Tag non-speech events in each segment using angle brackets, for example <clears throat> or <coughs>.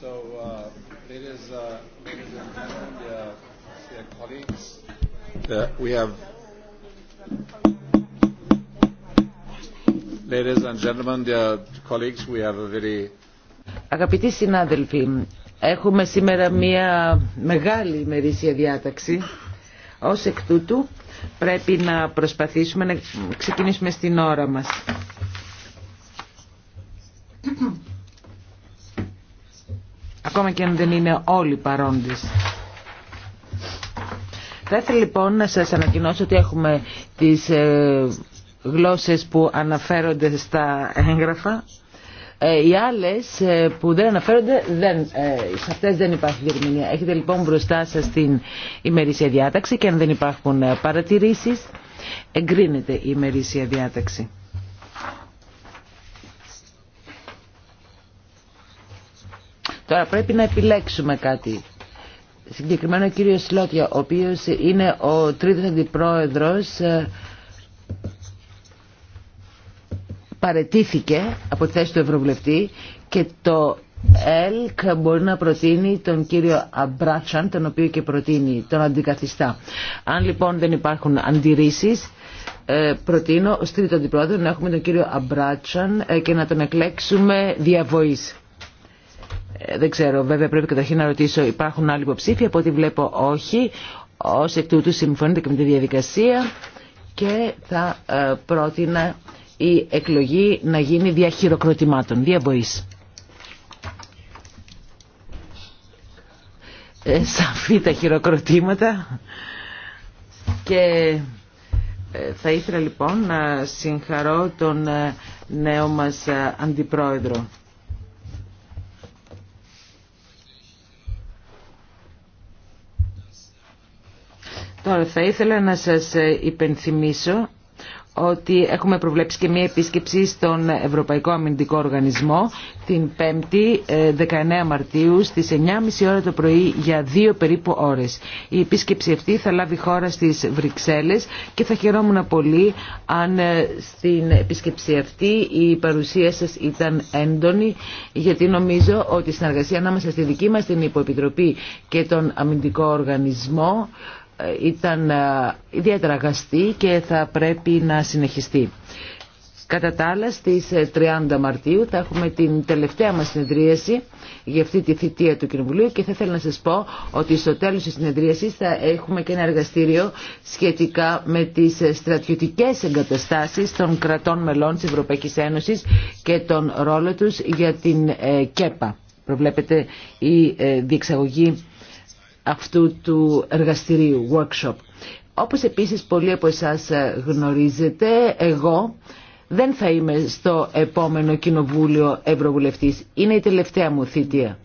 So, uh, ladies, uh, ladies and gentlemen, dear, dear colleagues, uh, we have. Ladies and gentlemen, dear colleagues, we have a very. Αγαπητοί συνάδελφοι, έχουμε σήμερα μία μεγάλη ημερήσια διάταξη. Ως εκ τούτου πρέπει να προσπαθήσουμε να ξεκινήσουμε στην ώρα μας ακόμα και αν δεν είναι όλοι παρόντες. Θα ήθελα λοιπόν να σας ανακοινώσω ότι έχουμε τις ε, γλώσσες που αναφέρονται στα έγγραφα. Ε, οι άλλες ε, που δεν αναφέρονται, δεν, σε αυτές δεν υπάρχει διερμηνία. Έχετε λοιπόν μπροστά σας την ημερήσια διάταξη και αν δεν υπάρχουν παρατηρήσεις, εγκρίνεται η ημερήσια διάταξη. Τώρα πρέπει να επιλέξουμε κάτι. Συγκεκριμένα ο κύριος Σλότια, ο οποίος είναι ο τρίτος αντιπρόεδρος, ε, παρετήθηκε από τη θέση του Ευρωβουλευτή και το ΕΛΚ μπορεί να προτείνει τον κύριο Αμπράτσαν, τον οποίο και προτείνει τον αντικαθιστά. Αν λοιπόν δεν υπάρχουν αντιρρήσεις, ε, προτείνω ως τρίτο αντιπρόεδρο να έχουμε τον κύριο Αμπράτσαν ε, και να τον εκλέξουμε διαβοής. Ε, δεν ξέρω, βέβαια πρέπει καταρχήν να ρωτήσω, υπάρχουν άλλοι υποψήφοι, από ό,τι βλέπω όχι. Ως εκ τούτου συμφωνείτε και με τη διαδικασία και θα ε, πρότεινα η εκλογή να γίνει δια χειροκροτημάτων, δια Ε, σαφή τα χειροκροτήματα και ε, θα ήθελα λοιπόν να συγχαρώ τον νέο μας αντιπρόεδρο. Τώρα θα ήθελα να σας ε, υπενθυμίσω ότι έχουμε προβλέψει και μία επίσκεψη στον Ευρωπαϊκό Αμυντικό Οργανισμό την 5η 19 ε, Μαρτίου στις 9.30 ώρα το πρωί για δύο περίπου ώρες. Η επίσκεψη αυτή θα λάβει χώρα στις Βρυξέλλες και θα χαιρόμουν πολύ αν ε, στην επίσκεψη αυτή η παρουσία σας ήταν έντονη γιατί νομίζω ότι η συνεργασία ανάμεσα στη δική μας την Υποεπιτροπή και τον Αμυντικό Οργανισμό ήταν ε, ιδιαίτερα αγαστή και θα πρέπει να συνεχιστεί. Κατά τα άλλα στις 30 ε, Μαρτίου θα έχουμε την τελευταία μας συνεδρίαση για αυτή τη θητεία του Κοινοβουλίου και θα ήθελα να σας πω ότι στο τέλος της συνεδρίασης θα έχουμε και ένα εργαστήριο σχετικά με τις ε, στρατιωτικές εγκαταστάσεις των κρατών μελών της Ευρωπαϊκής Ένωσης και τον ρόλο τους για την ΚΕΠΑ. Προβλέπετε η διεξαγωγή αυτού του εργαστηρίου, workshop. Όπως επίσης πολλοί από εσάς ε, γνωρίζετε, εγώ δεν θα είμαι στο επόμενο Κοινοβούλιο Ευρωβουλευτής. Είναι η τελευταία μου θητεία.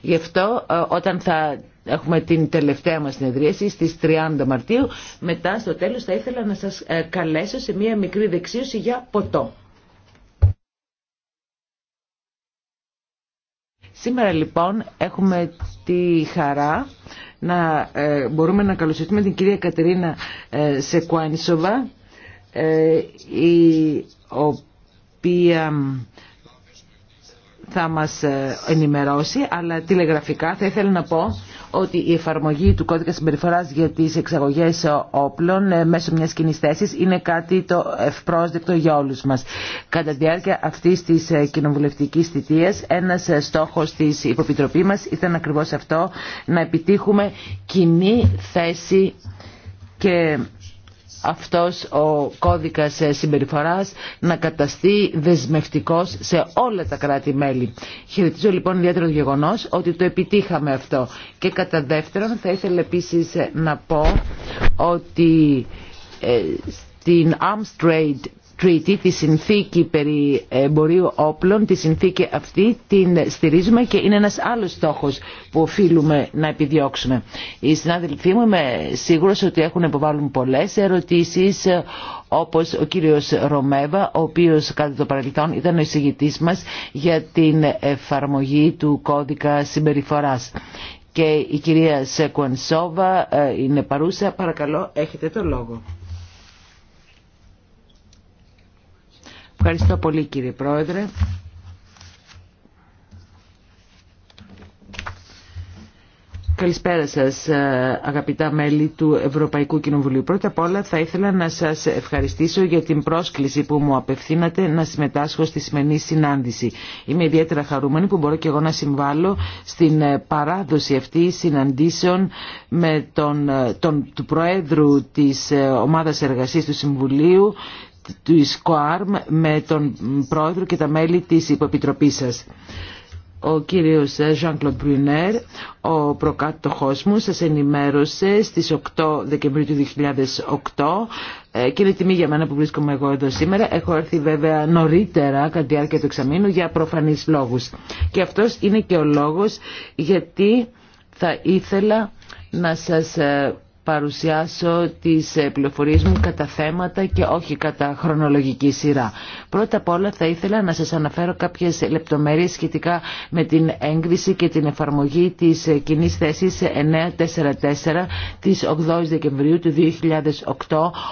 Γι' αυτό ε, όταν θα έχουμε την τελευταία μας συνεδρίαση στις 30 Μαρτίου, μετά στο τέλος θα ήθελα να σας ε, καλέσω σε μία μικρή δεξίωση για ποτό. Σήμερα λοιπόν έχουμε τη χαρά να ε, μπορούμε να καλωσορίσουμε την κυρία Κατερίνα ε, Σεκουάνισοβα ε, η οποία θα μας ενημερώσει αλλά τηλεγραφικά θα ήθελα να πω ότι η εφαρμογή του κώδικα συμπεριφορά για τι εξαγωγέ όπλων ε, μέσω μια κοινή θέση είναι κάτι το ευπρόσδεκτο για όλου μα. Κατά τη διάρκεια αυτή τη ε, κοινοβουλευτική θητεία, ένα ε, στόχο τη υποπιτροπή μα ήταν ακριβώ αυτό, να επιτύχουμε κοινή θέση και αυτός ο κώδικας ε, συμπεριφοράς να καταστεί δεσμευτικός σε όλα τα κράτη-μέλη. Χαιρετίζω λοιπόν ιδιαίτερο το γεγονός ότι το επιτύχαμε αυτό. Και κατά δεύτερον θα ήθελα επίσης ε, να πω ότι ε, στην Armstrong. Τρίτη, τη συνθήκη περί εμπορίου όπλων, τη συνθήκη αυτή την στηρίζουμε και είναι ένας άλλος στόχος που οφείλουμε να επιδιώξουμε. Οι συνάδελφοί μου είμαι σίγουρος ότι έχουν υποβάλουν πολλές ερωτήσεις όπως ο κύριος Ρωμέβα, ο οποίος κατά το παρελθόν ήταν ο εισηγητής μας για την εφαρμογή του κώδικα συμπεριφοράς. Και η κυρία Σεκουανσόβα ε, είναι παρούσα. Παρακαλώ, έχετε το λόγο. Ευχαριστώ πολύ κύριε Πρόεδρε. Καλησπέρα σας αγαπητά μέλη του Ευρωπαϊκού Κοινοβουλίου. Πρώτα απ' όλα θα ήθελα να σας ευχαριστήσω για την πρόσκληση που μου απευθύνατε να συμμετάσχω στη σημερινή συνάντηση. Είμαι ιδιαίτερα χαρούμενη που μπορώ και εγώ να συμβάλλω στην παράδοση αυτή συναντήσεων με τον, τον, του Προέδρου της Ομάδας Εργασίας του Συμβουλίου του ΣΚΟΑΡΜ με τον πρόεδρο και τα μέλη της υποεπιτροπής σας. Ο κύριος Jean-Claude ο προκάτοχός μου, σας ενημέρωσε στις 8 Δεκεμβρίου του 2008 ε, και είναι τιμή για μένα που βρίσκομαι εγώ εδώ σήμερα. Έχω έρθει βέβαια νωρίτερα κατά τη διάρκεια του εξαμήνου για προφανείς λόγους. Και αυτός είναι και ο λόγος γιατί θα ήθελα να σας ε, παρουσιάσω τις ε, πληροφορίες μου κατά θέματα και όχι κατά χρονολογική σειρά. Πρώτα απ' όλα θα ήθελα να σας αναφέρω κάποιες λεπτομέρειες σχετικά με την έγκριση και την εφαρμογή της ε, κοινή θέσης 944 της 8 Δεκεμβρίου του 2008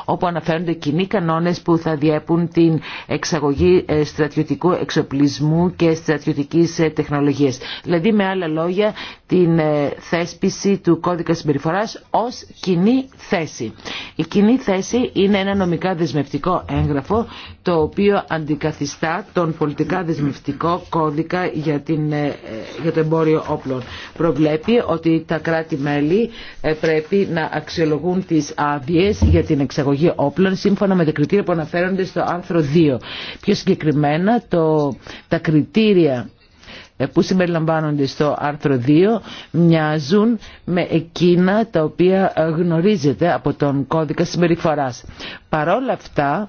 όπου αναφέρονται κοινοί κανόνες που θα διέπουν την εξαγωγή ε, στρατιωτικού εξοπλισμού και στρατιωτικής τεχνολογίας. Δηλαδή με άλλα λόγια την θέσπιση του κώδικα συμπεριφοράς ως κοινή θέση. Η κοινή θέση είναι ένα νομικά δεσμευτικό έγγραφο το οποίο αντικαθιστά τον πολιτικά δεσμευτικό κώδικα για, την, ε, για το εμπόριο όπλων. Προβλέπει ότι τα κράτη-μέλη ε, πρέπει να αξιολογούν τις άδειε για την εξαγωγή όπλων σύμφωνα με τα κριτήρια που αναφέρονται στο άρθρο 2. Πιο συγκεκριμένα το, τα κριτήρια ε, που συμπεριλαμβάνονται στο άρθρο 2 μοιάζουν με εκείνα τα οποία ε, γνωρίζετε από τον κώδικα συμπεριφοράς. Παρόλα αυτά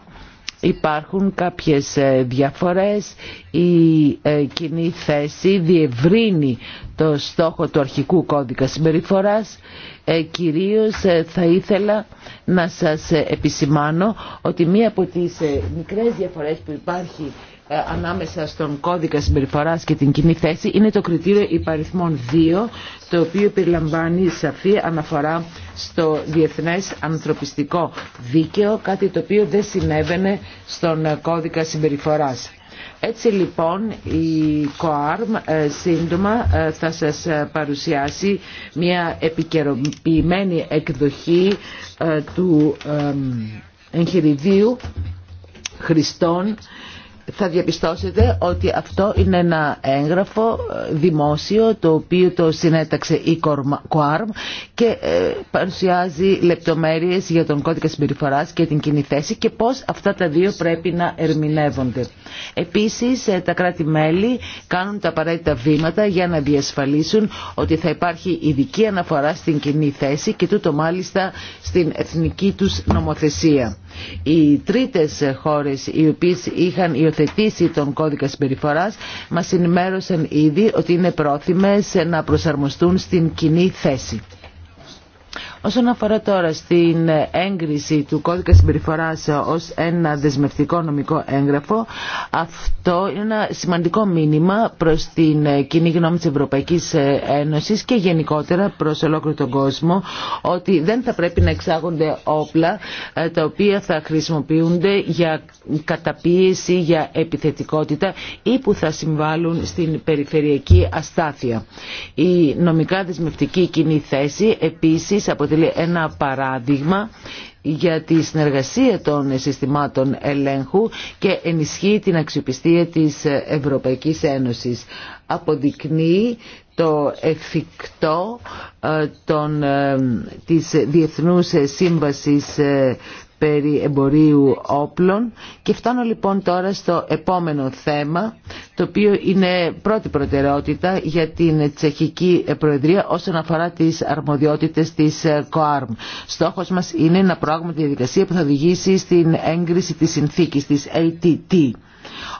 υπάρχουν κάποιες ε, διαφορές, η κοινή θέση διευρύνει το στόχο του αρχικού κώδικα συμπεριφοράς. Κυρίως θα ήθελα να σας επισημάνω ότι μία από τις μικρές διαφορές που υπάρχει ε, ανάμεσα στον κώδικα συμπεριφοράς και την κοινή θέση είναι το κριτήριο υπαριθμών 2 το οποίο περιλαμβάνει σαφή αναφορά στο διεθνές ανθρωπιστικό δίκαιο κάτι το οποίο δεν συνέβαινε στον κώδικα συμπεριφοράς. Έτσι λοιπόν η ΚΟΑΡΜ ε, σύντομα ε, θα σας παρουσιάσει μια επικαιροποιημένη εκδοχή του εγχειριδίου Χριστών θα διαπιστώσετε ότι αυτό είναι ένα έγγραφο ε, δημόσιο το οποίο το συνέταξε η ΚΟΑΡΜ και ε, παρουσιάζει λεπτομέρειες για τον κώδικα συμπεριφοράς και την κοινή θέση και πώς αυτά τα δύο πρέπει να ερμηνεύονται. Επίσης ε, τα κράτη-μέλη κάνουν τα απαραίτητα βήματα για να διασφαλίσουν ότι θα υπάρχει ειδική αναφορά στην κοινή θέση και τούτο μάλιστα στην εθνική τους νομοθεσία. Οι τρίτες χώρες οι οποίες είχαν υιοθετήσει τον κώδικα συμπεριφοράς μας ενημέρωσαν ήδη ότι είναι πρόθυμες να προσαρμοστούν στην κοινή θέση. Όσον αφορά τώρα στην έγκριση του κώδικα συμπεριφοράς ως ένα δεσμευτικό νομικό έγγραφο, αυτό είναι ένα σημαντικό μήνυμα προς την κοινή γνώμη της Ευρωπαϊκής Ένωσης και γενικότερα προς ολόκληρο τον κόσμο, ότι δεν θα πρέπει να εξάγονται όπλα ε, τα οποία θα χρησιμοποιούνται για καταπίεση, για επιθετικότητα ή που θα συμβάλλουν στην περιφερειακή αστάθεια. Η νομικά δεσμευτική κοινή θέση επίσης αποτελεί ένα παράδειγμα για τη συνεργασία των συστημάτων ελέγχου και ενισχύει την αξιοπιστία της Ευρωπαϊκής Ένωσης. Αποδεικνύει το εφικτό ε, των, ε, της Διεθνούς Σύμβασης ε, περί εμπορίου όπλων και φτάνω λοιπόν τώρα στο επόμενο θέμα το οποίο είναι πρώτη προτεραιότητα για την τσεχική προεδρία όσον αφορά τις αρμοδιότητες της ΚΟΑΡΜ. Στόχος μας είναι να προάγουμε τη διαδικασία που θα οδηγήσει στην έγκριση της συνθήκης της ATT.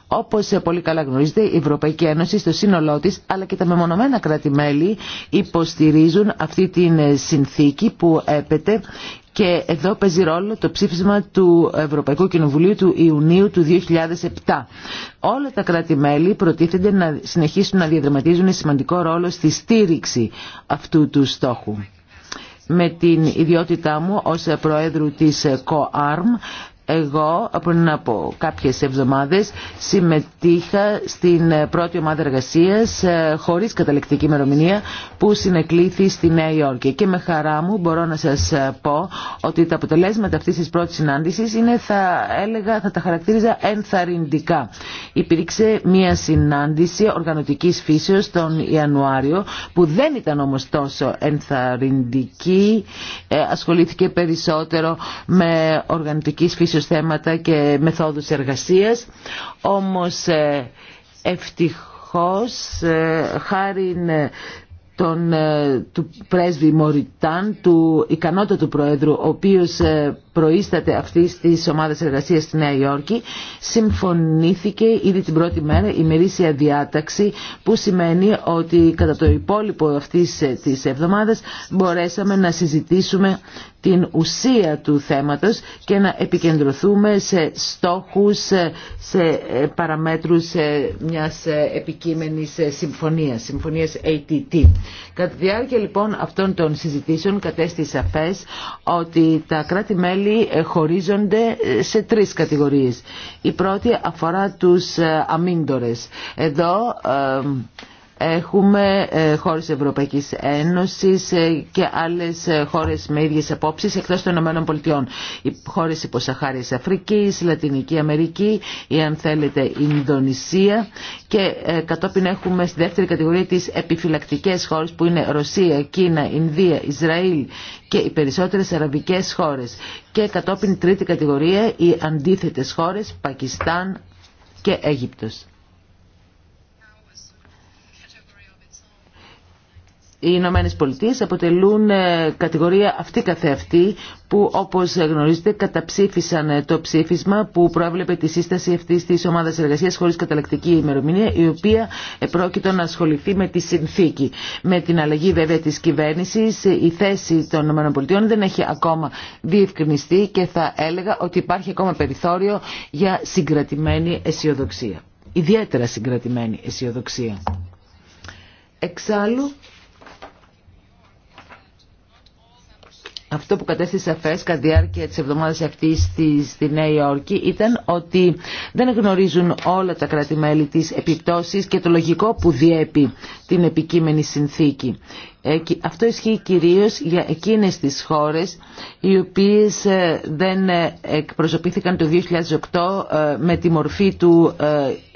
Όπως πολύ καλά γνωρίζετε, η Ευρωπαϊκή Ένωση στο σύνολό της, αλλά και τα μεμονωμένα κράτη-μέλη υποστηρίζουν αυτή την συνθήκη που έπεται και εδώ παίζει ρόλο το ψήφισμα του Ευρωπαϊκού Κοινοβουλίου του Ιουνίου του 2007. Όλα τα κράτη-μέλη προτίθενται να συνεχίσουν να διαδραματίζουν σημαντικό ρόλο στη στήριξη αυτού του στόχου. Με την ιδιότητά μου ως Προέδρου της COARM εγώ να από κάποιες εβδομάδες συμμετείχα στην ε, πρώτη ομάδα εργασίας ε, χωρίς καταληκτική ημερομηνία που συνεκλήθη στη Νέα Υόρκη και με χαρά μου μπορώ να σας ε, πω ότι τα αποτελέσματα αυτής της πρώτης συνάντησης είναι θα έλεγα, θα τα χαρακτήριζα ενθαρρυντικά. Υπήρξε μια συνάντηση οργανωτικής φύσεως τον Ιανουάριο που δεν ήταν όμως τόσο ενθαρρυντική, ασχολήθηκε περισσότερο με οργανωτικής φύσεως ίσως θέματα και μεθόδους εργασίας. Όμως ε, ευτυχώς ε, χάρη ε, τον, του πρέσβη Μοριτάν, του ικανότατου πρόεδρου, ο οποίος προείσταται αυτή τη ομάδα εργασία στη Νέα Υόρκη, συμφωνήθηκε ήδη την πρώτη μέρα η μερίσια διάταξη, που σημαίνει ότι κατά το υπόλοιπο αυτή τη εβδομάδα μπορέσαμε να συζητήσουμε την ουσία του θέματος και να επικεντρωθούμε σε στόχους, σε ε, παραμέτρους μιας ε, επικείμενης ε, συμφωνίας, συμφωνίας ATT. Κατά τη διάρκεια λοιπόν αυτών των συζητήσεων κατέστη σαφές ότι τα κράτη-μέλη χωρίζονται σε τρεις κατηγορίες. Η πρώτη αφορά τους αμύντορες. Εδώ Έχουμε ε, χώρες Ευρωπαϊκής Ένωσης ε, και άλλες ε, χώρες με ίδιες απόψεις εκτός των Πολιτειών. Οι χώρες υποσαχάριας Αφρικής, Λατινική Αμερική ή αν θέλετε Ινδονησία και κατόπιν έχουμε στη δεύτερη κατηγορία τις επιφυλακτικές χώρες που είναι Ρωσία, Κίνα, Ινδία, Ισραήλ και οι περισσότερες αραβικές χώρες και κατόπιν τρίτη κατηγορία οι αντίθετες χώρες Πακιστάν και Αίγυπτος. οι Ηνωμένε Πολιτείε αποτελούν ε, κατηγορία αυτή καθεαυτή που όπως γνωρίζετε καταψήφισαν ε, το ψήφισμα που προέβλεπε τη σύσταση αυτής της ομάδας εργασίας χωρίς καταλακτική ημερομηνία η οποία πρόκειται να ασχοληθεί με τη συνθήκη. Με την αλλαγή βέβαια της κυβέρνησης η θέση των Ηνωμένων Πολιτείων δεν έχει ακόμα διευκρινιστεί και θα έλεγα ότι υπάρχει ακόμα περιθώριο για συγκρατημένη αισιοδοξία. Ιδιαίτερα συγκρατημένη αισιοδοξία. Εξάλλου, αυτό που κατέστησε σαφέ κατά τη διάρκεια τη εβδομάδα αυτή στη, Νέα Υόρκη ήταν ότι δεν γνωρίζουν όλα τα κράτη-μέλη τι επιπτώσει και το λογικό που διέπει την επικείμενη συνθήκη. Ε, αυτό ισχύει κυρίως για εκείνες τις χώρες οι οποίες ε, δεν ε, εκπροσωπήθηκαν το 2008 με τη μορφή του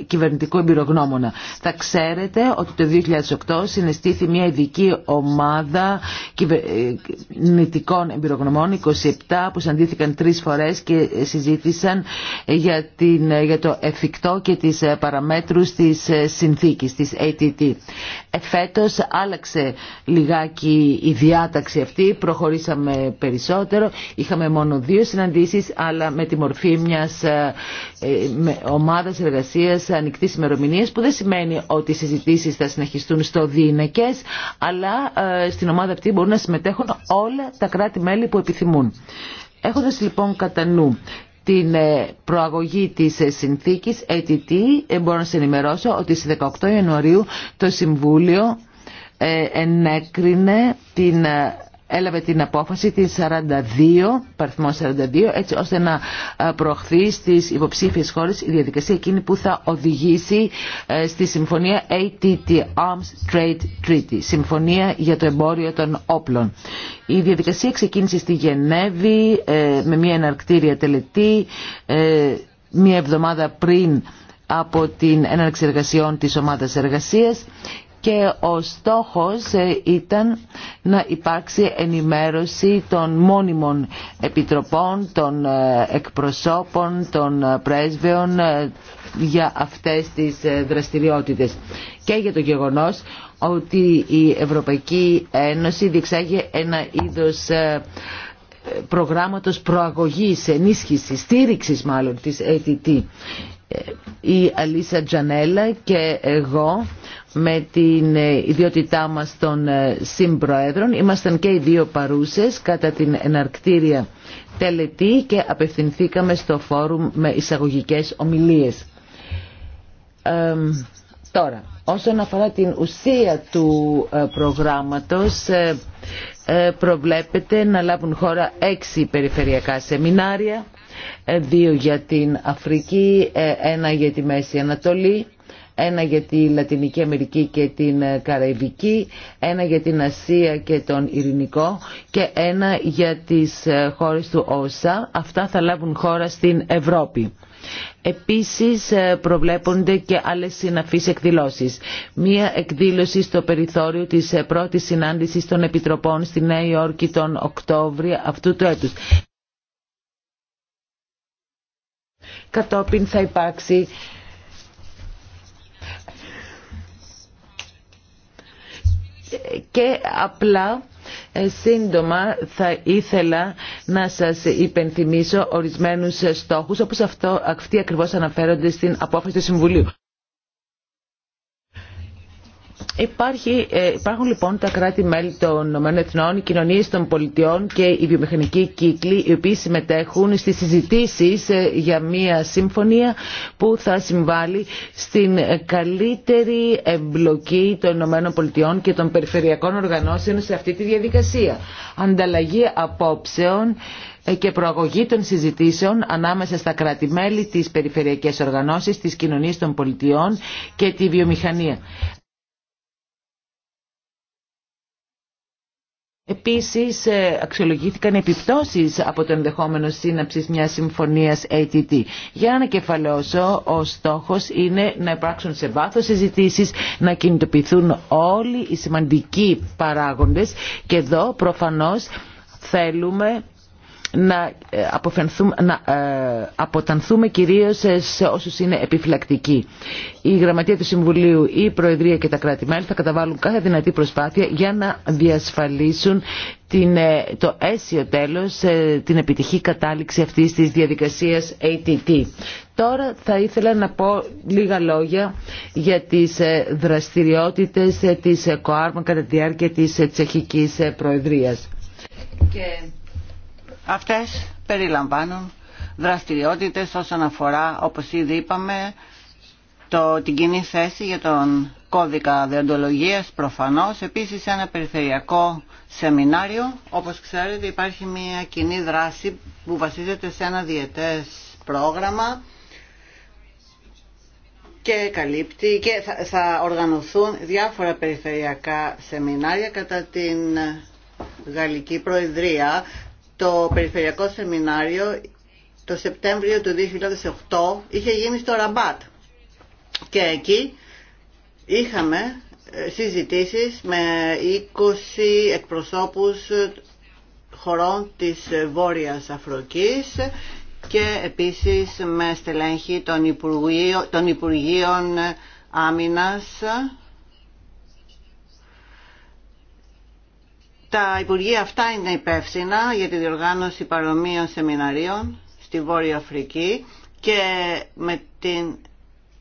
κυβερνητικού εμπειρογνώμονα. Θα ξέρετε ότι το 2008 συναισθήθη μια ειδική ομάδα κυβερνητικών εμπειρογνωμών, 27 που συναντήθηκαν τρεις φορές και συζήτησαν για, την, για το εφικτό και τις παραμέτρους της συνθήκης, της ATT. Εφέτος άλλαξε λιγάκι η διάταξη αυτή, προχωρήσαμε περισσότερο. Είχαμε μόνο δύο συναντήσεις, αλλά με τη μορφή μιας ε, ε, ομάδας εργασίας ανοιχτή ημερομηνία, που δεν σημαίνει ότι οι συζητήσεις θα συνεχιστούν στο διηνεκές, αλλά ε, στην ομάδα αυτή μπορούν να συμμετέχουν όλα τα κράτη-μέλη που επιθυμούν. Έχοντας λοιπόν κατά νου την προαγωγή της συνθήκης ATT μπορώ να σε ενημερώσω ότι στις 18 Ιανουαρίου το Συμβούλιο ε, ενέκρινε την ε, έλαβε την απόφαση τη 42, παριθμό 42, έτσι ώστε να ε, προχθεί στις υποψήφιες χώρες η διαδικασία εκείνη που θα οδηγήσει στη συμφωνία ATT, Arms Trade Treaty, συμφωνία για το εμπόριο των όπλων. Η διαδικασία ξεκίνησε στη Γενέβη με μια εναρκτήρια τελετή, μια εβδομάδα πριν από την έναρξη εργασιών της ομάδας εργασίας και ο στόχος ε, ήταν να υπάρξει ενημέρωση των μόνιμων επιτροπών, των ε, εκπροσώπων, των ε, πρέσβεων για αυτές τις δραστηριότητες και για το γεγονός ότι η Ευρωπαϊκή Ένωση διεξάγει ένα είδος προγράμματος προαγωγής, ενίσχυσης, στήριξης μάλλον της ATT. Η Αλίσα Τζανέλα και εγώ με την ε, ιδιότητά μας των ε, συμπροέδρων. Ήμασταν και οι δύο παρούσες κατά την εναρκτήρια τελετή και απευθυνθήκαμε στο φόρουμ με εισαγωγικές ομιλίες. τώρα, όσον αφορά την ουσία του ε, προγράμματος, προβλέπεται να λάβουν χώρα έξι περιφερειακά σεμινάρια, δύο για την Αφρική, ένα για τη Μέση Ανατολή, ένα για τη Λατινική Αμερική και την ε, Καραϊβική, ένα για την Ασία και τον Ειρηνικό και ένα για τις ε, χώρες του ΩΣΑ. Αυτά θα λάβουν χώρα στην Ευρώπη. Επίσης ε, προβλέπονται και άλλες συναφείς εκδηλώσεις. Μία εκδήλωση στο περιθώριο της πρώτης συνάντησης των Επιτροπών στη Νέα Υόρκη τον Οκτώβριο αυτού του έτους. Κατόπιν θα υπάρξει και απλά ε, σύντομα θα ήθελα να σας υπενθυμίσω ορισμένους στόχους όπως αυτό, αυτοί ακριβώς αναφέρονται στην απόφαση του Συμβουλίου. Υπάρχει, ε, υπάρχουν λοιπόν τα κράτη-μέλη των Εθνών, οι κοινωνίες των πολιτιών και οι βιομηχανικοί κύκλοι οι οποίοι συμμετέχουν στις συζητήσεις ε, για μια συμφωνία που θα συμβάλλει στην καλύτερη εμπλοκή των ΗΠΑ και των περιφερειακών οργανώσεων σε αυτή τη διαδικασία. Ανταλλαγή απόψεων ε, και προαγωγή των συζητήσεων ανάμεσα στα κράτη-μέλη, τις περιφερειακές οργανώσεις, τις κοινωνίες των πολιτιών και τη βιομηχανία. Επίσης ε, αξιολογήθηκαν επιπτώσεις από το ενδεχόμενο σύναψης μιας συμφωνίας ATT. Για να ανακεφαλώσω, ο στόχος είναι να υπάρξουν σε βάθος συζητήσει, να κινητοποιηθούν όλοι οι σημαντικοί παράγοντες και εδώ προφανώς θέλουμε να, ε, να ε, αποτανθούμε κυρίως σε όσους είναι επιφυλακτικοί. Η Γραμματεία του Συμβουλίου, η Προεδρία και τα κράτη-μέλη θα καταβάλουν κάθε δυνατή προσπάθεια για να διασφαλίσουν την, ε, το αίσιο τέλος, την επιτυχή κατάληξη αυτής της διαδικασίας ATT. Τώρα θα ήθελα να πω λίγα λόγια για τις δραστηριότητες της ΚΟΑΡΜΑ κατά τη διάρκεια της Τσεχικής Προεδρίας. Και Αυτές περιλαμβάνουν δραστηριότητες όσον αφορά, όπως ήδη είπαμε, το, την κοινή θέση για τον κώδικα διοντολογίας προφανώς. Επίσης ένα περιφερειακό σεμινάριο. Όπως ξέρετε υπάρχει μια κοινή δράση που βασίζεται σε ένα διετές πρόγραμμα και καλύπτει και θα, θα οργανωθούν διάφορα περιφερειακά σεμινάρια κατά την Γαλλική Προεδρία το περιφερειακό σεμινάριο το Σεπτέμβριο του 2008 είχε γίνει στο Ραμπάτ και εκεί είχαμε ε, συζητήσεις με 20 εκπροσώπους χωρών της Βόρειας Αφροκής και επίσης με στελέχη των Υπουργείων, των Άμυνας Τα Υπουργεία αυτά είναι υπεύθυνα για τη διοργάνωση παρομοίων σεμιναρίων στη Βόρεια Αφρική και με την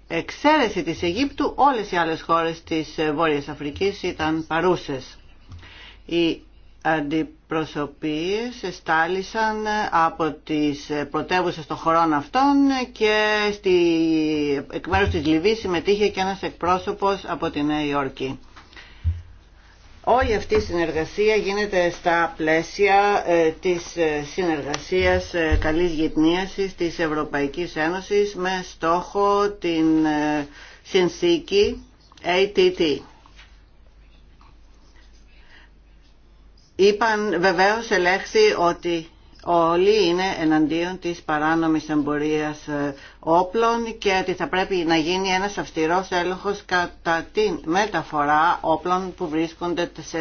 εξαίρεση της Αιγύπτου όλες οι άλλες χώρες της Βόρειας Αφρικής ήταν παρούσες. Οι αντιπροσωπείες εστάλησαν από τις πρωτεύουσες των χωρών αυτών και στη, εκ μέρους της Λιβύης συμμετείχε και ένας εκπρόσωπος από τη Νέα Υόρκη. Όλη αυτή η συνεργασία γίνεται στα πλαίσια ε, της ε, συνεργασίας ε, καλής γυπνίασης της Ευρωπαϊκής Ένωσης με στόχο την συνθήκη ATT. Είπαν βεβαίως λέξη ότι όλοι είναι εναντίον της παράνομης εμπορίας ε, όπλων και ότι θα πρέπει να γίνει ένας αυστηρός έλεγχος κατά τη μεταφορά όπλων που βρίσκονται σε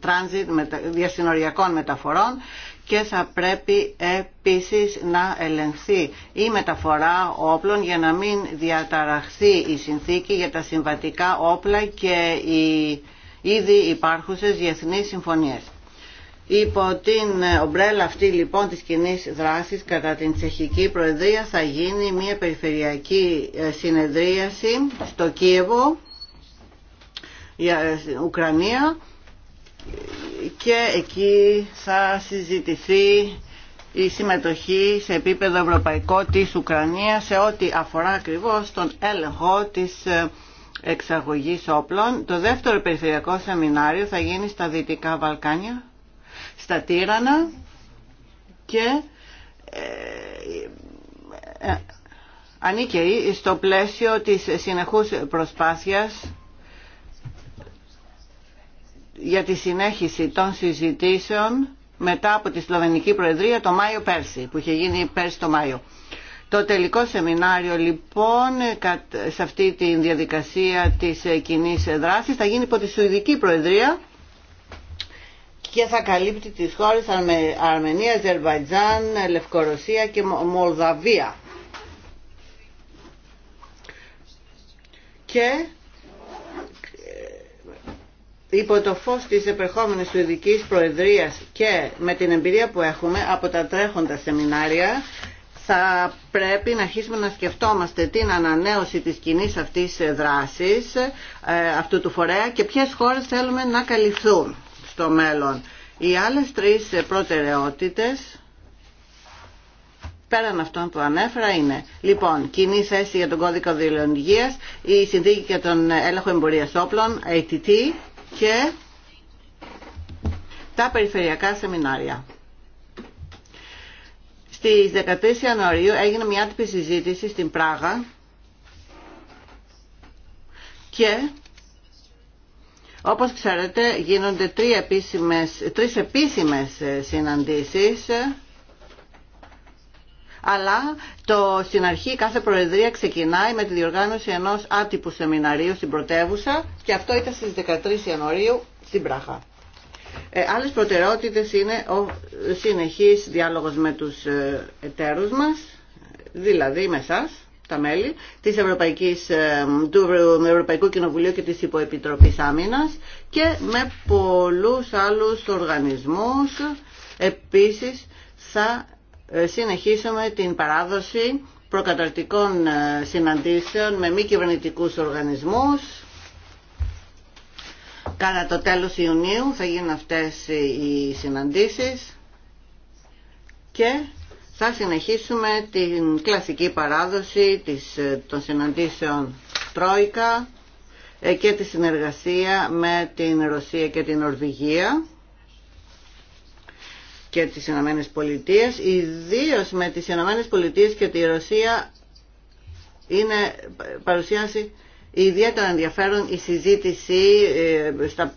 τράνζιτ διασυνοριακών μεταφορών και θα πρέπει επίσης να ελεγχθεί η μεταφορά όπλων για να μην διαταραχθεί η συνθήκη για τα συμβατικά όπλα και οι ήδη υπάρχουσες διεθνείς συμφωνίες. Υπό την ομπρέλα αυτή λοιπόν της κοινή δράσης κατά την Τσεχική Προεδρία θα γίνει μια περιφερειακή ε, συνεδρίαση στο Κίεβο, ε, Ουκρανία και εκεί θα συζητηθεί η συμμετοχή σε επίπεδο ευρωπαϊκό της Ουκρανίας σε ό,τι αφορά ακριβώς τον έλεγχο της ε, εξαγωγής όπλων. Το δεύτερο περιφερειακό σεμινάριο θα γίνει στα Δυτικά Βαλκάνια στα τύρανα και ε, ε, ανήκε στο πλαίσιο της συνεχούς προσπάθειας για τη συνέχιση των συζητήσεων μετά από τη Σλοβενική Προεδρία το Μάιο πέρσι, που είχε γίνει πέρσι το Μάιο. Το τελικό σεμινάριο λοιπόν σε αυτή τη διαδικασία της ε, κοινή δράσης θα γίνει υπό τη Σουηδική Προεδρία και θα καλύπτει τις χώρες Αρμενία, Ζερβαϊτζάν, Λευκορωσία και Μολδαβία. Και ε, υπό το φως της επερχόμενης ειδικής Προεδρίας και με την εμπειρία που έχουμε από τα τρέχοντα σεμινάρια θα πρέπει να αρχίσουμε να σκεφτόμαστε την ανανέωση της κοινή αυτής δράσης ε, αυτού του φορέα και ποιες χώρες θέλουμε να καλυφθούν στο μέλλον. Οι άλλες τρεις προτεραιότητες πέραν αυτών που ανέφερα είναι λοιπόν κοινή θέση για τον κώδικα διολογίας, η συνθήκη για τον έλεγχο εμπορίας όπλων, ATT και τα περιφερειακά σεμινάρια. Στις 13 Ιανουαρίου έγινε μια άτυπη συζήτηση στην Πράγα και όπως ξέρετε γίνονται τρεις επίσημες, τρεις επίσημες ε, συναντήσεις ε, αλλά το, στην αρχή κάθε Προεδρία ξεκινάει με τη διοργάνωση ενός άτυπου σεμιναρίου στην πρωτεύουσα και αυτό ήταν στις 13 Ιανουαρίου στην Πράχα. Ε, άλλες προτεραιότητες είναι ο συνεχής διάλογος με τους ε, εταίρους μας, δηλαδή με εσάς, τα μέλη της Ευρωπαϊκής, ε, του Ευρωπαϊκού Κοινοβουλίου και της Υποεπιτροπής Άμυνας και με πολλούς άλλους οργανισμούς. Επίσης θα ε, συνεχίσουμε την παράδοση προκαταρτικών ε, συναντήσεων με μη κυβερνητικού οργανισμούς. Κατά το τέλος Ιουνίου θα γίνουν αυτές οι συναντήσεις και θα συνεχίσουμε την κλασική παράδοση της, ε, των συναντήσεων Τρόικα ε, και τη συνεργασία με την Ρωσία και την Ορβηγία και τις Ηνωμένε Πολιτείε, ιδίω με τις Ηνωμένε Πολιτείε και τη Ρωσία είναι παρουσίαση ιδιαίτερα ενδιαφέρον η συζήτηση ε, στα,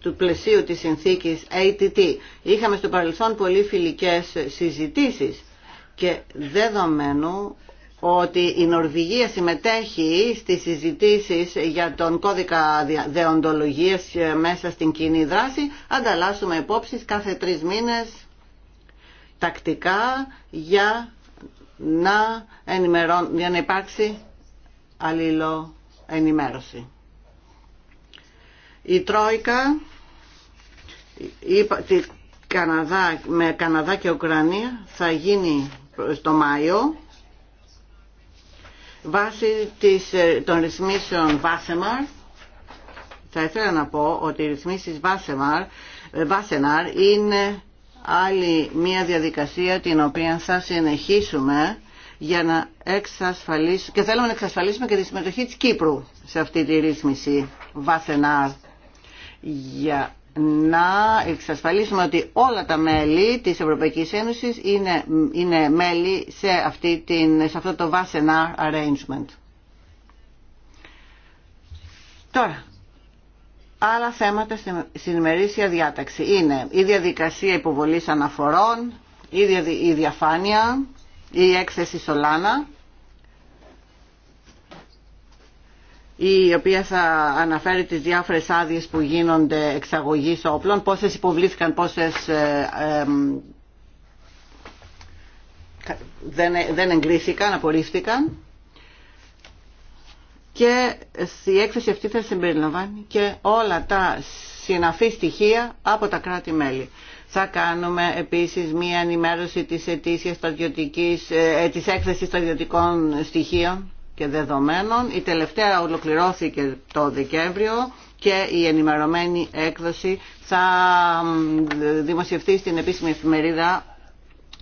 του πλαισίου της συνθήκης ATT. Είχαμε στο παρελθόν πολύ φιλικές συζητήσεις και δεδομένου ότι η Νορβηγία συμμετέχει στις συζητήσεις για τον κώδικα δεοντολογίας μέσα στην κοινή δράση, ανταλλάσσουμε υπόψεις κάθε τρεις μήνες τακτικά για να, για να υπάρξει αλληλό ενημέρωση. Η Τρόικα, η Καναδά, με Καναδά και Ουκρανία θα γίνει στο Μάιο βάσει της, ε, των ρυθμίσεων Βάσεμαρ θα ήθελα να πω ότι οι ρυθμίσεις Βάσεμαρ, ε, Βάσεναρ είναι άλλη μια διαδικασία την οποία θα συνεχίσουμε για να εξασφαλίσουμε και θέλουμε να εξασφαλίσουμε και τη συμμετοχή της Κύπρου σε αυτή τη ρύθμιση Βάσεναρ για να εξασφαλίσουμε ότι όλα τα μέλη της Ευρωπαϊκής Ένωσης είναι, είναι μέλη σε, αυτή την, σε αυτό το βασενάρ Arrangement. Τώρα, άλλα θέματα στην ημερήσια διάταξη είναι η διαδικασία υποβολής αναφορών, η, διαφάνεια, η έκθεση Σολάνα η οποία θα αναφέρει τις διάφορες άδειες που γίνονται εξαγωγής όπλων, πόσες υποβλήθηκαν, πόσες ε, δεν, εγκρίθηκαν, απορρίφθηκαν. Και η έκθεση αυτή θα συμπεριλαμβάνει και όλα τα συναφή στοιχεία από τα κράτη-μέλη. Θα κάνουμε επίσης μία ενημέρωση της, ε, ε, της έκθεσης ιδιωτικών στοιχείων και δεδομένων. Η τελευταία ολοκληρώθηκε το Δεκέμβριο και η ενημερωμένη έκδοση θα δημοσιευτεί στην επίσημη εφημερίδα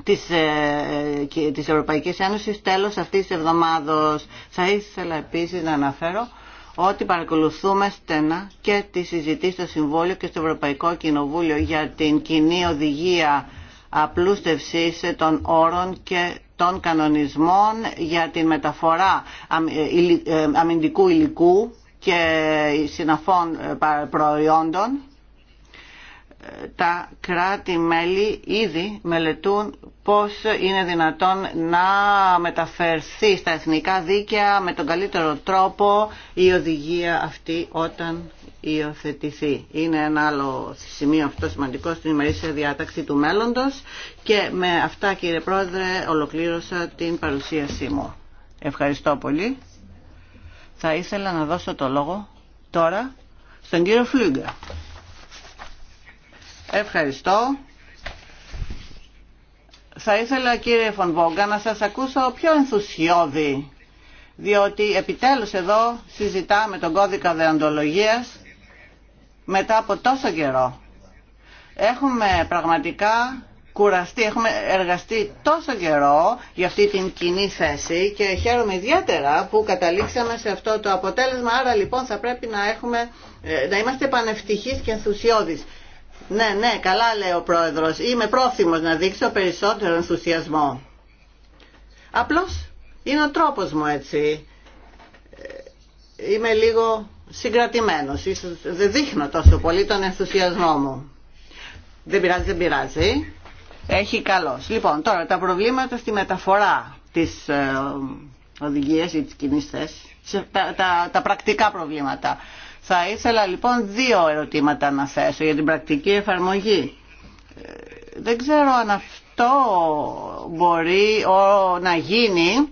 της, ε, της Ευρωπαϊκής Ένωσης τέλος αυτής της εβδομάδος. Θα ήθελα επίσης να αναφέρω ότι παρακολουθούμε στενά και τη συζητή στο Συμβόλιο και στο Ευρωπαϊκό Κοινοβούλιο για την κοινή οδηγία απλούστευσης των όρων και των κανονισμών για τη μεταφορά ε, ε, αμυντικού υλικού και συναφών ε, προϊόντων τα κράτη-μέλη ήδη μελετούν πώς είναι δυνατόν να μεταφερθεί στα εθνικά δίκαια με τον καλύτερο τρόπο η οδηγία αυτή όταν υιοθετηθεί. Είναι ένα άλλο σημείο αυτό σημαντικό στην ημερήσια διάταξη του μέλλοντος και με αυτά κύριε Πρόεδρε ολοκλήρωσα την παρουσίασή μου. Ευχαριστώ πολύ. Θα ήθελα να δώσω το λόγο τώρα στον κύριο Φλούγκα. Ευχαριστώ. Θα ήθελα κύριε Φονβόγκα να σας ακούσω πιο ενθουσιώδη διότι επιτέλους εδώ συζητάμε τον κώδικα δεοντολογίας μετά από τόσο καιρό. Έχουμε πραγματικά κουραστεί, έχουμε εργαστεί τόσο καιρό για αυτή την κοινή θέση και χαίρομαι ιδιαίτερα που καταλήξαμε σε αυτό το αποτέλεσμα. Άρα λοιπόν θα πρέπει να, έχουμε, ε, να είμαστε πανευτυχείς και ενθουσιώδεις. Ναι, ναι, καλά λέει ο πρόεδρος. Είμαι πρόθυμος να δείξω περισσότερο ενθουσιασμό. Απλώς είναι ο τρόπος μου έτσι. Ε, είμαι λίγο συγκρατημένος. Ίσως δεν δείχνω τόσο πολύ τον ενθουσιασμό μου. Δεν πειράζει, δεν πειράζει. Έχει καλός. Λοιπόν, τώρα τα προβλήματα στη μεταφορά της ε, οδηγίας ή της κοινής Τα, τα, τα πρακτικά προβλήματα. Θα ήθελα λοιπόν δύο ερωτήματα να θέσω για την πρακτική εφαρμογή. Ε, δεν ξέρω αν αυτό μπορεί να γίνει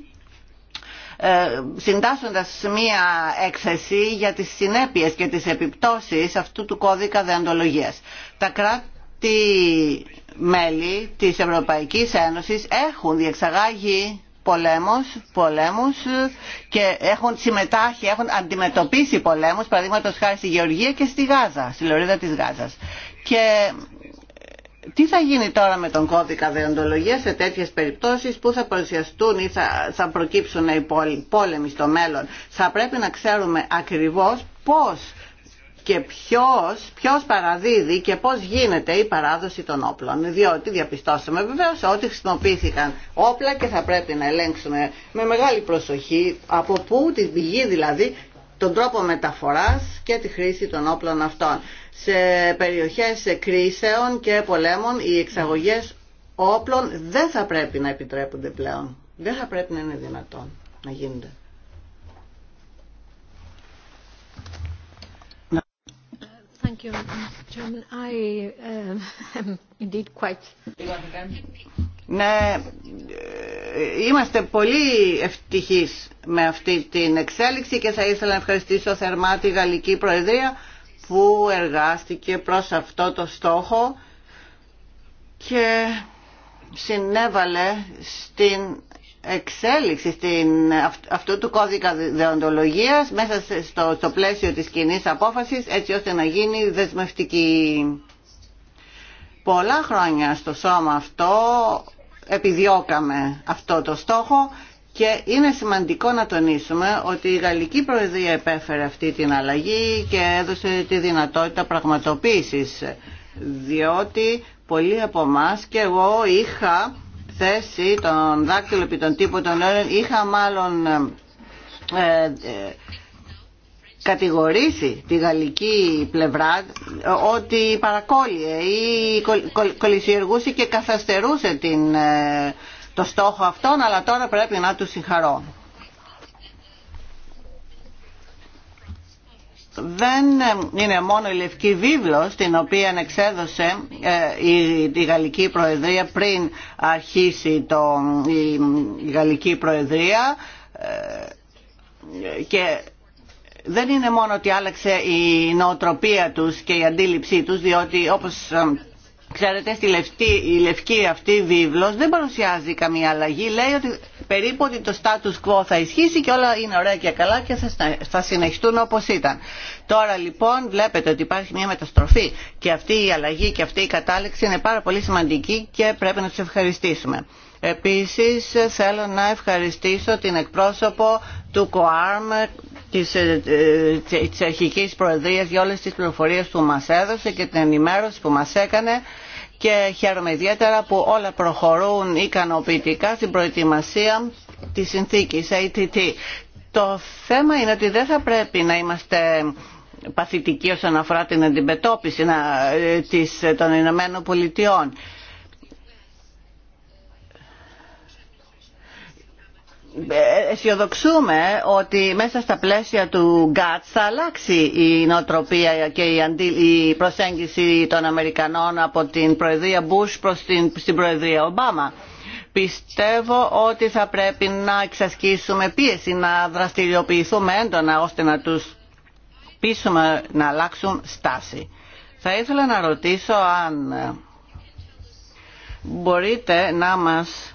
ε, συντάσσοντας μία έκθεση για τις συνέπειες και τις επιπτώσεις αυτού του κώδικα δεοντολογίας. Τα κράτη μέλη της Ευρωπαϊκής Ένωσης έχουν διεξαγάγει πολέμους, πολέμους ε, και έχουν συμμετάχει, έχουν αντιμετωπίσει πολέμους, παραδείγματο χάρη στη Γεωργία και στη Γάζα, στη Λωρίδα της Γάζας τι θα γίνει τώρα με τον κώδικα δεοντολογίας σε τέτοιες περιπτώσεις που θα παρουσιαστούν ή θα, προκύψουν οι πόλεμοι στο μέλλον. Θα πρέπει να ξέρουμε ακριβώς πώς και ποιος, ποιος παραδίδει και πώς γίνεται η παράδοση των όπλων. Διότι διαπιστώσαμε βεβαίως ότι χρησιμοποιήθηκαν όπλα και θα πρέπει να ελέγξουμε με μεγάλη προσοχή από πού την πηγή δηλαδή τον τρόπο μεταφοράς και τη χρήση των όπλων αυτών. Σε περιοχές κρίσεων και πολέμων οι εξαγωγές όπλων δεν θα πρέπει να επιτρέπονται πλέον. Δεν θα πρέπει να είναι δυνατόν να γίνονται ναι, είμαστε πολύ ευτυχείς με αυτή την εξέλιξη και θα ήθελα να ευχαριστήσω θερμά τη Γαλλική Προεδρία που εργάστηκε προς αυτό το στόχο και συνέβαλε στην εξέλιξη στην, αυτού του κώδικα δεοντολογίας μέσα στο, στο πλαίσιο της κοινή απόφασης έτσι ώστε να γίνει δεσμευτική. Πολλά χρόνια στο σώμα αυτό επιδιώκαμε αυτό το στόχο και είναι σημαντικό να τονίσουμε ότι η Γαλλική Προεδρία επέφερε αυτή την αλλαγή και έδωσε τη δυνατότητα πραγματοποίησης διότι πολλοί από εμά και εγώ είχα θέση τον δάκτυλο επί τον τύπων των είχα μάλλον ε, ε, κατηγορήσει τη γαλλική πλευρά ε, ότι παρακόλλησε ή κολυσιεργούσε και καθαστερούσε την, ε, το στόχο αυτόν, αλλά τώρα πρέπει να του συγχαρώ. δεν ε, είναι μόνο η Λευκή Βίβλος την οποία εξέδωσε η, Γαλλική Προεδρία πριν αρχίσει το, η, Γαλλική Προεδρία και δεν είναι μόνο ότι άλλαξε η νοοτροπία τους και η αντίληψή τους, διότι όπως ε, ξέρετε στη λευκή, η λευκή αυτή βίβλος δεν παρουσιάζει καμία αλλαγή. Λέει ότι περίπου ότι το status quo θα ισχύσει και όλα είναι ωραία και καλά και θα συνεχιστούν όπως ήταν. Τώρα λοιπόν βλέπετε ότι υπάρχει μια μεταστροφή και αυτή η αλλαγή και αυτή η κατάληξη είναι πάρα πολύ σημαντική και πρέπει να τους ευχαριστήσουμε. Επίσης θέλω να ευχαριστήσω την εκπρόσωπο του ΚΟΑΡΜ της, ε, ε, της αρχικής προεδρίας για όλες τις πληροφορίες που μας έδωσε και την ενημέρωση που μας έκανε και χαίρομαι ιδιαίτερα που όλα προχωρούν ικανοποιητικά στην προετοιμασία της συνθήκης ATT. Το θέμα είναι ότι δεν θα πρέπει να είμαστε παθητικοί όσον αφορά την αντιμετώπιση ε, της, των Ηνωμένων Πολιτειών. Ε, αισιοδοξούμε ότι μέσα στα πλαίσια του Γκάτς θα αλλάξει η νοοτροπία και η προσέγγιση των Αμερικανών από την Προεδρία Bush προς την, Προεδρία Ομπάμα. Πιστεύω ότι θα πρέπει να εξασκήσουμε πίεση, να δραστηριοποιηθούμε έντονα ώστε να τους πείσουμε να αλλάξουν στάση. Θα ήθελα να ρωτήσω αν μπορείτε να μας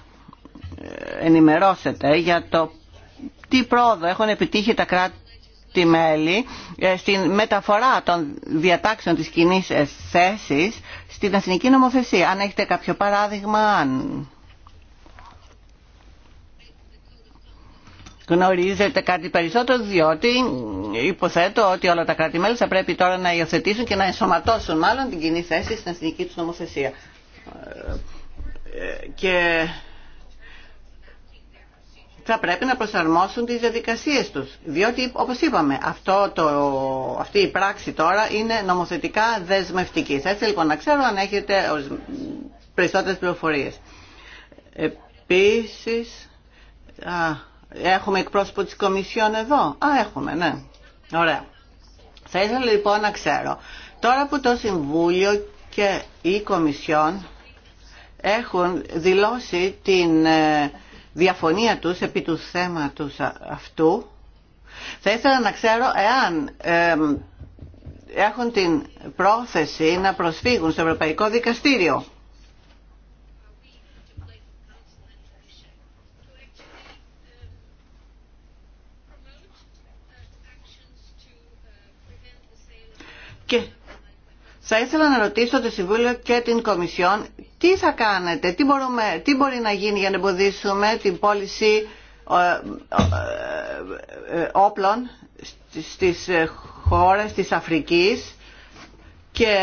ενημερώσετε για το τι πρόοδο έχουν επιτύχει τα κράτη μέλη ε, στην μεταφορά των διατάξεων της κοινή ε, θέση στην εθνική νομοθεσία. Αν έχετε κάποιο παράδειγμα, αν γνωρίζετε κάτι περισσότερο, διότι υποθέτω ότι όλα τα κράτη-μέλη θα πρέπει τώρα να υιοθετήσουν και να ενσωματώσουν μάλλον την κοινή θέση στην εθνική του νομοθεσία. Ε, και θα πρέπει να προσαρμόσουν τις διαδικασίες τους. Διότι, όπως είπαμε, αυτό το, αυτή η πράξη τώρα είναι νομοθετικά δεσμευτική. Θα ήθελα λοιπόν να ξέρω αν έχετε περισσότερες πληροφορίες. Επίσης, έχουμε εκπρόσωπο της Κομισιόν εδώ. Α, έχουμε, ναι. Ωραία. Θα ήθελα λοιπόν να ξέρω. Τώρα που το Συμβούλιο και η Κομισιόν έχουν δηλώσει την ε, διαφωνία τους επί του θέματος αυτού. Θα ήθελα να ξέρω εάν έχουν την πρόθεση να προσφύγουν στο Ευρωπαϊκό Δικαστήριο. Και θα ήθελα να ρωτήσω το Συμβούλιο και την Κομισιόν τι θα κάνετε, τι, μπορούμε, τι μπορεί να γίνει για να εμποδίσουμε την πώληση ε, ε, ε, όπλων στις χώρες της Αφρικής και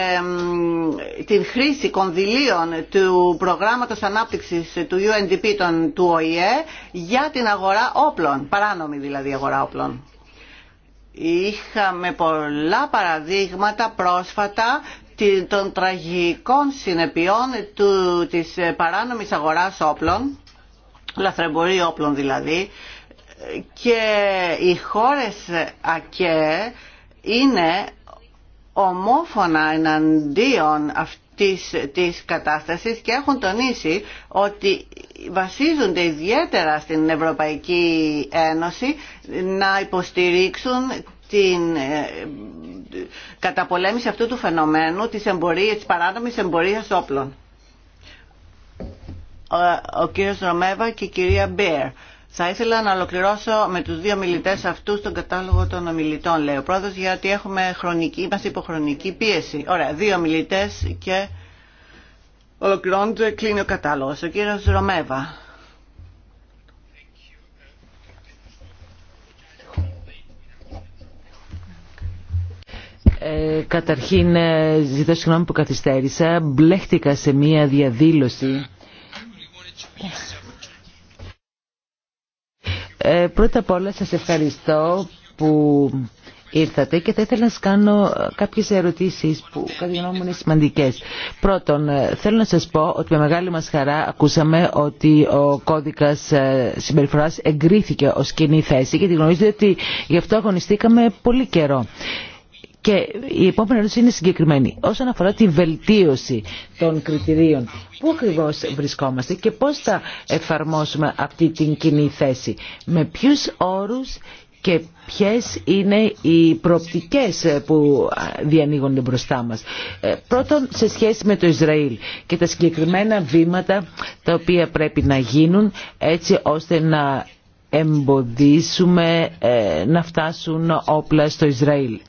την χρήση κονδυλίων του προγράμματος ανάπτυξης του UNDP των, του ΟΗΕ για την αγορά όπλων, παράνομη δηλαδή αγορά όπλων. Είχαμε πολλά παραδείγματα πρόσφατα των τραγικών συνεπειών του, της παράνομης αγοράς όπλων, λαθρεμπορεί όπλων δηλαδή, και οι χώρες ΑΚΕ είναι ομόφωνα εναντίον αυτής της κατάστασης και έχουν τονίσει ότι βασίζονται ιδιαίτερα στην Ευρωπαϊκή Ένωση να υποστηρίξουν την ε, καταπολέμηση αυτού του φαινομένου της, εμπορίας, της παράνομης εμπορίας όπλων. Ο, ο κύριος Ρωμέβα και η κυρία Μπέρ. Θα ήθελα να ολοκληρώσω με τους δύο μιλητές αυτούς τον κατάλογο των ομιλητών, λέει ο πρόεδρος, γιατί έχουμε χρονική, είμαστε υποχρονική πίεση. Ωραία, δύο μιλητές και ολοκληρώνεται, κλείνει ο κατάλογος. Ο κύριος Ρωμέβα. Ε, καταρχήν, ε, ζητώ συγγνώμη που καθυστέρησα. Μπλέχτηκα σε μία διαδήλωση. Ε, πρώτα απ' όλα σας ευχαριστώ που ήρθατε και θα ήθελα να σας κάνω κάποιες ερωτήσεις που κατά γνώμη μου είναι σημαντικές. Πρώτον, ε, θέλω να σας πω ότι με μεγάλη μας χαρά ακούσαμε ότι ο κώδικας συμπεριφοράς εγκρίθηκε ως κοινή θέση και την γνωρίζετε ότι γι' αυτό αγωνιστήκαμε πολύ καιρό. Και η επόμενη ερώτηση είναι συγκεκριμένη. Όσον αφορά τη βελτίωση των κριτηρίων, πού ακριβώ βρισκόμαστε και πώς θα εφαρμόσουμε αυτή την κοινή θέση. Με ποιους όρους και ποιες είναι οι προοπτικές που διανοίγονται μπροστά μας. Ε, πρώτον, σε σχέση με το Ισραήλ και τα συγκεκριμένα βήματα τα οποία πρέπει να γίνουν έτσι ώστε να εμποδίσουμε ε, να φτάσουν όπλα στο Ισραήλ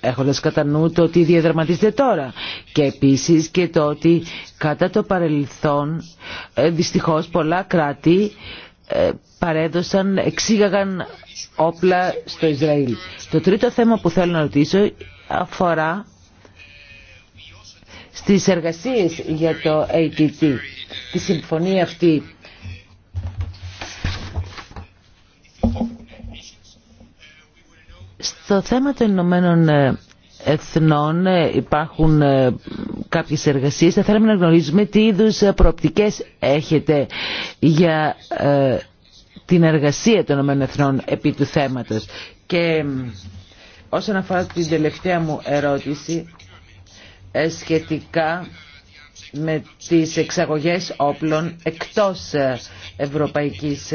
έχοντας κατά νου το ότι διαδραματίζεται τώρα και επίσης και το ότι κατά το παρελθόν ε, δυστυχώς πολλά κράτη ε, παρέδωσαν, εξήγαγαν όπλα στο Ισραήλ. Το τρίτο θέμα που θέλω να ρωτήσω αφορά στις εργασίες για το ATT, τη συμφωνία αυτή Στο θέμα των Ηνωμένων ε, Εθνών ε, υπάρχουν ε, κάποιες εργασίες. Θα θέλαμε να γνωρίζουμε τι είδους προοπτικές έχετε για την εργασία των Ηνωμένων Εθνών επί του θέματος. Και όσον αφορά την τελευταία μου ερώτηση σχετικά με τις εξαγωγές όπλων εκτός Ευρωπαϊκής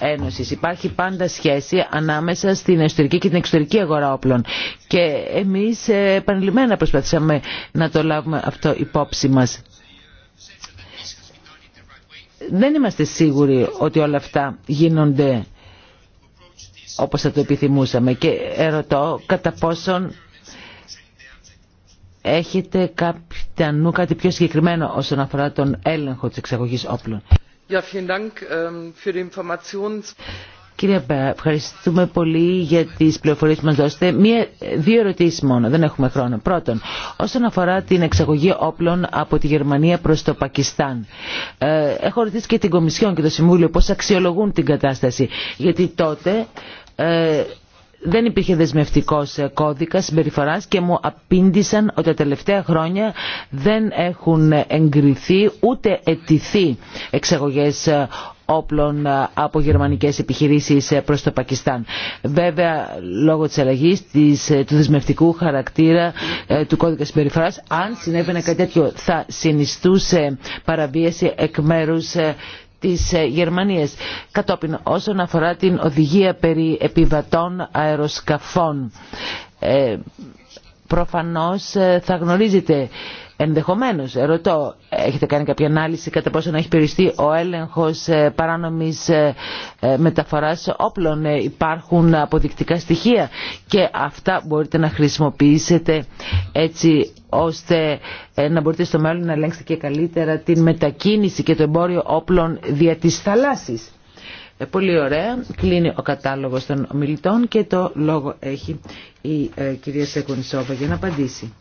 Ένωσης. Υπάρχει πάντα σχέση ανάμεσα στην εσωτερική και την εξωτερική αγορά όπλων. Και εμείς επανειλημμένα προσπαθήσαμε να το λάβουμε αυτό υπόψη μας. Δεν είμαστε σίγουροι ότι όλα αυτά γίνονται όπως θα το επιθυμούσαμε και ερωτώ κατά πόσον έχετε κάποια νου κάτι πιο συγκεκριμένο όσον αφορά τον έλεγχο της εξαγωγής όπλων. Ähm, Κύριε Μπέα, ευχαριστούμε πολύ για τις πληροφορίες που μας δώσετε. Μία, δύο ερωτήσεις μόνο, δεν έχουμε χρόνο. Πρώτον, όσον αφορά την εξαγωγή όπλων από τη Γερμανία προς το Πακιστάν. Ε, έχω ρωτήσει και την Κομισιόν και το Συμβούλιο πώς αξιολογούν την κατάσταση. Γιατί τότε ε, δεν υπήρχε δεσμευτικός ε, κώδικα συμπεριφοράς και μου απήντησαν ότι τα τελευταία χρόνια δεν έχουν εγκριθεί ούτε ετηθεί εξαγωγές ε, όπλων ε, από γερμανικές επιχειρήσεις προς το Πακιστάν. Βέβαια, λόγω της αλλαγής του δεσμευτικού χαρακτήρα του κώδικα συμπεριφοράς, αν συνέβαινε κάτι τέτοιο θα συνιστούσε παραβίαση εκ μέρους της ε, Γερμανίας. Κατόπιν όσον αφορά την οδηγία περί επιβατών αεροσκαφών. Ε, προφανώς ε, θα γνωρίζετε ενδεχομένως, ρωτώ, έχετε κάνει κάποια ανάλυση κατά πόσο να έχει περιστεί ο έλεγχος ε, παράνομης μεταφοράς όπλων, υπάρχουν αποδεικτικά στοιχεία και αυτά μπορείτε να χρησιμοποιήσετε έτσι ώστε ε, να μπορείτε στο μέλλον να ελέγξετε και καλύτερα την μετακίνηση και το εμπόριο όπλων δια της θαλάσσης. Ε, πολύ ωραία. Κλείνει ο κατάλογος των ομιλητών και το λόγο έχει η ε, κυρία Σεκονισόβα για να απαντήσει.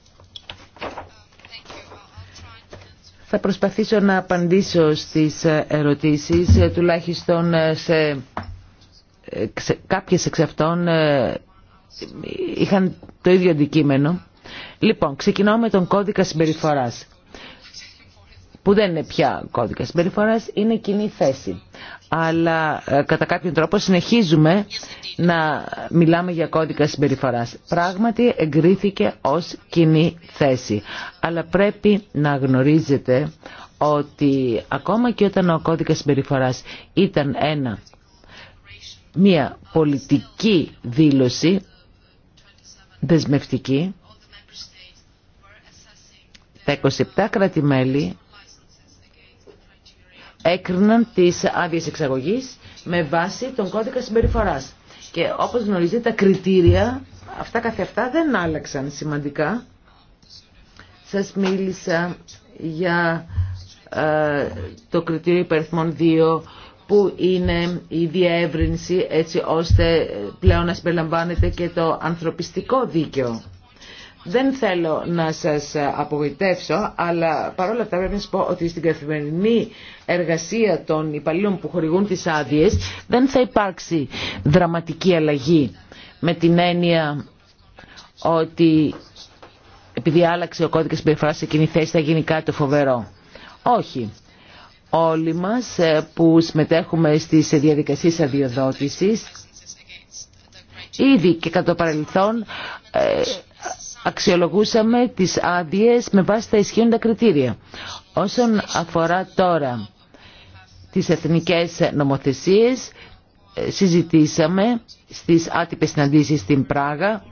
Θα προσπαθήσω να απαντήσω στις ερωτήσεις, τουλάχιστον σε κάποιες εξ αυτών είχαν το ίδιο αντικείμενο. Λοιπόν, ξεκινάω με τον κώδικα συμπεριφοράς που δεν είναι πια κώδικα συμπεριφορά, είναι κοινή θέση. Αλλά ε, κατά κάποιον τρόπο συνεχίζουμε να μιλάμε για κώδικα συμπεριφορά. Πράγματι εγκρίθηκε ως κοινή θέση. Αλλά πρέπει να γνωρίζετε ότι ακόμα και όταν ο κώδικας συμπεριφορά ήταν ένα, μια πολιτική δήλωση δεσμευτική, τα 27 κράτη-μέλη έκριναν τις άδειες εξαγωγής με βάση τον κώδικα συμπεριφοράς. Και όπως γνωρίζετε τα κριτήρια αυτά καθε αυτά δεν άλλαξαν σημαντικά. Σας μίλησα για ε, το κριτήριο υπερθμών 2 που είναι η διεύρυνση έτσι ώστε πλέον να συμπεριλαμβάνεται και το ανθρωπιστικό δίκαιο. Δεν θέλω να σας απογοητεύσω, αλλά παρόλα αυτά πρέπει να σας πω ότι στην καθημερινή εργασία των υπαλλήλων που χορηγούν τις άδειε, δεν θα υπάρξει δραματική αλλαγή με την έννοια ότι επειδή άλλαξε ο κώδικας συμπεριφοράς σε εκείνη θέση θα γίνει κάτι φοβερό. Όχι. Όλοι μας ε, που συμμετέχουμε στις διαδικασίες αδειοδότησης ήδη και κατά το παρελθόν ε, αξιολογούσαμε τις άδειε με βάση τα ισχύοντα κριτήρια. Όσον αφορά τώρα τις εθνικές νομοθεσίες, ε, συζητήσαμε στις άτυπες συναντήσεις στην Πράγα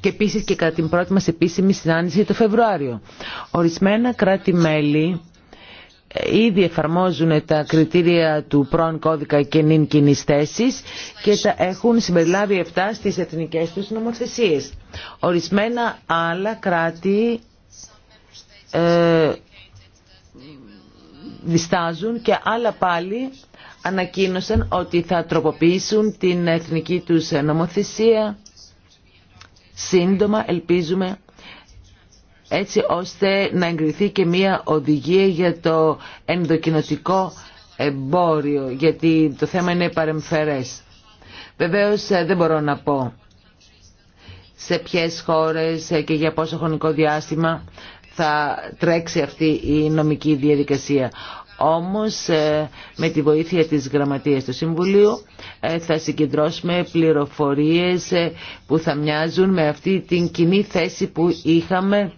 και επίσης και κατά την πρώτη μας επίσημη συνάντηση το Φεβρουάριο. Ορισμένα κράτη-μέλη ήδη εφαρμόζουν τα κριτήρια του πρώην κώδικα και νυν κοινή και τα έχουν συμπεριλάβει αυτά στις εθνικές τους νομοθεσίες. Ορισμένα άλλα κράτη ε, διστάζουν και άλλα πάλι ανακοίνωσαν ότι θα τροποποιήσουν την εθνική τους νομοθεσία. Σύντομα ελπίζουμε έτσι ώστε να εγκριθεί και μία οδηγία για το ενδοκινοτικό εμπόριο, γιατί το θέμα είναι παρεμφερές. Βεβαίως ε, δεν μπορώ να πω σε ποιες χώρες ε, και για πόσο χρονικό διάστημα θα τρέξει αυτή η νομική διαδικασία. Όμως ε, με τη βοήθεια της Γραμματείας του Συμβουλίου ε, θα συγκεντρώσουμε πληροφορίες ε, που θα μοιάζουν με αυτή την κοινή θέση που είχαμε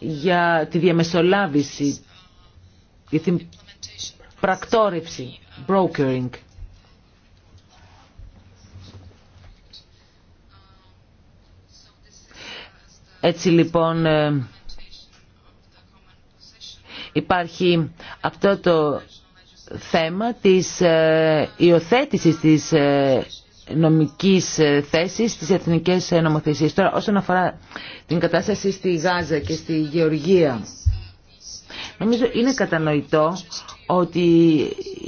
για τη διαμεσολάβηση, για την πρακτόρευση, brokering. Έτσι λοιπόν υπάρχει αυτό το θέμα της ε, υιοθέτησης της ε, νομικής ε, θέσης της εθνικές νομοθεσίες. Τώρα όσον αφορά την κατάσταση στη Γάζα και στη Γεωργία νομίζω είναι κατανοητό ότι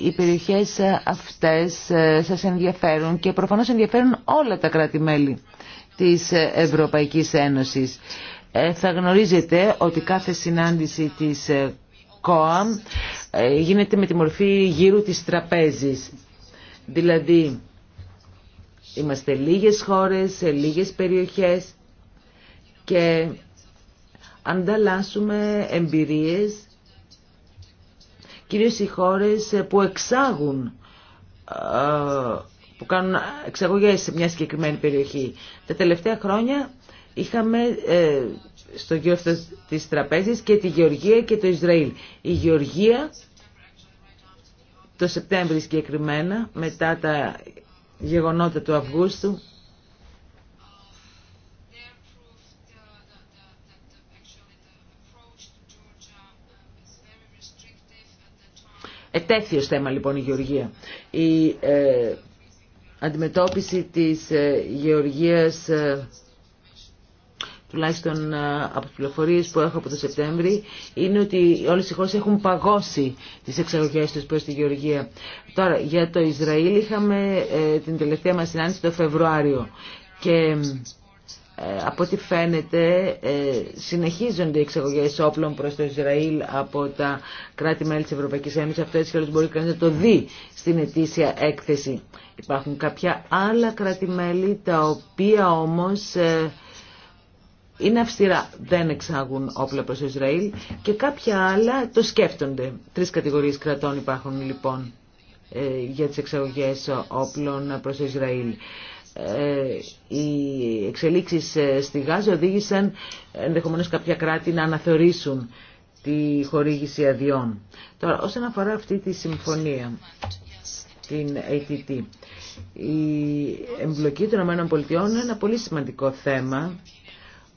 οι περιοχές αυτές σας ενδιαφέρουν και προφανώς ενδιαφέρουν όλα τα κράτη-μέλη της Ευρωπαϊκής Ένωσης. Θα γνωρίζετε ότι κάθε συνάντηση της ΚΟΑ ε, γίνεται με τη μορφή γύρου της τραπέζης. Δηλαδή, είμαστε λίγες χώρες, σε λίγες περιοχές και ανταλλάσσουμε εμπειρίες, κυρίως οι χώρες που εξάγουν ε, που κάνουν εξαγωγές σε μια συγκεκριμένη περιοχή. Τα τελευταία χρόνια είχαμε ε, στο γιο τη της τραπέζης και τη Γεωργία και το Ισραήλ. Η Γεωργία το Σεπτέμβριο συγκεκριμένα μετά τα γεγονότα του Αυγούστου Ετέθη ως θέμα λοιπόν η Γεωργία. Η ε, αντιμετώπιση της ε, Γεωργίας ε, τουλάχιστον ε, από τις πληροφορίες που έχω από το Σεπτέμβρη, είναι ότι όλες οι χώρες έχουν παγώσει τις εξαγωγές τους προς τη Γεωργία. Τώρα, για το Ισραήλ είχαμε ε, την τελευταία μας συνάντηση το Φεβρουάριο και ε, από ό,τι φαίνεται συνεχίζονται οι εξαγωγές όπλων προς το Ισραήλ από τα κράτη-μέλη της Ευρωπαϊκής Ένωσης. Αυτό έτσι μπορεί κανείς να το δει στην ετήσια έκθεση. Υπάρχουν κάποια άλλα κράτη-μέλη τα οποία όμως είναι αυστηρά, δεν εξάγουν όπλα προς το Ισραήλ και κάποια άλλα το σκέφτονται. Τρεις κατηγορίες κρατών υπάρχουν λοιπόν ε, για τις εξαγωγές όπλων προς το Ισραήλ. Ε, οι εξελίξεις ε, στη Γάζα οδήγησαν ενδεχομένως κάποια κράτη να αναθεωρήσουν τη χορήγηση αδειών. Τώρα, όσον αφορά αυτή τη συμφωνία, την ATT, η εμπλοκή των ΗΠΑ είναι ένα πολύ σημαντικό θέμα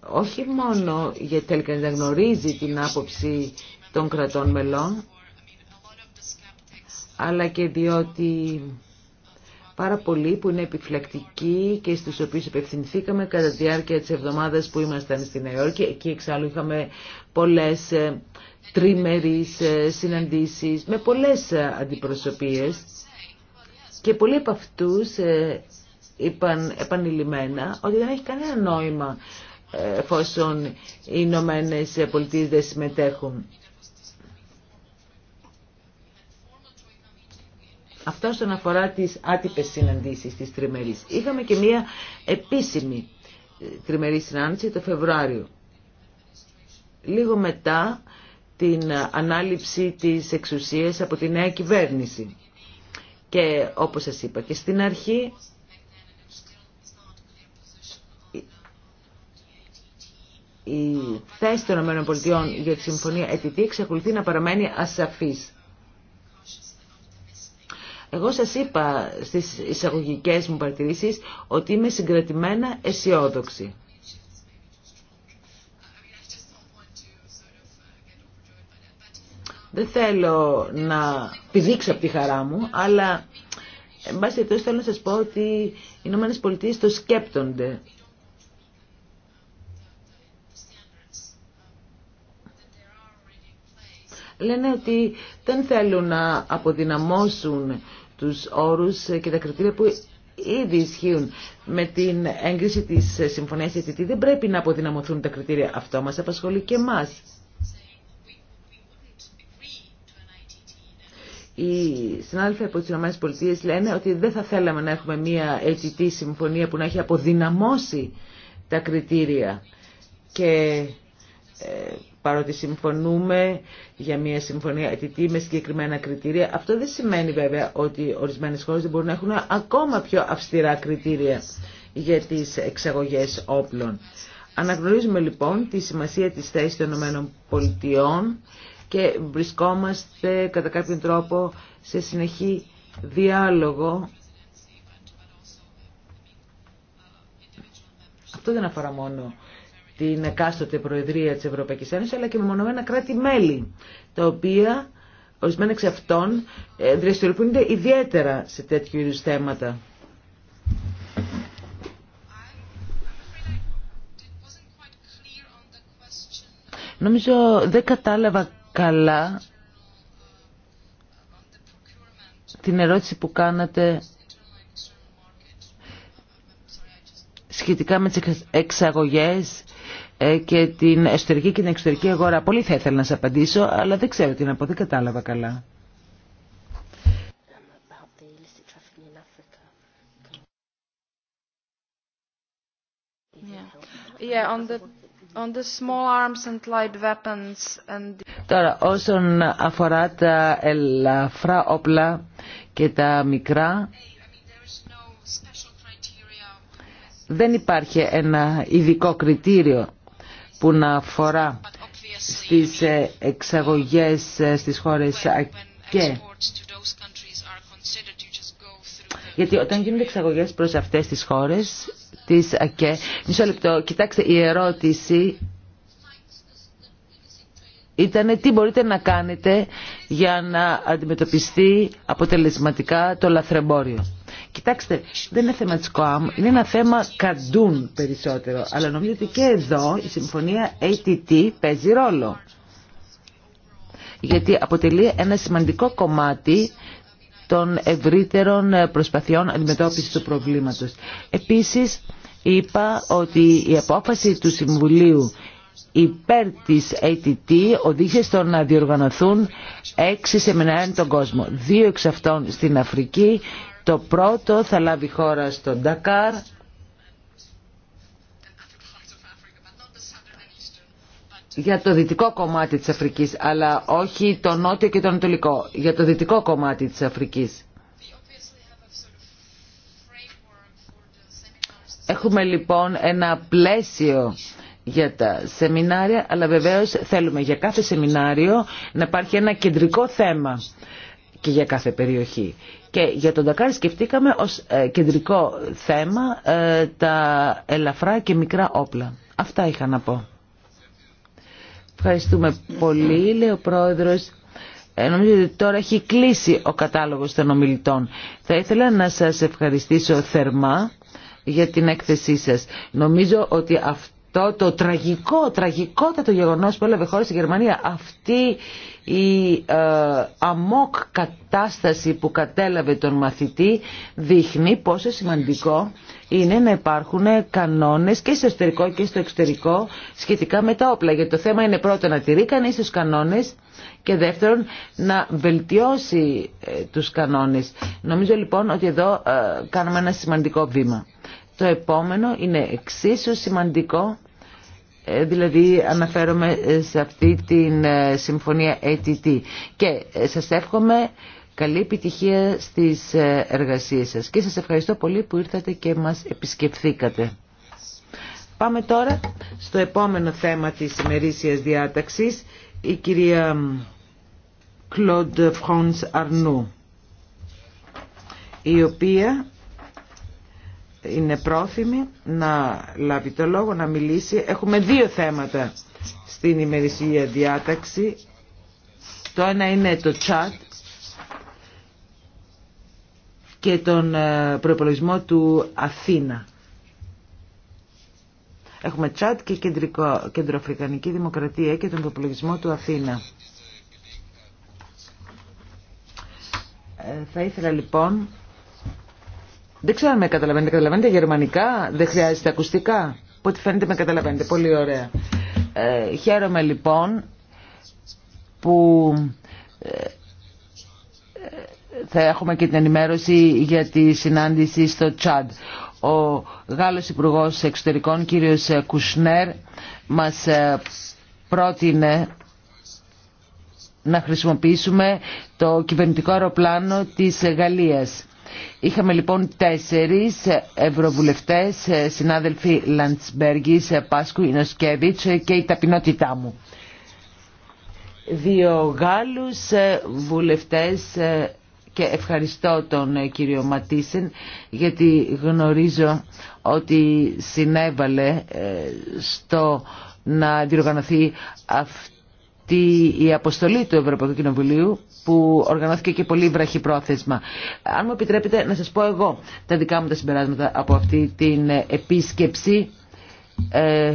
όχι μόνο γιατί θέλει κανείς να γνωρίζει την άποψη των κρατών μελών, αλλά και διότι πάρα πολλοί που είναι επιφυλακτικοί και στους οποίους επευθυνθήκαμε κατά τη διάρκεια της εβδομάδας που ήμασταν στη Νέα Υόρκη. Εκεί εξάλλου είχαμε πολλές ε, τρίμερεις ε, συναντήσεις με πολλές ε, αντιπροσωπείες και πολλοί από αυτούς είπαν επανειλημμένα ότι δεν έχει κανένα νόημα εφόσον οι Ηνωμένε Πολιτείε δεν συμμετέχουν. Αυτά όσον αφορά τις άτυπες συναντήσεις της τριμερής. Είχαμε και μία επίσημη ε, τριμερή συνάντηση το Φεβρουάριο. Λίγο μετά την ε, ανάληψη της εξουσίας από τη νέα κυβέρνηση. Και όπως σας είπα και στην αρχή, η θέση των ΗΠΑ για τη Συμφωνία ΕΤΗΤΗ εξακολουθεί να παραμένει ασαφής. Εγώ σας είπα στις εισαγωγικές μου παρατηρήσεις ότι είμαι συγκρατημένα αισιόδοξη. Δεν θέλω να πηδήξω από τη χαρά μου, αλλά εν πάση θέλω να σας πω ότι οι Ηνωμένες Πολιτείες το σκέπτονται λένε ότι δεν θέλουν να αποδυναμώσουν τους όρους και τα κριτήρια που ήδη ισχύουν με την έγκριση της συμφωνίας γιατί δεν πρέπει να αποδυναμωθούν τα κριτήρια. Αυτό μας απασχολεί και εμάς. Οι συνάδελφοι από τις ΗΠΑ λένε ότι δεν θα θέλαμε να έχουμε μια αιτητή συμφωνία που να έχει αποδυναμώσει τα κριτήρια και παρότι συμφωνούμε για μια συμφωνία αιτητή με συγκεκριμένα κριτήρια. Αυτό δεν σημαίνει βέβαια ότι ορισμένες χώρες δεν μπορούν να έχουν ακόμα πιο αυστηρά κριτήρια για τις εξαγωγές όπλων. Αναγνωρίζουμε λοιπόν τη σημασία της θέσης των ΗΠΑ και βρισκόμαστε κατά κάποιον τρόπο σε συνεχή διάλογο. Αυτό δεν αφορά μόνο την εκάστοτε Προεδρία της Ευρωπαϊκής Ένωσης αλλά και με μονομένα κρατη κράτη-μέλη τα οποία ορισμένα εξ αυτών ε, δραστηριοποιούνται ιδιαίτερα σε τέτοιου είδου θέματα. Νομίζω δεν κατάλαβα καλά την ερώτηση που κάνατε σχετικά με τις εξαγωγές ε, και την εσωτερική και την εξωτερική αγορά. Πολύ θα ήθελα να σε απαντήσω, αλλά δεν ξέρω τι να πω, δεν κατάλαβα καλά. Τώρα, όσον αφορά τα ελαφρά όπλα και τα μικρά, δεν υπάρχει ένα ειδικό κριτήριο που να αφορά στις ε, εξαγωγές ε, στις χώρες ΑΚΕ. γιατί όταν γίνονται εξαγωγές προς αυτές τις χώρες τις ΑΚΕ. Μισό λεπτό, κοιτάξτε, η ερώτηση ήταν τι μπορείτε να κάνετε για να αντιμετωπιστεί αποτελεσματικά το λαθρεμπόριο. Κοιτάξτε, δεν είναι θέμα της ΚΟΑΜ, είναι ένα θέμα καντούν περισσότερο. Αλλά νομίζω ότι και εδώ η συμφωνία ATT παίζει ρόλο. Γιατί αποτελεί ένα σημαντικό κομμάτι των ευρύτερων προσπαθειών αντιμετώπισης του προβλήματος. Επίσης, είπα ότι η απόφαση του Συμβουλίου υπέρ της ATT οδήγησε στο να διοργανωθούν έξι σεμινάρια τον κόσμο. Δύο εξ αυτών στην Αφρική το πρώτο θα λάβει χώρα στο Ντακάρ. για το δυτικό κομμάτι της Αφρικής, αλλά όχι το νότιο και το ανατολικό, για το δυτικό κομμάτι της Αφρικής. Έχουμε λοιπόν ένα πλαίσιο για τα σεμινάρια, αλλά βεβαίως θέλουμε για κάθε σεμινάριο να υπάρχει ένα κεντρικό θέμα και για κάθε περιοχή. Και για τον Ντακάρ σκεφτήκαμε ως ε, κεντρικό θέμα ε, τα ελαφρά και μικρά όπλα. Αυτά είχα να πω. Ευχαριστούμε πολύ, λέει ο Πρόεδρος. Ε, νομίζω ότι τώρα έχει κλείσει ο κατάλογος των ομιλητών. Θα ήθελα να σας ευχαριστήσω θερμά για την έκθεσή σας. Νομίζω ότι αυτό το το τραγικό, τραγικότατο γεγονός που έλαβε χώρα στη Γερμανία, αυτή η ε, αμόκ κατάσταση που κατέλαβε τον μαθητή δείχνει πόσο σημαντικό είναι να υπάρχουν κανόνες και στο εσωτερικό και στο εξωτερικό σχετικά με τα όπλα. Γιατί το θέμα είναι πρώτον να τηρεί κανείς τους κανόνες και δεύτερον να βελτιώσει ε, τους κανόνες. Νομίζω λοιπόν ότι εδώ ε, κάνουμε ένα σημαντικό βήμα. Το επόμενο είναι εξίσου σημαντικό, ε, δηλαδή αναφέρομαι ε, σε αυτή τη ε, συμφωνία ATT. Και σας εύχομαι καλή επιτυχία στις εργασίες σας και σας ευχαριστώ πολύ που ήρθατε και μας επισκεφθήκατε. Πάμε τώρα στο επόμενο θέμα της ημερήσιας διάταξης, η κυρία Claude France Αρνού, η οποία είναι πρόθυμη να λάβει το λόγο, να μιλήσει. Έχουμε δύο θέματα στην ημερησία διάταξη. Το ένα είναι το chat και τον ε, προπολογισμό του Αθήνα. Έχουμε τσάτ και κεντρικό, κεντροαφρικανική δημοκρατία και τον προπολογισμό του Αθήνα. Ε, θα ήθελα λοιπόν δεν ξέρω αν με καταλαβαίνετε. Καταλαβαίνετε γερμανικά, δεν χρειάζεται ακουστικά. Οπότε φαίνεται με καταλαβαίνετε. Πολύ ωραία. Ε, χαίρομαι λοιπόν που ε, ε, θα έχουμε και την ενημέρωση για τη συνάντηση στο Τσάντ. Ο Γάλλος Υπουργός Εξωτερικών, κύριος Κουσνέρ, μας ε, πρότεινε να χρησιμοποιήσουμε το κυβερνητικό αεροπλάνο της Γαλλίας. Είχαμε λοιπόν τέσσερις ευρωβουλευτές, ε, συνάδελφοι Λαντσμπέργης, ε, Πάσκου, Ινοσκέβιτς ε, και η ταπεινότητά μου. Δύο Γάλλους βουλευτές και ευχαριστώ τον κύριο Ματίσεν γιατί γνωρίζω ότι συνέβαλε στο να διοργανωθεί αυτή ότι η αποστολή του Ευρωπαϊκού Κοινοβουλίου που οργανώθηκε και πολύ βραχυπρόθεσμα. Αν μου επιτρέπετε να σας πω εγώ τα δικά μου τα συμπεράσματα από αυτή την επίσκεψη. Ε,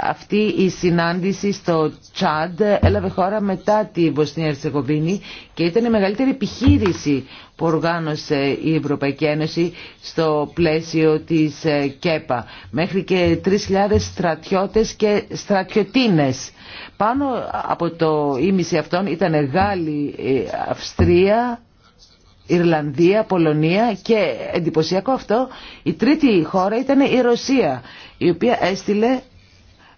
αυτή η συνάντηση στο Τσάντ έλαβε χώρα μετά τη Βοσνία Ερσεγοβίνη και ήταν η μεγαλύτερη επιχείρηση που οργάνωσε η Ευρωπαϊκή Ένωση στο πλαίσιο της ε, ΚΕΠΑ. Μέχρι και 3.000 στρατιώτες και στρατιωτίνες. Πάνω από το ίμιση αυτών ήταν Γάλλη, ε, Αυστρία, Ιρλανδία, Πολωνία και εντυπωσιακό αυτό η τρίτη χώρα ήταν η Ρωσία η οποία έστειλε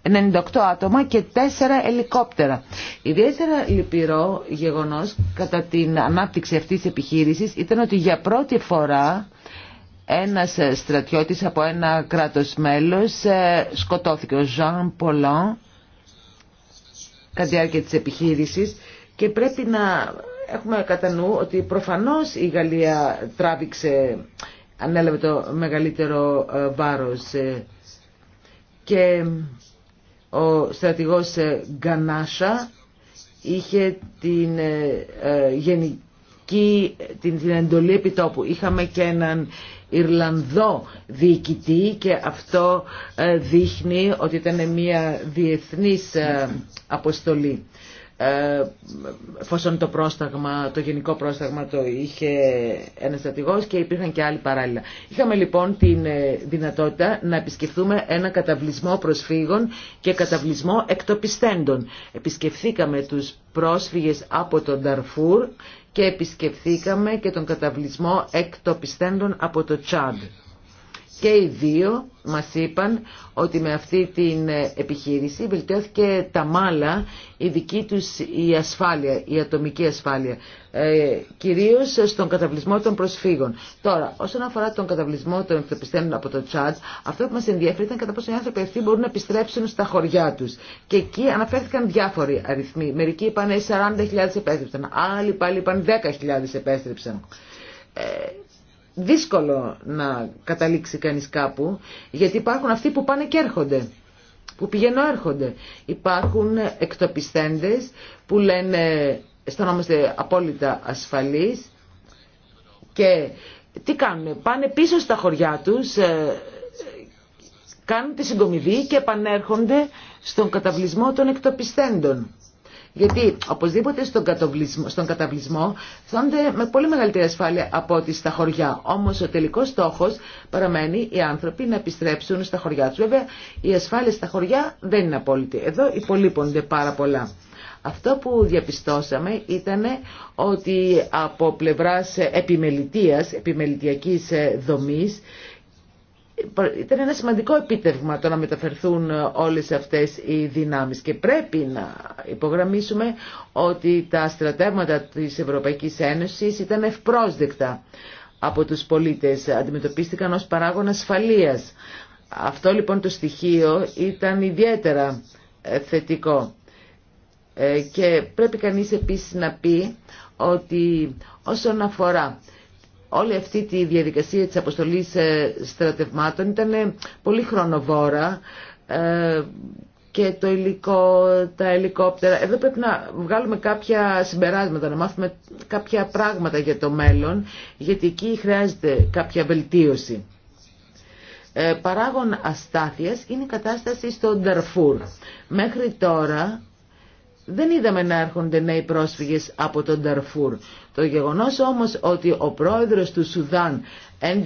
98 άτομα και 4 ελικόπτερα. Ιδιαίτερα λυπηρό γεγονός κατά την ανάπτυξη αυτής της επιχείρησης ήταν ότι για πρώτη φορά ένας στρατιώτης από ένα κράτος μέλος ε, σκοτώθηκε, ο Ζαν Πολόν κατά τη διάρκεια της επιχείρησης και πρέπει να έχουμε κατά νου ότι προφανώς η Γαλλία τράβηξε, ανέλαβε το μεγαλύτερο ε, βάρος ε, και ο στρατηγός ε, Γκανάσα είχε την ε, ε, γενική την εντολή επιτόπου. Είχαμε και έναν Ιρλανδό διοικητή και αυτό δείχνει ότι ήταν μια διεθνής αποστολή. Ε, εφόσον το πρόσταγμα, το γενικό πρόσταγμα το είχε ένα στρατηγό και υπήρχαν και άλλοι παράλληλα. Είχαμε λοιπόν την ε, δυνατότητα να επισκεφθούμε ένα καταβλισμό προσφύγων και καταβλισμό εκτοπιστέντων. Επισκεφθήκαμε τους πρόσφυγες από τον Νταρφούρ και επισκεφθήκαμε και τον καταβλισμό εκτοπιστέντων από το Τσάντ. Και οι δύο μας είπαν ότι με αυτή την ε, επιχείρηση βελτιώθηκε τα μάλα η δική τους η ασφάλεια, η ατομική ασφάλεια, ε, κυρίως στον καταβλισμό των προσφύγων. Τώρα, όσον αφορά τον καταβλισμό των εκτοπιστένων από το τσάτ αυτό που μας ενδιαφέρει ήταν κατά πόσο οι άνθρωποι αυτοί μπορούν να επιστρέψουν στα χωριά τους. Και εκεί αναφέρθηκαν διάφοροι αριθμοί. Μερικοί είπαν 40.000 ε, επέστρεψαν, άλλοι πάλι είπαν 10.000 επέστρεψαν. Ε, δύσκολο να καταλήξει κανείς κάπου, γιατί υπάρχουν αυτοί που πάνε και έρχονται, που πηγαίνουν έρχονται. Υπάρχουν εκτοπιστέντες που λένε αισθανόμαστε απόλυτα ασφαλείς και τι κάνουν, πάνε πίσω στα χωριά τους, ε, κάνουν τη συγκομιδή και επανέρχονται στον καταβλισμό των εκτοπιστέντων. Γιατί οπωσδήποτε στον, καταβλισμό, στον καταβλισμό με πολύ μεγαλύτερη ασφάλεια από ότι στα χωριά. Όμως ο τελικός στόχος παραμένει οι άνθρωποι να επιστρέψουν στα χωριά του, Βέβαια η ασφάλεια στα χωριά δεν είναι απόλυτη. Εδώ υπολείπονται πάρα πολλά. Αυτό που διαπιστώσαμε ήταν ότι από πλευράς επιμελητίας, επιμελητιακής ε, δομής, ήταν ένα σημαντικό επίτευγμα το να μεταφερθούν όλες αυτές οι δυνάμεις και πρέπει να υπογραμμίσουμε ότι τα στρατεύματα της Ευρωπαϊκής Ένωσης ήταν ευπρόσδεκτα από τους πολίτες, αντιμετωπίστηκαν ως παράγον ασφαλείας. Αυτό λοιπόν το στοιχείο ήταν ιδιαίτερα ε, θετικό. Ε, και πρέπει κανείς επίσης να πει ότι όσον αφορά όλη αυτή τη διαδικασία της αποστολής ε, στρατευμάτων ήταν ε, πολύ χρονοβόρα ε, και το υλικό, τα ελικόπτερα. Εδώ πρέπει να βγάλουμε κάποια συμπεράσματα, να μάθουμε κάποια πράγματα για το μέλλον, γιατί εκεί χρειάζεται κάποια βελτίωση. Ε, παράγον αστάθειας είναι η κατάσταση στο Νταρφούρ. Μέχρι τώρα δεν είδαμε να έρχονται νέοι πρόσφυγες από τον Νταρφούρ. Το γεγονός όμως ότι ο πρόεδρος του Σουδάν εν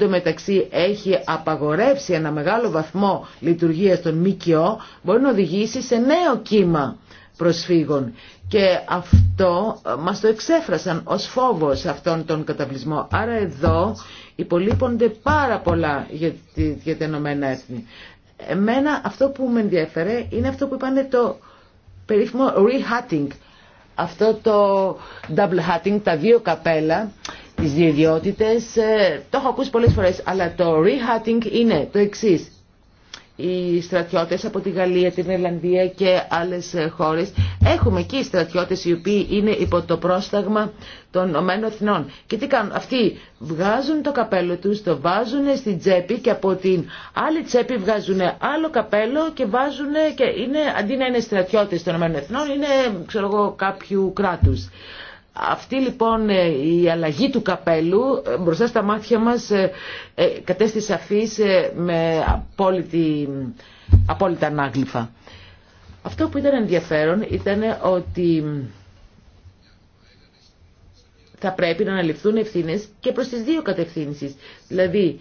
έχει απαγορεύσει ένα μεγάλο βαθμό λειτουργίας των ΜΚΟ μπορεί να οδηγήσει σε νέο κύμα προσφύγων. Και αυτό ε, μας το εξέφρασαν ως φόβο σε αυτόν τον καταβλισμό. Άρα εδώ υπολείπονται πάρα πολλά για, για τα Έθνη. Εμένα αυτό που με ενδιαφέρε είναι αυτό που είπανε το περίφημο rehatting, αυτό το double hatting, τα δύο καπέλα, τις δύο ε, το έχω ακούσει πολλές φορές, αλλά το re-hatting είναι το εξής οι στρατιώτες από τη Γαλλία, την Ιρλανδία και άλλες χώρες. Έχουμε εκεί στρατιώτες οι οποίοι είναι υπό το πρόσταγμα των Ηνωμένων Εθνών. Και τι κάνουν, αυτοί βγάζουν το καπέλο τους, το βάζουν στην τσέπη και από την άλλη τσέπη βγάζουν άλλο καπέλο και βάζουν και είναι, αντί να είναι στρατιώτες των Ηνωμένων Εθνών, είναι ξέρω εγώ, κάποιου κράτους. Αυτή λοιπόν ε, η αλλαγή του καπέλου ε, μπροστά στα μάτια μας ε, κατέστησε σαφής με απόλυτη, απόλυτα ανάγλυφα. Αυτό που ήταν ενδιαφέρον ήταν ότι θα πρέπει να αναλυφθούν ευθύνες και προς τις δύο κατευθύνσεις. Δηλαδή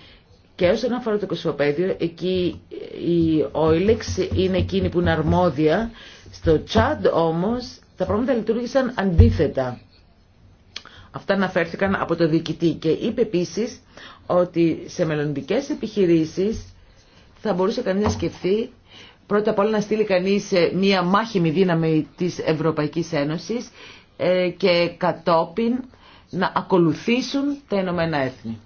και όσον αφορά το κοσμοπέδιο, εκεί η Όιλεξ είναι εκείνη που είναι αρμόδια. Στο Τσάντ όμως τα πράγματα λειτουργήσαν αντίθετα. Αυτά αναφέρθηκαν από το διοικητή και είπε επίση ότι σε μελλοντικέ επιχειρήσεις θα μπορούσε κανείς να σκεφτεί πρώτα απ' όλα να στείλει κανείς ε, μία μάχημη δύναμη της Ευρωπαϊκής Ένωσης ε, και κατόπιν να ακολουθήσουν τα Ηνωμένα Έθνη.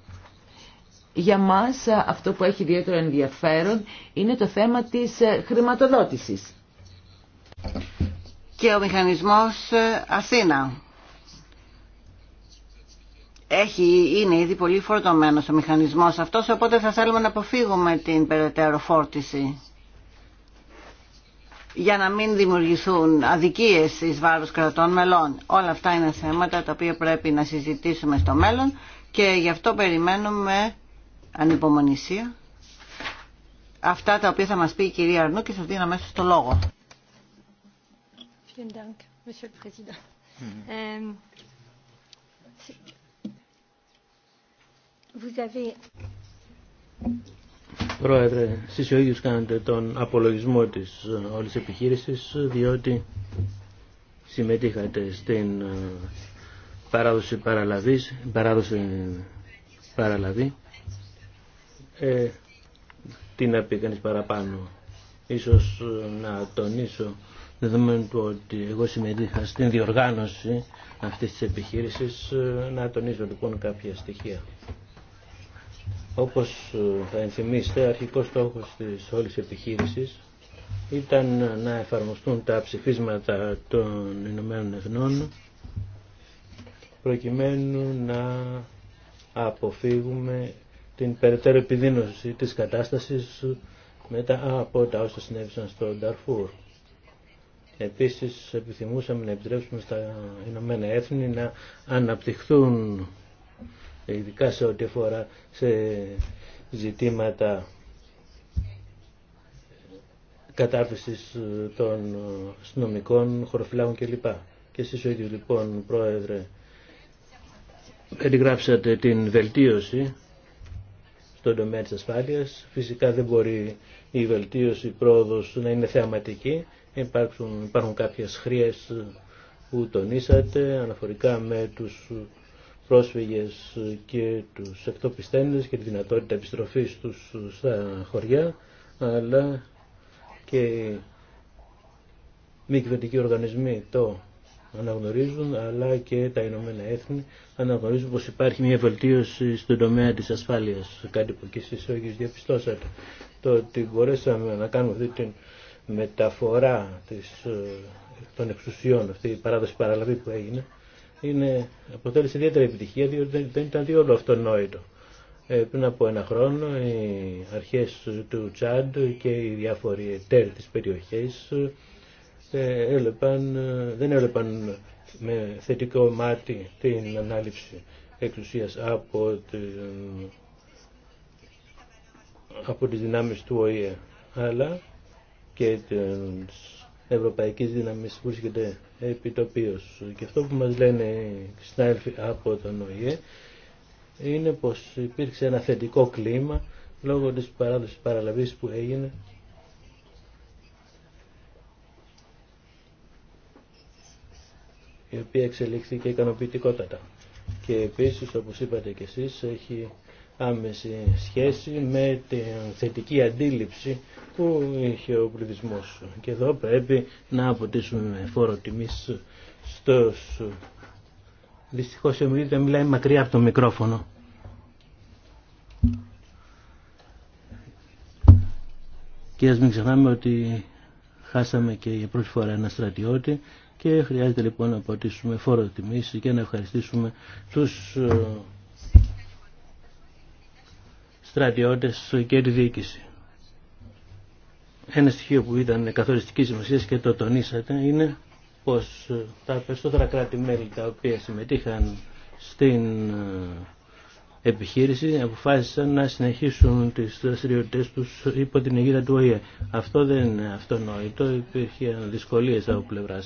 Για μας ε, αυτό που έχει ιδιαίτερο ενδιαφέρον είναι το θέμα της χρηματοδότησης. Και ο μηχανισμός Αθήνα έχει, είναι ήδη πολύ φορτωμένος ο μηχανισμός αυτός, οπότε θα θέλουμε να αποφύγουμε την περαιτέρω φόρτιση για να μην δημιουργηθούν αδικίες εις βάρος κρατών μελών. Όλα αυτά είναι θέματα τα οποία πρέπει να συζητήσουμε στο μέλλον και γι' αυτό περιμένουμε ανυπομονησία αυτά τα οποία θα μας πει η κυρία Αρνού και σα δίνω αμέσως το λόγο. Mm-hmm. Ε, Πρόεδρε, εσείς ο ίδιος κάνετε τον απολογισμό της ε, όλης επιχείρησης, διότι συμμετείχατε στην ε, παράδοση παραλαβής, παράδοση παραλαβή. Ε, τι να πει κανείς παραπάνω. Ίσως ε, να τονίσω δεδομένου του ότι εγώ συμμετείχα στην διοργάνωση αυτής της επιχείρησης, να τονίζω λοιπόν κάποια στοιχεία. Όπως ε, θα ενθυμίστε, αρχικός στόχος της όλης επιχείρησης ήταν να εφαρμοστούν τα ψηφίσματα των Ηνωμένων Εθνών προκειμένου να αποφύγουμε την περαιτέρω επιδείνωση της κατάστασης μετά από τα όσα συνέβησαν στο Νταρφούρ. Επίσης επιθυμούσαμε να επιτρέψουμε στα Ηνωμένα Έθνη να αναπτυχθούν ειδικά σε ό,τι αφορά σε ζητήματα κατάρτισης των αστυνομικών, χωροφυλάκων κλπ. Και εσείς ο ίδιος λοιπόν πρόεδρε περιγράψατε την βελτίωση στον τομέα της ασφάλειας. Φυσικά δεν μπορεί η βελτίωση, η πρόοδος να είναι θεαματική. Υπάρχουν, υπάρχουν κάποιες χρειές που τονίσατε αναφορικά με τους πρόσφυγες και τους εκτοπιστέντες και τη δυνατότητα επιστροφής τους στα χωριά, αλλά και μη κυβερνητικοί οργανισμοί το αναγνωρίζουν, αλλά και τα Ηνωμένα Έθνη αναγνωρίζουν πως υπάρχει μια βελτίωση στον τομέα της ασφάλειας, κάτι που και εσείς όλοι διαπιστώσατε. Το ότι μπορέσαμε να κάνουμε αυτή τη μεταφορά ε, των εξουσιών, αυτή η παράδοση παραλαβή που έγινε, είναι, αποτέλεσε ιδιαίτερη επιτυχία διότι δεν ήταν διόλου αυτονόητο. Ε, πριν από ένα χρόνο οι αρχές του Τσάντ και οι διάφοροι εταίροι της περιοχής ε, ε δεν έλεπαν με θετικό μάτι την ανάληψη εξουσίας από, την, από τις δυνάμεις του ΟΗΕ αλλά και τις ευρωπαϊκής δυνάμεις που βρίσκεται επιτοπίως. Και αυτό που μας λένε οι συνάδελφοι από τον ΟΗΕ είναι πως υπήρξε ένα θετικό κλίμα λόγω της παράδοσης παραλαβής που έγινε η οποία εξελίχθηκε ικανοποιητικότατα. Και επίσης, όπως είπατε και εσείς, έχει άμεση σχέση με την θετική αντίληψη που είχε ο πληθυσμό. Και εδώ πρέπει να αποτίσουμε φόρο τιμή στους... Δυστυχώς η μιλάει μακριά από το μικρόφωνο. Και ας μην ξεχνάμε ότι χάσαμε και για πρώτη φορά ένα στρατιώτη και χρειάζεται λοιπόν να αποτίσουμε φόρο τιμής και να ευχαριστήσουμε τους ε, στρατιώτες και τη διοίκηση. Ένα στοιχείο που ήταν καθοριστική σημασία και το τονίσατε είναι πως ε, τα περισσότερα κράτη-μέλη τα οποία συμμετείχαν στην ε, επιχείρηση αποφάσισαν να συνεχίσουν τις δραστηριότητε τους υπό την αιγύρια του ΟΗΕ. Αυτό δεν είναι αυτονόητο, υπήρχε δυσκολίε από πλευρά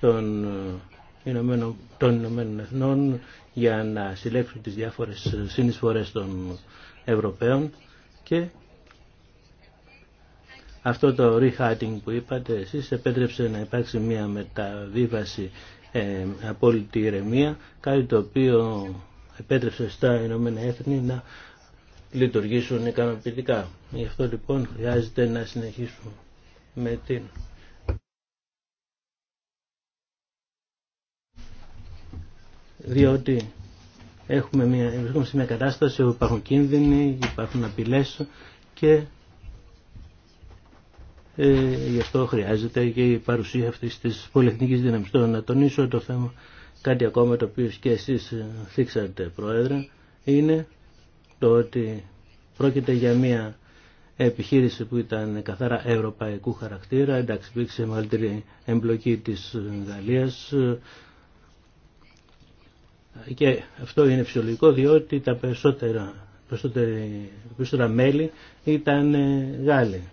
των ε, Ηνωμένων, των Ηνωμένων Εθνών για να συλλέξουν τι διάφορε συνεισφορές των Ευρωπαίων και αυτό το rehiding που είπατε εσείς επέτρεψε να υπάρξει μια μεταβίβαση ε, απόλυτη ηρεμία, κάτι το οποίο επέτρεψε στα Ηνωμένα Έθνη να λειτουργήσουν ικανοποιητικά. Γι' αυτό λοιπόν χρειάζεται να συνεχίσουμε με την... Διότι έχουμε μια, βρισκόμαστε σε μια κατάσταση όπου υπάρχουν κίνδυνοι, υπάρχουν απειλέ και ε, γι' αυτό χρειάζεται και η παρουσία αυτής της πολυεθνική δύναμης. Τώρα να τονίσω το θέμα, κάτι ακόμα το οποίο και εσεί ε, θίξατε Πρόεδρε, είναι το ότι πρόκειται για μια επιχείρηση που ήταν καθαρά ευρωπαϊκού χαρακτήρα, εντάξει υπήρξε μεγαλύτερη εμπλοκή της Γαλλία και αυτό είναι φυσιολογικό διότι τα περισσότερα, περισσότερα μέλη ήταν ε, Γάλλοι.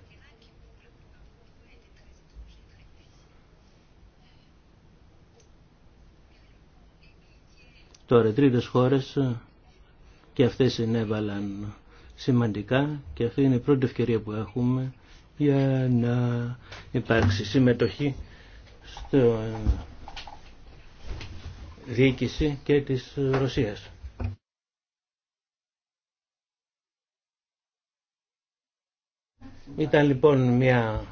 Τώρα τρίτες χώρες ε, και αυτές συνέβαλαν σημαντικά και αυτή είναι η πρώτη ευκαιρία που έχουμε για να υπάρξει συμμετοχή στο ε, διοίκηση και της Ρωσίας. Ήταν λοιπόν μια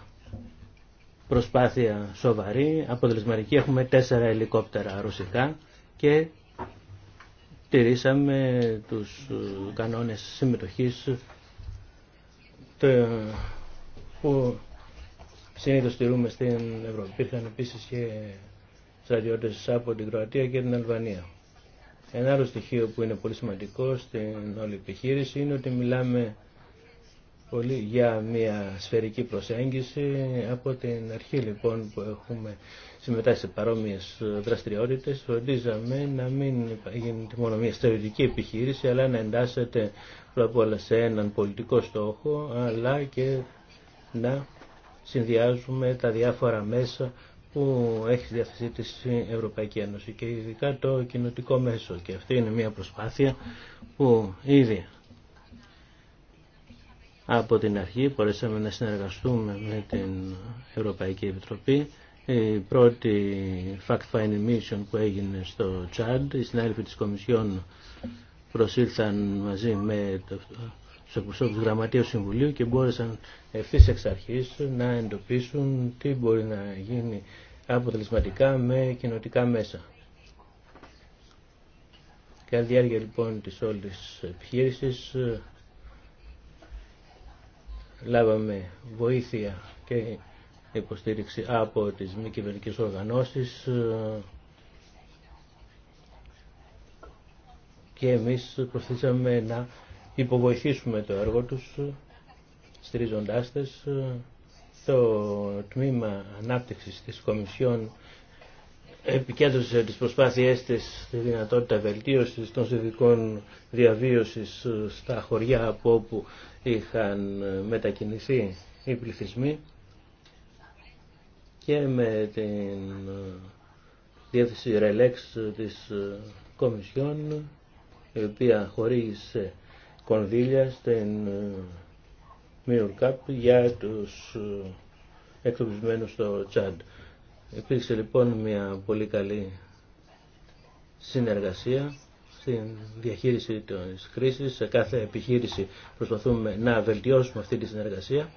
προσπάθεια σοβαρή, αποτελεσματική. Έχουμε τέσσερα ελικόπτερα ρωσικά και τηρήσαμε τους ε, κανόνες συμμετοχής που συνήθως τηρούμε στην Ευρώπη. Υπήρχαν επίσης και στρατιώτες από την Κροατία και την Αλβανία. Ένα άλλο στοιχείο που είναι πολύ σημαντικό στην όλη επιχείρηση είναι ότι μιλάμε πολύ για μια σφαιρική προσέγγιση. Από την αρχή λοιπόν που έχουμε συμμετάσχει σε παρόμοιες δραστηριότητες φροντίζαμε να μην γίνεται μόνο μια στρατιωτική επιχείρηση αλλά να εντάσσεται πρώτα απ' όλα σε έναν πολιτικό στόχο αλλά και να συνδυάζουμε τα διάφορα μέσα που έχει στη διάθεσή της Ευρωπαϊκή Ένωση και ειδικά το κοινοτικό μέσο. Και αυτή είναι μια προσπάθεια που ήδη από την αρχή μπορέσαμε να συνεργαστούμε με την Ευρωπαϊκή Επιτροπή. Η πρώτη fact-finding mission που έγινε στο Τσάντ, οι συνάδελφοι της Κομισιόν προσήλθαν μαζί με το στους εκπροσώπους γραμματείου Συμβουλίου και μπόρεσαν ευθύ εξ αρχής να εντοπίσουν τι μπορεί να γίνει αποτελεσματικά με κοινοτικά μέσα. Κατά τη διάρκεια λοιπόν της όλης επιχείρησης λάβαμε βοήθεια και υποστήριξη από τις μη κυβερνικέ οργανώσεις και εμείς προσθέσαμε να υποβοηθήσουμε το έργο τους στηρίζοντάς τες το τμήμα ανάπτυξης της Κομισιόν επικέντρωσε τις προσπάθειές της δυνατότητα βελτίωσης των συνδικών διαβίωσης στα χωριά από όπου είχαν μετακινηθεί οι πληθυσμοί και με την διεύθυνση ρελέξ της Κομισιόν η οποία σε κονδύλια στην ε, Mirror για τους ε, εκτοπισμένους στο Τσάντ. Υπήρξε λοιπόν μια πολύ καλή συνεργασία στην διαχείριση της κρίσης. Σε κάθε επιχείρηση προσπαθούμε να βελτιώσουμε αυτή τη συνεργασία.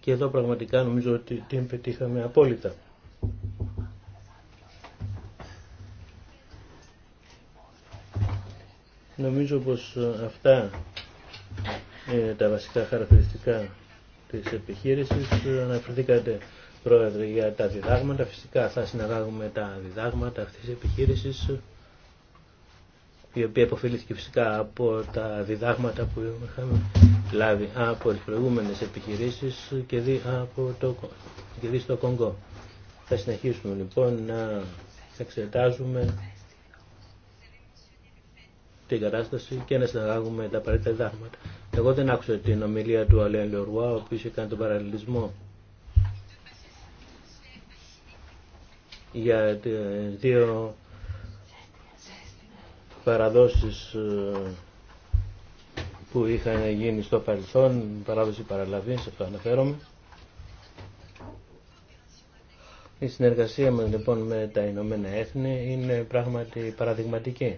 Και εδώ πραγματικά νομίζω ότι την πετύχαμε απόλυτα. Νομίζω πως ε, αυτά είναι τα βασικά χαρακτηριστικά της επιχείρησης. Ε, αναφερθήκατε πρόεδρε για τα διδάγματα. Φυσικά θα συνεργάζουμε τα διδάγματα αυτής της επιχείρησης η οποία αποφυλήθηκε φυσικά από τα διδάγματα που είχαμε λάβει από τις προηγούμενες επιχειρήσεις και δει, από το, και δει στο Κονγκό. Θα συνεχίσουμε λοιπόν να εξετάζουμε την κατάσταση και να συνεργάζουμε τα απαραίτητα δάγματα. Εγώ δεν άκουσα την ομιλία του Αλέν Λεωρουά, ο οποίος είχε κάνει τον παραλληλισμό για δύο παραδόσεις ε, που είχαν γίνει στο παρελθόν, παράδοση παραλαβής, αυτό αναφέρομαι. Η συνεργασία μας λοιπόν με τα Ηνωμένα Έθνη είναι πράγματι παραδειγματική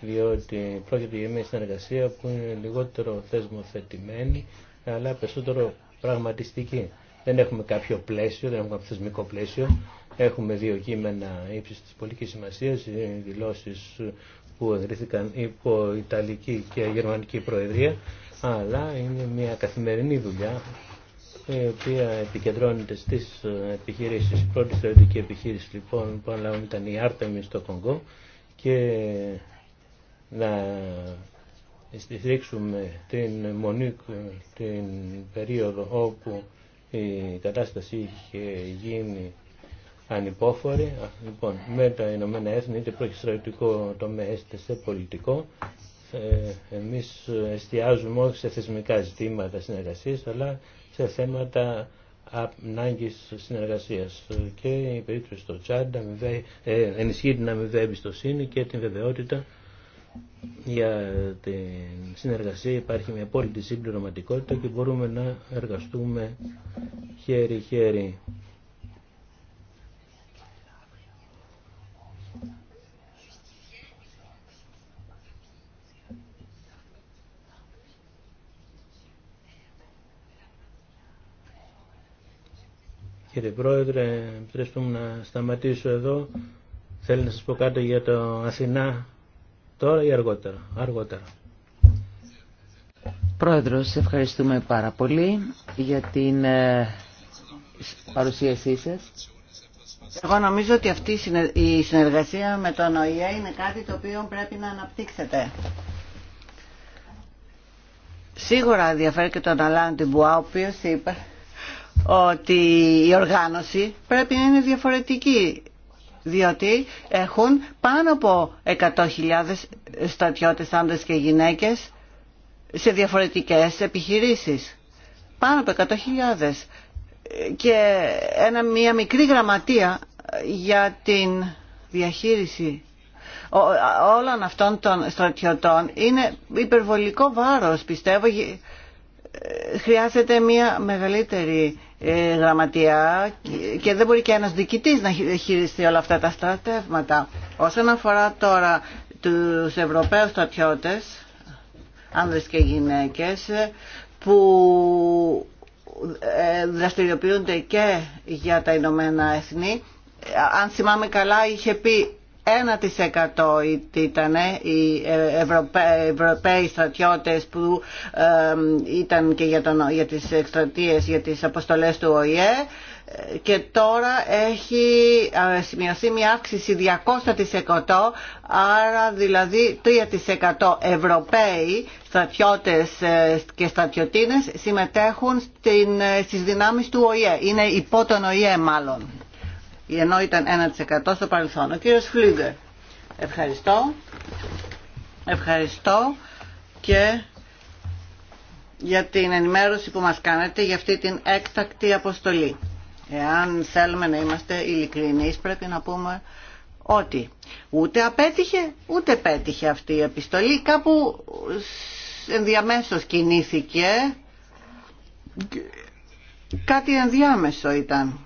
διότι πρόκειται για μια συνεργασία που είναι λιγότερο θεσμοθετημένη, αλλά περισσότερο πραγματιστική. Δεν έχουμε κάποιο πλαίσιο, δεν έχουμε κάποιο θεσμικό πλαίσιο. Έχουμε δύο κείμενα ύψη τη πολιτική σημασία, δηλώσει που εγκρίθηκαν υπό Ιταλική και Γερμανική Προεδρία, αλλά είναι μια καθημερινή δουλειά η οποία επικεντρώνεται στι επιχείρησει Η πρώτη στρατιωτική επιχείρηση λοιπόν που αναλάβαμε ήταν η Άρτεμι στο Κονγκό και να στηρίξουμε την Μονίκ την περίοδο όπου η κατάσταση είχε γίνει ανυπόφορη. Λοιπόν, με τα Ηνωμένα Έθνη, είτε πρόκειται στρατιωτικό τομέα, είτε σε πολιτικό, ε, εμείς εστιάζουμε όχι σε θεσμικά ζητήματα συνεργασίας, αλλά σε θέματα ανάγκη συνεργασία. Και η περίπτωση στο Τσάντα ε, ενισχύει την αμοιβαία εμπιστοσύνη και την βεβαιότητα για την συνεργασία υπάρχει μια απόλυτη συμπληρωματικότητα και μπορούμε να εργαστούμε χέρι-χέρι. Κύριε Πρόεδρε, επιτρέψτε να σταματήσω εδώ. Θέλω να σας πω κάτι για το Αθηνά Τώρα ή αργότερα. Αργότερα. Πρόεδρος, ευχαριστούμε πάρα πολύ για την ε, παρουσίασή σας. Εγώ νομίζω ότι αυτή η συνεργασία με τον ΟΗΕ είναι κάτι το οποίο πρέπει να αναπτύξετε. Σίγουρα διαφέρει και τον Αλάν Τιμπουά, ο οποίο είπε ότι η οργάνωση πρέπει να είναι διαφορετική διότι έχουν πάνω από 100.000 στρατιώτες άντρες και γυναίκες σε διαφορετικές επιχειρήσεις. Πάνω από 100.000 και ένα, μια μικρή γραμματεία για την διαχείριση όλων αυτών των στρατιωτών είναι υπερβολικό βάρος πιστεύω χρειάζεται μια μεγαλύτερη ε, γραμματεία και δεν μπορεί και ένας διοικητής να χειριστεί όλα αυτά τα στρατεύματα. Όσον αφορά τώρα τους Ευρωπαίους στρατιώτες, άνδρες και γυναίκες, που ε, δραστηριοποιούνται και για τα Ηνωμένα Έθνη. Αν θυμάμαι καλά είχε πει 1% ήταν οι ε, Ευρωπαίοι στρατιώτες που ήταν και για, τον, για τις εκστρατείες, για τις αποστολές του ΟΗΕ ε, και τώρα έχει ε, σημειωθεί μια αύξηση 200% άρα δηλαδή 3% Ευρωπαίοι στρατιώτες και στρατιωτίνες συμμετέχουν στην, στις δυνάμεις του ΟΗΕ. Είναι υπό τον ΟΗΕ μάλλον ενώ ήταν 1% στο παρελθόν. Ο κύριος Φλίγκερ. Ευχαριστώ. Ευχαριστώ και για την ενημέρωση που μας κάνετε για αυτή την έκτακτη αποστολή. Εάν θέλουμε να είμαστε ειλικρινείς πρέπει να πούμε ότι ούτε απέτυχε ούτε πέτυχε αυτή η επιστολή. Κάπου ενδιαμέσως κινήθηκε, κάτι ενδιάμεσο ήταν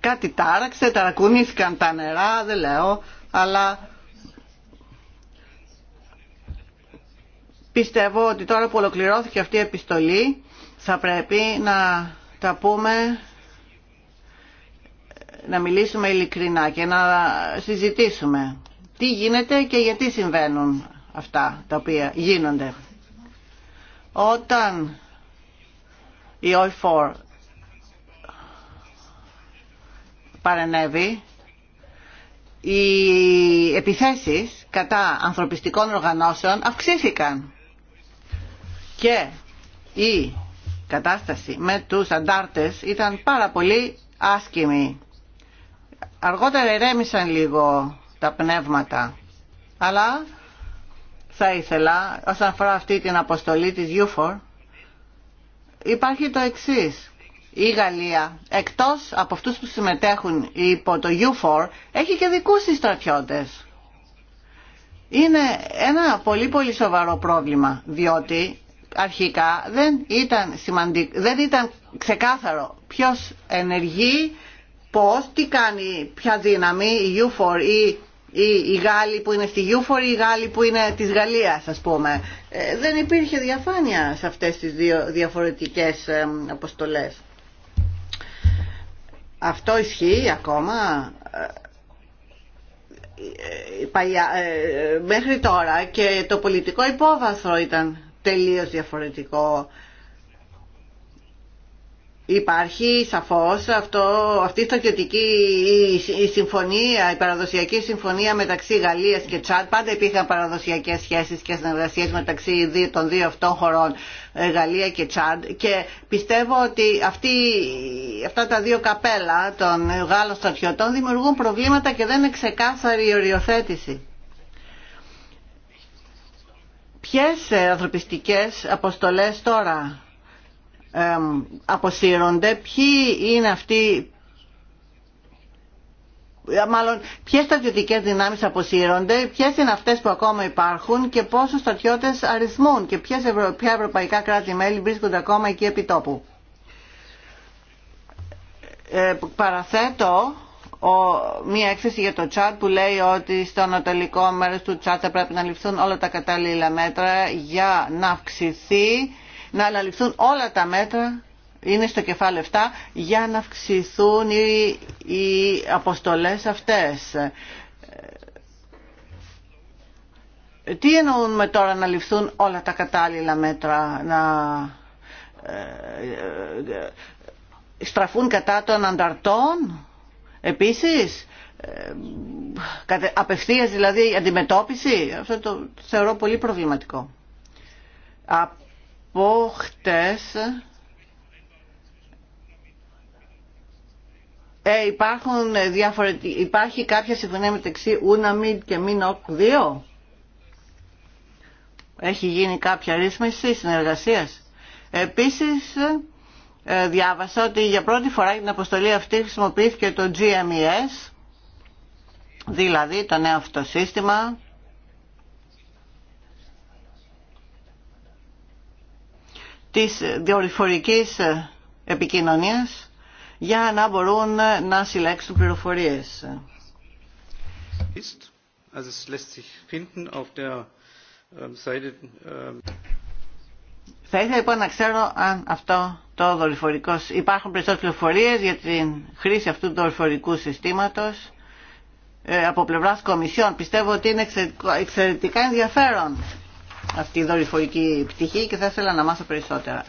κάτι τάραξε, ταρακουνήθηκαν τα νερά, δεν λέω, αλλά πιστεύω ότι τώρα που ολοκληρώθηκε αυτή η επιστολή θα πρέπει να τα πούμε να μιλήσουμε ειλικρινά και να συζητήσουμε τι γίνεται και γιατί συμβαίνουν αυτά τα οποία γίνονται. Όταν οι 4. παρενέβη οι επιθέσεις κατά ανθρωπιστικών οργανώσεων αυξήθηκαν και η κατάσταση με τους αντάρτες ήταν πάρα πολύ άσκημη. Αργότερα ερέμησαν λίγο τα πνεύματα, αλλά θα ήθελα όσον αφορά αυτή την αποστολή της UFOR υπάρχει το εξής η Γαλλία, εκτός από αυτούς που συμμετέχουν υπό το U4, έχει και δικούς της στρατιώτες. Είναι ένα πολύ πολύ σοβαρό πρόβλημα, διότι αρχικά δεν ήταν, δεν ήταν ξεκάθαρο ποιος ενεργεί, πώς, τι κάνει, ποια δύναμη, η U4 ή η που είναι στη η οι Γάλλοι που είναι της Γαλλίας ας πούμε. Ε, δεν υπήρχε διαφάνεια σε αυτές τις δύο διαφορετικές αποστολές. Αυτό ισχύει ακόμα ε, ε, ε, μέχρι τώρα και το πολιτικό υπόβαθρο ήταν τελείως διαφορετικό Υπάρχει σαφώς αυτό, αυτή η στρατιωτική η συμφωνία, η παραδοσιακή συμφωνία μεταξύ Γαλλίας και Τσάντ. Πάντα υπήρχαν παραδοσιακές σχέσεις και συνεργασίες μεταξύ των δύο αυτών χωρών, ε, Γαλλία και Τσάντ. Και πιστεύω ότι αυτά τα δύο καπέλα των Γάλλων στρατιωτών δημιουργούν προβλήματα και δεν είναι ξεκάθαρη η οριοθέτηση. Ποιες ε, ανθρωπιστικές αποστολές τώρα αποσύρονται, ποιοι είναι αυτοί ε, μάλλον ποιες στρατιωτικές δυνάμεις αποσύρονται, ποιες είναι αυτές που ακόμα υπάρχουν και πόσους στρατιώτες αριθμούν και ποιες ποια ευρωπαϊκά κράτη-μέλη βρίσκονται ακόμα εκεί επί τόπου. Ε, παραθέτω ο, μία έκθεση για το Τσάτ που λέει ότι στο ανατολικό μέρος του Τσάτ θα πρέπει να ληφθούν όλα τα κατάλληλα μέτρα για να αυξηθεί να αναλυφθούν όλα τα μέτρα είναι στο κεφάλαιο 7 για να αυξηθούν οι, οι αποστολές αυτές. Ε, τι εννοούμε τώρα να ληφθούν όλα τα κατάλληλα μέτρα, να ε, ε, στραφούν κατά των ανταρτών, επίσης, απευθείας δηλαδή αντιμετώπιση, αυτό το θεωρώ πολύ προβληματικό πω χτες ε, υπάρχουν υπάρχει κάποια συμφωνία μεταξύ UNAMID και MINOC 2. Έχει γίνει κάποια ρύθμιση συνεργασίας. Επίσης, ε, διάβασα ότι για πρώτη φορά για την αποστολή αυτή χρησιμοποιήθηκε το GMES, δηλαδή το νέο αυτό σύστημα της διορυφορικής επικοινωνίας για να μπορούν να συλλέξουν πληροφορίες. Θα ήθελα λοιπόν να ξέρω αν αυτό το δορυφορικό... Υπάρχουν περισσότερες πληροφορίε για την χρήση αυτού του δορυφορικού συστήματος ε, από πλευράς Κομισιόν. Πιστεύω ότι είναι εξαιρετικά ενδιαφέρον αυτή η δορυφορική πτυχή και θα ήθελα να μάθω περισσότερα.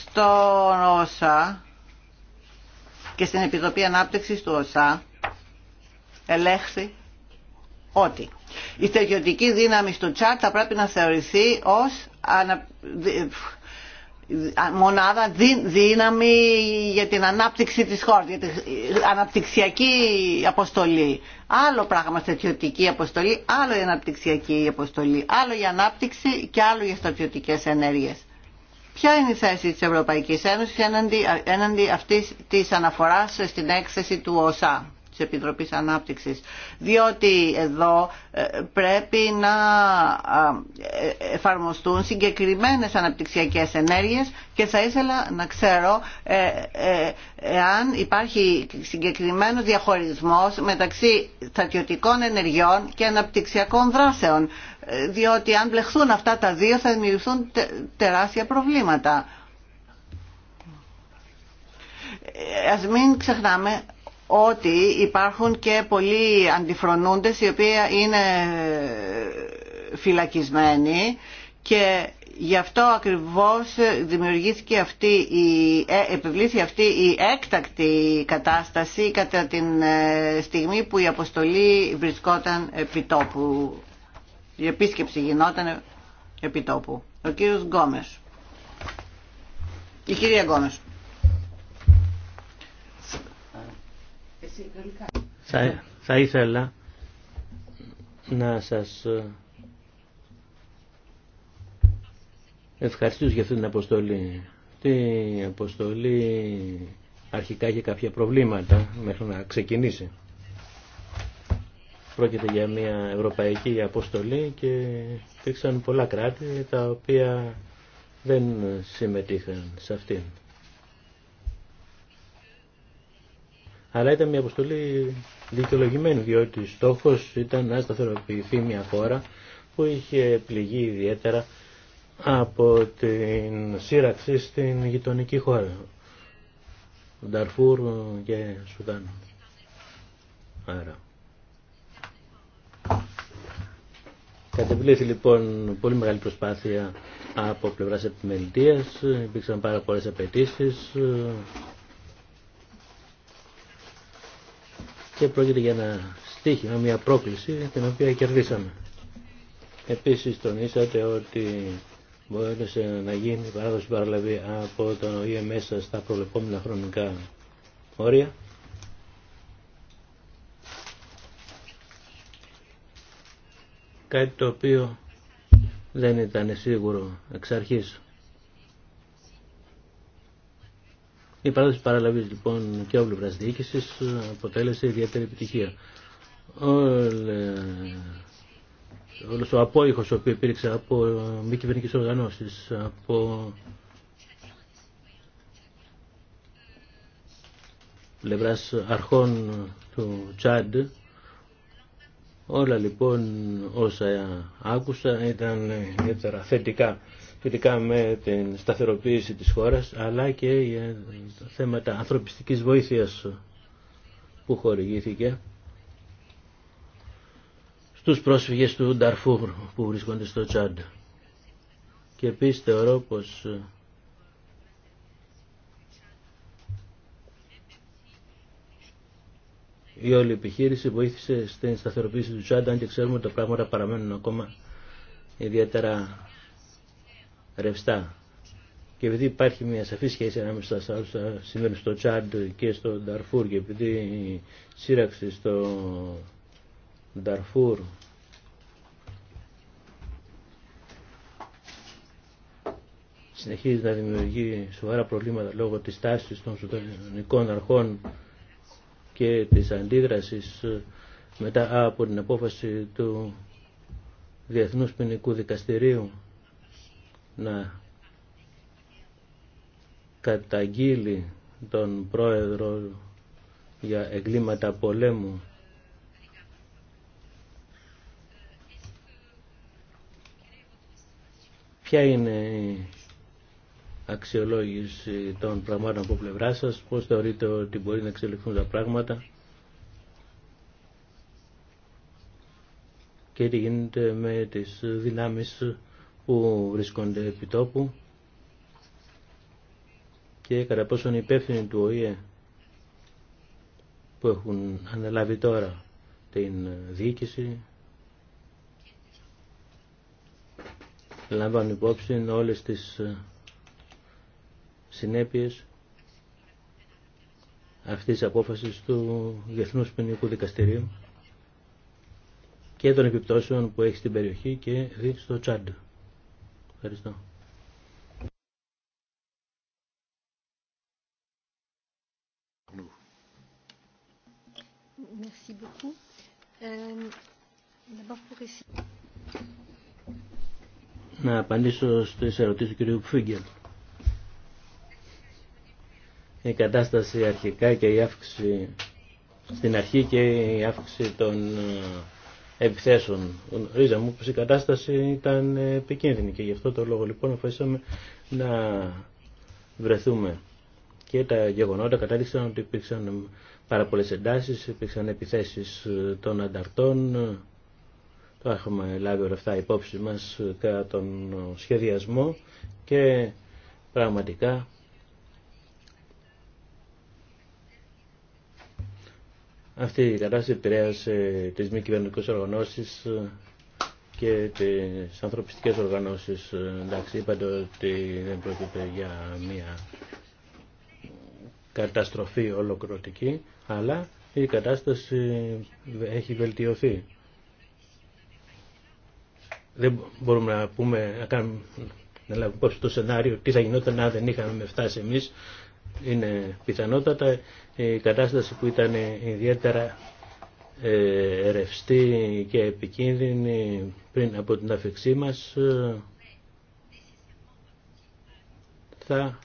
Στο ΩΣΑ και στην Επιτροπή Ανάπτυξης του ΩΣΑ ελέγχθη ότι η στεγιοτική δύναμη στο τσάτ θα πρέπει να θεωρηθεί ως ανα μονάδα δύναμη για την ανάπτυξη της χώρας, για την αναπτυξιακή αποστολή. Άλλο πράγμα στρατιωτική αποστολή, άλλο η αναπτυξιακή αποστολή, άλλο η ανάπτυξη και άλλο για στρατιωτικές ενέργειες. Ποια είναι η θέση της Ευρωπαϊκής Ένωσης έναντι, έναντι αυτής της αναφοράς στην έκθεση του ΟΣΑ της Επιτροπής Ανάπτυξης. Διότι εδώ ε, πρέπει να ε, εφαρμοστούν συγκεκριμένες αναπτυξιακές ενέργειες και θα ήθελα να ξέρω ε, εάν υπάρχει συγκεκριμένος διαχωρισμός μεταξύ στρατιωτικών ενεργειών και αναπτυξιακών δράσεων. Διότι αν μπλεχθούν αυτά τα δύο θα δημιουργηθούν τεράστια προβλήματα. Ας μην ξεχνάμε ότι υπάρχουν και πολλοί αντιφρονούντες οι οποίοι είναι φυλακισμένοι και γι' αυτό ακριβώς δημιουργήθηκε αυτή η, ε, αυτή η έκτακτη κατάσταση κατά την ε, στιγμή που η αποστολή βρισκόταν επί τόπου. Η επίσκεψη γινόταν επί τόπου. Ο κύριος Γκόμες. Η κυρία Γκόμες. Θα, θα ήθελα να σας ευχαριστήσω για αυτή την αποστολή. Τη αποστολή αρχικά είχε κάποια προβλήματα μέχρι να ξεκινήσει. Πρόκειται για μια ευρωπαϊκή αποστολή και υπήρξαν πολλά κράτη τα οποία δεν συμμετείχαν σε αυτήν. αλλά ήταν μια αποστολή δικαιολογημένη, διότι στόχος ήταν να σταθεροποιηθεί μια χώρα που είχε πληγεί ιδιαίτερα από την σύραξη στην γειτονική χώρα, Νταρφούρ και Σουδάν. Άρα. Κατεβλήθη λοιπόν πολύ μεγάλη προσπάθεια από πλευράς επιμελητίας, υπήρξαν πάρα πολλές απαιτήσει και πρόκειται για ένα στίχημα, μια πρόκληση την οποία κερδίσαμε. Επίσης τονίσατε ότι μπορούσε να γίνει παράδοση παραλαβή από το ΟΗΕ μέσα στα προβλεπόμενα χρονικά όρια. Κάτι το οποίο δεν ήταν σίγουρο εξ αρχής. Η παράδοση παραλαβή λοιπόν και όβλουπρας διοίκηση ε, αποτέλεσε ιδιαίτερη επιτυχία. Όλο Όλος ο απόϊχος ο οποίο υπήρξε από ε, μη κυβερνικές οργανώσεις, από πλευράς αρχών του Τσάντ, όλα λοιπόν όσα άκουσα ήταν ιδιαίτερα θετικά σχετικά με την σταθεροποίηση της χώρας αλλά και για θέματα ανθρωπιστικής βοήθειας που χορηγήθηκε στους πρόσφυγες του Νταρφούρ που βρίσκονται στο Τσάντ. Και επίσης θεωρώ πως η όλη επιχείρηση βοήθησε στην σταθεροποίηση του Τσάντ αν και ξέρουμε ότι τα πράγματα παραμένουν ακόμα ιδιαίτερα ρευστά. Και επειδή υπάρχει μια σαφή σχέση ανάμεσα στα όσα συμβαίνουν στο Τσάντ και στο Νταρφούρ και επειδή η σύραξη στο Νταρφούρ συνεχίζει να δημιουργεί σοβαρά προβλήματα λόγω της τάσης των σουδανικών αρχών και της αντίδρασης μετά από την απόφαση του Διεθνούς Ποινικού Δικαστηρίου να καταγγείλει τον πρόεδρο για εγκλήματα πολέμου Ποια είναι η αξιολόγηση των πραγμάτων από πλευρά σας, πώς θεωρείτε ότι μπορεί να εξελιχθούν τα πράγματα και τι γίνεται με τις δυνάμεις που βρίσκονται επί τόπου και κατά πόσον υπεύθυνοι του ΟΗΕ που έχουν αναλάβει τώρα την διοίκηση λαμβάνουν υπόψη όλες τις ε, συνέπειες αυτής της απόφασης του Διεθνούς Ποινικού Δικαστηρίου και των επιπτώσεων που έχει στην περιοχή και στο Τσάντ. Ευχαριστώ. Euh, Να απαντήσω στι ερωτήσει του κ. Φίγκελ. Η κατάσταση αρχικά και η αύξηση στην αρχή και η αύξηση των ε, επιθέσεων. Ρίζα μου πως η κατάσταση ήταν επικίνδυνη και γι' αυτό το λόγο λοιπόν αποφασίσαμε να βρεθούμε. Και τα γεγονότα κατάδειξαν ότι υπήρξαν πάρα πολλές εντάσεις, υπήρξαν επιθέσεις των ανταρτών, το έχουμε λάβει όλα αυτά υπόψη μας κατά τον σχεδιασμό και πραγματικά Αυτή η κατάσταση επηρέασε τις μη κυβερνητικέ οργανώσεις ε, και τις ανθρωπιστικές οργανώσεις. Ε, εντάξει, είπατε ότι δεν πρόκειται για μια καταστροφή ολοκληρωτική, αλλά η κατάσταση έχει βελτιωθεί. Δεν μπορούμε να πούμε, να κάνουμε, να λάβουμε το σενάριο τι θα γινόταν αν δεν είχαμε φτάσει εμείς είναι πιθανότατα η κατάσταση που ήταν ιδιαίτερα ε, ρευστή και επικίνδυνη πριν από την αφήξή μας ε, θα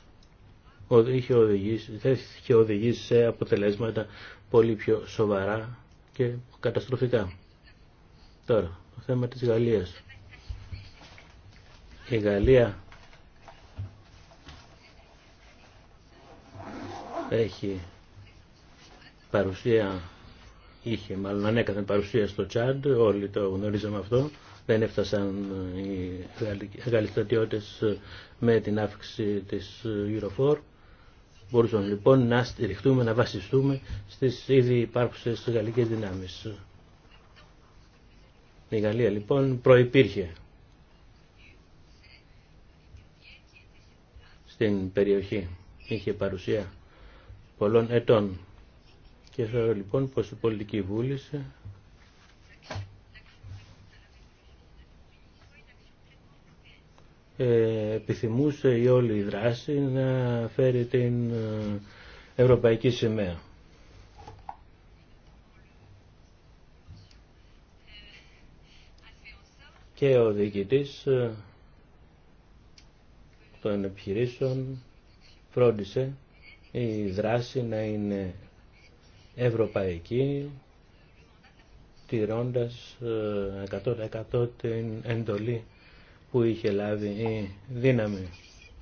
είχε οδηγήσει, θα είχε οδηγήσει σε αποτελέσματα πολύ πιο σοβαρά και καταστροφικά. Τώρα, το θέμα της Γαλλίας. Η Γαλλία έχει παρουσία, είχε μάλλον ανέκαθεν παρουσία στο Τσάντ, όλοι το γνωρίζαμε αυτό, δεν έφτασαν οι Γάλλοι με την αύξηση της Eurofor. μπορούσαν λοιπόν να στηριχτούμε, να βασιστούμε στις ήδη υπάρχουσες γαλλικές δυνάμεις. Η Γαλλία λοιπόν προϋπήρχε στην περιοχή, είχε παρουσία πολλών ετών. Και θεωρώ λοιπόν πως η πολιτική βούληση ε, επιθυμούσε η όλη η δράση να φέρει την ε, ευρωπαϊκή σημαία. Και ο διοικητής ε, των επιχειρήσεων φρόντισε η δράση να είναι ευρωπαϊκή, τηρώντας 100% ε, την εντολή που είχε λάβει η δύναμη,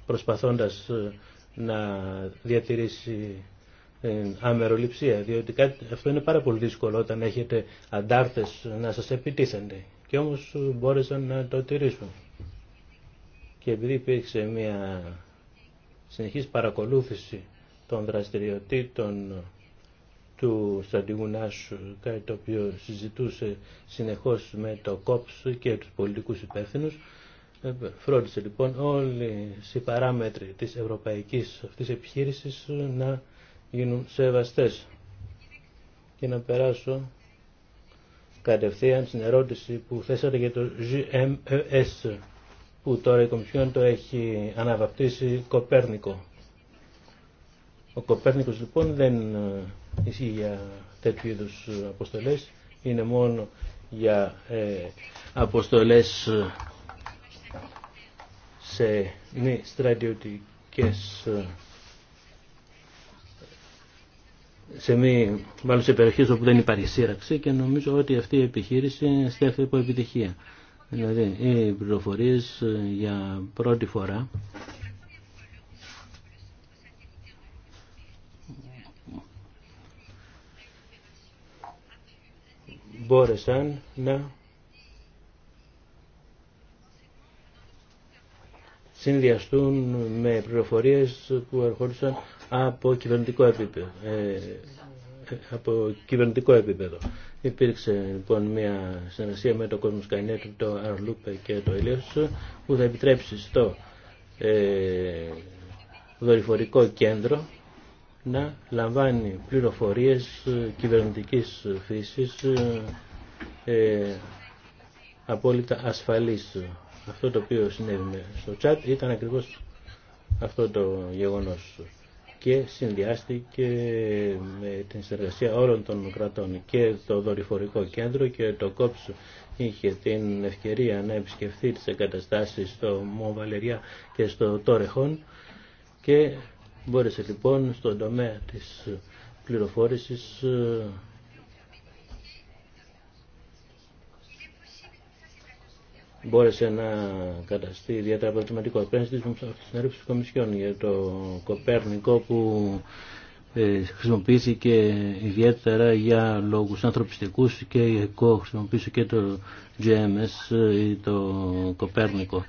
προσπαθώντας ε, να διατηρήσει αμεροληψία, διότι αυτό είναι πάρα πολύ δύσκολο όταν έχετε αντάρτες να σας επιτίθενται και όμως ε, μπόρεσαν να το τηρήσουν. Και επειδή υπήρξε μια συνεχής παρακολούθηση των δραστηριοτήτων του στρατηγού Νάσου, κάτι το οποίο συζητούσε συνεχώς με το ΚΟΠΣ και τους πολιτικούς υπεύθυνους. Ε, φρόντισε λοιπόν όλοι οι παράμετροι της ευρωπαϊκής αυτής επιχείρησης να γίνουν σεβαστές. Και να περάσω κατευθείαν στην ερώτηση που θέσατε για το GMES, που τώρα η Κομισιόν το έχει αναβαπτίσει Κοπέρνικο. Ο Κοπέρνικος λοιπόν δεν ε, ισχύει για τέτοιου είδου ε, αποστολές, είναι μόνο για ε, αποστολές ε, σε μη ναι, στρατιωτικές σε μη, μάλλον σε περιοχές όπου δεν υπάρχει σύραξη και νομίζω ότι αυτή η επιχείρηση στέφεται υπό επιτυχία. Δηλαδή, οι πληροφορίε για πρώτη φορά μπόρεσαν να συνδυαστούν με πληροφορίες που ερχόντουσαν από κυβερνητικό επίπεδο. Ε, από κυβερνητικό επίπεδο. Υπήρξε λοιπόν μια συνεργασία με το Κόσμο Σκανέτ, το Αρλούπε και το Ελίος που θα επιτρέψει στο ε, δορυφορικό κέντρο να λαμβάνει πληροφορίες ε, κυβερνητικής φύσης ε, ε, απόλυτα ασφαλής. Αυτό το οποίο συνέβη στο τσάτ ήταν ακριβώς αυτό το γεγονός και συνδυάστηκε με την συνεργασία όλων των κρατών και το δορυφορικό κέντρο και το κόψο είχε την ευκαιρία να επισκεφθεί τις εγκαταστάσεις στο Μοβαλεριά και στο Τόρεχον και Μπόρεσε λοιπόν στον τομέα της ε, πληροφόρησης ε, μπόρεσε να καταστεί ιδιαίτερα αποτελεσματικό. απέναντι στις της Κομισιόν για το Κοπέρνικο που ε, χρησιμοποιήθηκε ιδιαίτερα για λόγους ανθρωπιστικούς και εγώ χρησιμοποιήσω και το GMS ή το Κοπέρνικο.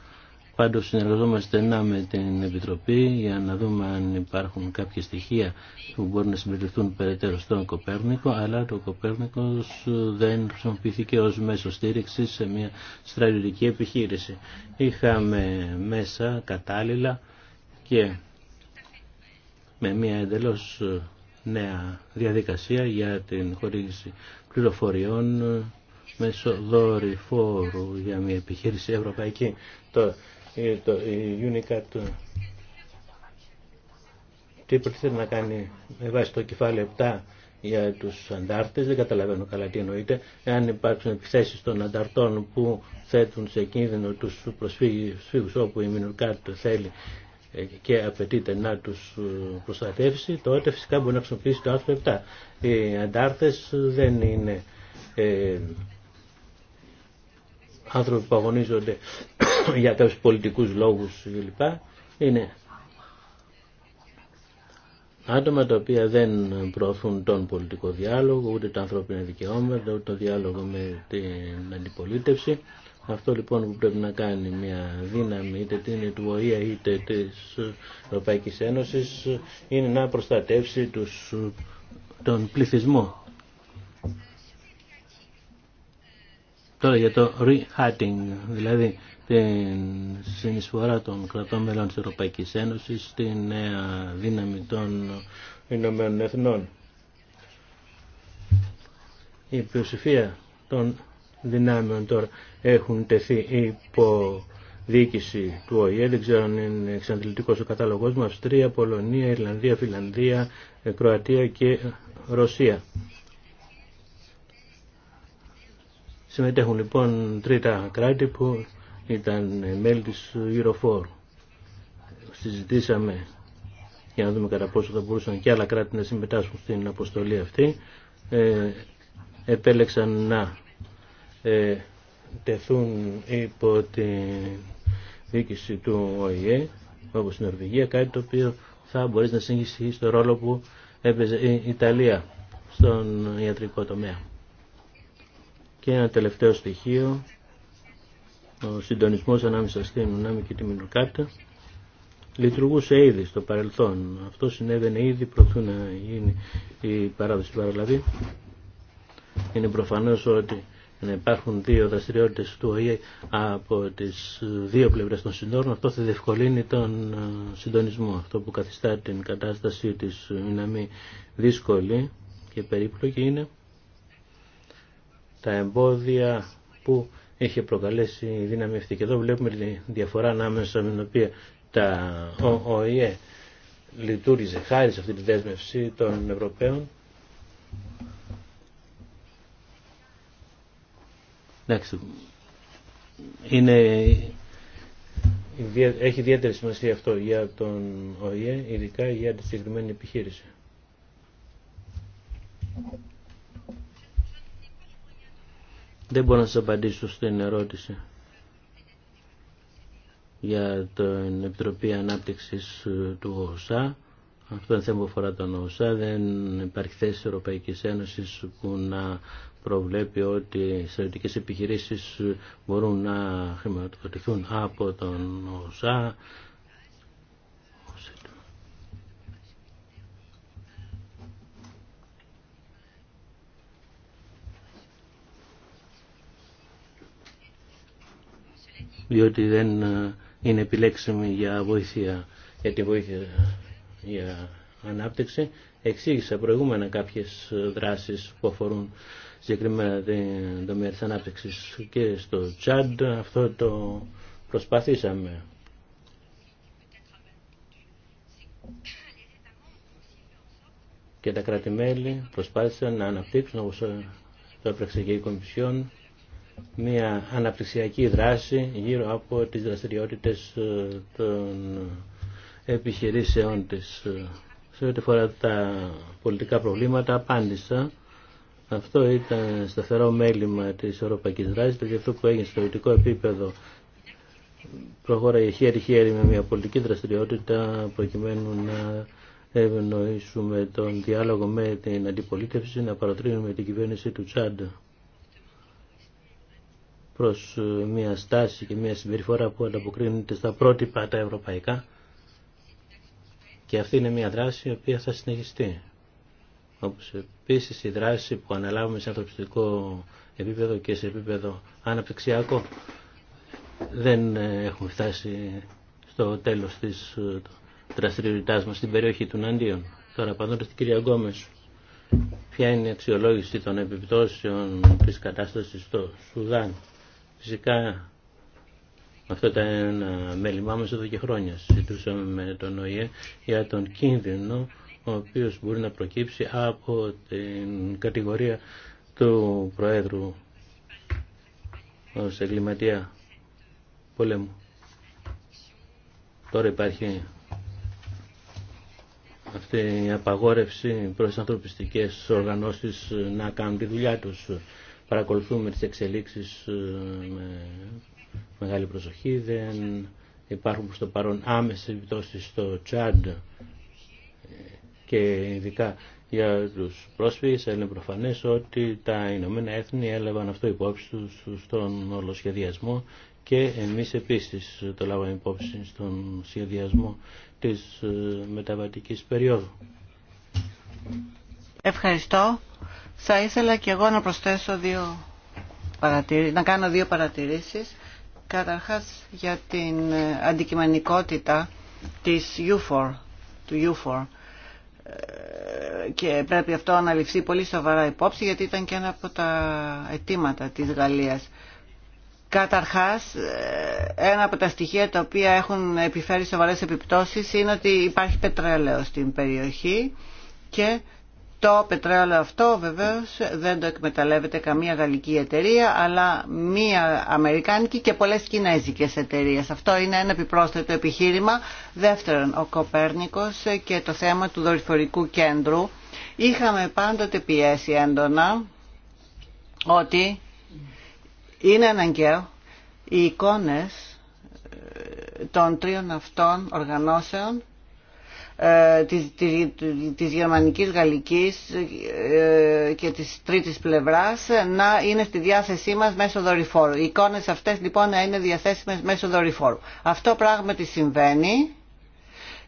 Πάντως συνεργαζόμαστε να με την Επιτροπή για να δούμε αν υπάρχουν κάποια στοιχεία που μπορούν να συμπεριληφθούν περαιτέρω στον Κοπέρνικο, αλλά το Κοπέρνικος δεν χρησιμοποιήθηκε ως μέσο στήριξη σε μια στρατιωτική επιχείρηση. Είχαμε μέσα κατάλληλα και με μια εντελώς νέα διαδικασία για την χορήγηση πληροφοριών μέσω δορυφόρου για μια επιχείρηση ευρωπαϊκή. Ε, η UNICAT τι πρέπει να κάνει με βάση το κεφάλαιο 7 για τους αντάρτες, δεν καταλαβαίνω καλά τι εννοείται, εάν υπάρξουν επιθέσεις των ανταρτών που θέτουν σε κίνδυνο τους προσφύγους όπου η Unicat θέλει ε, και απαιτείται να τους ε, προστατεύσει, τότε φυσικά μπορεί να χρησιμοποιήσει το άρθρο 7. Οι αντάρτες δεν είναι άνθρωποι που αγωνίζονται <coughs> για κάποιους πολιτικούς λόγους κλπ. Είναι άτομα τα οποία δεν προωθούν τον πολιτικό διάλογο, ούτε τα ανθρώπινα δικαιώματα, ούτε το διάλογο με την αντιπολίτευση. Αυτό λοιπόν που πρέπει να κάνει μια δύναμη, είτε την του είτε της Ευρωπαϊκής Ένωσης, είναι να προστατεύσει τους, τον πληθυσμό Τώρα για το re-hatting, δηλαδή την συνεισφορά των κρατών μελών της Ευρωπαϊκής Ένωσης στη νέα δύναμη των Ηνωμένων Εθνών. Η πλειοψηφία των δυνάμεων τώρα έχουν τεθεί υπό διοίκηση του ΟΗΕ, δεν ξέρω αν είναι εξαντλητικός ο κατάλογός μου, Αυστρία, Πολωνία, Ιρλανδία, Φιλανδία, Κροατία και Ρωσία. Συμμετέχουν λοιπόν τρίτα κράτη που ήταν μέλη της Eurofor. Συζητήσαμε για να δούμε κατά πόσο θα μπορούσαν και άλλα κράτη να συμμετάσχουν στην αποστολή αυτή. Ε, επέλεξαν να ε, τεθούν υπό τη διοίκηση του ΟΗΕ όπως στην Ορβηγία, κάτι το οποίο θα μπορείς να συνεχίσει στο ρόλο που έπαιζε η Ιταλία στον ιατρικό τομέα. Και ένα τελευταίο στοιχείο, ο συντονισμός ανάμεσα στην Ουνάμι και τη Μινουκάτα λειτουργούσε ήδη στο παρελθόν. Αυτό συνέβαινε ήδη προτού να γίνει η παράδοση παραλαβή. Είναι προφανώς ότι να υπάρχουν δύο δραστηριότητε του ΟΗΕ από τι δύο πλευρέ των συντόρων, αυτό θα διευκολύνει τον ε, συντονισμό. Αυτό που καθιστά την κατάσταση τη Μιναμή δύσκολη και περίπλοκη είναι τα εμπόδια που έχει προκαλέσει η δύναμη αυτή. Και εδώ βλέπουμε τη διαφορά ανάμεσα με την οποία τα ΟΗΕ λειτουργήσε χάρη σε αυτή τη δέσμευση των Ευρωπαίων. Εντάξει, είναι, έχει ιδιαίτερη σημασία αυτό για τον ΟΗΕ, ειδικά για τη συγκεκριμένη επιχείρηση. Δεν μπορώ να σας απαντήσω στην ερώτηση για την Επιτροπή Ανάπτυξης του ΟΣΑ. Αυτό είναι θέμα που αφορά τον ΟΣΑ. Δεν υπάρχει θέση της Ευρωπαϊκής Ένωσης που να προβλέπει ότι οι στρατιωτικές επιχειρήσεις μπορούν να χρηματοδοτηθούν από τον ΟΣΑ διότι δεν ε, είναι επιλέξιμη για βοήθεια, για τη βοήθεια για ανάπτυξη. Εξήγησα προηγούμενα κάποιες ε, δράσεις που αφορούν συγκεκριμένα την τομέα της ανάπτυξης και στο Τσάντ. Αυτό το προσπαθήσαμε. Και τα κράτη-μέλη προσπάθησαν να αναπτύξουν όπως το έπρεξε και η Κομισιόν μια αναπτυξιακή δράση γύρω από τις δραστηριότητες ε, των επιχειρήσεών της. Ε, σε ό,τι φορά τα πολιτικά προβλήματα απάντησα. Αυτό ήταν σταθερό μέλημα της Ευρωπαϊκής Δράσης και αυτό που έγινε στο ειδικό επίπεδο προχώραγε χέρι-χέρι με μια πολιτική δραστηριότητα προκειμένου να ευνοήσουμε τον διάλογο με την αντιπολίτευση, να παροτρύνουμε την κυβέρνηση του Τσάντα προς ε, μια στάση και μια συμπεριφορά που ανταποκρίνεται στα πρότυπα τα ευρωπαϊκά και αυτή είναι μια δράση η οποία θα συνεχιστεί. Όπως επίσης η δράση που αναλάβουμε σε ανθρωπιστικό επίπεδο και σε επίπεδο αναπτυξιακό δεν ε, έχουμε φτάσει στο τέλος της ε, δραστηριότητάς μας στην περιοχή των Αντίων. Τώρα παντώντας την κυρία Γκόμες, ποια είναι η αξιολόγηση των επιπτώσεων της κατάστασης στο Σουδάν. Φυσικά αυτό ήταν ένα μέλημά μας εδώ και χρόνια. Συζητούσαμε με τον ΟΗΕ για τον κίνδυνο ο οποίος μπορεί να προκύψει από την κατηγορία του Προέδρου ως εγκληματία πολέμου. Τώρα υπάρχει αυτή η απαγόρευση προς ανθρωπιστικές οργανώσεις να κάνουν τη δουλειά τους παρακολουθούμε τις εξελίξεις ε, με μεγάλη προσοχή. Δεν υπάρχουν προς το παρόν άμεσες επιπτώσεις στο Τσάντ ε, και ειδικά για τους πρόσφυγες είναι προφανές ότι τα Ηνωμένα Έθνη έλαβαν αυτό υπόψη τους στον όλο και εμείς επίσης το λάβαμε υπόψη στον σχεδιασμό της ε, μεταβατικής περίοδου. Ευχαριστώ. Θα ήθελα και εγώ να προσθέσω δύο να κάνω δύο παρατηρήσεις. Καταρχάς για την ε, αντικειμενικότητα της u του U4 ε, και πρέπει αυτό να ληφθεί πολύ σοβαρά υπόψη γιατί ήταν και ένα από τα αιτήματα της Γαλλίας. Καταρχάς, ε, ένα από τα στοιχεία τα οποία έχουν επιφέρει σοβαρές επιπτώσεις είναι ότι υπάρχει πετρέλαιο στην περιοχή και το πετρέλαιο αυτό βεβαίως δεν το εκμεταλλεύεται καμία γαλλική εταιρεία αλλά μία αμερικάνικη και πολλές κινέζικες εταιρείες. Αυτό είναι ένα επιπρόσθετο επιχείρημα. Δεύτερον, ο Κοπέρνικος και το θέμα του δορυφορικού κέντρου. Είχαμε πάντοτε πιέσει έντονα ότι είναι αναγκαίο οι εικόνες ε, των τρίων αυτών οργανώσεων ε, της, της, της γερμανικής, γαλλικής ε, και της τρίτης πλευράς να είναι στη διάθεσή μας μέσω δορυφόρου. Οι εικόνες αυτές λοιπόν να είναι διαθέσιμες μέσω δορυφόρου. Αυτό πράγματι συμβαίνει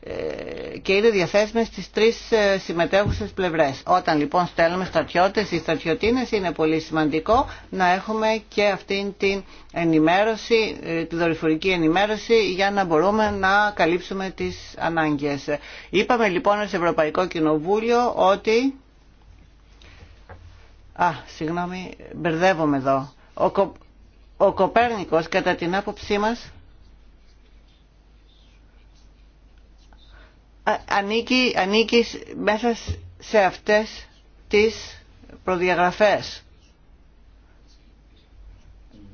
ε, και είναι διαθέσιμες στις τρεις ε, συμμετέχουσες πλευρές. Όταν λοιπόν στέλνουμε στρατιώτες ή στρατιωτίνες είναι πολύ σημαντικό να έχουμε και αυτήν την ενημέρωση, ε, τη δορυφορική ενημέρωση για να μπορούμε να καλύψουμε τις ανάγκες. Είπαμε λοιπόν στο Ευρωπαϊκό Κοινοβούλιο ότι... Α, συγγνώμη, μπερδεύομαι εδώ. Ο, Κο... Ο Κοπέρνικος κατά την άποψή μας ανήκει, ανήκει μέσα σε αυτές τις προδιαγραφές.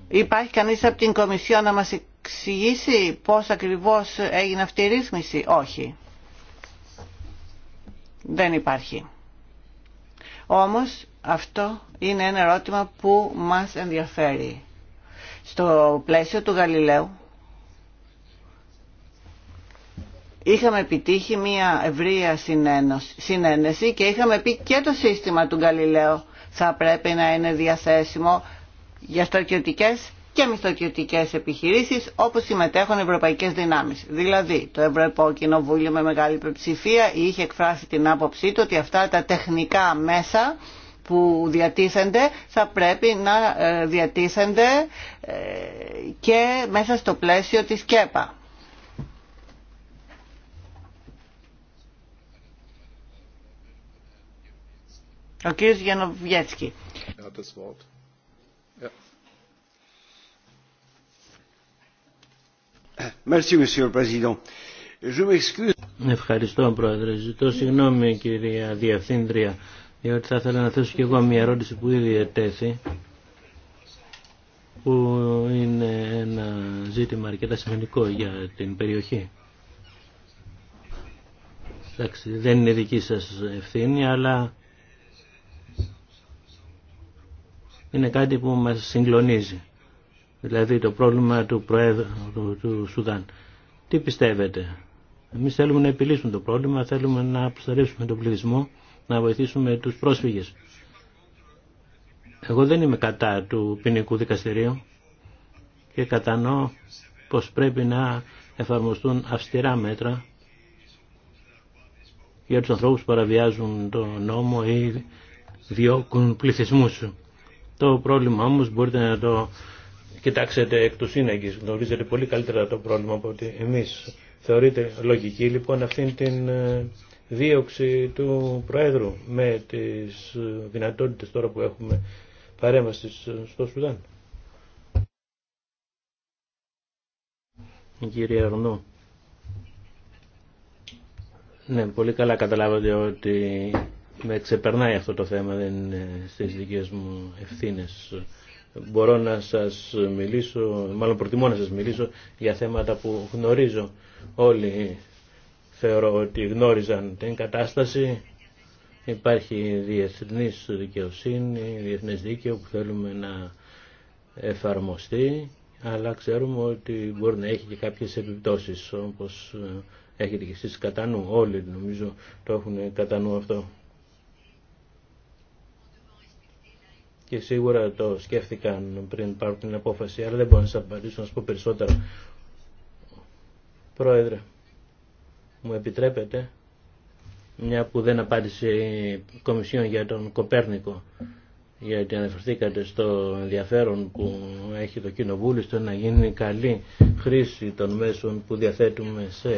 Υπάρχει κανείς από την Κομισιό να μας εξηγήσει πώς ακριβώς έγινε αυτή η ρύθμιση. Όχι. Δεν υπάρχει. Όμως αυτό είναι ένα ερώτημα που μας ενδιαφέρει. Στο πλαίσιο του Γαλιλαίου είχαμε επιτύχει μια ευρεία συνένεση και είχαμε πει και το σύστημα του Γκαλιλαίου θα πρέπει να είναι διαθέσιμο για στρατιωτικές και μη επιχειρήσεις όπως συμμετέχουν ευρωπαϊκές δυνάμεις. Δηλαδή το Ευρωπαϊκό Κοινοβούλιο με μεγάλη υπερψηφία είχε εκφράσει την άποψή του ότι αυτά τα τεχνικά μέσα που διατίθενται θα πρέπει να ε, διατίθενται ε, και μέσα στο πλαίσιο της ΚΕΠΑ. Ο κύριος Γιανοβιέτσκι. Ευχαριστώ, Πρόεδρε. Ζητώ συγγνώμη, κυρία Διευθύντρια, διότι θα ήθελα να θέσω και εγώ μια ερώτηση που ήδη ετέθη, που είναι ένα ζήτημα αρκετά σημαντικό για την περιοχή. Εντάξει, δεν είναι δική σας ευθύνη, αλλά είναι κάτι που μας συγκλονίζει. Δηλαδή το πρόβλημα του του, Σουδάν. Τι πιστεύετε. Εμείς θέλουμε να επιλύσουμε το πρόβλημα, θέλουμε να αποσταρρεύσουμε τον πληθυσμό, να βοηθήσουμε τους πρόσφυγες. Εγώ δεν είμαι κατά του ποινικού δικαστηρίου και κατανοώ πως πρέπει να εφαρμοστούν αυστηρά μέτρα για τους ανθρώπους που παραβιάζουν τον νόμο ή διώκουν πληθυσμούς. Το πρόβλημα όμως μπορείτε να το κοιτάξετε εκ του σύναγκης. Γνωρίζετε πολύ καλύτερα το πρόβλημα από ότι εμείς. Θεωρείτε λογική λοιπόν αυτήν την ε, δίωξη του Προέδρου με τις ε, δυνατότητες τώρα που έχουμε παρέμβαση ε, στο Σουδάν. Κύριε Αρνού. Ναι, πολύ καλά καταλάβατε ότι με ξεπερνάει αυτό το θέμα, δεν είναι στις δικές μου ευθύνες. Μπορώ να σας μιλήσω, μάλλον προτιμώ να σας μιλήσω για θέματα που γνωρίζω. Όλοι θεωρώ ότι γνώριζαν την κατάσταση. Υπάρχει διεθνής δικαιοσύνη, διεθνές δίκαιο που θέλουμε να εφαρμοστεί, αλλά ξέρουμε ότι μπορεί να έχει και κάποιες επιπτώσεις, όπως έχετε και εσείς κατά νου. Όλοι νομίζω το έχουν κατά νου αυτό. και σίγουρα το σκέφτηκαν πριν πάρουν την απόφαση, αλλά δεν μπορώ να σα απαντήσω να σα πω περισσότερο. Πρόεδρε, μου επιτρέπετε, μια που δεν απάντησε η Κομισιόν για τον Κοπέρνικο, γιατί αναφερθήκατε στο ενδιαφέρον που έχει το Κοινοβούλιο στο να γίνει καλή χρήση των μέσων που διαθέτουμε σε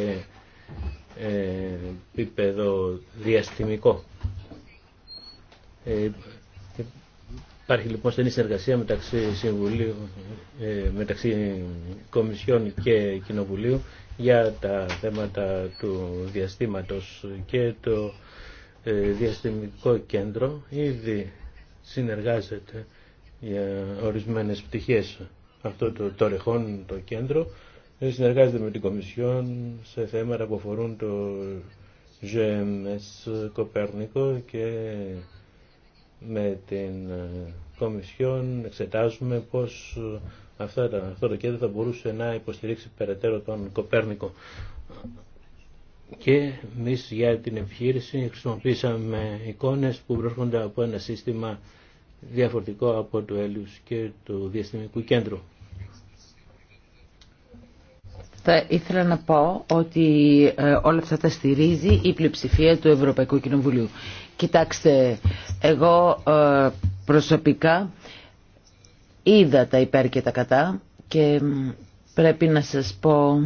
ε, επίπεδο διαστημικό. Ε, Υπάρχει λοιπόν στενή συνεργασία μεταξύ, συμβουλίου, ε, μεταξύ Κομισιών και Κοινοβουλίου για τα θέματα του διαστήματος και το ε, διαστημικό κέντρο ήδη συνεργάζεται για ορισμένες πτυχές αυτό το τορεχόν το κέντρο ε, συνεργάζεται με την Κομισιόν σε θέματα που αφορούν το GMS Κοπέρνικο και με την ε, Κομισιόν εξετάζουμε πώς ε, αυτά τα, αυτό το κέντρο θα μπορούσε να υποστηρίξει περαιτέρω τον Κοπέρνικο. Και εμεί για την επιχείρηση χρησιμοποίησαμε εικόνες που βρίσκονται από ένα σύστημα διαφορετικό από το Έλιους και το Διαστημικού Κέντρο. Θα ήθελα να πω ότι ε, όλα αυτά τα στηρίζει η πλειοψηφία του Ευρωπαϊκού Κοινοβουλίου. Κοιτάξτε, εγώ ε, προσωπικά είδα τα υπέρ και τα κατά και πρέπει να σας πω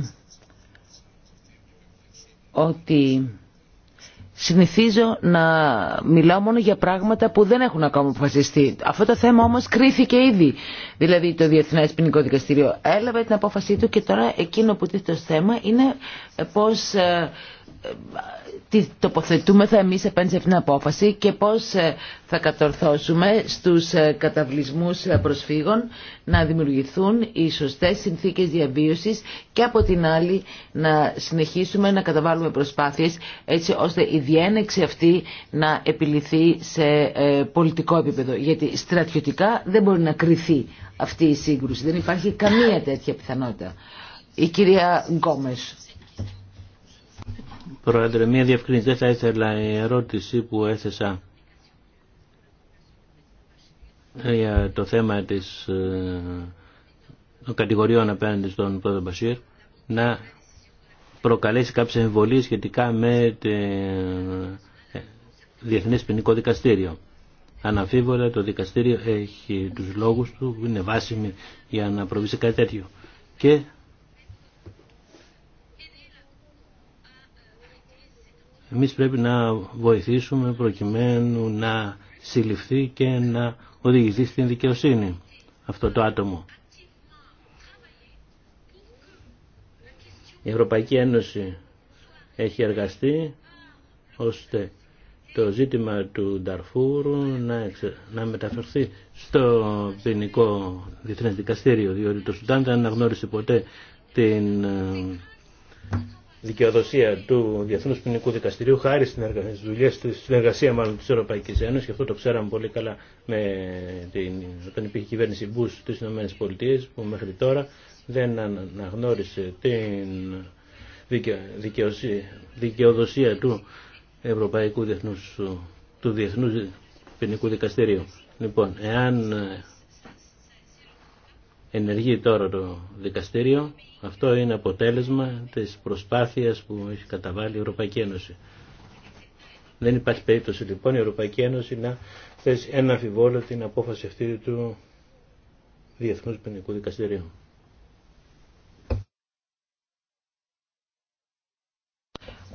ότι συνηθίζω να μιλάω μόνο για πράγματα που δεν έχουν ακόμα αποφασιστεί. Αυτό το θέμα όμως κρίθηκε ήδη. Δηλαδή το Διεθνές Ποινικό Δικαστήριο έλαβε την απόφασή του και τώρα εκείνο που τίθεται το θέμα είναι ε, πώς ε, τι τοποθετούμεθα εμείς σε αυτήν την απόφαση και πώς ε, θα κατορθώσουμε στους ε, καταβλισμούς ε, προσφύγων να δημιουργηθούν οι σωστές συνθήκες διαβίωσης και από την άλλη να συνεχίσουμε να καταβάλουμε προσπάθειες έτσι ώστε η διένεξη αυτή να επιληθεί σε πολιτικό επίπεδο γιατί στρατιωτικά δεν μπορεί να κρυθεί αυτή η σύγκρουση δεν υπάρχει καμία τέτοια πιθανότητα η κυρία Γκόμες Πρόεδρε, μία διευκρίνηση. Δεν θα ήθελα η ερώτηση που έθεσα για το θέμα της, ε, των κατηγοριών απέναντι στον πρόεδρο Μπασίρ να προκαλέσει κάποιες εμβολίες σχετικά με το ε, Διεθνές Ποινικό Δικαστήριο. Αναμφίβολα το δικαστήριο έχει τους λόγους του είναι βάσιμη για να προβεί σε κάτι τέτοιο. Και Εμείς πρέπει να βοηθήσουμε προκειμένου να συλληφθεί και να οδηγηθεί στην δικαιοσύνη αυτό το άτομο. Η Ευρωπαϊκή Ένωση έχει εργαστεί ώστε το ζήτημα του Νταρφούρου να, να μεταφερθεί στο ποινικό διεθνές δικαστήριο, διότι το Σουτάντα δεν αναγνώρισε ποτέ την ε, δικαιοδοσία του Διεθνούς Ποινικού Δικαστηρίου χάρη στην εργασία, στη συνεργασία μάλλον της Ευρωπαϊκής Ένωσης και αυτό το ξέραμε πολύ καλά με την, όταν υπήρχε η κυβέρνηση Μπούς στις ΗΠΑ που μέχρι τώρα δεν αναγνώρισε την δικαιοδοσία του Ευρωπαϊκού Διεθνούς, του Διεθνούς Ποινικού Δικαστηρίου. Λοιπόν, εάν ενεργεί τώρα το δικαστήριο. Αυτό είναι αποτέλεσμα της προσπάθειας που έχει καταβάλει η Ευρωπαϊκή Ένωση. Δεν υπάρχει περίπτωση λοιπόν η Ευρωπαϊκή Ένωση να θέσει ένα αμφιβόλο την απόφαση αυτή του Διεθνούς Ποινικού Δικαστηρίου.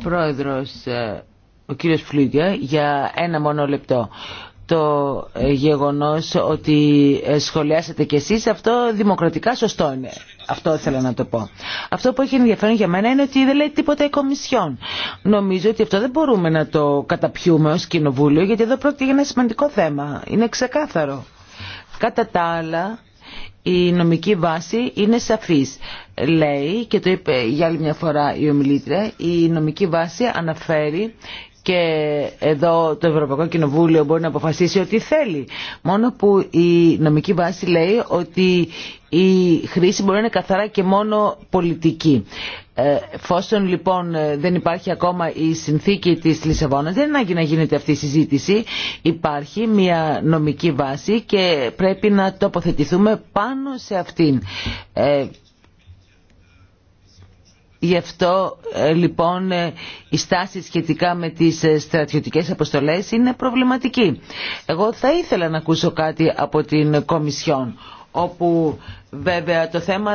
Πρόεδρος, ε, ο κύριος Φλούδια, για ένα μόνο λεπτό το γεγονός ότι σχολιάσατε κι εσείς, αυτό δημοκρατικά σωστό είναι. Αυτό ήθελα να το πω. Αυτό που έχει ενδιαφέρον για μένα είναι ότι δεν λέει τίποτα η Κομισιόν. Νομίζω ότι αυτό δεν μπορούμε να το καταπιούμε ως Κοινοβούλιο, γιατί εδώ πρόκειται για ένα σημαντικό θέμα. Είναι ξεκάθαρο. Κατά τα άλλα, η νομική βάση είναι σαφής. Λέει, και το είπε για άλλη μια φορά η ομιλήτρια, η νομική βάση αναφέρει και εδώ το Ευρωπαϊκό Κοινοβούλιο μπορεί να αποφασίσει ότι θέλει. Μόνο που η νομική βάση λέει ότι η χρήση μπορεί να είναι καθαρά και μόνο πολιτική. Ε, εφόσον λοιπόν ε, δεν υπάρχει ακόμα η συνθήκη της Λισαβόνας, δεν ανάγκη να γίνεται αυτή η συζήτηση. Υπάρχει μια νομική βάση και πρέπει να τοποθετηθούμε πάνω σε αυτήν. Ε, Γι' αυτό ε, λοιπόν ε, η στάση σχετικά με τις ε, στρατιωτικές αποστολές είναι προβληματική. Εγώ θα ήθελα να ακούσω κάτι από την Κομισιόν όπου βέβαια το θέμα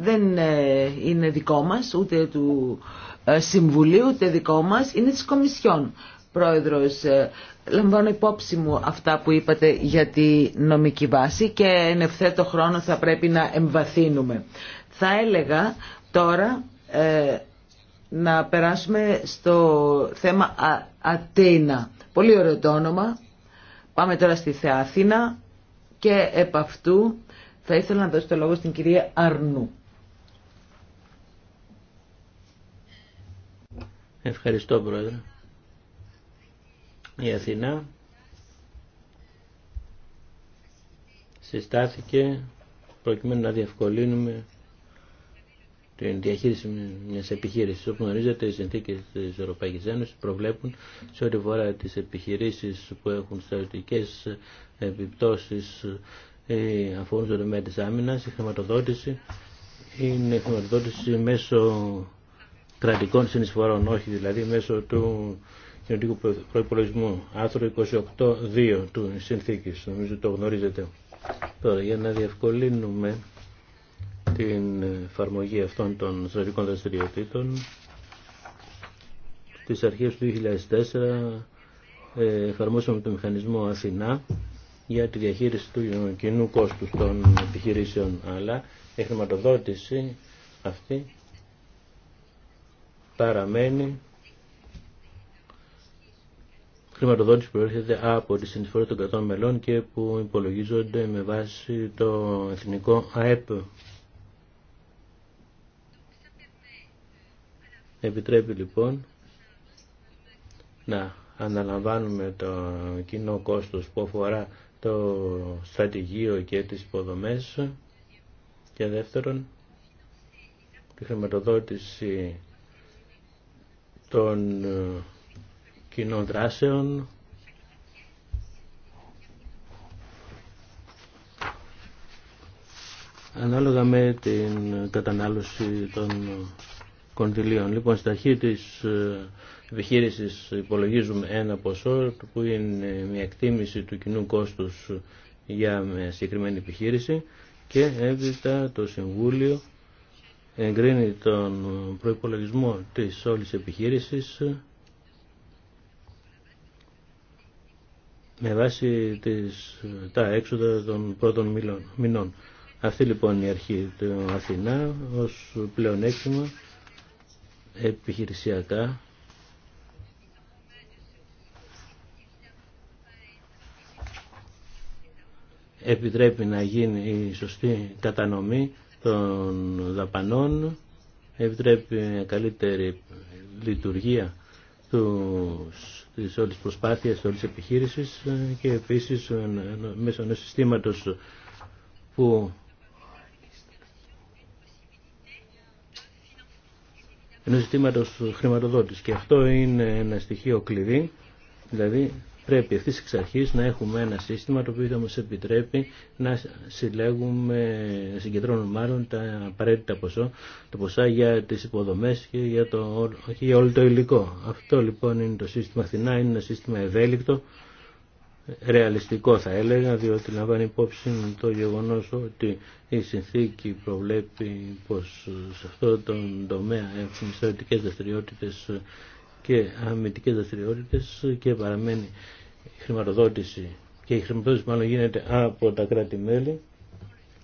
δεν είναι δικό μας ούτε του Συμβουλίου ούτε δικό μας είναι της Κομισιόν. Πρόεδρος, λαμβάνω υπόψη μου αυτά που είπατε για τη νομική βάση και εν ευθέτω χρόνο θα πρέπει να εμβαθύνουμε. Θα έλεγα Τώρα ε, να περάσουμε στο θέμα Α, Αθήνα. Πολύ ωραίο το όνομα. Πάμε τώρα στη Θεά Αθήνα και επ' αυτού θα ήθελα να δώσω το λόγο στην κυρία Αρνού. Ευχαριστώ πρόεδρε. Η Αθηνά συστάθηκε προκειμένου να διευκολύνουμε την διαχείριση μια επιχείρηση όπω γνωρίζετε, οι συνθήκε τη Ευρωπαϊκή Ένωση προβλέπουν σε ό,τι φορά τι επιχειρήσει που έχουν επιπτώσει επιπτώσεις ε, αφορούν στο τομέα τη άμυνα, η χρηματοδότηση είναι χρηματοδότηση μέσω κρατικών συνεισφορών, όχι δηλαδή μέσω του κοινωνικού προπολογισμού. άρθρο 28.2 του συνθήκης, νομίζω το γνωρίζετε. Τώρα, για να διευκολύνουμε την εφαρμογή αυτών των στρατηγικών δραστηριοτήτων της αρχής του 2004 ε, εφαρμόσαμε το μηχανισμό Αθηνά για τη διαχείριση του κοινού κόστους των επιχειρήσεων αλλά η χρηματοδότηση αυτή παραμένει χρηματοδότηση που έρχεται από τη συνεισφορά των κρατών μελών και που υπολογίζονται με βάση το εθνικό ΑΕΠ Επιτρέπει λοιπόν να αναλαμβάνουμε το κοινό κόστος που αφορά το στρατηγείο και τις υποδομές και δεύτερον τη χρηματοδότηση των ε, κοινών δράσεων ανάλογα με την κατανάλωση των κονδυλίων. Λοιπόν, στην αρχή τη ε, επιχείρηση υπολογίζουμε ένα ποσό που είναι μια εκτίμηση του κοινού κόστους για μια συγκεκριμένη επιχείρηση και έπειτα το Συμβούλιο εγκρίνει τον προϋπολογισμό της όλης επιχείρησης με βάση τις, τα έξοδα των πρώτων μηνών. Αυτή λοιπόν η αρχή του Αθηνά ως πλεονέκτημα επιχειρησιακά επιτρέπει να γίνει η σωστή κατανομή των δαπανών, επιτρέπει καλύτερη λειτουργία τους της όλης προσπάθειας, της όλης επιχείρησης και επίσης μέσω ενός συστήματος που ενός ζητήματος χρηματοδότης. Και αυτό είναι ένα στοιχείο κλειδί, δηλαδή πρέπει ευθύ εξ αρχή να έχουμε ένα σύστημα το οποίο θα μας επιτρέπει να συλλέγουμε, να συγκεντρώνουμε μάλλον τα απαραίτητα ποσό, τα ποσά για τις υποδομές και για, το, για όλο το υλικό. Αυτό λοιπόν είναι το σύστημα Αθηνά, είναι ένα σύστημα ευέλικτο ρεαλιστικό θα έλεγα διότι λαμβάνει υπόψη το γεγονός ότι η συνθήκη προβλέπει πως σε αυτό τον τομέα έχουν στρατιωτικές δραστηριότητε και αμυντικές δραστηριότητε και παραμένει η χρηματοδότηση και η χρηματοδότηση μάλλον γίνεται από τα κράτη-μέλη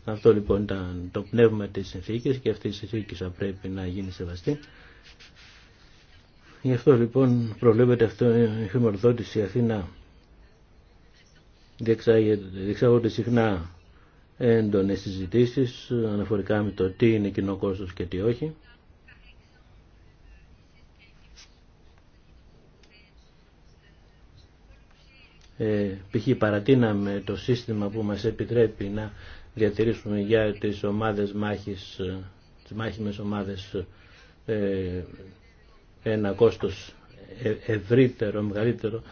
αυτό λοιπόν ήταν το πνεύμα της συνθήκης και αυτή η συνθήκη θα πρέπει να γίνει σεβαστή. Γι' αυτό λοιπόν προβλέπεται αυτό η χρηματοδότηση Αθήνα διεξάγονται συχνά έντονες συζητήσεις αναφορικά με το τι είναι κοινό κόστος και τι όχι. Ε, π.χ. παρατείναμε το σύστημα που μας επιτρέπει να διατηρήσουμε για τις ομάδες μάχης, τις μάχημες ομάδες ε, ένα κόστος ε, ευρύτερο, μεγαλύτερο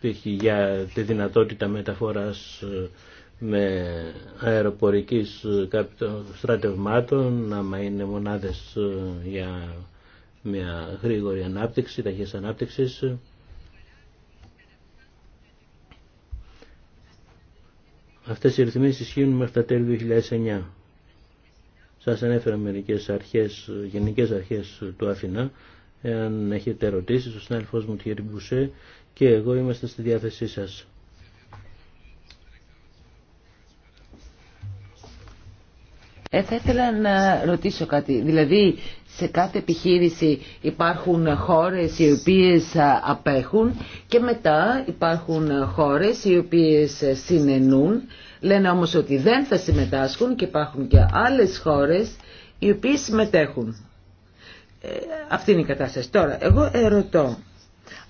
π.χ. για τη δυνατότητα μεταφοράς ε, με αεροπορικής ε, κάποιων στρατευμάτων, άμα είναι μονάδες ε, για μια γρήγορη ανάπτυξη, ταχύες ανάπτυξης. Αυτές οι ρυθμίσεις ισχύουν μέχρι τα τέλη 2009. Σας ανέφερα μερικές αρχές, γενικές αρχές του Αθηνά. Εάν έχετε ερωτήσεις, ο συνάδελφός μου Τιέρι Μπουσέ και εγώ είμαστε στη διάθεσή σας. Ε, θα ήθελα να ρωτήσω κάτι. Δηλαδή, σε κάθε επιχείρηση υπάρχουν χώρες οι οποίες ε, απέχουν και μετά υπάρχουν χώρες οι οποίες ε, συνενούν. Λένε όμως ότι δεν θα συμμετάσχουν και υπάρχουν και άλλες χώρες οι οποίες συμμετέχουν. αυτή είναι η κατάσταση. Τώρα, εγώ ερωτώ,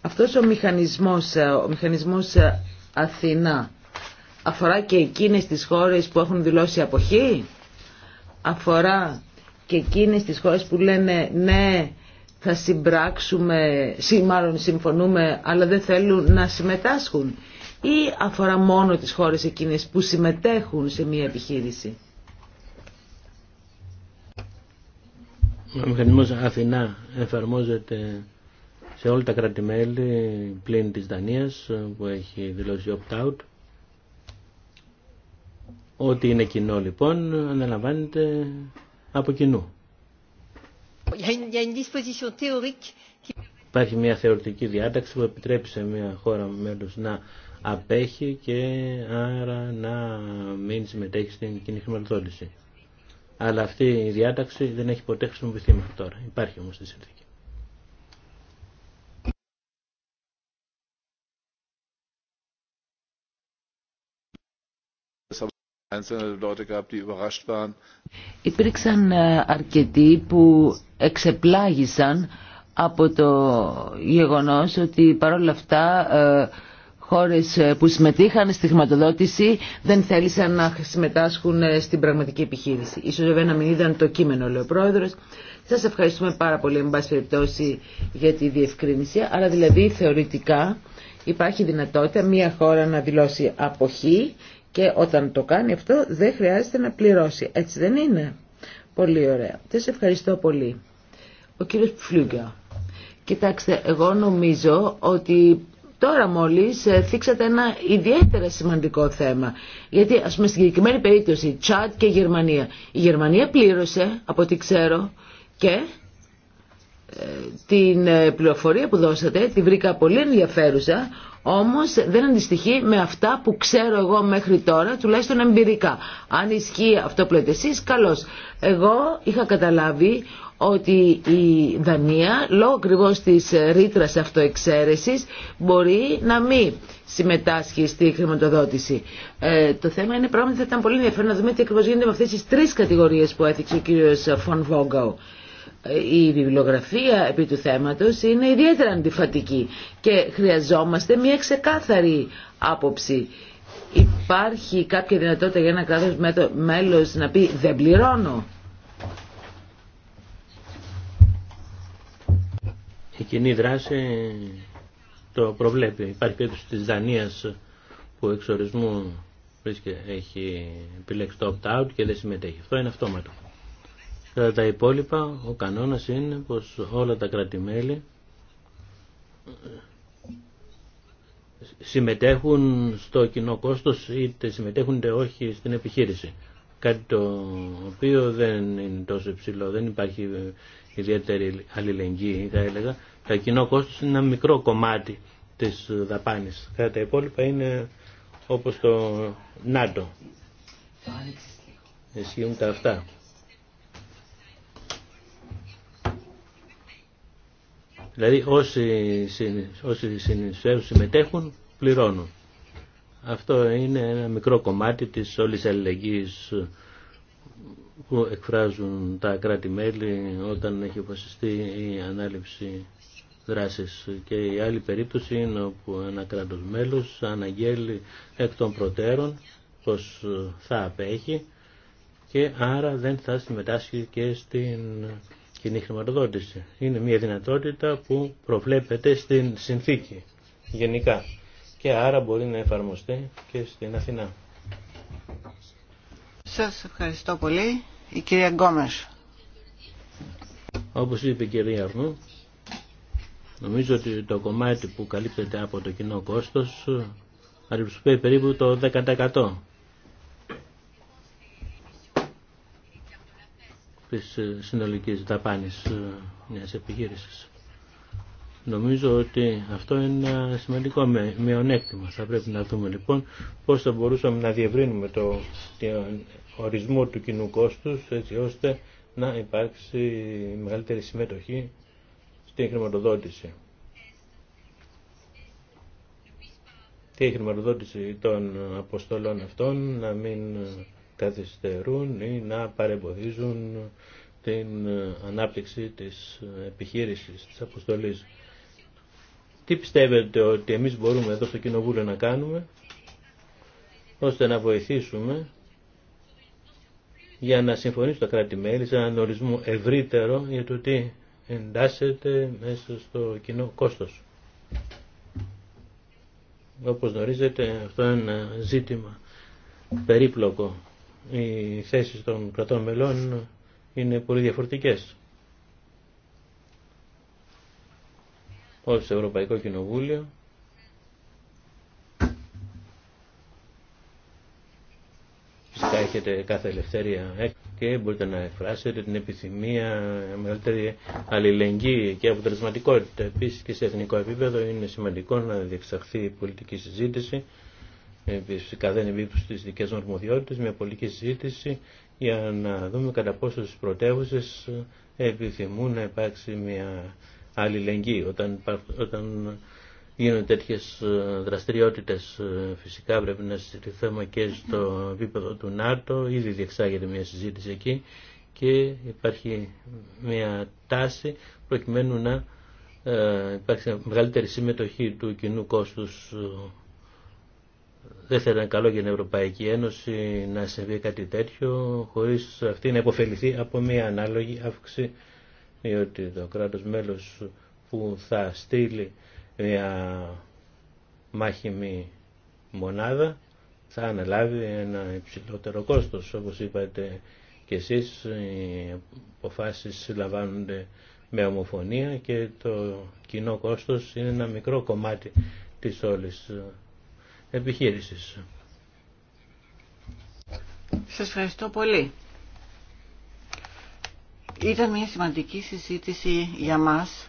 αυτός ο μηχανισμός, ε, ο μηχανισμός ε, Αθηνά αφορά και εκείνες τις χώρες που έχουν δηλώσει αποχή, αφορά και εκείνες τις χώρες που λένε ναι θα συμπράξουμε, μάλλον συμφωνούμε, αλλά δεν θέλουν να συμμετάσχουν ή αφορά μόνο τις χώρες εκείνες που συμμετέχουν σε μια επιχείρηση. Ο μηχανισμός Αθηνά εφαρμόζεται σε όλα τα κράτη-μέλη πλην της Δανίας που έχει δηλώσει opt-out. Ό,τι είναι κοινό λοιπόν αναλαμβάνεται από κοινού. Υπάρχει μια θεωρητική διάταξη που επιτρέπει σε μια χώρα μέλος να απέχει και άρα να μην συμμετέχει στην κοινή χρηματοδότηση. Αλλά αυτή η διάταξη δεν έχει ποτέ χρησιμοποιηθεί μέχρι τώρα. Υπάρχει όμως τη συνθήκη. Υπήρξαν ε, αρκετοί που εξεπλάγησαν από το γεγονός ότι παρόλα αυτά ε, χώρες ε, που συμμετείχαν στη χρηματοδότηση δεν θέλησαν να συμμετάσχουν στην πραγματική επιχείρηση. Ίσως βέβαια να μην είδαν το κείμενο, λέει ο Πρόεδρος. Σας ευχαριστούμε πάρα πολύ, με πάση περιπτώσει, για τη διευκρίνηση. Άρα δηλαδή θεωρητικά υπάρχει δυνατότητα μια χώρα να δηλώσει αποχή και όταν το κάνει αυτό δεν χρειάζεται να πληρώσει. Έτσι δεν είναι. Πολύ ωραία. Σας ευχαριστώ πολύ. Ο κύριος Φλούγκα. Κοιτάξτε, εγώ νομίζω ότι τώρα μόλις ε, θίξατε ένα ιδιαίτερα σημαντικό θέμα. Γιατί ας πούμε στην συγκεκριμένη περίπτωση Τσάτ και Γερμανία. Η Γερμανία πλήρωσε από ό,τι ξέρω και ε, την ε, πληροφορία που δώσατε τη βρήκα πολύ ενδιαφέρουσα όμως δεν αντιστοιχεί με αυτά που ξέρω εγώ μέχρι τώρα, τουλάχιστον εμπειρικά. Αν ισχύει αυτό που λέτε εσείς, καλώς. Εγώ είχα καταλάβει ότι η Δανία, λόγω ακριβώ της ρήτρας αυτοεξαίρεσης, μπορεί να μην συμμετάσχει στη χρηματοδότηση. Ε, το θέμα είναι πράγματι θα ήταν πολύ ενδιαφέρον να δούμε τι ακριβώ γίνεται με αυτές τις τρεις κατηγορίες που έθιξε ο κύριος Φων Βόγκαου η βιβλιογραφία επί του θέματος είναι ιδιαίτερα αντιφατική και χρειαζόμαστε μια ξεκάθαρη άποψη. Υπάρχει κάποια δυνατότητα για ένα κράτος μέλος να πει δεν πληρώνω. Η κοινή δράση το προβλέπει. Υπάρχει περίπτωση της Δανίας που εξορισμού έχει επιλέξει το opt-out και δεν συμμετέχει. Αυτό είναι αυτόματο. Κατά ε, τα υπόλοιπα, ο κανόνας είναι πως όλα τα κρατημέλη συμμετέχουν στο κοινό κόστος είτε συμμετέχουν είτε όχι στην επιχείρηση. Κάτι το οποίο δεν είναι τόσο υψηλό, δεν υπάρχει ιδιαίτερη αλληλεγγύη θα έλεγα. Το κοινό κόστος είναι ένα μικρό κομμάτι της δαπάνης. Κατά ε, τα υπόλοιπα είναι όπως το ΝΑΤΟ. Ισχύουν τα αυτά. Δηλαδή όσοι, όσοι συμμετέχουν πληρώνουν. Αυτό είναι ένα μικρό κομμάτι της όλης αλληλεγγύης που εκφράζουν τα κράτη-μέλη όταν έχει αποφασιστεί η ανάληψη δράσης. Και η άλλη περίπτωση είναι όπου ένα κράτος μέλος αναγγέλει εκ των προτέρων πως θα απέχει και άρα δεν θα συμμετάσχει και στην κοινή χρηματοδότηση. Είναι μια δυνατότητα που προβλέπεται στην συνθήκη γενικά και άρα μπορεί να εφαρμοστεί και στην Αθηνά. Σας ευχαριστώ πολύ. Η κυρία Γκόμες. Όπως είπε η κυρία Αρνού, νομίζω ότι το κομμάτι που καλύπτεται από το κοινό κόστος ε, αντιπροσωπεύει περίπου το 10% της ε, συνολικής δαπάνη ε, μιας επιχείρησης. Νομίζω ότι αυτό είναι ένα σημαντικό μειονέκτημα. Θα πρέπει να δούμε λοιπόν πώς θα μπορούσαμε να διευρύνουμε το, ορισμό του κοινού κόστους έτσι ώστε να υπάρξει μεγαλύτερη συμμετοχή στην χρηματοδότηση. Και η χρηματοδότηση των αποστολών αυτών να μην καθυστερούν ή να παρεμποδίζουν την ε, ανάπτυξη της ε, επιχείρησης, της αποστολής. Τι πιστεύετε ότι εμείς μπορούμε εδώ στο Κοινοβούλιο να κάνουμε ώστε να βοηθήσουμε για να συμφωνήσουν τα κράτη-μέλη σε έναν ορισμό ευρύτερο για το τι εντάσσεται μέσα στο κοινό κόστος. Όπως γνωρίζετε αυτό είναι ένα ζήτημα περίπλοκο οι θέσεις των κρατών μελών είναι πολύ διαφορετικές. Ως Ευρωπαϊκό Κοινοβούλιο φυσικά έχετε κάθε ελευθερία και μπορείτε να εκφράσετε την επιθυμία μεγαλύτερη αλληλεγγύη και αποτελεσματικότητα. Επίσης και σε εθνικό επίπεδο είναι σημαντικό να διεξαχθεί η πολιτική συζήτηση ε, φυσικά δεν εμπίπτουν στις δικές μου αρμοδιότητες, μια πολιτική συζήτηση για να δούμε κατά πόσο στις πρωτεύουσες ε, επιθυμούν να υπάρξει μια αλληλεγγύη όταν, όταν γίνονται τέτοιες ε, δραστηριότητες φυσικά πρέπει να συζητηθεί θέμα και στο επίπεδο του ΝΑΤΟ ήδη διεξάγεται μια συζήτηση εκεί και υπάρχει μια τάση προκειμένου να υπάρξει μεγαλύτερη συμμετοχή του κοινού κόστους δεν θα ήταν καλό για την Ευρωπαϊκή Ένωση να συμβεί κάτι τέτοιο χωρίς αυτή να υποφεληθεί από μια ανάλογη αύξηση διότι το κράτος μέλος που θα στείλει μια μάχημη μονάδα θα αναλάβει ένα υψηλότερο κόστος όπως είπατε και εσείς οι αποφάσεις συλλαμβάνονται με ομοφωνία και το κοινό κόστος είναι ένα μικρό κομμάτι της όλης επιχείρησης. Σας ευχαριστώ πολύ. Ήταν μια σημαντική συζήτηση για μας,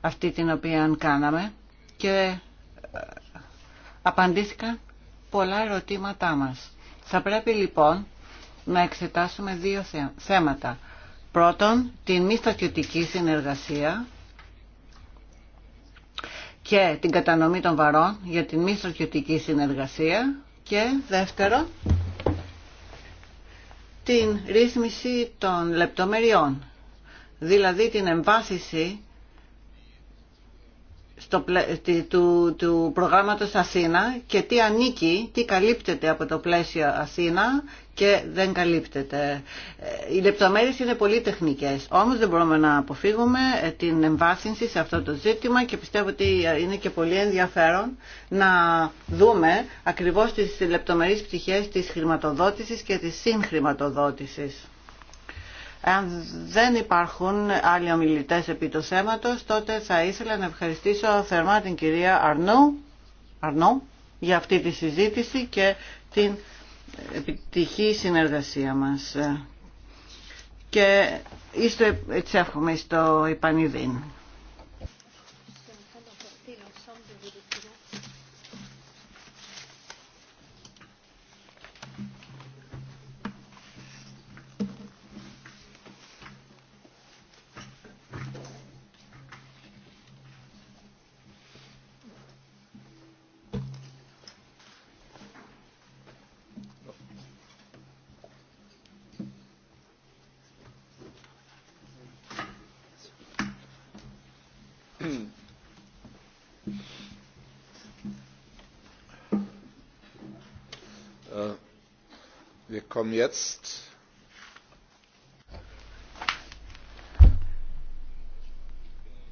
αυτή την οποία κάναμε και ε, απαντήθηκαν πολλά ερωτήματά μας. Θα πρέπει λοιπόν να εξετάσουμε δύο θέματα. Πρώτον, την μη στατιωτική συνεργασία και την κατανομή των βαρών για την μη στρατιωτική συνεργασία και δεύτερο την ρύθμιση των λεπτομεριών, δηλαδή την εμβάθυνση του, του προγράμματος Αθήνα και τι ανήκει, τι καλύπτεται από το πλαίσιο Αθήνα και δεν καλύπτεται. Ε, οι λεπτομέρειες είναι πολύ τεχνικές, όμως δεν μπορούμε να αποφύγουμε ε, την εμβάθυνση σε αυτό το ζήτημα και πιστεύω ότι ε, είναι και πολύ ενδιαφέρον να δούμε ακριβώς τις λεπτομερείς πτυχές της χρηματοδότησης και της συγχρηματοδότησης. Αν δεν υπάρχουν άλλοι ομιλητές επί του θέματος, τότε θα ήθελα να ευχαριστήσω θερμά την κυρία Αρνού για αυτή τη συζήτηση και την επιτυχή συνεργασία μας. Και είστε, έτσι εύχομαι, στο Ιπανιδίν.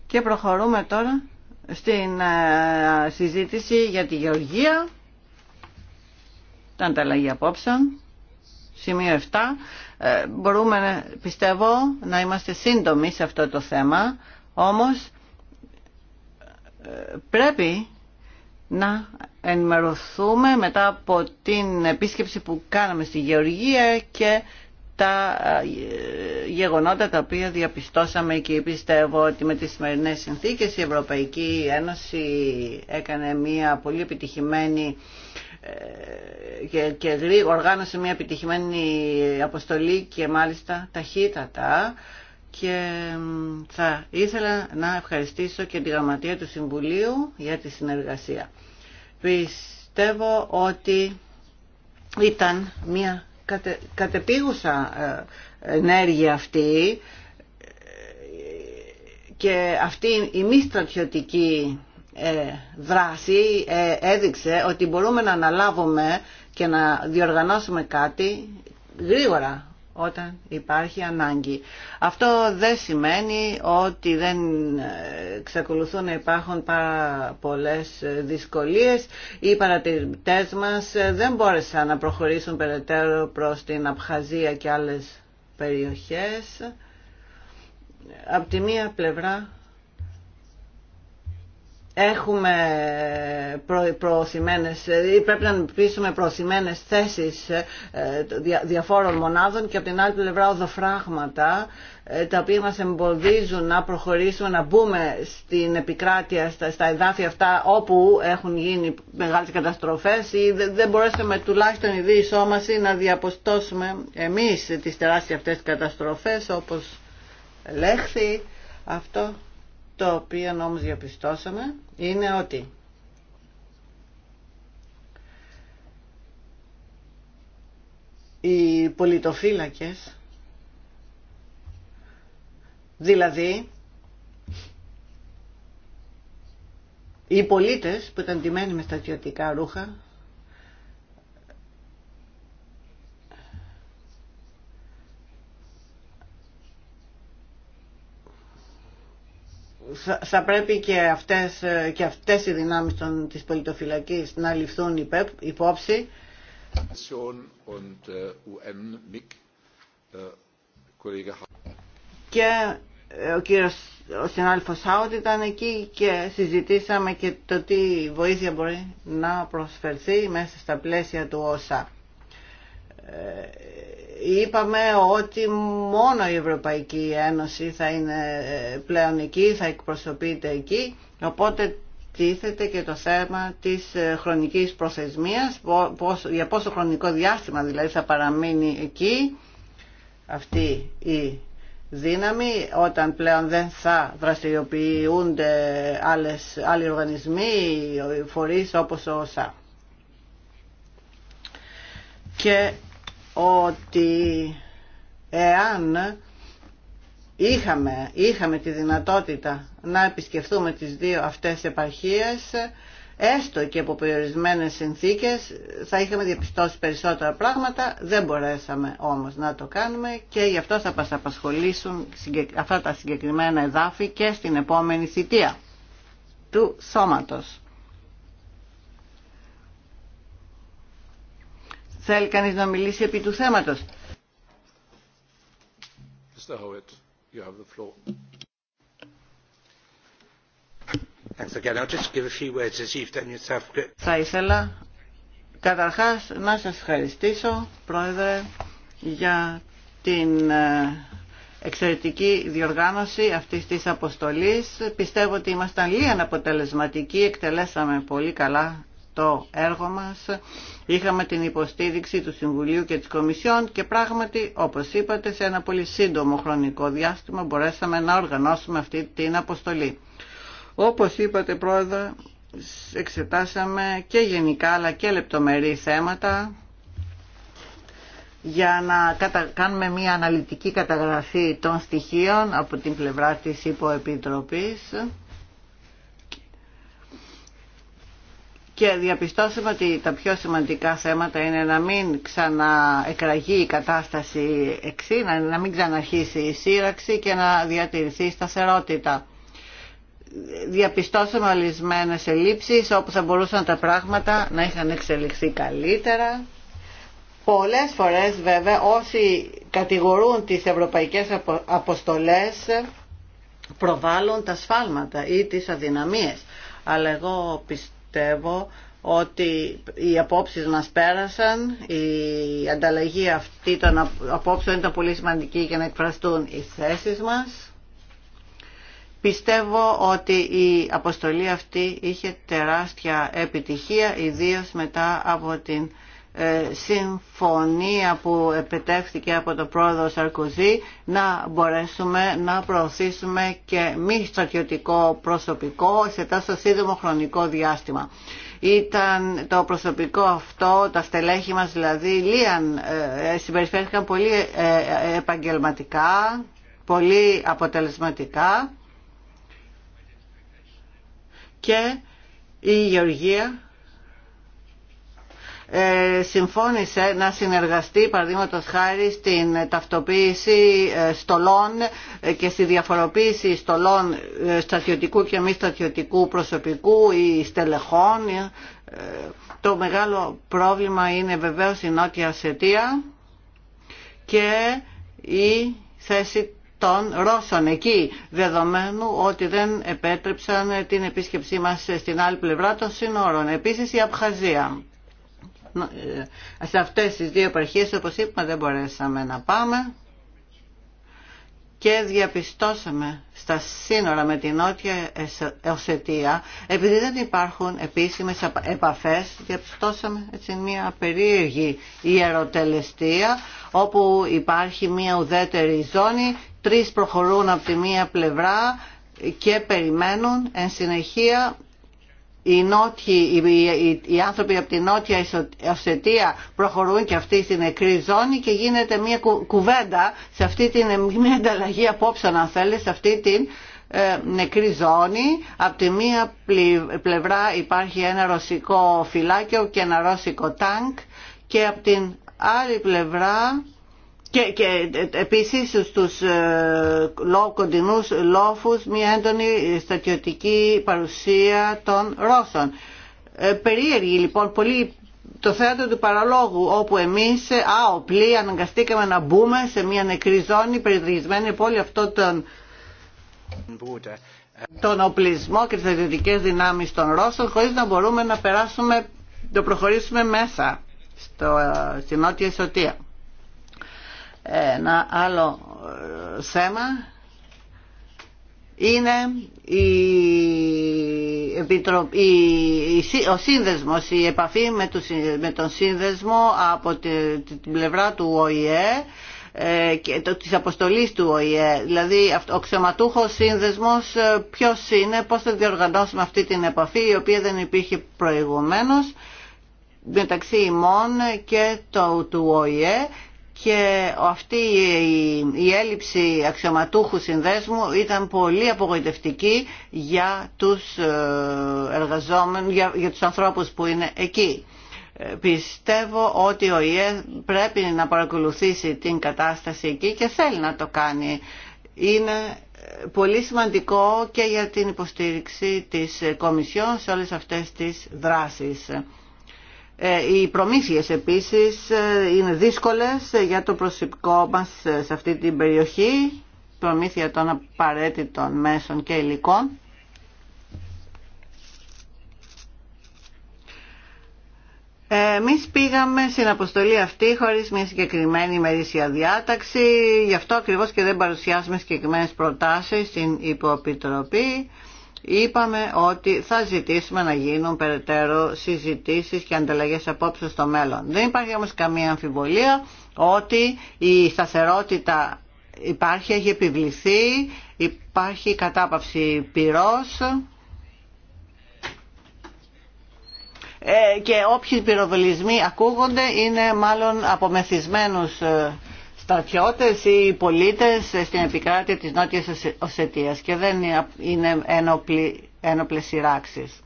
Και προχωρούμε τώρα στην ε, συζήτηση για τη γεωργία. Τα ανταλλαγή απόψε. Σημείο 7. Ε, μπορούμε, πιστεύω, να είμαστε σύντομοι σε αυτό το θέμα. Όμως, ε, πρέπει να ενημερωθούμε μετά από την επίσκεψη που κάναμε στη Γεωργία και τα ε, γεγονότα τα οποία διαπιστώσαμε και πιστεύω ότι με τις σημερινέ συνθήκες η Ευρωπαϊκή Ένωση έκανε μια πολύ επιτυχημένη ε, και, και οργάνωσε μια επιτυχημένη αποστολή και μάλιστα ταχύτατα και θα ήθελα να ευχαριστήσω και τη Γραμματεία του Συμβουλίου για τη συνεργασία. Πιστεύω ότι ήταν μια κατεπίγουσα ε, ενέργεια αυτή ε, και αυτή η μη στρατιωτική ε, δράση έδειξε ότι μπορούμε να αναλάβουμε και να διοργανώσουμε κάτι γρήγορα όταν υπάρχει ανάγκη. Αυτό δεν σημαίνει ότι δεν ε, ξεκολουθούν να υπάρχουν πάρα πολλές ε, δυσκολίες. Οι παρατηρητές μας ε, δεν μπόρεσαν να προχωρήσουν περαιτέρω προς την Απχαζία και άλλες περιοχές. Από τη μία πλευρά έχουμε προ, προωθημένες, πρέπει να πείσουμε προωθημένες θέσεις ε, διαφόρων μονάδων και από την άλλη πλευρά οδοφράγματα ε, τα οποία μας εμποδίζουν να προχωρήσουμε, να μπούμε στην επικράτεια, στα, στα εδάφια αυτά όπου έχουν γίνει μεγάλες καταστροφές ή δεν, δεν μπορέσαμε τουλάχιστον η διεισόμαση να διαποστώσουμε εμείς τις τεράστιες αυτές καταστροφές όπως λέχθη αυτό το οποίο όμως διαπιστώσαμε είναι ότι οι πολιτοφύλακες δηλαδή οι πολίτες που ήταν ντυμένοι με στατιωτικά ρούχα θα πρέπει και αυτές, ε, και αυτές οι δυνάμεις των, της πολιτοφυλακής να ληφθούν υπόψη. Ε, ε, και ο κύριος ο συνάδελφος Χάουτ ήταν εκεί και συζητήσαμε και το τι βοήθεια μπορεί να προσφερθεί μέσα στα πλαίσια του ΩΣΑ. Ε, είπαμε ότι μόνο η Ευρωπαϊκή Ένωση θα είναι ε, πλέον εκεί, θα εκπροσωπείται εκεί, οπότε τίθεται και το θέμα της ε, χρονικής προθεσμίας, για πόσο χρονικό διάστημα δηλαδή θα παραμείνει εκεί αυτή η δύναμη όταν πλέον δεν θα δραστηριοποιούνται άλλες, άλλοι οργανισμοί, φορείς όπως ο ΩΣΑ Και ότι εάν είχαμε, είχαμε τη δυνατότητα να επισκεφθούμε τις δύο αυτές επαρχίες, έστω και από περιορισμένες συνθήκες, θα είχαμε διαπιστώσει περισσότερα πράγματα, δεν μπορέσαμε όμως να το κάνουμε και γι' αυτό θα μας απασχολήσουν αυτά τα συγκεκριμένα εδάφη και στην επόμενη θητεία του σώματος. Θέλει κανείς να μιλήσει επί του θέματος. Mr. Θα ήθελα καταρχάς να σας ευχαριστήσω, Πρόεδρε, για την ε, εξαιρετική διοργάνωση αυτής της αποστολής. Πιστεύω ότι ήμασταν λίγαν αποτελεσματικοί, εκτελέσαμε πολύ καλά το έργο μας. Είχαμε την υποστήριξη του Συμβουλίου και της Κομισιόν και πράγματι, όπως είπατε, σε ένα πολύ σύντομο χρονικό διάστημα μπορέσαμε να οργανώσουμε αυτή την αποστολή. Όπως είπατε, Πρόεδρε, εξετάσαμε και γενικά αλλά και λεπτομερή θέματα για να κάνουμε μια αναλυτική καταγραφή των στοιχείων από την πλευρά της υποεπιτροπής και διαπιστώσαμε ότι τα πιο σημαντικά θέματα είναι να μην ξαναεκραγεί η κατάσταση εξή, να μην ξαναρχίσει η σύραξη και να διατηρηθεί η σταθερότητα. Διαπιστώσαμε ορισμένε ελλείψεις όπου θα μπορούσαν τα πράγματα να είχαν εξελιχθεί καλύτερα. Πολλές φορές βέβαια όσοι κατηγορούν τι ευρωπαϊκές αποστολές προβάλλουν τα σφάλματα ή τι αδυναμίες. Αλλά εγώ πιστεύω πιστεύω ότι οι απόψεις μας πέρασαν, η ανταλλαγή αυτή των απόψεων ήταν πολύ σημαντική για να εκφραστούν οι θέσεις μας. Πιστεύω ότι η αποστολή αυτή είχε τεράστια επιτυχία, ιδίως μετά από την ε, συμφωνία που επιτεύχθηκε από το πρόεδρο Σαρκουζή να μπορέσουμε να προωθήσουμε και μη στρατιωτικό προσωπικό σε τόσο σύντομο χρονικό διάστημα. Ήταν το προσωπικό αυτό, τα στελέχη μας δηλαδή, λίαν, ε, συμπεριφέρθηκαν πολύ ε, επαγγελματικά, πολύ αποτελεσματικά και η Γεωργία ε, συμφώνησε να συνεργαστεί παραδείγματος χάρη στην ταυτοποίηση ε, στολών ε, και στη διαφοροποίηση στολών στρατιωτικού και μη στρατιωτικού προσωπικού ή στελεχών. Το μεγάλο πρόβλημα είναι βεβαίως η Νότια Ασετία και η θέση των Ρώσων εκεί, δεδομένου ότι δεν επέτρεψαν την επίσκεψή μας στην άλλη πλευρά των σύνορων. Επίσης η Απχαζία ε, σε αυτές τις δύο επαρχίες όπως είπαμε δεν μπορέσαμε να πάμε και διαπιστώσαμε στα σύνορα με την Νότια Οσετία επειδή δεν υπάρχουν επίσημες επαφές διαπιστώσαμε έτσι μια περίεργη ιεροτελεστία όπου υπάρχει μια ουδέτερη ζώνη τρεις προχωρούν από τη μία πλευρά και περιμένουν εν συνεχεία οι, νότιοι, οι, άνθρωποι από τη νότια Οσετία προχωρούν και αυτή στην νεκρή ζώνη και γίνεται μια κουβέντα σε αυτή την μια ανταλλαγή απόψε να θέλει σε αυτή την ε, νεκρή ζώνη από τη μία πλευρά υπάρχει ένα ρωσικό φυλάκιο και ένα ρώσικο τάγκ και από την άλλη πλευρά και, και ε, επίσης στους ε, κοντινούς λόφους μια έντονη στρατιωτική παρουσία των Ρώσων. Ε, περίεργη λοιπόν, πολύ το θέατρο του παραλόγου όπου εμείς άοπλοι αναγκαστήκαμε να μπούμε σε μια νεκρή ζώνη περιδρυγισμένη από όλο αυτό τον, τον οπλισμό και τις στρατιωτικές δυνάμεις των Ρώσων χωρίς να μπορούμε να περάσουμε, να προχωρήσουμε μέσα στο, στην Νότια Ισοτία. Ένα άλλο ε, θέμα είναι η ο σύνδεσμος, η επαφή με, τον σύνδεσμο από την πλευρά του ΟΗΕ ε, και το, της αποστολής του ΟΗΕ. Δηλαδή ο ξεματούχος σύνδεσμος ε, ποιος είναι, πώς θα διοργανώσουμε αυτή την επαφή η οποία δεν υπήρχε προηγουμένως μεταξύ ημών και το, του ΟΗΕ και αυτή η έλλειψη αξιωματούχου συνδέσμου ήταν πολύ απογοητευτική για τους ε, εργαζόμενους, για, για τους ανθρώπους που είναι εκεί. Ε, πιστεύω ότι ο ΙΕ πρέπει να παρακολουθήσει την κατάσταση εκεί και θέλει να το κάνει. Είναι ε, πολύ σημαντικό και για την υποστήριξη της Κομισιόν σε όλες αυτές τις δράσεις. Ε, οι προμήθειες επίσης ε, είναι δύσκολες για το προσωπικό μας σε αυτή την περιοχή, προμήθεια των απαραίτητων μέσων και υλικών. Ε, εμείς πήγαμε στην αποστολή αυτή χωρίς μια συγκεκριμένη ημερήσια διάταξη, γι' αυτό ακριβώς και δεν παρουσιάσουμε συγκεκριμένες προτάσεις στην υποπιτροπή είπαμε ότι θα ζητήσουμε να γίνουν περαιτέρω συζητήσεις και ανταλλαγές απόψε στο μέλλον. Δεν υπάρχει όμως καμία αμφιβολία ότι η σταθερότητα υπάρχει, έχει επιβληθεί, υπάρχει κατάπαυση πυρός ε, και όποιοι πυροβολισμοί ακούγονται είναι μάλλον από στρατιώτες ή πολίτες στην επικράτεια της Νότιας Οσετίας και δεν είναι ένοπλοι, ένοπλες σειράξεις.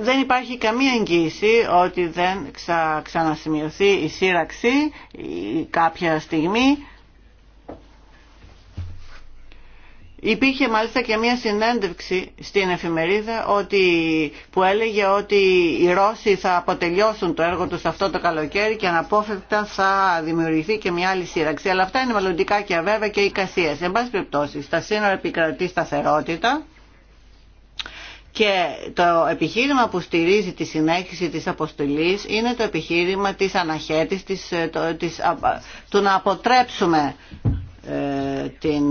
δεν υπάρχει καμία εγγύηση ότι δεν ξα, ξανασημειωθεί η σύραξη κάποια στιγμή Υπήρχε μάλιστα και μια συνέντευξη στην εφημερίδα ότι, που έλεγε ότι οι Ρώσοι θα αποτελειώσουν το έργο τους αυτό το καλοκαίρι και αναπόφευκτα θα δημιουργηθεί και μια άλλη σύραξη. Αλλά αυτά είναι μελλοντικά και αβέβαια και εικασίες. Εν πάση περιπτώσει, στα σύνορα επικρατεί σταθερότητα και το επιχείρημα που στηρίζει τη συνέχιση της αποστολή είναι το επιχείρημα της αναχέτης, της, ε, της, του να αποτρέψουμε ε, την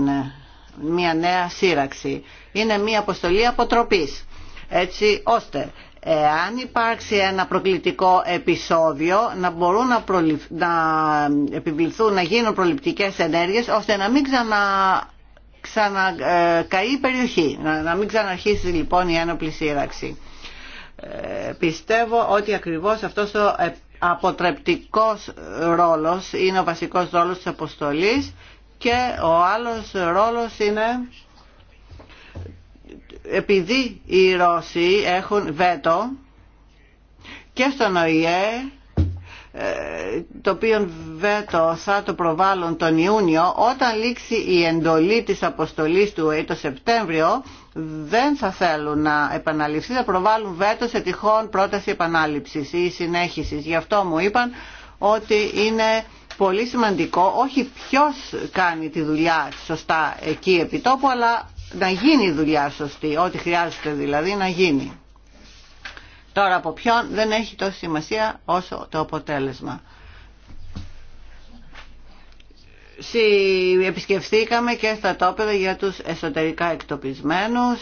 μια νέα σύραξη. Είναι μια αποστολή αποτροπής. Έτσι ώστε εάν υπάρξει ένα προκλητικό επεισόδιο να μπορούν να, προληφ... να επιβληθούν, να γίνουν προληπτικές ενέργειες ώστε να μην ξανα ξανακαεί ε, η περιοχή, να, μην ξαναρχίσει λοιπόν η ένοπλη σύραξη. Ε, πιστεύω ότι ακριβώς αυτός ο ε, αποτρεπτικός ρόλος είναι ο βασικός ρόλος της αποστολής και ο άλλος ρόλος είναι επειδή οι Ρώσοι έχουν βέτο και στον ΟΗΕ ε, το οποίο βέτο θα το προβάλλουν τον Ιούνιο όταν λήξει η εντολή της αποστολής του ΟΗΕ το Σεπτέμβριο δεν θα θέλουν να επαναληφθεί θα προβάλλουν βέτο σε τυχόν πρόταση επανάληψης ή συνέχισης γι' αυτό μου είπαν ότι είναι πολύ σημαντικό όχι ποιος κάνει τη δουλειά σωστά εκεί επί τόπου, αλλά να γίνει η δουλειά σωστή, ό,τι χρειάζεται δηλαδή να γίνει. Τώρα από ποιον δεν έχει τόση σημασία όσο το αποτέλεσμα. Επισκεφθήκαμε και στα τόπεδα για τους εσωτερικά εκτοπισμένους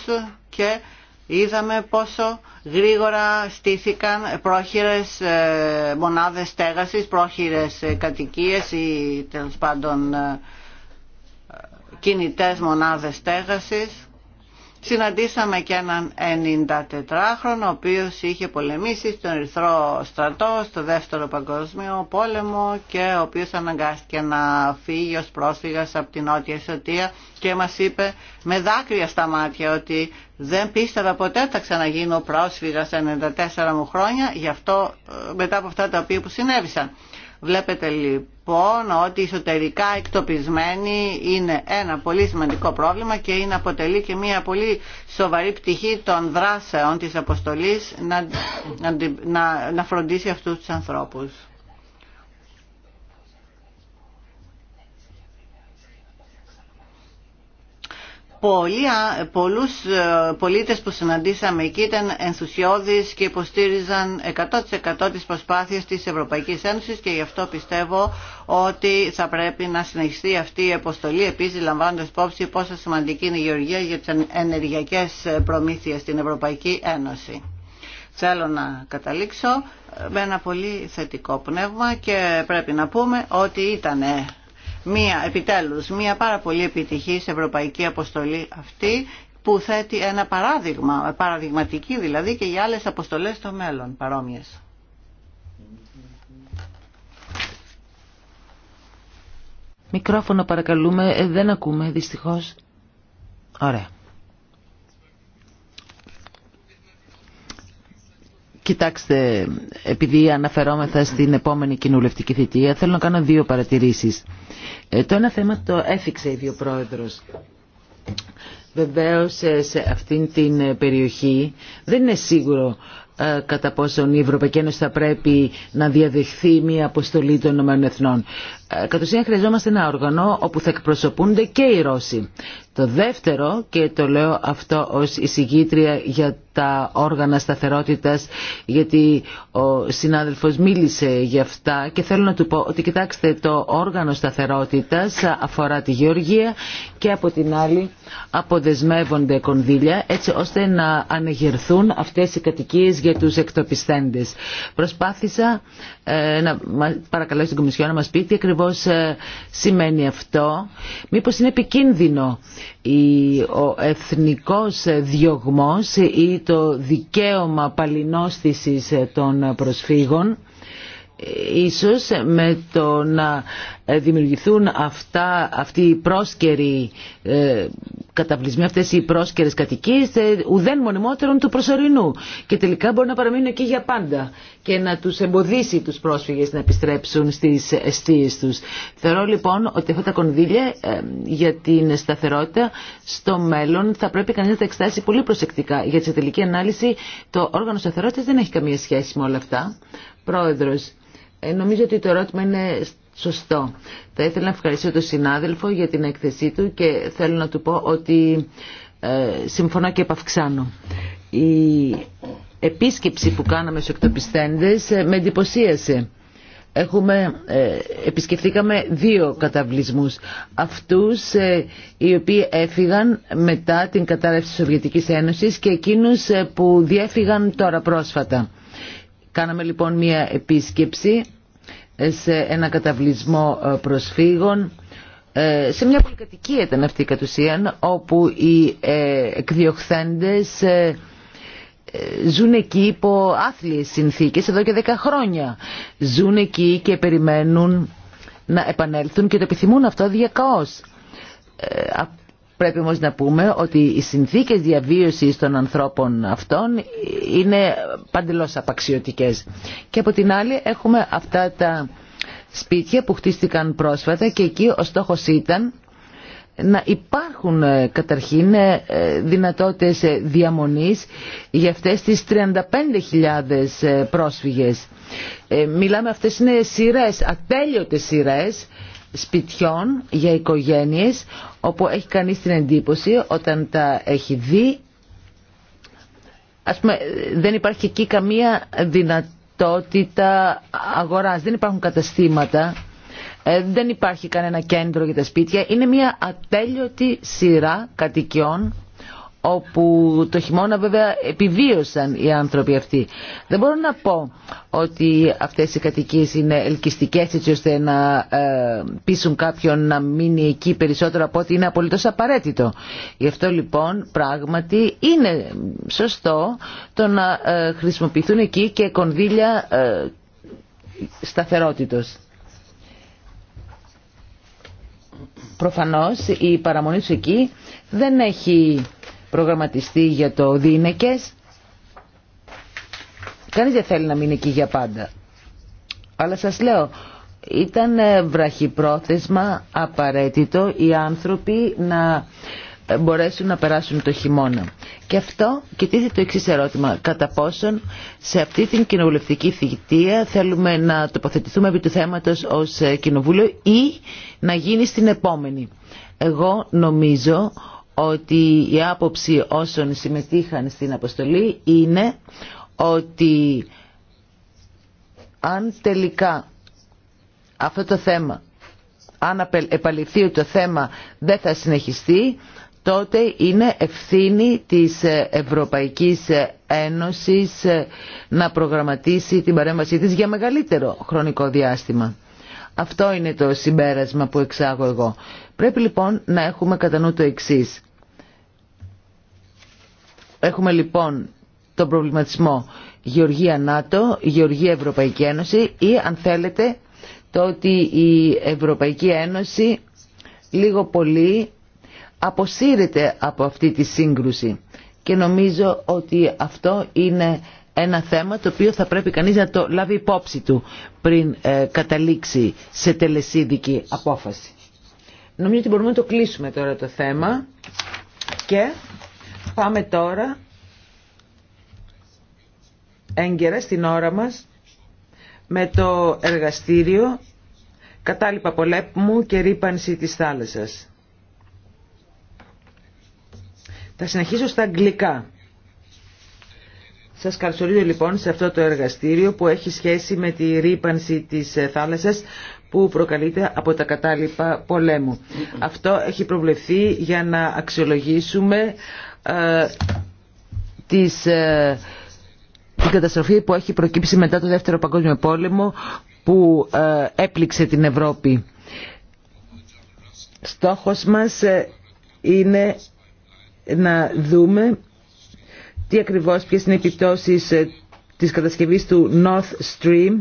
και είδαμε πόσο γρήγορα στήθηκαν πρόχειρες ε, μονάδες στέγασης, πρόχειρες κατοικίες ή τέλος πάντων ε, κινητές μονάδες στέγασης Συναντήσαμε και έναν 94χρονο ο οποίος είχε πολεμήσει στον Ερυθρό στρατό στο Δεύτερο Παγκόσμιο Πόλεμο και ο οποίος αναγκάστηκε να φύγει ως πρόσφυγας από την Νότια Ισοτία και μας είπε με δάκρυα στα μάτια ότι δεν πίστευα ποτέ θα ξαναγίνω πρόσφυγας 94 μου χρόνια γι' αυτό ε, μετά από αυτά τα οποία που συνέβησαν. Βλέπετε λοιπόν ότι εσωτερικά εκτοπισμένη είναι ένα πολύ σημαντικό πρόβλημα και είναι αποτελεί και μια πολύ σοβαρή πτυχή των δράσεων της αποστολής να, να, να φροντίσει αυτούς τους ανθρώπους. πολλοί, πολλούς ε, πολίτες που συναντήσαμε εκεί ήταν ενθουσιώδεις και υποστήριζαν 100% τις προσπάθειες της Ευρωπαϊκής Ένωσης και γι' αυτό πιστεύω ότι θα πρέπει να συνεχιστεί αυτή η αποστολή επίσης λαμβάνοντας υπόψη πόσο σημαντική είναι η γεωργία για τις ενεργειακές ε, προμήθειες στην Ευρωπαϊκή Ένωση. Θέλω να καταλήξω με ένα πολύ θετικό πνεύμα και πρέπει να πούμε ότι ήταν μία, επιτέλους, μία πάρα πολύ επιτυχής ευρωπαϊκή αποστολή αυτή που θέτει ένα παράδειγμα, παραδειγματική δηλαδή και για άλλες αποστολές στο μέλλον παρόμοιες. Μικρόφωνο παρακαλούμε, ε, δεν ακούμε δυστυχώς. Ωραία. Κοιτάξτε, επειδή αναφερόμεθα στην επόμενη κοινοβουλευτική θητεία, θέλω να κάνω δύο παρατηρήσεις. Ε, το ένα θέμα το έφυξε η Πρόεδρος. Βεβαίως ε, σε αυτήν την ε, περιοχή δεν είναι σίγουρο κατά πόσον η Ευρωπαϊκή Ένωση θα πρέπει να διαδεχθεί μια αποστολή των ΗΠΑ Εθνών. Κατ' ουσίαν χρειαζόμαστε ένα όργανο όπου θα εκπροσωπούνται και οι Ρώσοι. Το δεύτερο, και το λέω αυτό ως εισηγήτρια για τα όργανα σταθερότητας, γιατί ο συνάδελφος μίλησε για αυτά και θέλω να του πω ότι κοιτάξτε το όργανο σταθερότητας αφορά τη γεωργία και από την άλλη αποδεσμεύονται κονδύλια έτσι ώστε να ανεγερθούν αυτές οι κατοικίες για τους εκτοπιστέντες. Προσπάθησα ε, να παρακαλώ στην Κομισιό να μας πει τι ακριβώς ε, σημαίνει αυτό. Μήπως είναι επικίνδυνο ο εθνικός διωγμός ή το δικαίωμα παλινόστησης των προσφύγων Ίσως με το να ε, δημιουργηθούν αυτά, αυτοί οι πρόσκαιροι ε, καταπλησμοί, αυτές οι πρόσκαιρες κατοικίες ε, ουδέν μονιμότερων του προσωρινού και τελικά μπορεί να παραμείνουν εκεί για πάντα και να τους εμποδίσει τους πρόσφυγες να επιστρέψουν στις αιστείες τους. Θεωρώ λοιπόν ότι αυτά τα κονδύλια ε, για την σταθερότητα στο μέλλον θα πρέπει κανείς να τα εξετάσει πολύ προσεκτικά γιατί σε τελική ανάλυση το όργανο σταθερότητας δεν έχει καμία σχέση με όλα αυτά. Πρόεδρος, ε, νομίζω ότι το ερώτημα είναι σωστό. Θα ήθελα να ευχαριστήσω τον συνάδελφο για την έκθεσή του και θέλω να του πω ότι ε, συμφωνώ και επαυξάνω. Η επίσκεψη που κάναμε στους εκτοπιστέντες ε, με εντυπωσίασε. Έχουμε, επισκεφθήκαμε δύο καταβλισμούς. Αυτούς οι οποίοι έφυγαν μετά την κατάρρευση της Σοβιετικής Ένωσης και εκείνους που διέφυγαν τώρα πρόσφατα. Κάναμε λοιπόν μία επίσκεψη ε, σε ένα καταβλισμό ε, προσφύγων ε, σε μια πολυκατοικία ήταν αυτή κατ' ουσίαν όπου οι εκδιοχθέντες ζουν εκεί υπό άθλιες συνθήκες εδώ και δέκα χρόνια. Ζουν εκεί και περιμένουν να επανέλθουν και το επιθυμούν αυτό διακαώς. Πρέπει όμως να πούμε ότι οι συνθήκες διαβίωσης των ανθρώπων αυτών είναι παντελώς απαξιωτικές. Και από την άλλη έχουμε αυτά τα σπίτια που χτίστηκαν πρόσφατα και εκεί ο στόχος ήταν να υπάρχουν ε, καταρχήν ε, δυνατότητες ε, διαμονής για αυτές τις 35.000 πρόσφυγες. Μιλάμε αυτές είναι σειρές, ατέλειωτες σειρές σπιτιών για οικογένειες όπου έχει κάνει την εντύπωση όταν τα έχει δει ας πούμε δεν υπάρχει εκεί καμία δυνατότητα αγοράς δεν υπάρχουν καταστήματα ε, δεν υπάρχει κανένα κέντρο για τα σπίτια είναι μια ατέλειωτη σειρά κατοικιών όπου το χειμώνα βέβαια επιβίωσαν οι άνθρωποι αυτοί. Δεν μπορώ να πω ότι αυτές οι κατοικίες είναι ελκυστικές έτσι ώστε να ε, πείσουν κάποιον να μείνει εκεί περισσότερο από ότι είναι απολύτως απαραίτητο. Γι' αυτό λοιπόν πράγματι είναι σωστό το να ε, χρησιμοποιηθούν εκεί και κονδύλια ε, σταθερότητος. Προφανώς η παραμονή εκεί δεν έχει προγραμματιστεί για το Δίνεκες. Κανείς δεν θέλει να μείνει εκεί για πάντα. Αλλά σας λέω, ήταν ε, βραχυπρόθεσμα απαραίτητο οι άνθρωποι να ε, μπορέσουν να περάσουν το χειμώνα. Και αυτό κοιτίζει το εξή ερώτημα. Κατά πόσον σε αυτή την κοινοβουλευτική θητεία θέλουμε να τοποθετηθούμε επί του θέματος ως ε, κοινοβούλιο ή να γίνει στην επόμενη. Εγώ νομίζω ότι η άποψη όσων συμμετείχαν στην αποστολή είναι ότι αν τελικά αυτό το θέμα, αν επαληφθεί ότι το θέμα δεν θα συνεχιστεί, τότε είναι ευθύνη της Ευρωπαϊκής Ένωσης να προγραμματίσει την παρέμβασή της για μεγαλύτερο χρονικό διάστημα. Αυτό είναι το συμπέρασμα που εξάγω εγώ. Πρέπει λοιπόν να έχουμε κατά νου το εξής. Έχουμε λοιπόν τον προβληματισμό Γεωργία ΝΑΤΟ, Γεωργία Ευρωπαϊκή Ένωση ή αν θέλετε το ότι η Ευρωπαϊκή Ένωση λίγο πολύ αποσύρεται από αυτή τη σύγκρουση και νομίζω ότι αυτό είναι ένα θέμα το οποίο θα πρέπει κανείς να το λάβει υπόψη του πριν ε, καταλήξει σε τελεσίδικη απόφαση. Νομίζω ότι μπορούμε να το κλείσουμε τώρα το θέμα και Πάμε τώρα έγκαιρα στην ώρα μας με το εργαστήριο κατάλοιπα πολέμου και ρήπανση της θάλασσας. Θα συνεχίσω στα αγγλικά. Σας καλωσορίζω λοιπόν σε αυτό το εργαστήριο που έχει σχέση με τη ρήπανση της ε, θάλασσας που προκαλείται από τα κατάλοιπα πολέμου. Αυτό έχει προβλεφθεί για να αξιολογήσουμε ε, της, ε, την καταστροφή που έχει προκύψει μετά το Δεύτερο Παγκόσμιο Πόλεμο που ε, έπληξε την Ευρώπη. Στόχος μας είναι να δούμε τι ακριβώς ποιες είναι οι επιπτώσεις της κατασκευής του North Stream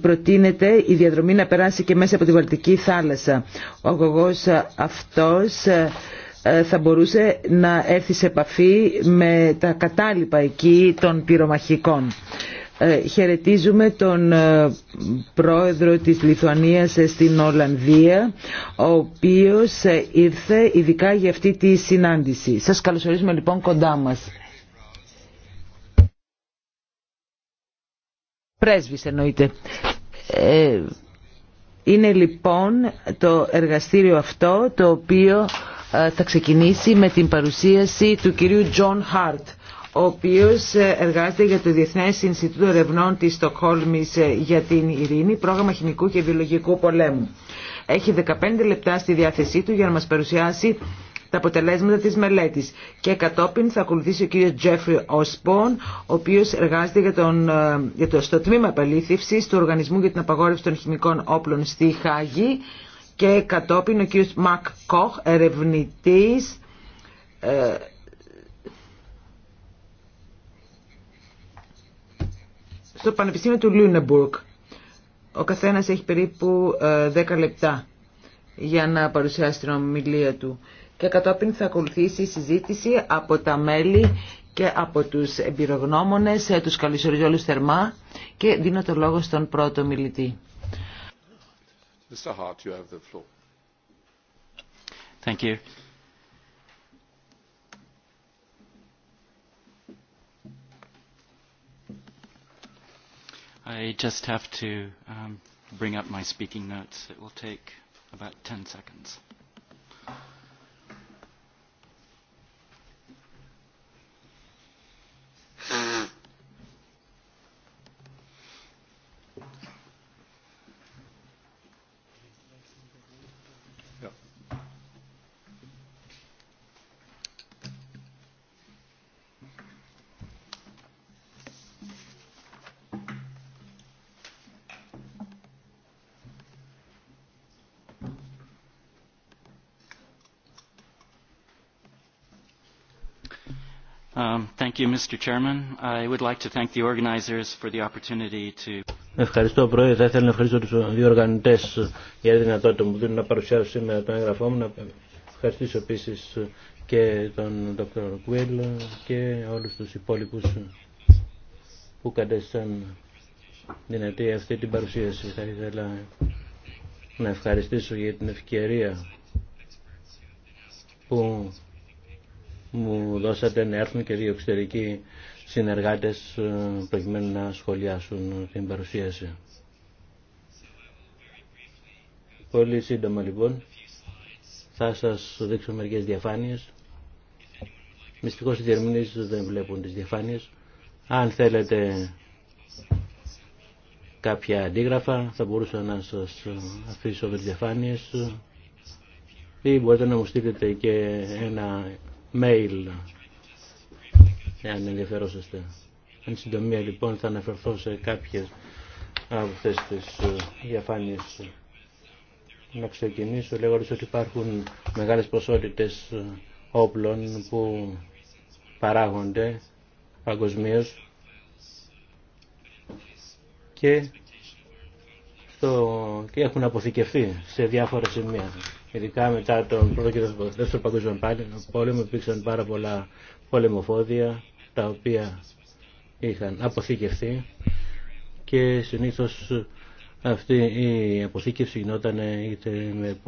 προτείνεται η διαδρομή να περάσει και μέσα από τη Βαλτική θάλασσα. Ο αγωγός αυτός ε, θα μπορούσε να έρθει σε επαφή με τα κατάλοιπα εκεί των πυρομαχικών. Ε, χαιρετίζουμε τον ε, πρόεδρο της Λιθουανίας στην Ολλανδία, ο οποίος ήρθε ειδικά για αυτή τη συνάντηση. Σας καλωσορίζουμε λοιπόν κοντά μας. Πρέσβης εννοείται. Είναι λοιπόν το εργαστήριο αυτό το οποίο ε, θα ξεκινήσει με την παρουσίαση του κυρίου Τζον Χάρτ ο οποίος ε, εργάζεται για το Διεθνές Ινστιτούτο Ερευνών της Στοκχόλμης ε, για την Ειρήνη, πρόγραμμα χημικού και βιολογικού πολέμου. Έχει 15 λεπτά στη διάθεσή του για να μας παρουσιάσει τα αποτελέσματα της μελέτης και κατόπιν θα ακολουθήσει ο κύριος Τζέφρι Οσπον ο οποίος εργάζεται για τον, το, στο τμήμα επαλήθευσης του Οργανισμού για την Απαγόρευση των Χημικών Όπλων στη Χάγη και κατόπιν ο κ. Μακ Κοχ, ερευνητής ε, στο Πανεπιστήμιο του Λούνεμπουργκ. Ο καθένας έχει περίπου 10 ε, λεπτά για να παρουσιάσει την ομιλία του. Και κατόπιν θα ακολουθήσει η συζήτηση από τα μέλη και από τους εμπειρογνώμονες. Ε, τους καλωσορίζω όλους θερμά και δίνω το λόγο στον πρώτο μιλητή. Mr. Hart, you have the floor. Thank you. I just have to um, bring up my speaking notes. It will take about 10 seconds. Ευχαριστώ Πρόεδρε. Θα ήθελα να ευχαριστήσω τους δύο για τη δυνατότητα που μου δίνουν να παρουσιάσω σήμερα το έγγραφό μου. Να ευχαριστήσω επίσης και τον Δ. Κουέλ και όλους τους υπόλοιπους που κατέστησαν δυνατή αυτή την παρουσίαση. Θα ήθελα να ευχαριστήσω για την ευκαιρία που μου δώσατε να έρθουν και δύο εξωτερικοί συνεργάτες ε, προκειμένου να σχολιάσουν την παρουσίαση. Πολύ σύντομα λοιπόν θα σας δείξω μερικές διαφάνειες. Μυστικώς οι διερμηνείς δεν βλέπουν τις διαφάνειες. Αν θέλετε κάποια αντίγραφα θα μπορούσα να σας αφήσω με τις διαφάνειες ή μπορείτε να μου στείλετε και ένα mail, εάν ενδιαφερόσαστε. Εν συντομία λοιπόν θα αναφερθώ σε κάποιες από αυτές τις ε, διαφάνειες. Να ξεκινήσω λέγοντας ότι υπάρχουν μεγάλες ποσότητες ε, όπλων που παράγονται παγκοσμίω και, και έχουν αποθηκευτεί σε διάφορα σημεία ειδικά μετά τον πρώτο και τον δεύτερο παγκόσμιο πόλεμο υπήρξαν πάρα πολλά πολεμοφόδια τα οποία είχαν αποθήκευθεί και συνήθως αυτή η αποθήκευση γινόταν είτε με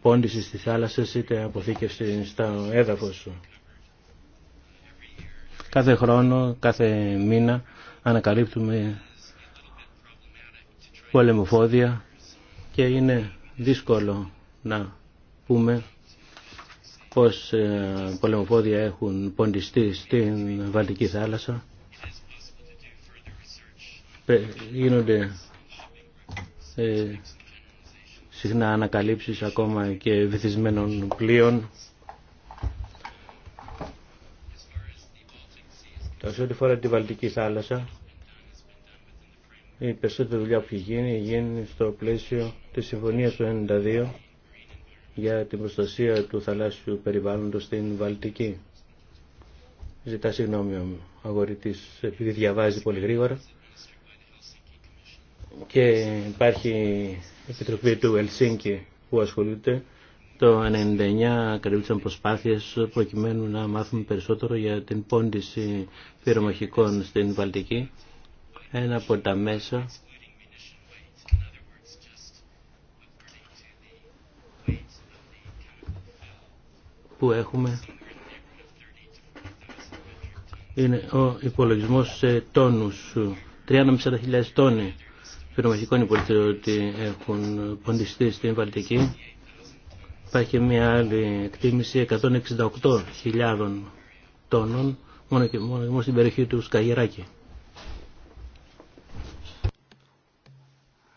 πόντιση στις θάλασσες είτε αποθήκευση στα έδαφος. Κάθε χρόνο, κάθε μήνα ανακαλύπτουμε πολεμοφόδια και είναι δύσκολο να πούμε πως ε, πολεμοπόδια έχουν ποντιστεί στην Βαλτική θάλασσα. Ε, γίνονται ε, συχνά ανακαλύψεις ακόμα και βυθισμένων πλοίων. Σε ό,τι φορά τη Βαλτική θάλασσα, η περισσότερη δουλειά που έχει γίνει, γίνει στο πλαίσιο της Συμφωνίας του 1992 για την προστασία του θαλάσσιου περιβάλλοντος στην Βαλτική. Ζητά συγγνώμη ο αγορητής επειδή διαβάζει πολύ γρήγορα και υπάρχει η Επιτροπή του Ελσίνκη που ασχολείται το 99 κατεβήξαν προσπάθειε προκειμένου να μάθουμε περισσότερο για την πόντιση πυρομαχικών στην Βαλτική. Ένα από τα μέσα που έχουμε είναι ο υπολογισμό σε τόνους. 3.500 τόνοι πυρομαχικών υπολογιστήρων ότι έχουν ποντιστεί στην Βαλτική. Υπάρχει μια άλλη εκτίμηση 168.000 τόνων μόνο και μόνο στην περιοχή του Σκαγεράκη.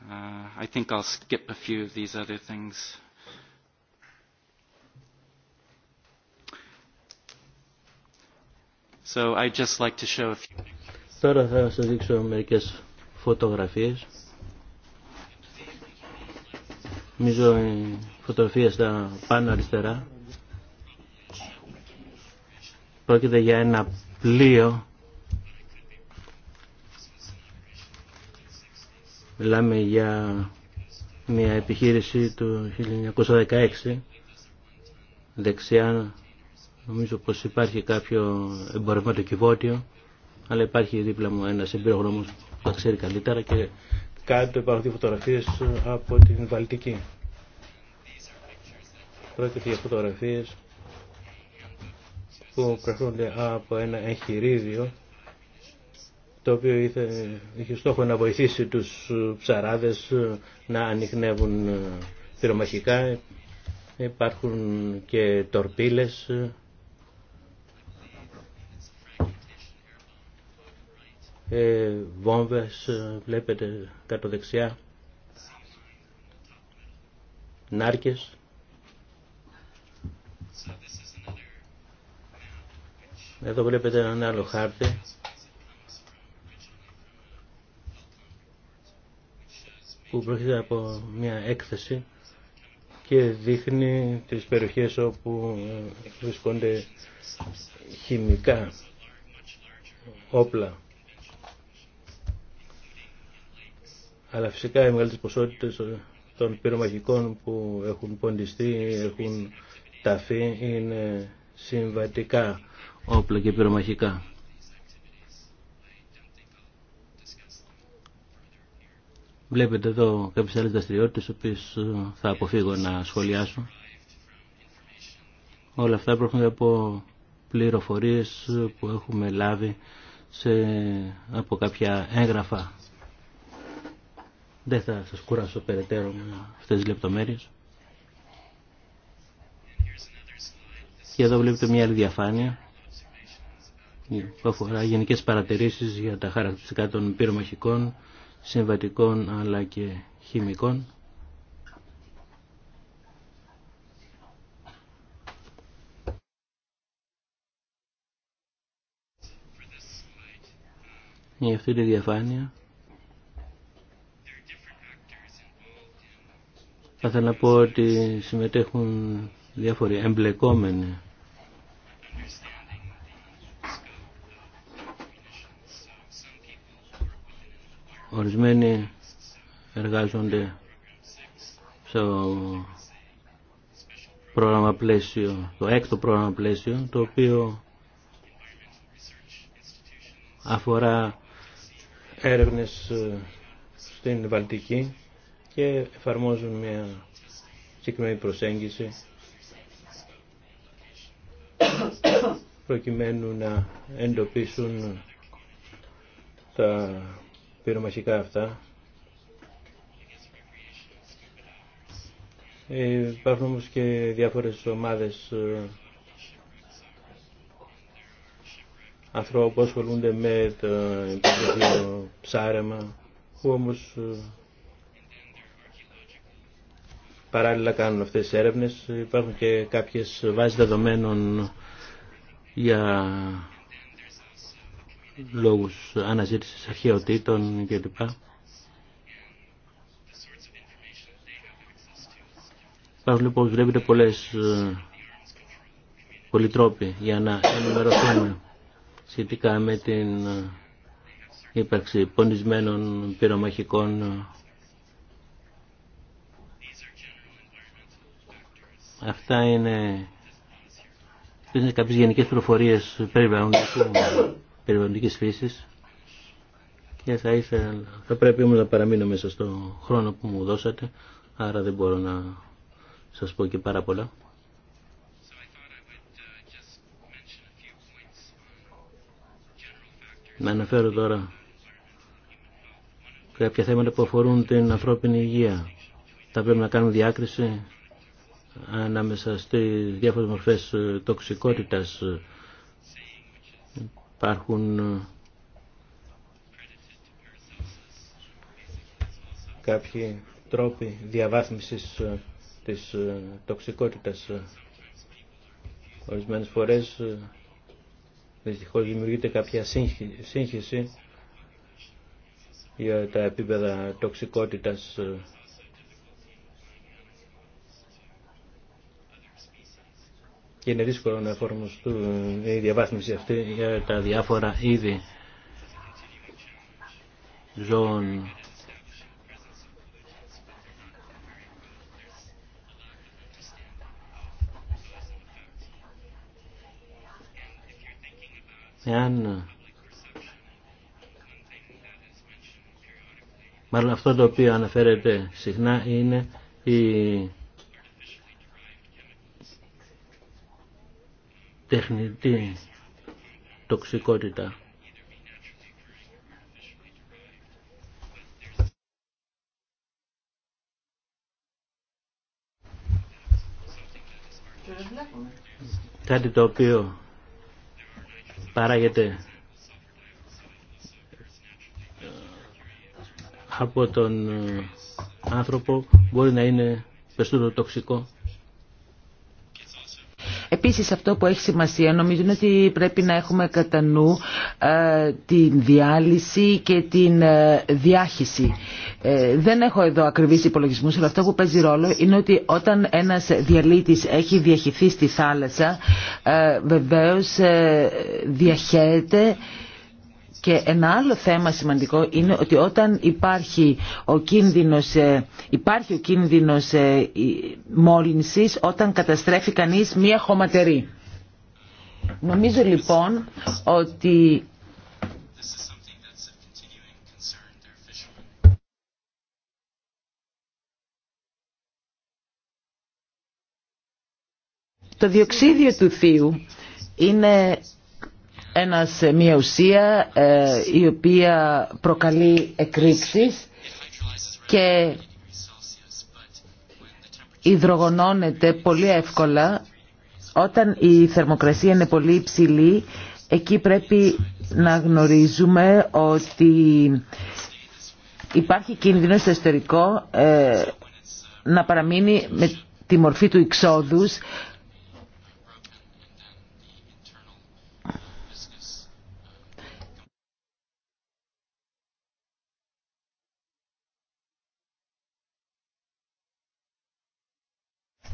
Uh, I think I'll skip a few of these other things. Τώρα θα σας δείξω μερικές φωτογραφίες. Νομίζω η φωτογραφία στα πάνω αριστερά. Πρόκειται για ένα πλοίο. Μιλάμε για μια επιχείρηση του 1916. Δεξιά Νομίζω πως υπάρχει κάποιο εμπορευμένο κυβότιο, αλλά υπάρχει δίπλα μου ένας εμπειρογνώμος που τα ξέρει καλύτερα και κάτω υπάρχουν φωτογραφίες από την Βαλτική. Πρόκειται για φωτογραφίες που προχωρούνται από ένα εγχειρίδιο το οποίο είχε, είχε στόχο να βοηθήσει τους ψαράδες να ανοιχνεύουν πυρομαχικά. Υπάρχουν και τορπίλες ε, βόμβες ε, βλέπετε κάτω δεξιά νάρκες εδώ βλέπετε έναν άλλο χάρτη που προέρχεται από μια έκθεση και δείχνει τις περιοχές όπου ε, βρίσκονται χημικά όπλα Αλλά φυσικά οι μεγαλύτερες ποσότητες των πυρομαχικών που έχουν ποντιστεί, έχουν ταφεί, είναι συμβατικά όπλα και πυρομαχικά. Βλέπετε εδώ κάποιες άλλες δραστηριότητες, οποίες ε, θα αποφύγω να σχολιάσω. Όλα αυτά προέρχονται από πληροφορίες που έχουμε λάβει σε, από κάποια έγγραφα δεν θα σας κουράσω περαιτέρω με αυτές τις λεπτομέρειες. Και εδώ βλέπετε μια άλλη διαφάνεια που αφορά γενικές παρατηρήσεις για τα χαρακτηριστικά των πυρομαχικών, συμβατικών αλλά και χημικών. Για αυτή τη διαφάνεια Θα ήθελα να πω ότι συμμετέχουν διάφοροι εμπλεκόμενοι. Ορισμένοι εργάζονται στο πρόγραμμα πλαίσιο, το έκτο πρόγραμμα πλαίσιο, το οποίο αφορά έρευνες στην Βαλτική και εφαρμόζουν μια συγκεκριμένη προσέγγιση προκειμένου να εντοπίσουν τα πυρομαχικά αυτά. υπάρχουν όμως και διάφορες ομάδες ε, ανθρώπων που ασχολούνται με το ψάρεμα που όμως ε, παράλληλα κάνουν αυτές τις έρευνες. Υπάρχουν και κάποιες βάσεις δεδομένων για λόγους αναζήτησης αρχαιοτήτων κλπ. Υπάρχουν λοιπόν βλέπετε πολλές ε, πολλοί τρόποι για να ενημερωθούμε σχετικά με την ε, ύπαρξη πονισμένων πυρομαχικών ε, Αυτά είναι, είναι κάποιες γενικές πληροφορίες περιβαλλοντικής φύσης και θα ήθελα, θα πρέπει όμως να παραμείνω μέσα στο χρόνο που μου δώσατε, άρα δεν μπορώ να σας πω και πάρα πολλά. Να αναφέρω τώρα κάποια θέματα που αφορούν την ανθρώπινη υγεία. Θα πρέπει να κάνουμε διάκριση ανάμεσα στι διάφορες μορφές ε, τοξικότητας υπάρχουν ε, κάποιοι τρόποι διαβάθμισης ε, της τοξικότητας. Ορισμένες φορές δυστυχώς δημιουργείται κάποια σύγχυση για τα επίπεδα τοξικότητας και είναι δύσκολο να εφαρμοστούν η διαβάθμιση αυτή για τα διάφορα είδη ζώων. Εάν Μάλλον αυτό το οποίο αναφέρεται συχνά είναι η τεχνητή τοξικότητα. Κάτι το οποίο παράγεται από τον άνθρωπο μπορεί να είναι περισσότερο τοξικό Επίσης αυτό που έχει σημασία νομίζω είναι ότι πρέπει να έχουμε κατά νου ε, την διάλυση και την ε, διάχυση. Ε, δεν έχω εδώ ακριβείς υπολογισμούς, αλλά αυτό που παίζει ρόλο είναι ότι όταν ένας διαλύτης έχει διαχυθεί στη θάλασσα, βεβαίως διαχέεται και ένα άλλο θέμα σημαντικό είναι ότι όταν υπάρχει ο κίνδυνος, ε, υπάρχει ο κίνδυνος ε, μόλυνσης όταν καταστρέφει κανείς μία χωματερή. Νομίζω λοιπόν ότι το διοξίδιο του θείου είναι ένας, ε, μια ουσία ε, η οποία προκαλεί εκρήξεις και υδρογονώνεται πολύ εύκολα όταν η θερμοκρασία είναι πολύ υψηλή εκεί πρέπει να γνωρίζουμε ότι υπάρχει κίνδυνο στο εσωτερικό ε, να παραμείνει με τη μορφή του εξόδους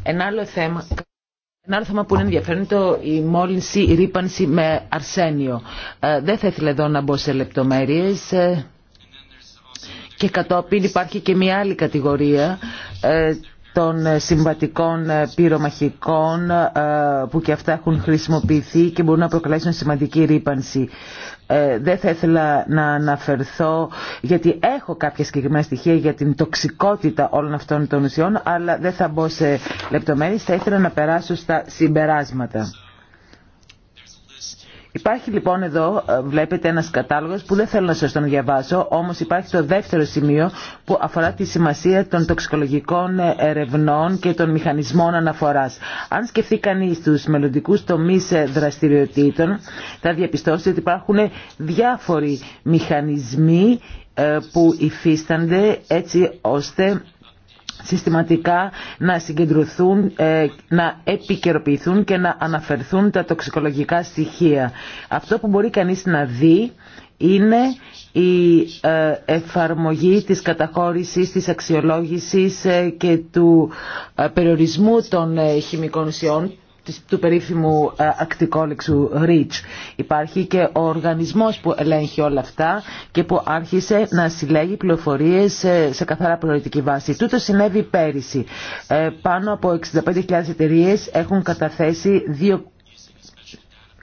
Ένα άλλο θέμα... Ένα άλλο θέμα που είναι ενδιαφέρον είναι η μόλυνση, η ρήπανση με αρσένιο. Ε, δεν θα ήθελα εδώ να μπω σε λεπτομέρειες. Ε, και κατόπιν υπάρχει και μια άλλη κατηγορία ε, των ε, συμβατικών ε, πυρομαχικών ε, που και αυτά έχουν χρησιμοποιηθεί και μπορούν να προκαλέσουν σημαντική ρήπανση. Δεν θα ήθελα να αναφερθώ γιατί έχω κάποια συγκεκριμένα στοιχεία για την τοξικότητα όλων αυτών των ουσιών αλλά δεν θα μπω σε λεπτομέρειες, θα ήθελα να περάσω στα συμπεράσματα. Υπάρχει λοιπόν εδώ, ε, βλέπετε, ένας κατάλογος που δεν θέλω να σας τον διαβάσω, όμως υπάρχει το δεύτερο σημείο που αφορά τη σημασία των τοξικολογικών ε, ερευνών και των μηχανισμών αναφοράς. Αν σκεφτεί κανείς τους μελλοντικούς τομείς ε, δραστηριοτήτων, θα διαπιστώσει ότι υπάρχουν διάφοροι μηχανισμοί που υφίστανται έτσι ώστε συστηματικά να συγκεντρωθούν, ε, να επικαιροποιηθούν και να αναφερθούν τα τοξικολογικά στοιχεία. Αυτό που μπορεί κανείς να δει είναι η ε, εφαρμογή της καταχώρησης, της αξιολόγησης ε, και του περιορισμού των χημικών ουσιών του περίφημου ακτικόλεξου REACH. Υπάρχει και ο οργανισμός που ελέγχει όλα αυτά και που άρχισε να συλλέγει πληροφορίες ε, σε καθαρά προαιρετική βάση. Τούτο συνέβη πέρυσι. Ε, πάνω από 65.000 εταιρείε έχουν καταθέσει δύο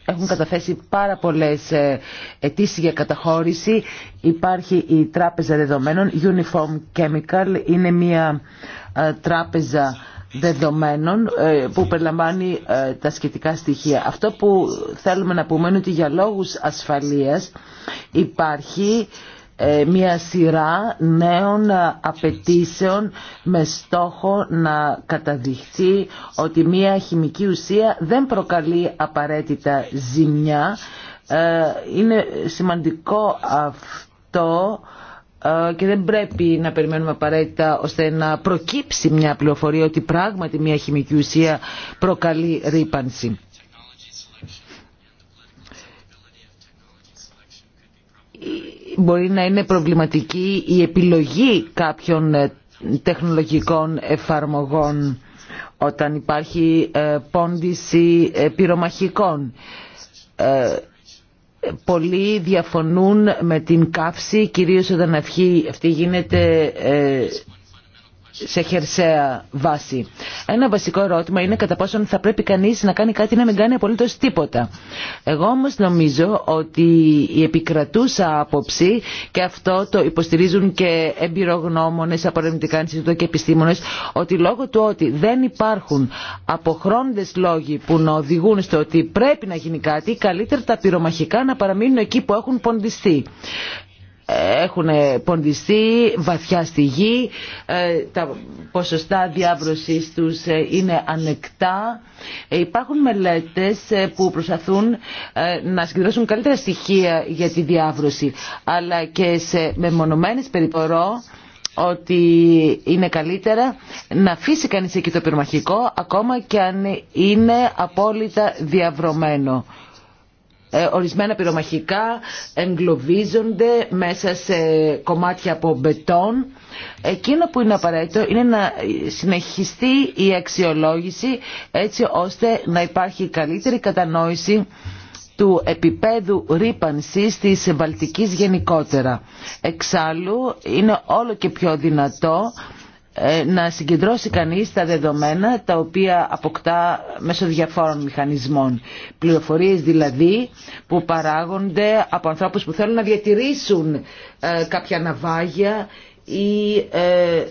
έχουν καταθέσει πάρα πολλές ε, αιτήσει για καταχώρηση. Υπάρχει η τράπεζα δεδομένων, Uniform Chemical, είναι μια τράπεζα δεδομένων ε, που περιλαμβάνει ε, τα σχετικά στοιχεία. Αυτό που θέλουμε να πούμε είναι ότι για λόγους ασφαλείας υπάρχει ε, μια σειρά νέων απαιτήσεων με στόχο να καταδειχθεί ότι μια χημική ουσία δεν προκαλεί απαραίτητα ζημιά. Είναι σημαντικό αυτό και δεν πρέπει να περιμένουμε απαραίτητα ώστε να προκύψει μια πληροφορία ότι πράγματι μια χημική ουσία προκαλεί ρήπανση. Μπορεί να είναι προβληματική η επιλογή κάποιων ε, τεχνολογικών εφαρμογών όταν υπάρχει ε, πόντιση ε, πυρομαχικών Πολλοί διαφωνούν με την καύση, κυρίως όταν αυτή γίνεται ε, σε χερσαία βάση. Ένα βασικό ερώτημα είναι κατά πόσον θα πρέπει κανείς να κάνει κάτι να μην κάνει απολύτως τίποτα. Εγώ όμως νομίζω ότι η επικρατούσα άποψη και αυτό το υποστηρίζουν και εμπειρογνώμονες, απορρευνητικά Ινστιτούτα και επιστήμονες ότι λόγω του ότι δεν υπάρχουν αποχρόντες λόγοι που να οδηγούν στο ότι πρέπει να γίνει κάτι καλύτερα τα πυρομαχικά να παραμείνουν εκεί που έχουν ποντιστεί έχουν ποντιστεί βαθιά στη γη, ε, τα ποσοστά διάβρωσης τους ε, είναι ανεκτά. Ε, υπάρχουν μελέτες που προσπαθούν να συγκεντρώσουν καλύτερα στοιχεία για τη διάβρωση, αλλά και σε μεμονωμένες περιπορώ ότι είναι καλύτερα να αφήσει κανείς εκεί το πυρομαχικό ακόμα και αν είναι απόλυτα διαβρωμένο. Ε, ορισμένα πυρομαχικά εγκλωβίζονται μέσα σε κομμάτια από μπετόν. Εκείνο που είναι απαραίτητο είναι να συνεχιστεί η αξιολόγηση έτσι ώστε να υπάρχει καλύτερη κατανόηση του επίπεδου ρήπανσης της Βαλτικής γενικότερα. Εξάλλου είναι όλο και πιο δυνατό ε, να συγκεντρώσει κανείς τα δεδομένα τα οποία αποκτά μέσω διαφόρων μηχανισμών. Πληροφορίες δηλαδή που παράγονται από ανθρώπους που θέλουν να διατηρήσουν ε, κάποια ναυάγια ή ε,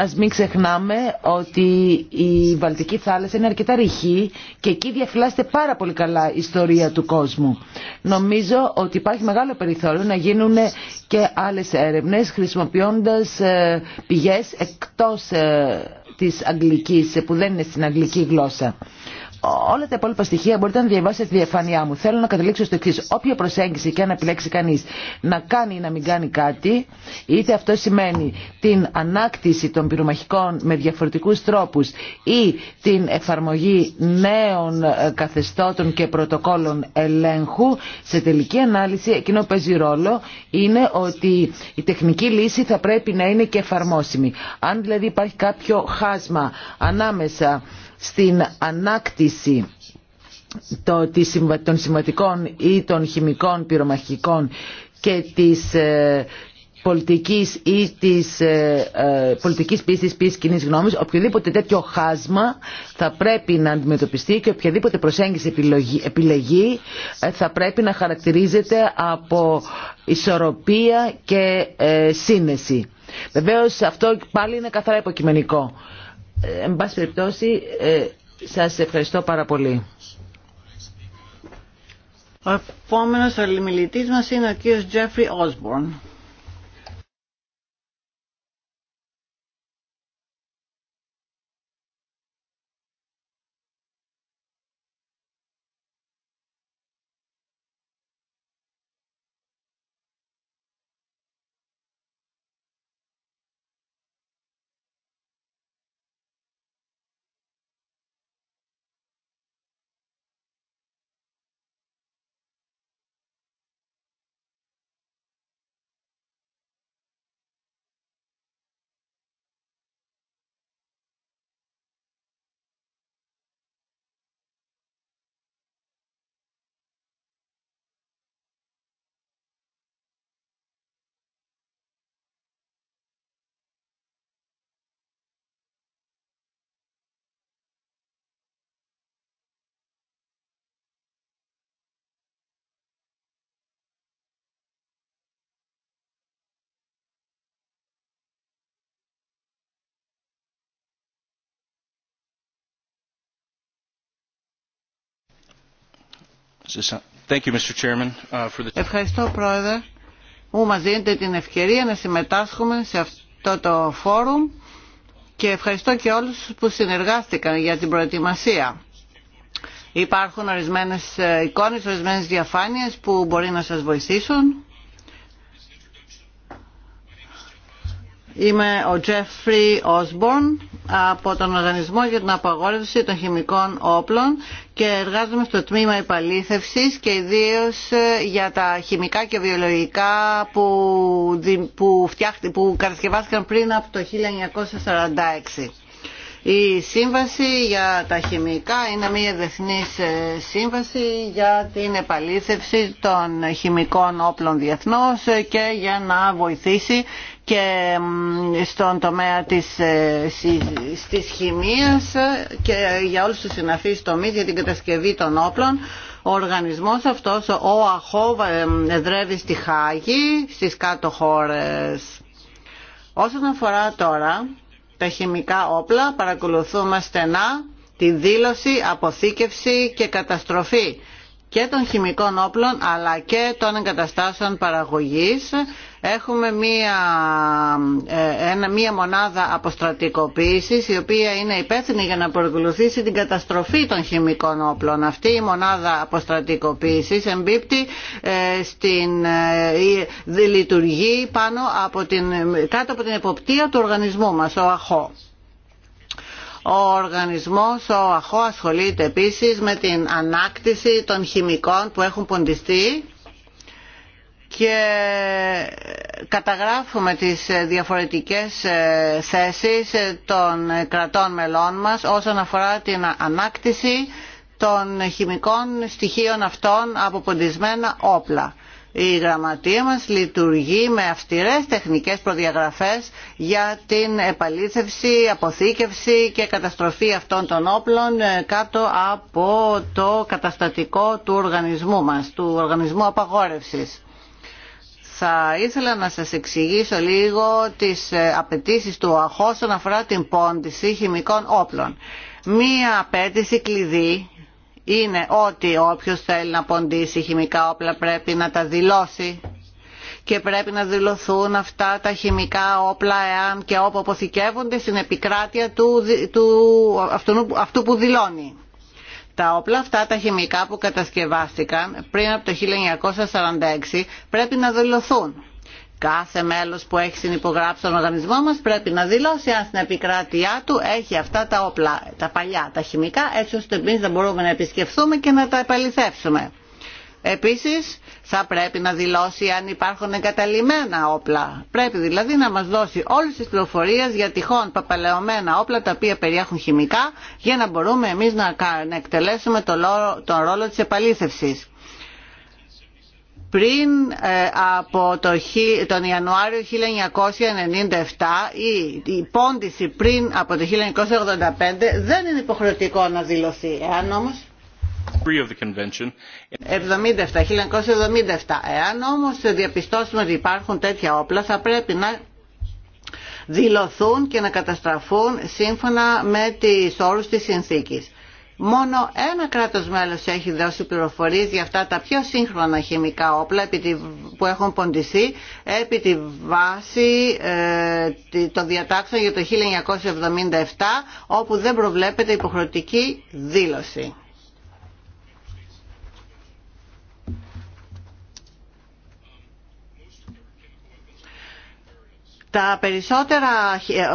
Ας μην ξεχνάμε ότι η Βαλτική θάλασσα είναι αρκετά ρηχή και εκεί διαφυλάσσεται πάρα πολύ καλά η ιστορία του κόσμου. Νομίζω ότι υπάρχει μεγάλο περιθώριο να γίνουν και άλλες έρευνες χρησιμοποιώντας ε, πηγές εκτός ε, της αγγλικής που δεν είναι στην αγγλική γλώσσα. Όλα τα υπόλοιπα στοιχεία μπορείτε να διαβάσετε τη διαφάνειά μου. Θέλω να καταλήξω στο εξή. Όποια προσέγγιση και αν επιλέξει κανεί να κάνει ή να μην κάνει κάτι, είτε αυτό σημαίνει την ανάκτηση των πυρομαχικών με διαφορετικού τρόπου ή την εφαρμογή νέων ε, καθεστώτων και πρωτοκόλων ελέγχου, σε τελική ανάλυση εκείνο που παίζει ρόλο είναι ότι η τεχνική λύση θα πρέπει να είναι και εφαρμόσιμη. Αν δηλαδή υπάρχει κάποιο χάσμα ανάμεσα στην ανάκτηση των συμβατικών ή των χημικών πυρομαχικών και της ε, πολιτικής ή της ε, ε, πολιτικής πίστης, κοινής γνώμης, οποιοδήποτε τέτοιο χάσμα θα πρέπει να αντιμετωπιστεί και οποιαδήποτε προσέγγιση επιλογή θα πρέπει να χαρακτηρίζεται από ισορροπία και σύνεση. Βεβαίως αυτό πάλι είναι καθαρά υποκειμενικό. Εν πάση περιπτώσει, ε, σας ευχαριστώ πάρα πολύ. Ο επόμενος ομιλητής μα είναι ο κύριος Τζέφρι Όσμπορν. Uh, ευχαριστώ Πρόεδρε που μας δίνετε την ευκαιρία να συμμετάσχουμε σε αυτό το φόρουμ και ευχαριστώ και όλους που συνεργάστηκαν για την προετοιμασία. Υπάρχουν ορισμένες ε, εικόνες, ορισμένες διαφάνειες που μπορεί να σας βοηθήσουν Είμαι ο Τζέφρι Osborne από τον Οργανισμό για την Απαγόρευση των Χημικών Όπλων και εργάζομαι στο τμήμα υπαλήθευσης και ιδίως ε, για τα χημικά και βιολογικά που, που, που κατασκευάστηκαν πριν από το 1946. Η σύμβαση για τα χημικά είναι μια διεθνή ε, σύμβαση για την επαλήθευση των χημικών όπλων διεθνώς ε, και για να βοηθήσει και στον τομέα της, ε, της χημίας και για όλους τους συναφείς τομείς για την κατασκευή των όπλων. Ο οργανισμός αυτός, ο ΑΧΟΒ, εδρεύει στη Χάγη, στις κάτω χώρες. Όσον αφορά τώρα τα χημικά όπλα, παρακολουθούμε στενά τη δήλωση, αποθήκευση και καταστροφή και των χημικών όπλων αλλά και των εγκαταστάσεων παραγωγής. Έχουμε μία, ε, ένα, μία μονάδα αποστρατικοποίησης η οποία είναι υπεύθυνη για να προκολουθήσει την καταστροφή των χημικών όπλων. Αυτή η μονάδα αποστρατικοποίησης εμπίπτει ε, στην ε, λειτουργεί πάνω από την, κάτω από την εποπτεία του οργανισμού μας, ο ΑΧΟ. Ο οργανισμός, ο ΑΧΟ, ασχολείται επίσης με την ανάκτηση των χημικών που έχουν ποντιστεί και καταγράφουμε τις διαφορετικές ε, θέσεις ε, των κρατών μελών μας όσον αφορά την ανάκτηση των χημικών στοιχείων αυτών από ποντισμένα όπλα η γραμματεία μας λειτουργεί με αυστηρές τεχνικές προδιαγραφές για την επαλήθευση, αποθήκευση και καταστροφή αυτών των όπλων ε, κάτω από το καταστατικό του οργανισμού μας, του οργανισμού απαγόρευσης. Θα ήθελα να σας εξηγήσω λίγο τις ε, απαιτήσεις του ΟΑΧ όσον αφορά την πόντιση χημικών όπλων. Μία απέτηση κλειδί είναι ότι όποιος θέλει να ποντίσει χημικά όπλα πρέπει να τα δηλώσει και πρέπει να δηλωθούν αυτά τα χημικά όπλα εάν και όπου αποθηκεύονται στην επικράτεια του, αυτού, αυτού που δηλώνει. Τα όπλα αυτά τα χημικά που κατασκευάστηκαν πριν από το 1946 πρέπει να δηλωθούν Κάθε μέλος που έχει συνυπογράψει τον οργανισμό μας πρέπει να δηλώσει αν στην επικράτειά του έχει αυτά τα όπλα, τα παλιά, τα χημικά, έτσι ώστε εμείς να μπορούμε να επισκεφθούμε και να τα επαληθεύσουμε. Επίσης, θα πρέπει να δηλώσει αν υπάρχουν εγκαταλειμμένα όπλα. Πρέπει δηλαδή να μας δώσει όλες τις πληροφορίες για τυχόν παπαλαιωμένα όπλα τα οποία περιέχουν χημικά για να μπορούμε εμείς να εκτελέσουμε τον ρόλο της επαλήθευσης πριν ε, από το, τον Ιανουάριο 1997 ή η πόντιση πριν από το 1985 δεν είναι υποχρεωτικό να δηλωθεί. Εάν όμως 77, 1977. Εάν όμως διαπιστώσουμε ότι υπάρχουν τέτοια όπλα θα πρέπει να δηλωθούν και να καταστραφούν σύμφωνα με τις όρους της συνθήκης. Μόνο ένα κράτος μέλος έχει δώσει πληροφορίες για αυτά τα πιο σύγχρονα χημικά όπλα που έχουν ποντιστεί επί τη βάση ε, των διατάξεων για το 1977 όπου δεν προβλέπεται υποχρεωτική δήλωση. Τα περισσότερα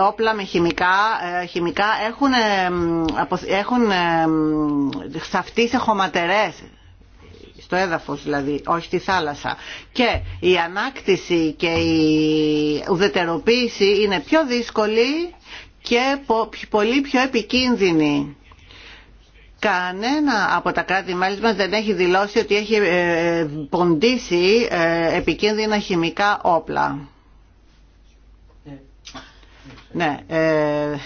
όπλα με χημικά, ε, χημικά έχουν, ε, έχουν ε, σε χωματερές στο έδαφος δηλαδή, όχι στη θάλασσα. Και η ανάκτηση και η ουδετεροποίηση είναι πιο δύσκολη και πολύ πιο επικίνδυνη. Κανένα από τα κράτη-μέλη δεν έχει δηλώσει ότι έχει ποντίσει επικίνδυνα χημικά όπλα. Ναι. Ε...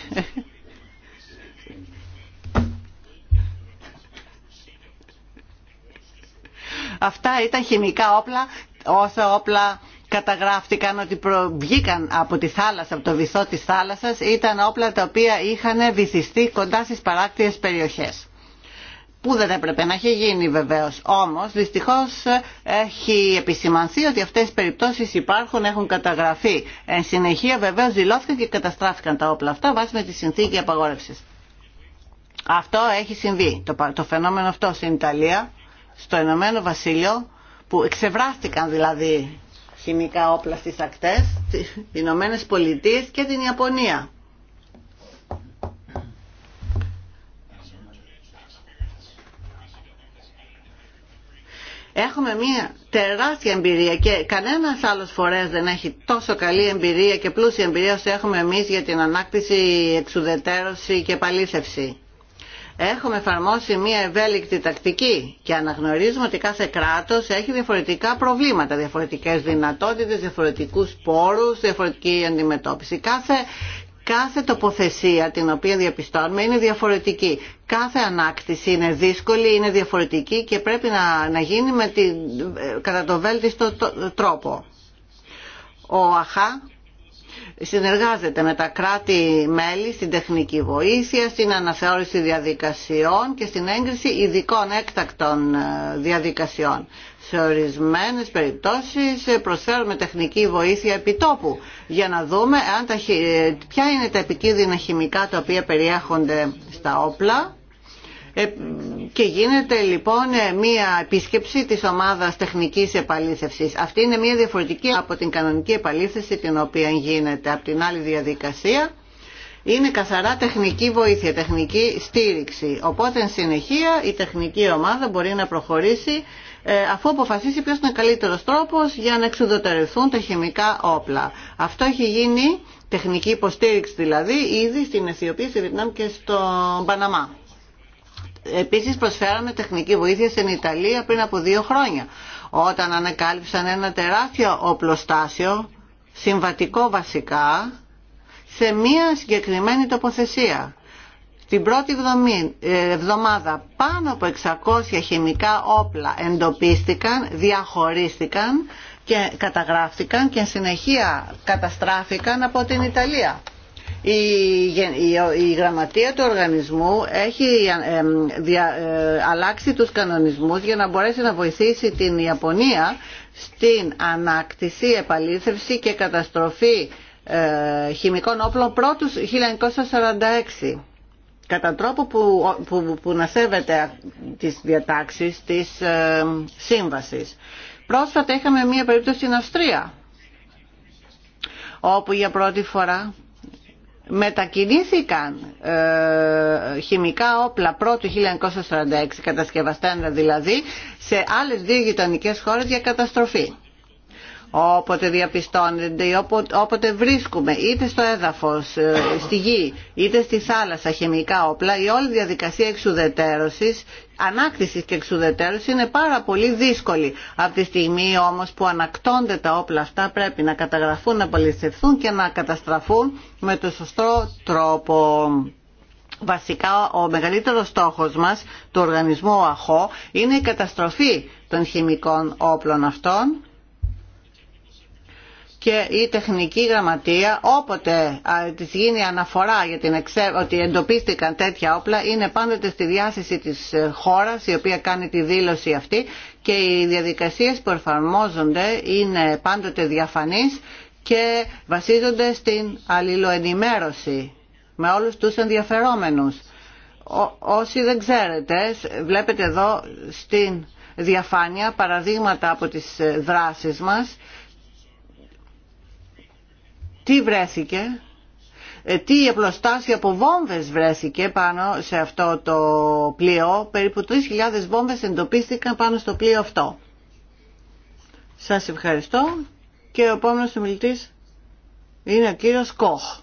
Αυτά ήταν χημικά όπλα, όσα όπλα καταγράφτηκαν ότι βγήκαν από τη θάλασσα, από το βυθό της θάλασσας, ήταν όπλα τα οποία είχαν βυθιστεί κοντά στις παράκτιες περιοχές που δεν έπρεπε να έχει γίνει βεβαίως. Όμως δυστυχώς έχει επισημανθεί ότι αυτές οι περιπτώσεις υπάρχουν, έχουν καταγραφεί. Εν συνεχεία βεβαίως δηλώθηκαν και καταστράφηκαν τα όπλα αυτά βάσει με τη συνθήκη απαγόρευσης. Αυτό έχει συμβεί, το, φαινόμενο αυτό στην Ιταλία, στο Ηνωμένο Βασίλειο, που εξευράστηκαν δηλαδή χημικά όπλα στις ακτές, τι Ηνωμένε Πολιτείες και την Ιαπωνία. Έχουμε μια τεράστια εμπειρία και κανένας άλλος φορέας δεν έχει τόσο καλή εμπειρία και πλούσια εμπειρία όσο έχουμε εμείς για την ανάκτηση, εξουδετέρωση και επαλήθευση. Έχουμε εφαρμόσει μια ευέλικτη τακτική και αναγνωρίζουμε ότι κάθε κράτος έχει διαφορετικά προβλήματα, διαφορετικές δυνατότητες, διαφορετικούς πόρους, διαφορετική αντιμετώπιση. Κάθε Κάθε τοποθεσία την οποία διαπιστώνουμε είναι διαφορετική. Κάθε ανάκτηση είναι δύσκολη, είναι διαφορετική και πρέπει να, να γίνει με την, κατά το βέλτιστο τρόπο. Ο ΑΧΑ συνεργάζεται με τα κράτη-μέλη στην τεχνική βοήθεια, στην αναθεώρηση διαδικασιών και στην έγκριση ειδικών έκτακτων ε, διαδικασιών σε ορισμένες περιπτώσεις προσφέρουμε τεχνική βοήθεια επιτόπου για να δούμε αν τα, ποια είναι τα επικίνδυνα χημικά τα οποία περιέχονται στα όπλα ε, και γίνεται λοιπόν ε, μία επίσκεψη της ομάδας τεχνικής επαλήθευσης. Αυτή είναι μία διαφορετική από την κανονική επαλήθευση την οποία γίνεται από την άλλη διαδικασία. Είναι καθαρά τεχνική βοήθεια, τεχνική στήριξη. Οπότε, εν συνεχεία, η τεχνική ομάδα μπορεί να προχωρήσει ε, αφού αποφασίσει ποιος είναι ο καλύτερος τρόπος για να εξουδετερευθούν τα χημικά όπλα. Αυτό έχει γίνει, τεχνική υποστήριξη δηλαδή, ήδη στην Αιθιοπία, στη Βιετνάμ και στο Παναμά. Επίσης προσφέραμε τεχνική βοήθεια στην Ιταλία πριν από δύο χρόνια, όταν ανακάλυψαν ένα τεράστιο οπλοστάσιο, συμβατικό βασικά, σε μία συγκεκριμένη τοποθεσία την πρώτη ε, εβδομάδα πάνω από 600 χημικά όπλα εντοπίστηκαν, διαχωρίστηκαν και καταγράφτηκαν και συνεχεία καταστράφηκαν από την Ιταλία. Η γραμματεία του οργανισμού έχει ε, ε, αλλάξει τους κανονισμούς για να μπορέσει να βοηθήσει την Ιαπωνία στην ανάκτηση, επαλήθευση και καταστροφή χημικών όπλων πρώτους 1946 κατά τρόπο που, που, που να σέβεται τις διατάξεις της ε, σύμβασης. Πρόσφατα είχαμε μία περίπτωση στην Αυστρία, όπου για πρώτη φορά μετακινήθηκαν ε, χημικά όπλα πρώτου 1946, κατασκευαστέντα δηλαδή, σε άλλες δύο γειτονικέ χώρες για καταστροφή όποτε διαπιστώνεται, όποτε βρίσκουμε, είτε στο έδαφος, ε, στη γη, είτε στη θάλασσα χημικά όπλα, η όλη διαδικασία εξουδετέρωσης, ανάκτησης και εξουδετέρωσης είναι πάρα πολύ δύσκολη. Από τη στιγμή όμως που ανακτώνται τα όπλα αυτά πρέπει να καταγραφούν, να πολιτευθούν και να καταστραφούν με το σωστό τρόπο. Βασικά ο μεγαλύτερος στόχος μας του οργανισμού ΑΧΟ είναι η καταστροφή των χημικών όπλων αυτών και η τεχνική γραμματεία όποτε της γίνει αναφορά για την ότι εντοπίστηκαν τέτοια όπλα είναι πάντοτε στη διάθεση της ε, χώρας η οποία κάνει τη δήλωση αυτή και οι διαδικασίες που εφαρμόζονται είναι πάντοτε διαφανείς και βασίζονται στην αλληλοενημέρωση με όλους τους ενδιαφερόμενους. Ό, όσοι δεν ξέρετε, βλέπετε εδώ στην διαφάνεια παραδείγματα από τις ε, δράσεις μας τι βρέθηκε, ε, τι απλοστάσια από βόμβες βρέθηκε πάνω σε αυτό το πλοίο. Περίπου 3.000 βόμβες εντοπίστηκαν πάνω στο πλοίο αυτό. Σας ευχαριστώ και ο επόμενος ομιλητής είναι ο κύριος Κόχ.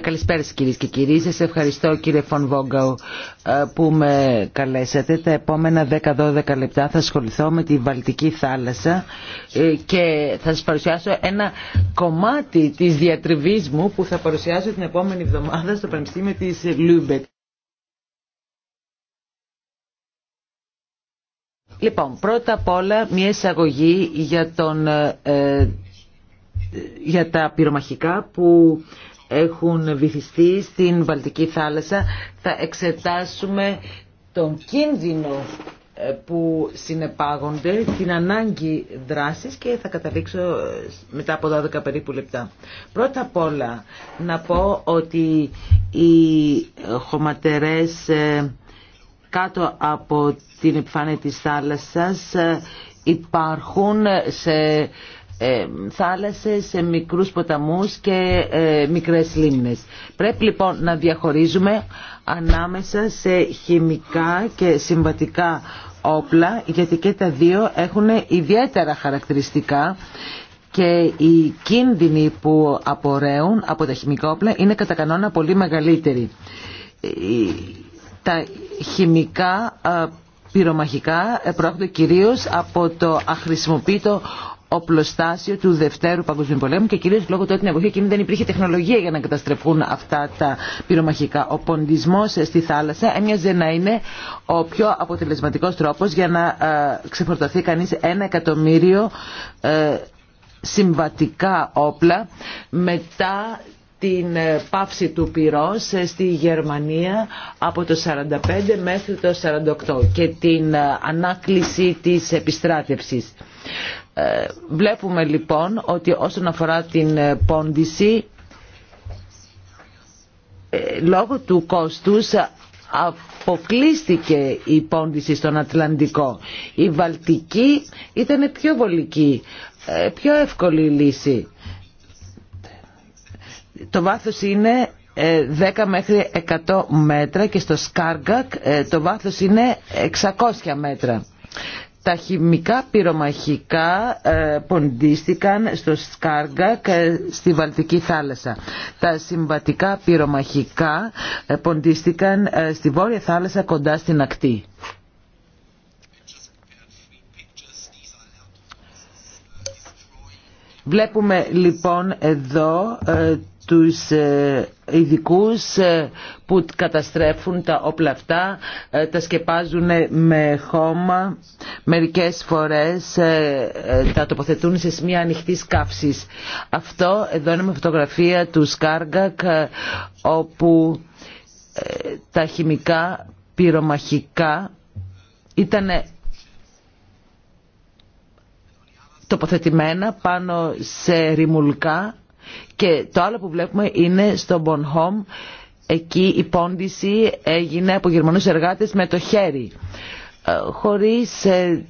καλησπέρα σας κυρίες και κύριοι. Σας ευχαριστώ κύριε Von Βόγκο, ε, που με καλέσατε. Τα επόμενα 10-12 λεπτά θα ασχοληθώ με τη Βαλτική θάλασσα ε, και θα σας παρουσιάσω ένα κομμάτι της διατριβής μου που θα παρουσιάσω την επόμενη εβδομάδα στο Πανεπιστήμιο της Λούμπεκ. Λοιπόν, πρώτα απ' όλα μια εισαγωγή για, τον, ε, ε, για τα πυρομαχικά που έχουν βυθιστεί στην Βαλτική θάλασσα. Θα εξετάσουμε τον κίνδυνο ε, που συνεπάγονται την ανάγκη δράσης και θα καταλήξω μετά από 12 περίπου λεπτά. Πρώτα απ' όλα να πω ότι οι χωματερές κάτω από την επιφάνεια της θάλασσας ε, υπάρχουν σε ε, θάλασσες, σε μικρούς ποταμούς και ε, μικρές λίμνες. Πρέπει λοιπόν να διαχωρίζουμε ανάμεσα σε χημικά και συμβατικά όπλα γιατί και τα δύο έχουν ιδιαίτερα χαρακτηριστικά και οι κίνδυνοι που απορρέουν από τα χημικά όπλα είναι κατά κανόνα πολύ μεγαλύτεροι. Ε, τα χημικά ε, πυρομαχικά ε, πρόκειται κυρίως από το αχρησιμοποιητό οπλοστάσιο του Δευτέρου Παγκοσμίου Πολέμου και κυρίως λόγω του ότι την εποχή εκείνη δεν υπήρχε τεχνολογία για να καταστρεφούν αυτά τα πυρομαχικά. Ο ποντισμό στη θάλασσα έμοιαζε να είναι ο πιο αποτελεσματικός τρόπος για να ε, ξεφορτωθεί κανεί ένα εκατομμύριο συμβατικά όπλα μετά την ε, πάυση του πυρός ε, στη Γερμανία από το 45 μέχρι το 48 και την ε, ανάκληση της επιστράτευσης. Βλέπουμε λοιπόν ότι όσον αφορά την πόντιση λόγω του κόστους αποκλείστηκε η πόντιση στον Ατλαντικό. Η Βαλτική ήταν πιο βολική, πιο εύκολη λύση. Το βάθος είναι 10 ε, μέχρι 100 μέτρα και στο Σκάργακ ε, το βάθος είναι 600 μέτρα. Τα χημικά πυρομαχικά ε, ποντίστηκαν στο Σκάργακ στη Βαλτική θάλασσα. Τα συμβατικά πυρομαχικά ποντίστηκαν στη Βόρεια θάλασσα κοντά στην ακτή. Βλέπουμε λοιπόν εδώ τους ε, ειδικού ε, που καταστρέφουν τα όπλα αυτά, ε, τα σκεπάζουν με χώμα, μερικές φορές τα τοποθετούν σε σημεία ανοιχτής καύσης. Αυτό εδώ είναι με φωτογραφία του Σκάργακ όπου τα χημικά πυρομαχικά ήταν τοποθετημένα πάνω σε ρημουλκά και το άλλο που βλέπουμε είναι στο Bonhomme, εκεί η πόντιση έγινε από Γερμανούς εργάτες με το χέρι, ε, χωρίς ε,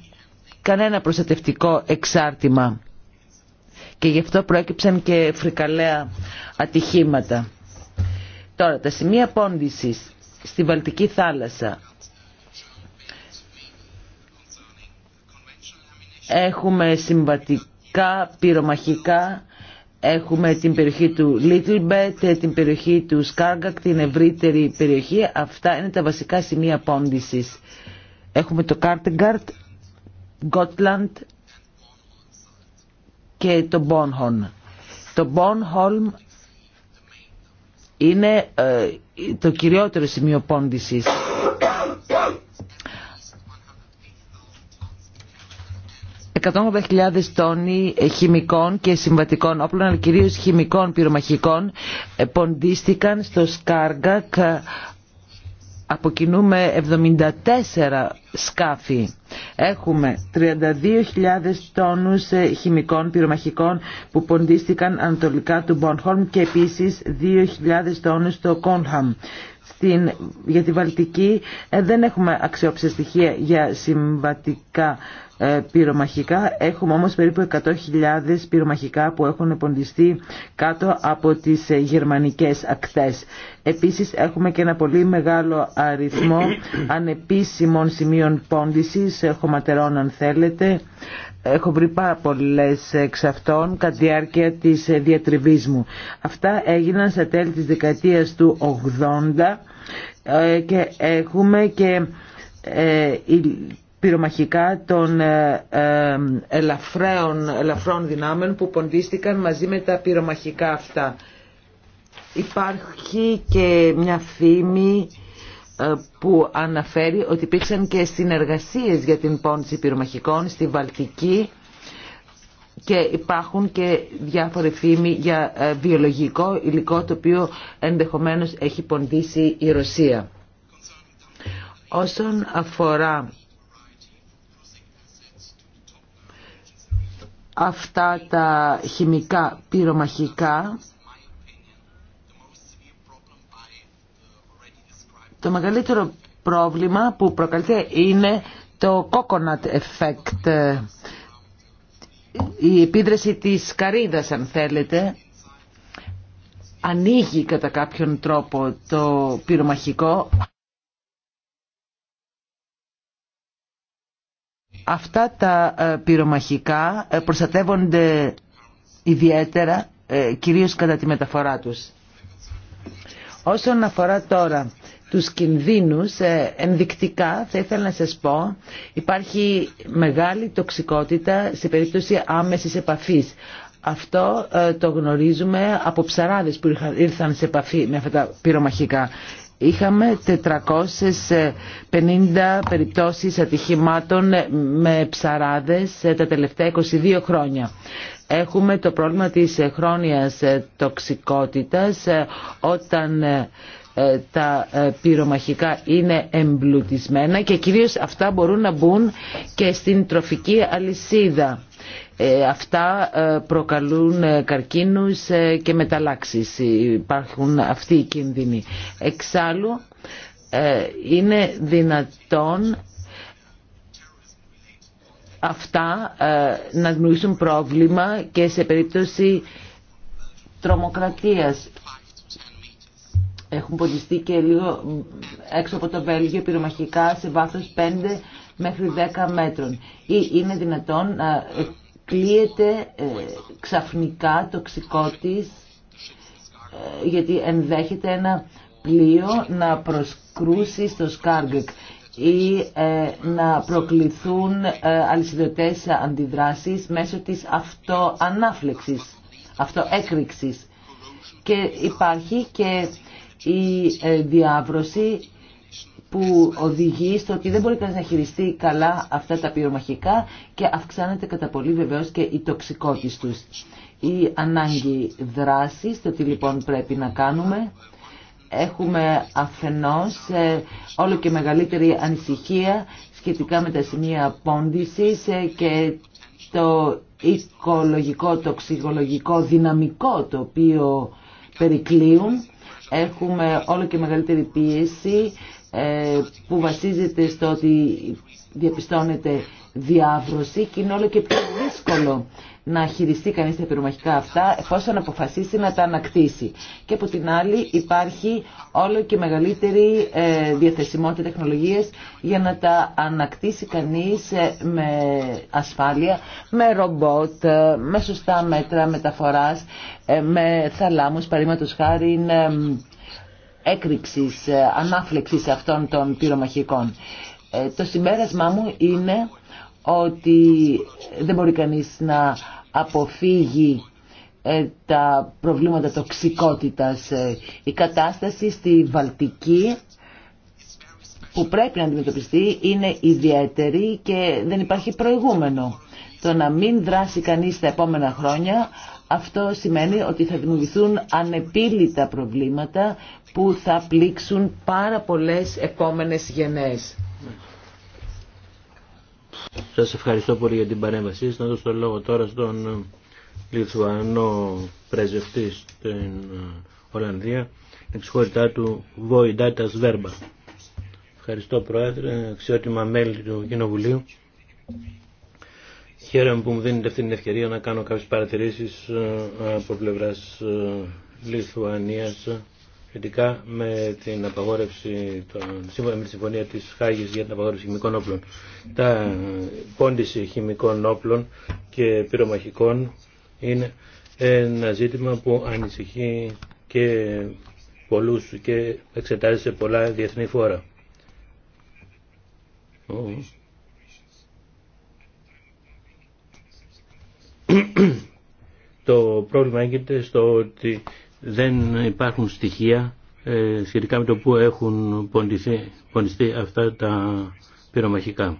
κανένα προστατευτικό εξάρτημα. Και γι' αυτό προέκυψαν και φρικαλαία ατυχήματα. Τώρα, τα σημεία πόντισης στη Βαλτική θάλασσα. Έχουμε συμβατικά, πυρομαχικά Έχουμε την περιοχή του Bay, την περιοχή του Σκάργακ, την ευρύτερη περιοχή. Αυτά είναι τα βασικά σημεία πόντισης. Έχουμε το Κάρτεγκαρτ, Γκότλαντ και το Μπονχόλμ. Το Μπόνχολμ είναι ε, το κυριότερο σημείο πόντισης. 180.000 τόνοι ε, χημικών και συμβατικών όπλων, αλλά κυρίως χημικών πυρομαχικών, ε, ποντίστηκαν στο Σκάργακ αποκινούμε 74 σκάφη. Έχουμε 32.000 τόνους ε, χημικών πυρομαχικών που ποντίστηκαν ανατολικά του Μπονχόλμ και επίσης 2.000 τόνους στο Κόνχαμ για τη Βαλτική ε, δεν έχουμε αξιόπιστα στοιχεία για συμβατικά ε, πυρομαχικά. Έχουμε όμως περίπου 100.000 πυρομαχικά που έχουν ποντιστεί κάτω από τις ε, γερμανικές ακτές. Επίσης έχουμε και ένα πολύ μεγάλο αριθμό ανεπίσημων σημείων πόντισης, χωματερών αν θέλετε, Έχω βρει πάρα πολλές εξ αυτών κατά τη διάρκεια της διατριβή μου. Αυτά έγιναν στα τέλη της δεκαετία του 80 ε, και έχουμε και ε, πυρομαχικά των ε, ελαφραίων, ελαφρών δυνάμεων που ποντίστηκαν μαζί με τα πυρομαχικά αυτά. Υπάρχει και μια φήμη ε, που αναφέρει ότι υπήρξαν και συνεργασίες για την πόντιση πυρομαχικών στη Βαλτική και υπάρχουν και διάφορες φήμοι για ε, βιολογικό υλικό το οποίο ενδεχομένως έχει ποντήσει η Ρωσία. Όσον αφορά αυτά τα χημικά πυρομαχικά Το μεγαλύτερο πρόβλημα που προκαλείται είναι το coconut effect, η επίδραση της καρύδας αν θέλετε, ανοίγει κατά κάποιον τρόπο το πυρομαχικό. Αυτά τα ε, πυρομαχικά ε, προστατεύονται ιδιαίτερα, ε, κυρίως κατά τη μεταφορά τους. Όσον αφορά τώρα τους κινδύνους ε, ενδεικτικά θα ήθελα να σας πω υπάρχει μεγάλη τοξικότητα σε περίπτωση άμεσης επαφής. Αυτό ε, το γνωρίζουμε από ψαράδες που ήρθαν σε επαφή με αυτά τα πυρομαχικά. Είχαμε 450 περιπτώσεις ατυχημάτων ε, με ψαράδες τα τελευταία 22 χρόνια. Έχουμε το πρόβλημα της χρόνιας τοξικότητας όταν ε, τα ε, πυρομαχικά είναι εμπλουτισμένα και κυρίως αυτά μπορούν να μπουν και στην τροφική αλυσίδα. Ε, αυτά προκαλούν καρκίνους και μεταλλάξεις. Υπάρχουν αυτοί οι κίνδυνοι. Εξάλλου είναι δυνατόν αυτά να δημιουργήσουν πρόβλημα και σε περίπτωση τρομοκρατίας έχουν ποντιστεί και λίγο έξω από το Βέλγιο πυρομαχικά σε βάθος 5 μέχρι 10 μέτρων. Ή είναι δυνατόν να κλείεται ε, ξαφνικά τοξικό της ε, γιατί ενδέχεται ένα πλοίο να προσκρούσει στο Σκάργκεκ ή ε, να προκληθούν αλυσιδωτές αντιδράσεις μέσω της αυτοανάφλεξης, αυτοέκρηξης. Και υπάρχει και η ε, διάβρωση που οδηγεί στο ότι δεν μπορεί κανείς να χειριστεί καλά αυτά τα πυρομαχικά και αυξάνεται κατά πολύ βεβαίως και η τοξικότητα τους. Η ανάγκη δράσης, το τι λοιπόν πρέπει να κάνουμε, έχουμε αφενός ε, όλο και μεγαλύτερη ανησυχία σχετικά με τα σημεία πόντισης ε, και το οικολογικό, τοξικολογικό δυναμικό το οποίο περικλείουν Έχουμε όλο και μεγαλύτερη πίεση ε, που βασίζεται στο ότι διαπιστώνεται διάβρωση και είναι όλο και πιο δύσκολο να χειριστεί κανείς τα πυρομαχικά αυτά εφόσον αποφασίσει να τα ανακτήσει. Και από την άλλη υπάρχει όλο και μεγαλύτερη ε, διαθεσιμότητα τεχνολογίες για να τα ανακτήσει κανείς ε, με ασφάλεια, με ρομπότ, ε, με σωστά μέτρα μεταφοράς, με θαλάμους, τους χάρη έκρηξης, ανάφλεξης αυτών των πυρομαχικών. Το συμπέρασμά μου είναι ότι δεν μπορεί κανείς να αποφύγει ε, τα προβλήματα τοξικότητας. Ε, η κατάσταση στη Βαλτική που πρέπει να αντιμετωπιστεί είναι ιδιαίτερη και δεν υπάρχει προηγούμενο. Το να μην δράσει κανείς τα επόμενα χρόνια αυτό σημαίνει ότι θα δημιουργηθούν ανεπίλητα προβλήματα που θα πλήξουν πάρα πολλές επόμενες γενναίες. Σας ευχαριστώ πολύ για την παρέμβασή Να δώσω το λόγο τώρα στον ε, Λιθουανό πρεσβευτή στην ε, Ολλανδία, εξχωρητά του Βοϊντάτας Βέρμπα. Ευχαριστώ Πρόεδρε, αξιότιμα μέλη του Κοινοβουλίου. Χαίρομαι που μου δίνετε αυτή την ευκαιρία να κάνω κάποιες παρατηρήσεις ε, από πλευράς Λιθουανίας σχετικά με την απαγόρευση, σύμφωνα με τη συμφωνία της Χάγης για την απαγόρευση χημικών όπλων. Τα πόντιση χημικών όπλων και πυρομαχικών είναι ένα ζήτημα που ανησυχεί και πολλούς και εξετάζει σε πολλά διεθνή φόρα. Το πρόβλημα έγινε στο ότι δεν υπάρχουν στοιχεία ε, σχετικά με το που έχουν πονηθεί, αυτά τα πυρομαχικά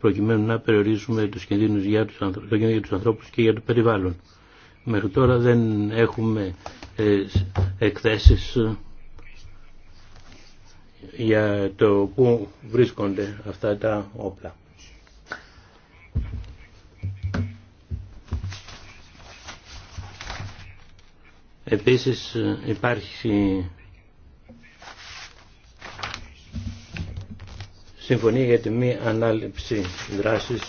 προκειμένου να περιορίσουμε τους κινδύνους για τους, το για τους ανθρώπους και για το περιβάλλον. Μέχρι τώρα δεν έχουμε ε, εκθέσεις ε, για το που βρίσκονται αυτά τα όπλα. Επίσης υπάρχει συμφωνία για τη μη ανάληψη δράσης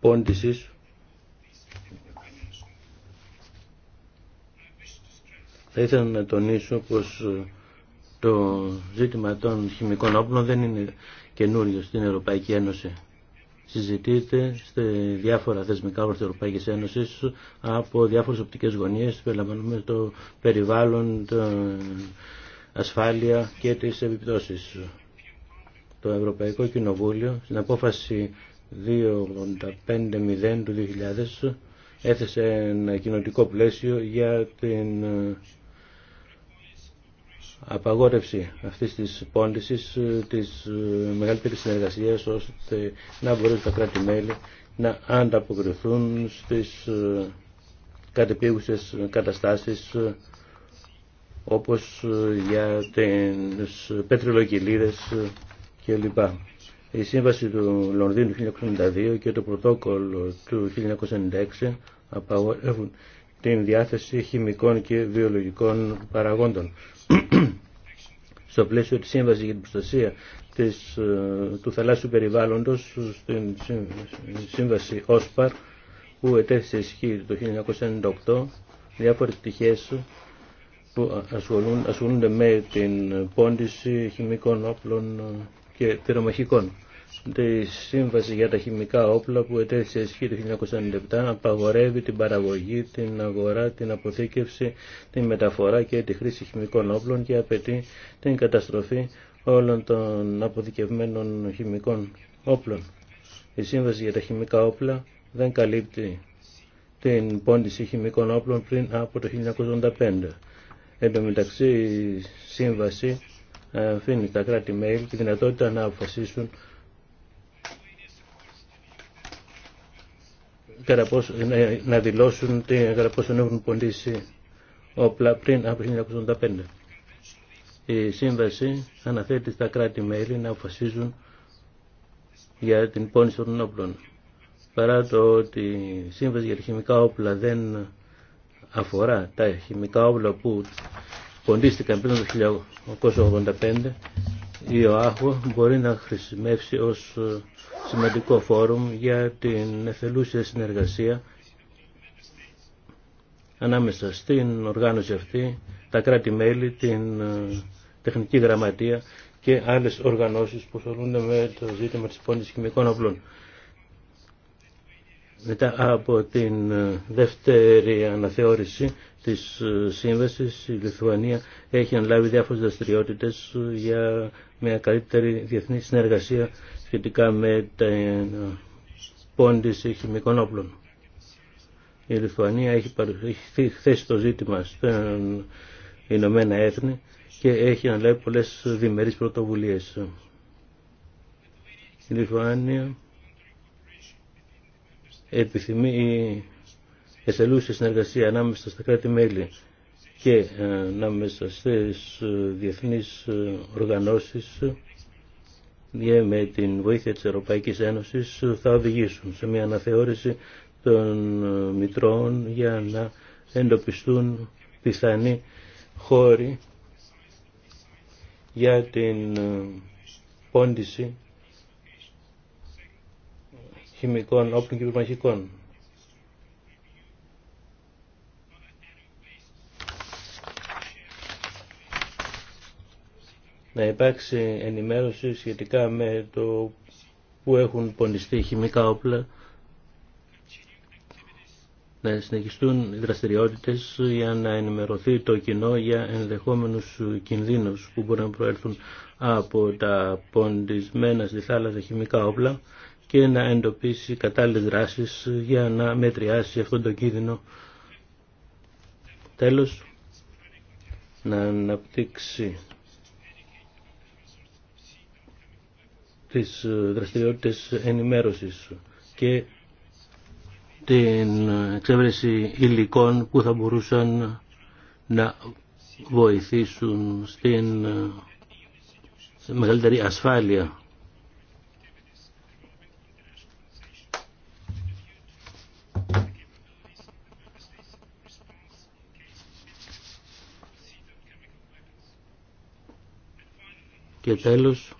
πόντισης Θα ήθελα να τονίσω πως το ζήτημα των χημικών όπλων δεν είναι καινούριο στην Ευρωπαϊκή Ένωση συζητείται σε διάφορα θεσμικά όρθια Ευρωπαϊκής Ένωσης από διάφορες οπτικές γωνίες, περιλαμβάνουμε το περιβάλλον, την ασφάλεια και τις επιπτώσεις. Το Ευρωπαϊκό Κοινοβούλιο στην απόφαση 285.0 του 2000 έθεσε ένα κοινοτικό πλαίσιο για την απαγόρευση αυτή της πώλησης ε, της ε, μεγαλύτερης συνεργασίας ώστε να μπορούν τα κράτη-μέλη να ανταποκριθούν στις ε, κατεπίγουσες καταστάσεις όπως για τις πετρελοκυλίδες κλπ. Η σύμβαση του Λονδίνου 1992 και το πρωτόκολλο του 1996 απαγορεύουν την διάθεση χημικών και βιολογικών παραγόντων στο πλαίσιο της Σύμβασης για την Προστασία της, ε, του θαλάσσιου περιβάλλοντος στην Σύμβαση ΟΣΠΑΡ που ετέθησε ισχύ το 1998 διάφορες πτυχές που ασχολούν, ασχολούνται με την πόντιση χημικών όπλων και πυρομαχικών τη Σύμβαση για τα Χημικά Όπλα που ετέθησε ισχύ το 1997 απαγορεύει την παραγωγή, την αγορά, την αποθήκευση, την μεταφορά και τη χρήση χημικών όπλων και απαιτεί την καταστροφή όλων των αποθηκευμένων χημικών όπλων. Η Σύμβαση για τα Χημικά Όπλα δεν καλύπτει την πόντιση χημικών όπλων πριν από το 1985. Εν τω μεταξύ η Σύμβαση αφήνει τα κράτη-μέλη τη δυνατότητα να αποφασίσουν να δηλώσουν κατά πόσο έχουν πωλήσει όπλα πριν από 1985. Η σύμβαση αναθέτει στα κράτη-μέλη να αποφασίζουν για την πόνηση των όπλων. Παρά το ότι η σύμβαση για τα χημικά όπλα δεν αφορά τα χημικά όπλα που ποντίστηκαν πριν το 1985, η ΟΑΧΟ μπορεί να χρησιμεύσει ως σημαντικό φόρουμ για την εθελούσια συνεργασία ανάμεσα στην οργάνωση αυτή, τα κράτη-μέλη, την ε, τεχνική γραμματεία και άλλες οργανώσεις που ασχολούνται με το ζήτημα της πόνης χημικών απλών. Μετά από την ε, δεύτερη αναθεώρηση της ε, σύμβασης, η Λιθουανία έχει ανλάβει διάφορες δραστηριότητες για μια καλύτερη διεθνή συνεργασία σχετικά με την πόντιση χημικών όπλων. Η Λιθουανία έχει, έχει θέσει το ζήτημα στην Ηνωμένα Έθνη και έχει αναλάβει πολλές διμερείς πρωτοβουλίες. Η Λιθουανία επιθυμεί η εσελούσια συνεργασία ανάμεσα στα κράτη-μέλη και ανάμεσα στις διεθνείς οργανώσεις με την βοήθεια της Ευρωπαϊκής Ένωσης θα οδηγήσουν σε μια αναθεώρηση των μητρώων για να εντοπιστούν πιθανοί χώροι για την πόντιση χημικών όπλων και πυρομαχικών. να υπάρξει ενημέρωση σχετικά με το που έχουν πονηστεί χημικά όπλα να συνεχιστούν οι δραστηριότητες για να ενημερωθεί το κοινό για ενδεχόμενους κινδύνους που μπορούν να προέλθουν από τα ποντισμένα στη θάλασσα χημικά όπλα και να εντοπίσει κατάλληλες δράσεις για να μετριάσει αυτόν τον κίνδυνο. Τέλος, να αναπτύξει τις ε, δραστηριότητες ενημέρωσης και την εξέβρεση υλικών που θα μπορούσαν να βοηθήσουν στην ε, μεγαλύτερη ασφάλεια. Και τέλος,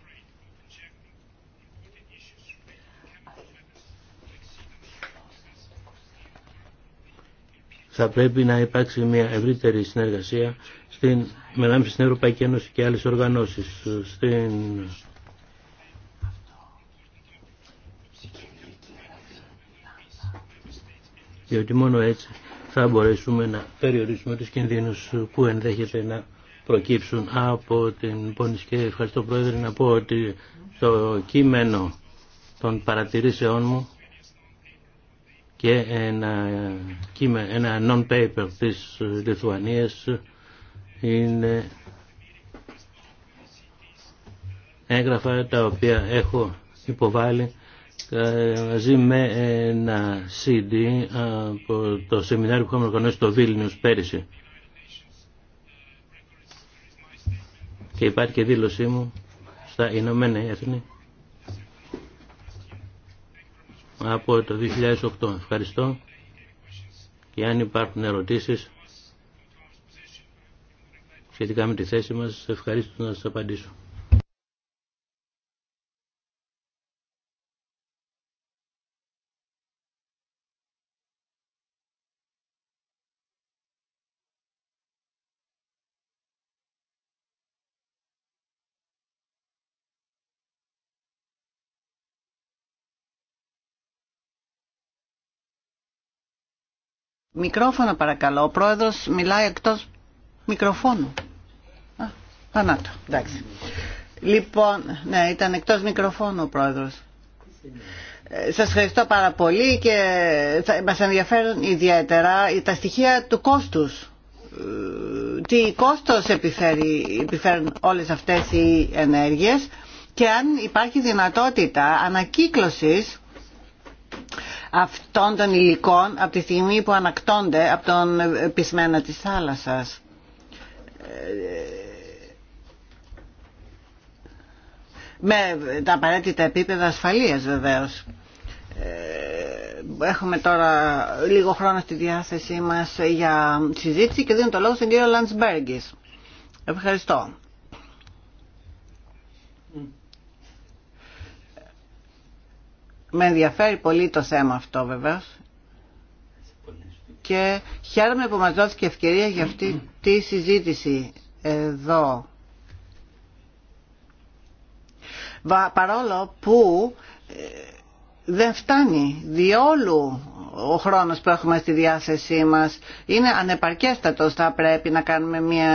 θα πρέπει να υπάρξει μια ευρύτερη συνεργασία στην, ανάμεσα στην Ευρωπαϊκή Ένωση και άλλες οργανώσεις. Στην... Διότι μόνο έτσι θα μπορέσουμε να περιορίσουμε τους κινδύνους που ενδέχεται να προκύψουν από την πόνηση και ευχαριστώ Πρόεδρε να πω ότι το κείμενο των παρατηρήσεών μου και ένα, ένα non-paper της Λιθουανίας είναι έγγραφα τα οποία έχω υποβάλει μαζί με ένα CD από το σεμινάριο που είχαμε οργανώσει στο Βίλνιους πέρυσι. Και υπάρχει και δήλωσή μου στα Ηνωμένα Έθνη από το 2008. Ευχαριστώ και αν υπάρχουν ερωτήσεις σχετικά με τη θέση μας, ευχαρίστω να σας απαντήσω. Μικρόφωνο παρακαλώ. Ο πρόεδρος μιλάει εκτός μικροφώνου. Α, Εντάξει. Λοιπόν, ναι, ήταν εκτός μικροφώνου ο πρόεδρος. Ε, σας ευχαριστώ πάρα πολύ και μας ενδιαφέρουν ιδιαίτερα τα στοιχεία του κόστους. Ε, τι κόστος επιφέρει, επιφέρουν όλες αυτές οι ενέργειες και αν υπάρχει δυνατότητα ανακύκλωσης αυτών των υλικών από τη στιγμή που ανακτώνται από τον πισμένα της θάλασσας. Με τα απαραίτητα επίπεδα ασφαλείας βεβαίως. Ε, έχουμε τώρα λίγο χρόνο στη διάθεσή μας για συζήτηση και δίνω το λόγο στον κύριο Λαντσμπέργκης. Ευχαριστώ. Με ενδιαφέρει πολύ το θέμα αυτό βέβαια και χαίρομαι που μας δόθηκε ευκαιρία για αυτή τη συζήτηση εδώ. Παρόλο που ε, δεν φτάνει διόλου ο χρόνος που έχουμε στη διάθεσή μας είναι ανεπαρκέστατος θα πρέπει να κάνουμε μια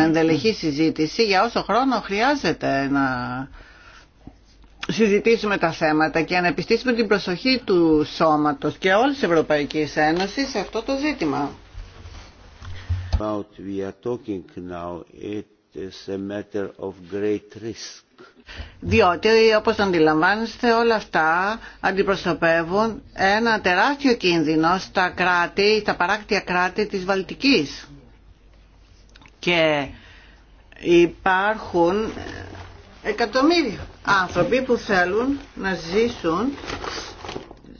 ενδελεχή συζήτηση για όσο χρόνο χρειάζεται να συζητήσουμε τα θέματα και να επιστήσουμε την προσοχή του σώματος και όλης της Ευρωπαϊκής Ένωσης σε αυτό το ζήτημα. Διότι, όπως αντιλαμβάνεστε, όλα αυτά αντιπροσωπεύουν ένα τεράστιο κίνδυνο στα, κράτη, στα παράκτια κράτη της Βαλτικής. Και υπάρχουν εκατομμύρια άνθρωποι που θέλουν να ζήσουν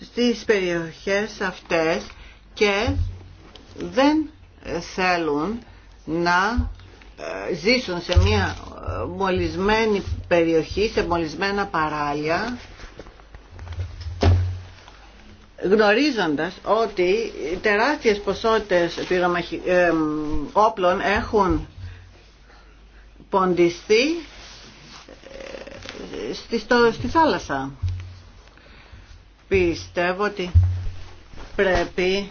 στις περιοχές αυτές και δεν θέλουν να ε, ζήσουν σε μια ε, μολυσμένη περιοχή, σε μολυσμένα παράλια γνωρίζοντας ότι τεράστιες ποσότητες ε, όπλων έχουν ποντιστεί στη, στο, στη θάλασσα. Πιστεύω ότι πρέπει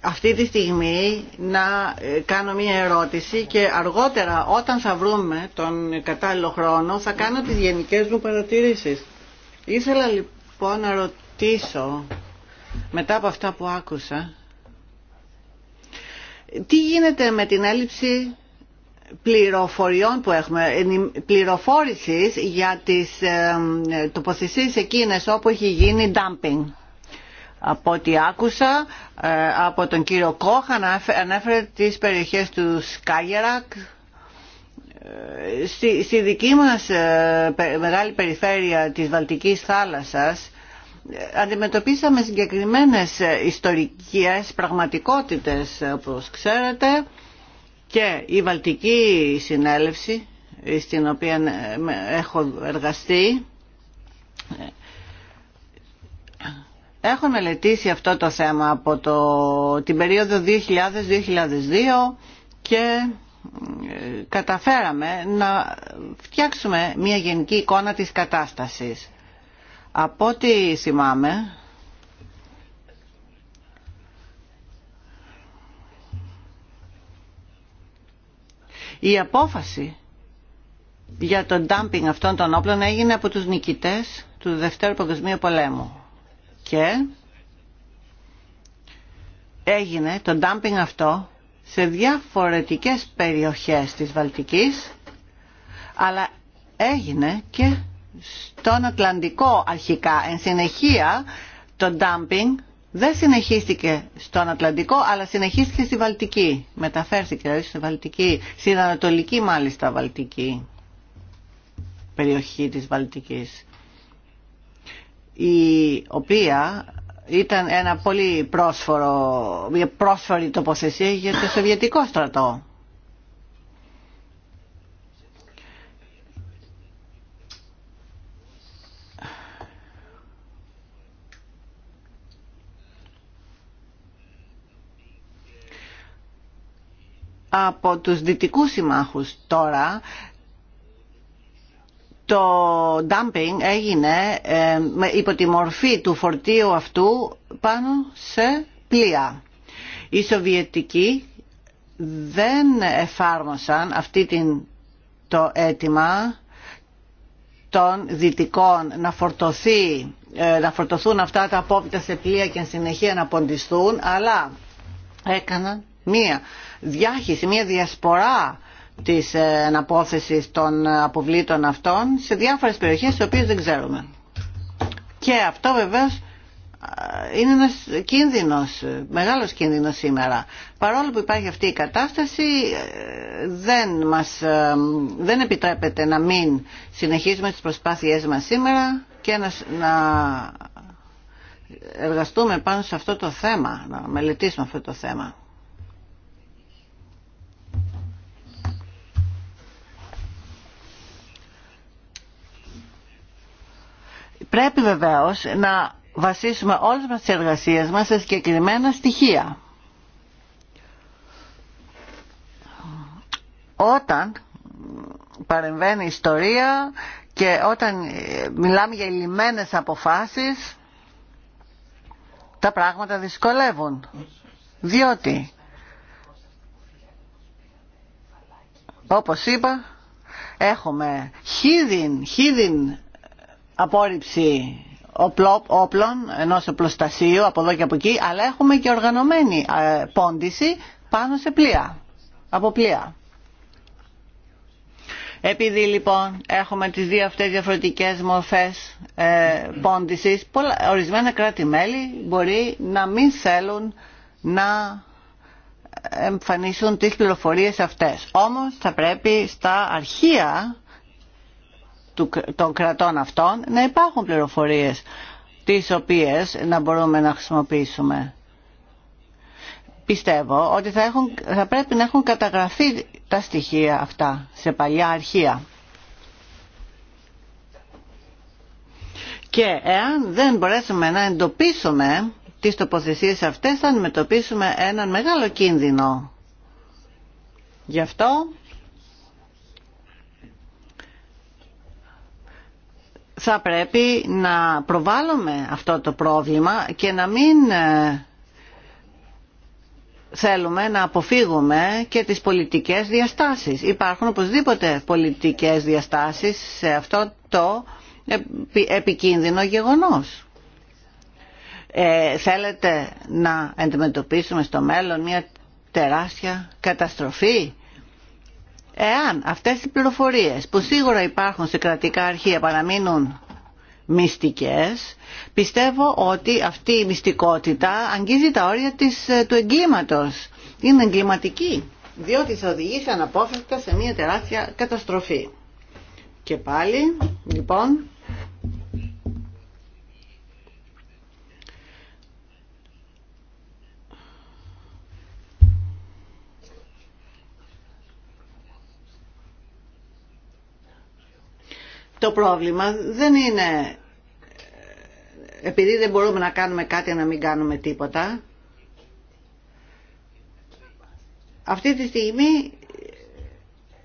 αυτή τη στιγμή να ε, κάνω μία ερώτηση και αργότερα όταν θα βρούμε τον κατάλληλο χρόνο θα κάνω τις γενικές μου παρατηρήσεις. Ήθελα λοιπόν να ρωτήσω μετά από αυτά που άκουσα τι γίνεται με την έλλειψη πληροφοριών που έχουμε, πληροφόρηση για τις ε, τοποθεσίες εκείνες όπου έχει γίνει dumping. Από ό,τι άκουσα ε, από τον κύριο Κόχ ανέφερε τις περιοχές του Σκάγερακ. Ε, στη, στη δική μας ε, μεγάλη περιφέρεια της Βαλτικής θάλασσας αντιμετωπίσαμε συγκεκριμένες ιστορικές πραγματικότητες όπως ξέρετε και η Βαλτική Συνέλευση, στην οποία ε, έχω εργαστεί, ε, Έχω μελετήσει αυτό το θέμα από το, την περίοδο 2000-2002 και ε, καταφέραμε να φτιάξουμε μια γενική εικόνα της κατάστασης. Από ό,τι θυμάμαι, Η απόφαση για το ντάμπινγκ αυτών των όπλων έγινε από τους νικητές του Δευτέρου Παγκοσμίου Πολέμου και έγινε το ντάμπινγκ αυτό σε διαφορετικές περιοχές της Βαλτικής αλλά έγινε και στον Ατλαντικό αρχικά. Εν συνεχεία το ντάμπινγκ δεν συνεχίστηκε στον Ατλαντικό, αλλά συνεχίστηκε στη Βαλτική. Μεταφέρθηκε δηλαδή στη Βαλτική, στην Ανατολική μάλιστα Βαλτική, περιοχή της Βαλτικής, η οποία ήταν ένα πολύ πρόσφορο, μια πρόσφορη τοποθεσία για το Σοβιετικό στρατό. από τους δυτικούς συμμάχους τώρα το dumping έγινε ε, υπό τη μορφή του φορτίου αυτού πάνω σε πλοία. Οι Σοβιετικοί δεν εφάρμοσαν αυτή την, το αίτημα των δυτικών να φορτωθεί ε, να φορτωθούν αυτά τα απόπειτα σε πλοία και συνεχεία να ποντιστούν, αλλά έκαναν μία διάχυση, μία διασπορά της αναπόθεσης ε, των ε, αποβλήτων αυτών σε διάφορες περιοχές τις οποίες δεν ξέρουμε. Και αυτό βεβαίως ε, είναι ένας κίνδυνος, μεγάλος κίνδυνος σήμερα. Παρόλο που υπάρχει αυτή η κατάσταση δεν, μας, δεν επιτρέπεται να μην συνεχίζουμε τις προσπάθειές μας σήμερα και να, να εργαστούμε πάνω σε αυτό το θέμα, να μελετήσουμε αυτό το θέμα. πρέπει βεβαίως να βασίσουμε όλες μας τις εργασίες μας σε συγκεκριμένα στοιχεία. Όταν παρεμβαίνει ιστορία και όταν μιλάμε για λιμένες αποφάσεις, τα πράγματα δυσκολεύουν. Διότι, όπως είπα, έχουμε χίδιν, χίδιν απόρριψη όπλων, ενό οπλοστασίου από εδώ και από εκεί, αλλά έχουμε και οργανωμένη ε, πόντιση πάνω σε πλοία, από πλοία. Επειδή λοιπόν έχουμε τις δύο αυτές διαφορετικές μορφές ε, πόντισης, πολλά, ορισμένα κράτη-μέλη μπορεί να μην θέλουν να εμφανίσουν τις πληροφορίες αυτές. Όμως θα πρέπει στα αρχεία των κρατών αυτών να υπάρχουν πληροφορίες τις οποίες να μπορούμε να χρησιμοποιήσουμε. Πιστεύω ότι θα, πρέπει να έχουν καταγραφεί τα στοιχεία αυτά σε παλιά αρχεία. Και εάν δεν μπορέσουμε να εντοπίσουμε τις τοποθεσίες αυτές θα αντιμετωπίσουμε έναν μεγάλο κίνδυνο. Γι' αυτό θα πρέπει να προβάλλουμε αυτό το πρόβλημα και να μην ε, θέλουμε να αποφύγουμε και τις πολιτικές διαστάσεις. Υπάρχουν οπωσδήποτε πολιτικές διαστάσεις σε αυτό το επικίνδυνο γεγονός. Ε, θέλετε να αντιμετωπίσουμε στο μέλλον μια τεράστια καταστροφή Εάν αυτές οι πληροφορίες που σίγουρα υπάρχουν σε κρατικά αρχεία παραμείνουν μυστικές, πιστεύω ότι αυτή η μυστικότητα αγγίζει τα όρια της, ε, του εγκλήματος. Είναι εγκληματική, διότι θα οδηγήσει αναπόφευκτα σε μια τεράστια καταστροφή. Και πάλι, λοιπόν, το πρόβλημα δεν είναι επειδή δεν μπορούμε να κάνουμε κάτι να μην κάνουμε τίποτα. Αυτή τη στιγμή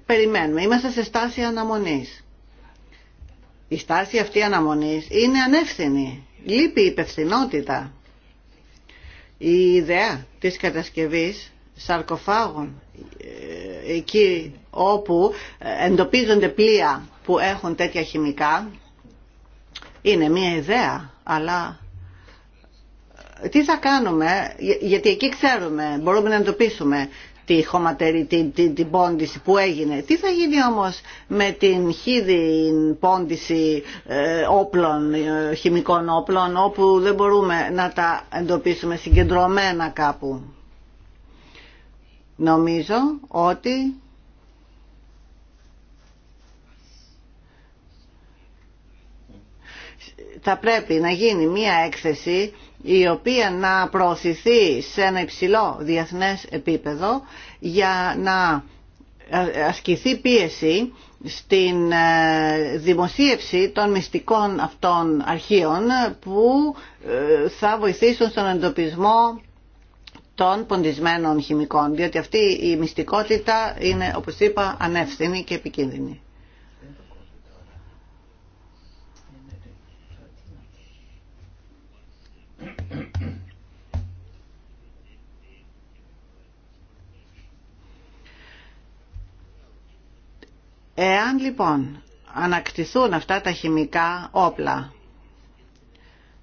περιμένουμε. Είμαστε σε στάση αναμονής. Η στάση αυτή αναμονής είναι ανεύθυνη. Λείπει η υπευθυνότητα. Η ιδέα της κατασκευής σαρκοφάγων ε, εκεί όπου ε, εντοπίζονται πλοία που έχουν τέτοια χημικά είναι μία ιδέα, αλλά ε, τι θα κάνουμε, γιατί εκεί ξέρουμε, μπορούμε να εντοπίσουμε τη χωματερή, την, την, την πόντιση που έγινε. Τι θα γίνει όμως με την χίδη πόντιση ε, όπλων, ε, χημικών όπλων, όπου δεν μπορούμε να τα εντοπίσουμε συγκεντρωμένα κάπου. Νομίζω ότι θα πρέπει να γίνει μία έκθεση η οποία να προωθηθεί σε ένα υψηλό διεθνές επίπεδο για να ε, ασκηθεί πίεση στην ε, δημοσίευση των μυστικών αυτών αρχείων που ε, θα βοηθήσουν στον εντοπισμό των ποντισμένων χημικών, διότι αυτή η μυστικότητα είναι, όπως είπα, ανεύθυνη και επικίνδυνη. Εάν λοιπόν ανακτηθούν αυτά τα χημικά όπλα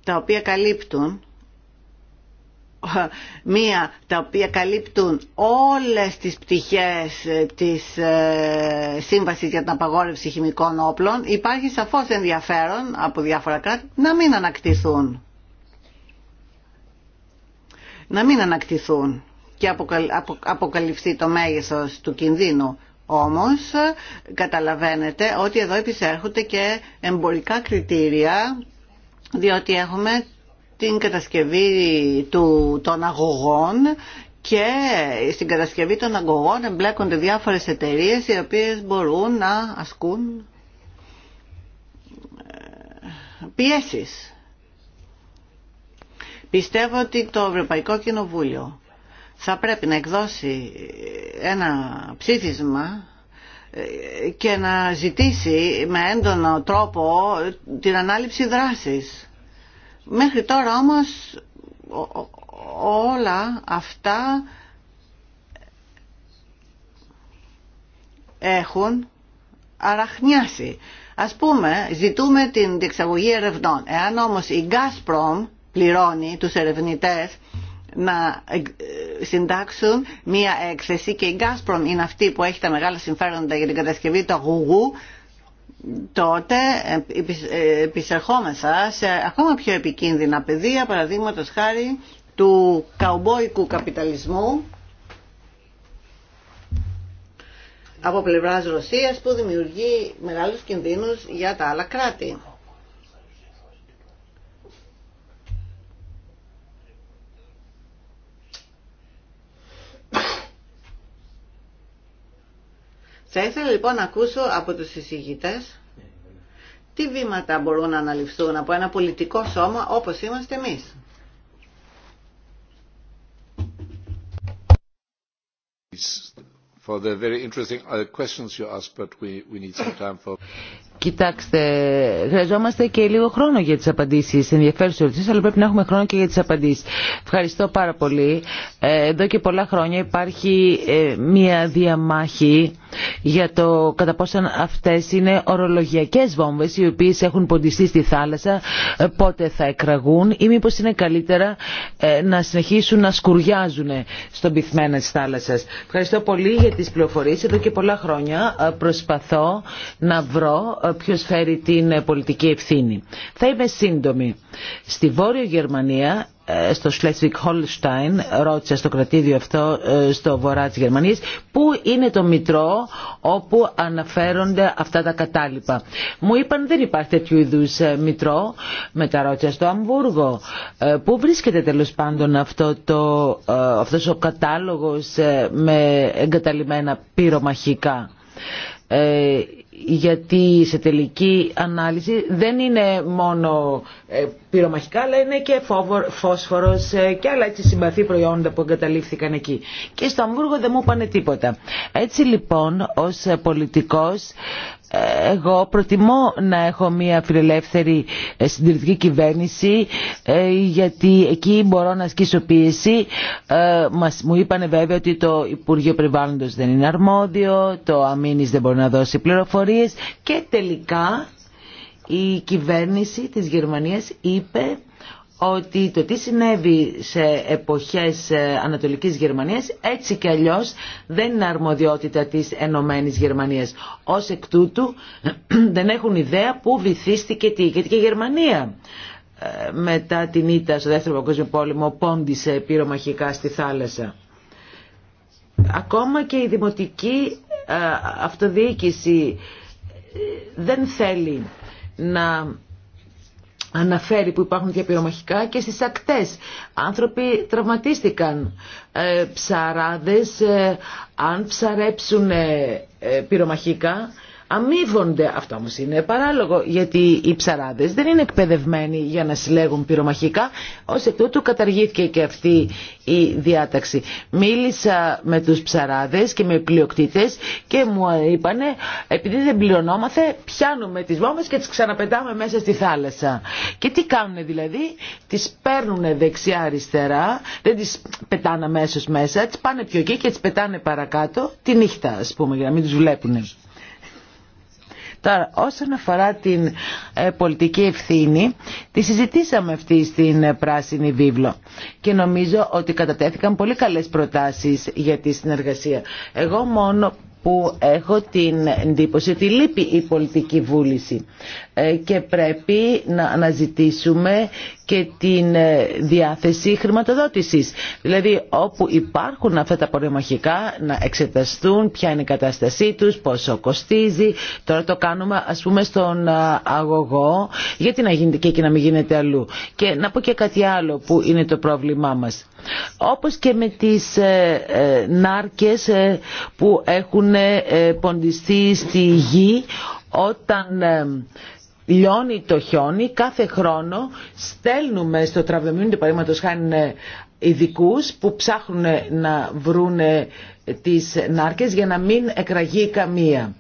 τα οποία καλύπτουν μία τα οποία καλύπτουν όλες τις πτυχές ε, της ε, Σύμβασης για την Απαγόρευση Χημικών Όπλων υπάρχει σαφώς ενδιαφέρον από διάφορα κράτη να μην ανακτηθούν να μην ανακτηθούν και αποκαλυφθεί το μέγεθος του κινδύνου. Όμως ε, καταλαβαίνετε ότι εδώ επισέρχονται και εμπορικά κριτήρια διότι έχουμε την κατασκευή του, των αγωγών και στην κατασκευή των αγωγών εμπλέκονται διάφορες εταιρείες οι οποίες μπορούν να ασκούν ε, πιέσεις Πιστεύω ότι το Ευρωπαϊκό Κοινοβούλιο θα πρέπει να εκδώσει ένα ψήφισμα ε, και να ζητήσει με έντονο τρόπο την ανάληψη δράσης. Μέχρι τώρα όμως όλα αυτά έχουν αραχνιάσει. Ας πούμε, ζητούμε την διεξαγωγή ερευνών. Εάν όμως η Gazprom πληρώνει τους ερευνητές να ε, συντάξουν μία έκθεση και η Gazprom είναι αυτή που έχει τα μεγάλα συμφέροντα για την κατασκευή του αγωγού τότε ε, ε, επισερχόμεσα σε ακόμα πιο επικίνδυνα πεδία παραδείγματος χάρη του καουμπόικου καπιταλισμού από πλευράς Ρωσίας που δημιουργεί μεγάλους κινδύνους για τα άλλα κράτη. Θα ήθελα λοιπόν να ακούσω από τους εισηγητές τι βήματα μπορούν να αναλυφθούν από ένα πολιτικό σώμα όπως είμαστε εμείς. For the very interesting uh, questions you but we, we need some time for... Κοιτάξτε, χρειαζόμαστε και λίγο χρόνο για τις απαντήσεις, ενδιαφέρουσες ερωτήσεις, αλλά πρέπει να έχουμε χρόνο και για τις απαντήσεις. Ευχαριστώ πάρα πολύ. Ε, εδώ και πολλά χρόνια υπάρχει ε, μια διαμάχη για το κατά πόσον αυτές είναι ορολογιακές βόμβες οι οποίες έχουν ποντιστεί στη θάλασσα, ε, πότε θα εκραγούν ή μήπως είναι καλύτερα ε, να συνεχίσουν να σκουριάζουν στον πυθμένα της θάλασσας. Ευχαριστώ πολύ για τις πληροφορίες. Εδώ και πολλά χρόνια ε, προσπαθώ να βρω ποιος φέρει την πολιτική ευθύνη. Θα είμαι σύντομη. Στη Βόρειο Γερμανία ε, στο Schleswig Holstein, ρώτησα στο κρατήδιο αυτό ε, στο βορρά της Γερμανίας, πού είναι το μητρό όπου αναφέρονται αυτά τα κατάλοιπα. Μου είπαν δεν υπάρχει τέτοιου είδου ε, μητρό, τα ρώτησα στο Αμβούργο. Πού βρίσκεται τέλος πάντων αυτό το, αυτός ο κατάλογος με εγκαταλειμμένα πυρομαχικά γιατί σε τελική ανάλυση δεν είναι μόνο ε, πυρομαχικά αλλά είναι και φόσφορος ε, και άλλα έτσι συμπαθή προϊόντα που εγκαταλείφθηκαν εκεί. Και στο Αμβούργο δεν μου είπανε τίποτα. Έτσι λοιπόν ως πολιτικός εγώ προτιμώ να έχω μια φιλελεύθερη ε, συντηρητική κυβέρνηση ε, γιατί εκεί μπορώ να ασκήσω πίεση. Ε, μου είπανε βέβαια ότι το Υπουργείο Περιβάλλοντος δεν είναι αρμόδιο, το Αμήνης δεν μπορεί να δώσει πληροφορίες και τελικά η κυβέρνηση της Γερμανίας είπε ότι το τι συνέβη σε εποχές ε, Ανατολικής Γερμανίας έτσι και αλλιώς δεν είναι αρμοδιότητα της Ενωμένης Γερμανίας. Ως εκ τούτου <clears throat> δεν έχουν ιδέα που βυθίστηκε τι. Γιατί και η Γερμανία ε, μετά την ήττα στο Δεύτερο Παγκόσμιο Πόλεμο πόντισε πυρομαχικά στη θάλασσα. Ακόμα και η δημοτική ε, αυτοδιοίκηση δεν θέλει να αναφέρει που υπάρχουν διαπυρομαχικά και στις ακτές. Άνθρωποι τραυματίστηκαν. Ε, ψαράδες, ε, αν ψαρέψουν ε, πυρομαχικά αμείβονται. Αυτό όμως είναι παράλογο γιατί οι ψαράδες δεν είναι εκπαιδευμένοι για να συλλέγουν πυρομαχικά. Ως εκ τούτου καταργήθηκε και αυτή η διάταξη. Μίλησα με τους ψαράδες και με πλειοκτήτες και μου είπανε επειδή δεν πληρωνόμαθε πιάνουμε τις βόμβες και τις ξαναπετάμε μέσα στη θάλασσα. Και τι κάνουν δηλαδή, τις παίρνουν δεξιά-αριστερά, δεν τις πετάνε αμέσω μέσα, τις πάνε πιο εκεί και τις πετάνε παρακάτω τη νύχτα α πούμε για να μην τους βλέπουν. Τώρα, όσον αφορά την ε, πολιτική ευθύνη, τη συζητήσαμε αυτή στην ε, Πράσινη Βίβλο και νομίζω ότι κατατέθηκαν πολύ καλές προτάσεις για τη συνεργασία. Εγώ μόνο που έχω την εντύπωση ότι λείπει η πολιτική βούληση ε, και πρέπει να αναζητήσουμε και την ε, διάθεση χρηματοδότησης. Δηλαδή όπου υπάρχουν αυτά τα πολεμαχικά να εξεταστούν ποια είναι η κατάστασή τους, πόσο κοστίζει. Τώρα το κάνουμε ας πούμε στον ε, αγωγό γιατί να γίνεται και εκεί να μην γίνεται αλλού. Και να πω και κάτι άλλο που είναι το πρόβλημά μας. Όπως και με τις ε, νάρκες που έχουν ποντιστεί στη γη όταν λιώνει το χιόνι, κάθε χρόνο στέλνουμε στο του παραδείγματος χάνει ε, ειδικού που ψάχνουν ε, να βρουν ε, τις νάρκες για να μην εκραγεί καμία.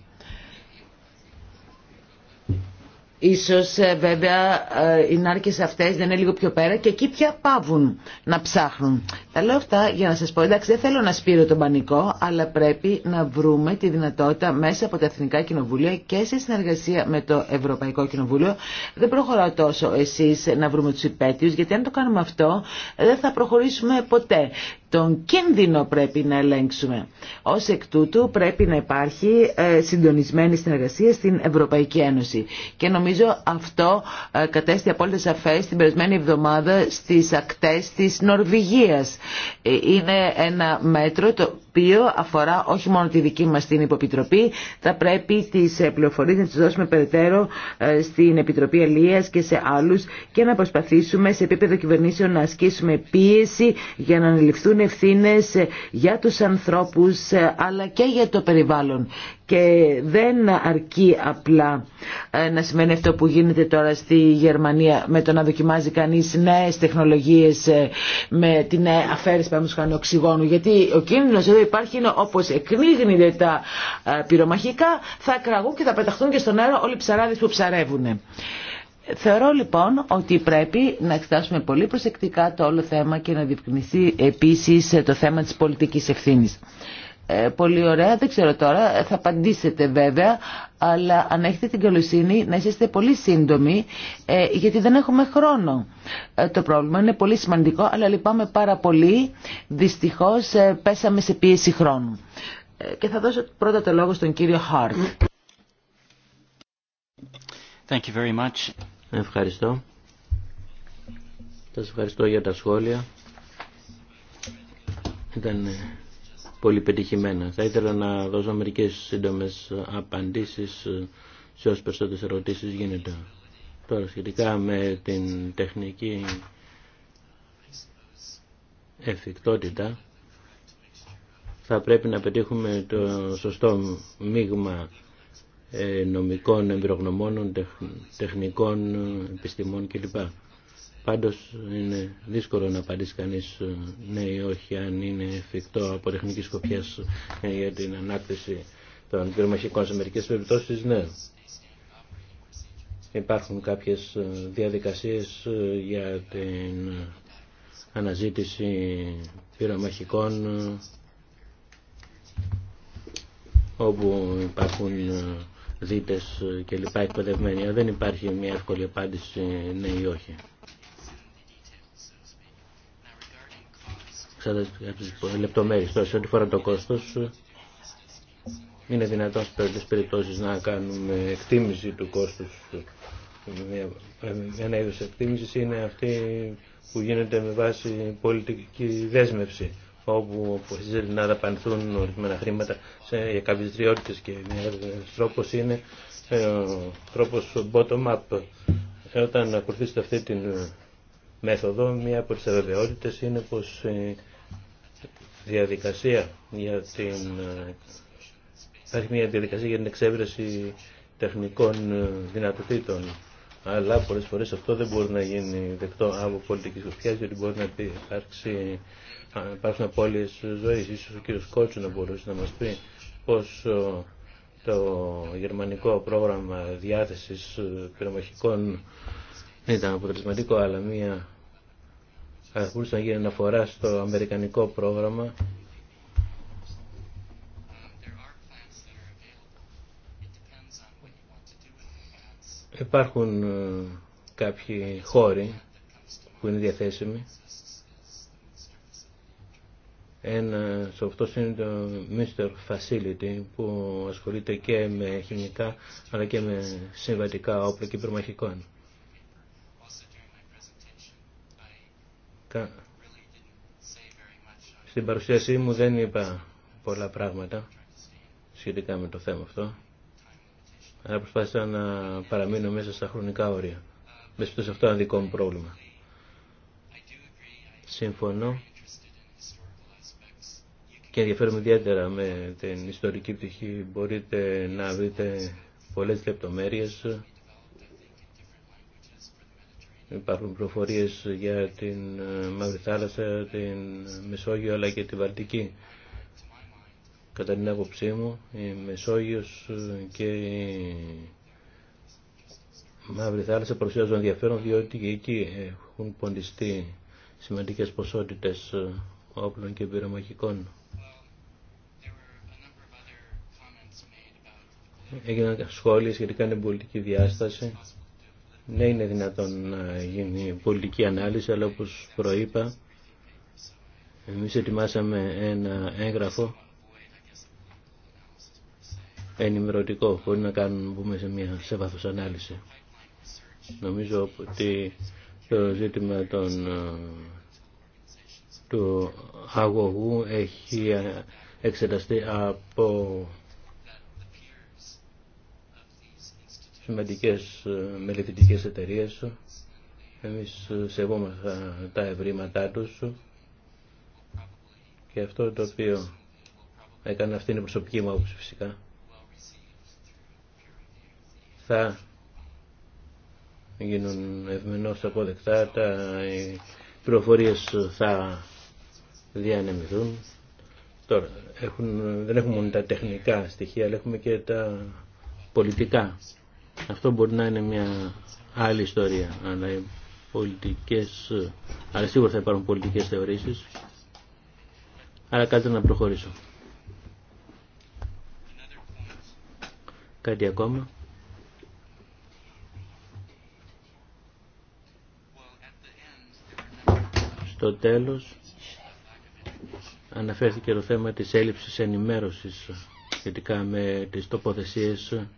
Ίσως βέβαια οι νάρκες αυτές δεν είναι λίγο πιο πέρα και εκεί πια πάβουν να ψάχνουν. Τα λέω αυτά για να σας πω, εντάξει δεν θέλω να σπείρω τον πανικό, αλλά πρέπει να βρούμε τη δυνατότητα μέσα από τα Εθνικά Κοινοβούλια και σε συνεργασία με το Ευρωπαϊκό Κοινοβούλιο. Δεν προχωράω τόσο εσείς να βρούμε τους υπέτειους, γιατί αν το κάνουμε αυτό δεν θα προχωρήσουμε ποτέ. Τον κίνδυνο πρέπει να ελέγξουμε. Ως εκ τούτου πρέπει να υπάρχει ε, συντονισμένη συνεργασία στην Ευρωπαϊκή Ένωση. Και νομίζω αυτό ε, κατέστη απόλυτα σαφές την περασμένη εβδομάδα στις ακτές της Νορβηγίας ε, είναι ένα μέτρο το οποίο αφορά όχι μόνο τη δική μας την υποπιτροπή, θα πρέπει τις ε, πληροφορίες να τις δώσουμε περαιτέρω ε, στην Επιτροπή Ελίας και σε άλλους και να προσπαθήσουμε σε επίπεδο κυβερνήσεων να ασκήσουμε πίεση για να αναλυφθούν ευθύνε ε, για τους ανθρώπους αλλά και για το περιβάλλον. Και δεν αρκεί απλά να σημαίνει αυτό που γίνεται τώρα στη Γερμανία με το να δοκιμάζει κανείς νέες τεχνολογίες με την αφαίρεση πάνω οξυγόνου γιατί ο κίνδυνος υπάρχει είναι όπως τα ε, πυρομαχικά θα κραγούν και θα πεταχτούν και στον αέρα όλοι οι ψαράδες που ψαρεύουν. Θεωρώ λοιπόν ότι πρέπει να εξετάσουμε πολύ προσεκτικά το όλο θέμα και να διευκρινιστεί επίσης το θέμα της πολιτικής ευθύνης. Ε, πολύ ωραία, δεν ξέρω τώρα, ε, θα απαντήσετε βέβαια, αλλά αν έχετε την καλοσύνη να είστε πολύ σύντομοι, ε, γιατί δεν έχουμε χρόνο. Ε, το πρόβλημα είναι πολύ σημαντικό, αλλά λυπάμαι πάρα πολύ. Δυστυχώς πέσαμε σε πίεση χρόνου. Και θα δώσω πρώτα το λόγο στον κύριο Χάρτ. Ευχαριστώ. Σας ευχαριστώ για τα σχόλια. Ήταν πολύ πετυχημένα. Θα ήθελα να δώσω μερικέ σύντομε απαντήσει ε, σε όσες περισσότερες ερωτήσεις γίνεται. Τώρα σχετικά με την τεχνική εφικτότητα θα πρέπει να πετύχουμε το σωστό μείγμα ε, νομικών εμπειρογνωμόνων, τεχνικών ε, επιστημών κλπ. Πάντως είναι δύσκολο να απαντήσει κανείς ε, ναι ή όχι αν είναι εφικτό από τεχνική σκοπιά ε, για την ανάκτηση των πυρομαχικών σε μερικές περιπτώσεις, ναι. Υπάρχουν κάποιες ε, διαδικασίες για την αναζήτηση πυρομαχικών όπου υπάρχουν δίτες και λοιπά εκπαιδευμένοι. Δεν υπάρχει μια εύκολη απάντηση ναι ή όχι. από τις λεπτομέρειες τώρα σε ό,τι φορά το κόστος είναι δυνατόν σε τέτοιες περιπτώσει να κάνουμε εκτίμηση του κόστους ένα είδος εκτίμηση είναι αυτή που γίνεται με βάση πολιτική δέσμευση όπου αποφασίζεται να δαπανηθούν ορισμένα χρήματα σε, για κάποιες και ένα τρόπος είναι ε, ο τρόπος bottom-up. Όταν ακολουθήσετε αυτή την μέθοδο, μία από τι αβεβαιότητες είναι πως ε, διαδικασία για την... Υπάρχει μια διαδικασία για την εξέβρεση τεχνικών ε, δυνατοτήτων. Αλλά πολλές φορές αυτό δεν μπορεί να γίνει δεκτό από πολιτική σκοπιά, γιατί μπορεί να υπάρξει, υπάρχουν απώλειες ζωής. Ίσως ο κ. Κότσου να μπορούσε να μας πει πώς ε, το γερμανικό πρόγραμμα διάθεσης ε, πυρομαχικών ήταν αποτελεσματικό, αλλά μια να για αναφορά στο αμερικανικό πρόγραμμα υπάρχουν ε, κάποιοι χώροι που είναι διαθέσιμοι. Ένα αυτό είναι το Mr. Facility που ασχολείται και με χημικά αλλά και με συμβατικά όπλα και Στην παρουσίασή μου δεν είπα πολλά πράγματα σχετικά με το θέμα αυτό, αλλά προσπάθησα να παραμείνω μέσα στα χρονικά όρια. Με αυτό είναι δικό μου πρόβλημα. Συμφωνώ και ενδιαφέρομαι ιδιαίτερα με την ιστορική πτυχή. Μπορείτε να δείτε πολλές λεπτομέρειες Υπάρχουν προφορίες για την ε, Μαύρη Θάλασσα, την Μεσόγειο αλλά και τη Βαλτική. Κατά την άποψή μου, η Μεσόγειος ε, και η Μαύρη Θάλασσα προσφέρουν ενδιαφέρον διότι εκεί έχουν ποντιστεί σημαντικές ποσότητες ε, όπλων και πυρομαχικών. Έγιναν σχόλια σχετικά με την πολιτική διάσταση ναι, είναι δυνατόν να γίνει πολιτική ανάλυση, αλλά όπως προείπα, εμείς ετοιμάσαμε ένα έγγραφο ενημερωτικό, μπορεί να κάνουμε πούμε, σε μια σε βάθος ανάλυση. Νομίζω ότι το ζήτημα των, του αγωγού έχει εξεταστεί από σημαντικές ε, μελετητικές εταιρείες. Εμείς ε, σεβόμαστε τα ευρήματά τους και αυτό το οποίο έκανε αυτή είναι προσωπική μου άποψη φυσικά. Θα γίνουν ευμενώς αποδεκτά, τα, οι θα διανεμηθούν. Τώρα, έχουν, δεν έχουμε μόνο τα τεχνικά στοιχεία, αλλά έχουμε και τα πολιτικά αυτό μπορεί να είναι μια άλλη ιστορία, αλλά πολιτικές, αλλά σίγουρα θα υπάρχουν πολιτικές θεωρήσεις. αλλά κάτι να προχωρήσω. Κάτι ακόμα. Στο τέλος αναφέρθηκε το θέμα της έλλειψης ενημέρωσης σχετικά με τις τοποθεσίες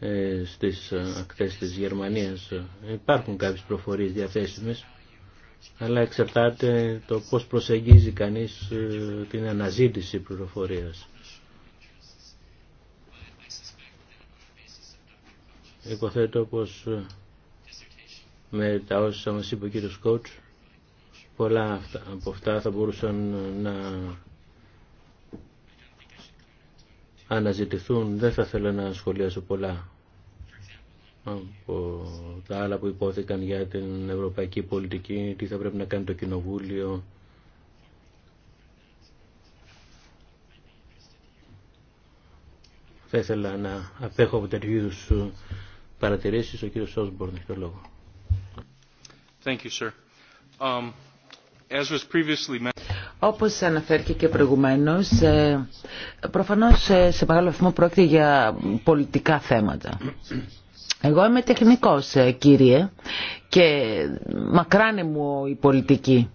ε, στις ε, ακτές της Γερμανίας. Υπάρχουν κάποιες προφορίες διαθέσιμες, αλλά εξαρτάται το πώς προσεγγίζει κανείς ε, την αναζήτηση πληροφορίας. Υποθέτω πως με τα όσα μας είπε ο κύριος Κότς, πολλά από αυτά θα μπορούσαν να αναζητηθούν. Δεν θα ήθελα να σχολιάσω πολλά από τα άλλα που υπόθηκαν για την ευρωπαϊκή πολιτική, τι θα πρέπει να κάνει το Κοινοβούλιο. Θα ήθελα να απέχω από τέτοιου είδου παρατηρήσεις. Ο κύριος Σόσμπορν έχει το λόγο. Thank you, sir. Um, as όπως αναφέρθηκε και προηγουμένως, ε, προφανώς ε, σε μεγάλο βαθμό πρόκειται για πολιτικά θέματα. Εγώ είμαι τεχνικός, ε, κύριε, και μακράνε μου η πολιτική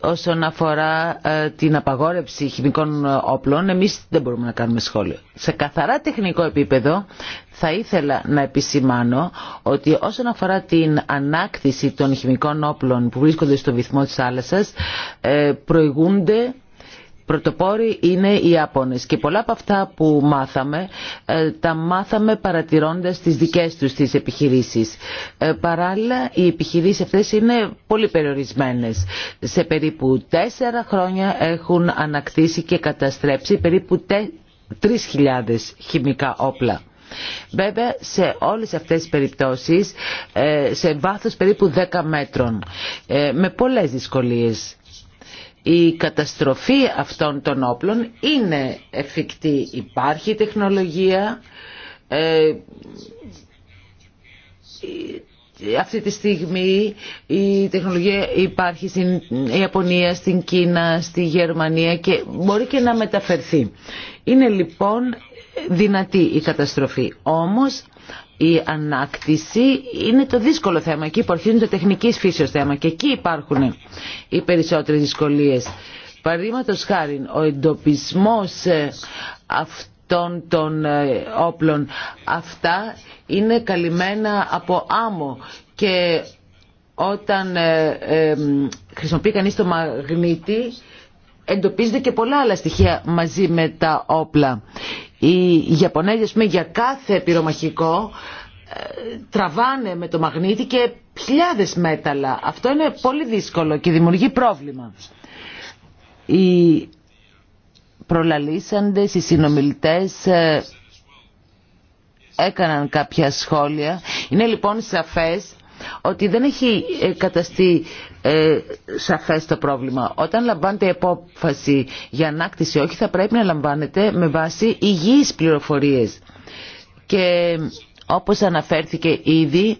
όσον αφορά ε, την απαγόρευση χημικών ε, όπλων, εμείς δεν μπορούμε να κάνουμε σχόλιο. Σε καθαρά τεχνικό επίπεδο θα ήθελα να επισημάνω ότι όσον αφορά την ανάκτηση των χημικών όπλων που βρίσκονται στο βυθμό της θάλασσας, ε, προηγούνται Πρωτοπόροι είναι οι Ιάπωνες και πολλά από αυτά που μάθαμε ε, τα μάθαμε παρατηρώντας τις δικές τους τις επιχειρήσεις. Ε, παράλληλα οι επιχειρήσεις αυτές είναι πολύ περιορισμένες. Σε περίπου τέσσερα χρόνια έχουν ανακτήσει και καταστρέψει περίπου 3.000 χημικά όπλα. Βέβαια σε όλες αυτές τις περιπτώσεις ε, σε βάθος περίπου 10 μέτρων με πολλές δυσκολίες η καταστροφή αυτών των όπλων είναι εφικτή. Υπάρχει τεχνολογία. Ε, αυτή τη στιγμή η τεχνολογία υπάρχει στην Ιαπωνία, στην Κίνα, στη Γερμανία και μπορεί και να μεταφερθεί. Είναι λοιπόν δυνατή η καταστροφή. Όμως η ανάκτηση είναι το δύσκολο θέμα. Εκεί που αρχίζουν το τεχνικής φύσεως θέμα και εκεί υπάρχουν οι περισσότερες δυσκολίες. Παραδείγματο χάρη, ο εντοπισμός ε, αυτών των ε, όπλων, αυτά είναι καλυμμένα από άμμο και όταν ε, χρησιμοποιεί κανείς το μαγνήτη εντοπίζεται και πολλά άλλα στοιχεία μαζί με τα όπλα. Οι Ιαπωνέζες με για κάθε πυρομαχικό ε, τραβάνε με το μαγνήτη και χιλιάδες μέταλλα. Αυτό είναι πολύ δύσκολο και δημιουργεί πρόβλημα. Οι προλαλήσαντες, οι συνομιλητές ε, έκαναν κάποια σχόλια. Είναι λοιπόν σαφές ότι δεν έχει ε, καταστεί ε, σαφές το πρόβλημα. Όταν λαμβάνετε απόφαση για ανάκτηση όχι θα πρέπει να λαμβάνετε με βάση υγιείς πληροφορίες. Και όπως αναφέρθηκε ήδη,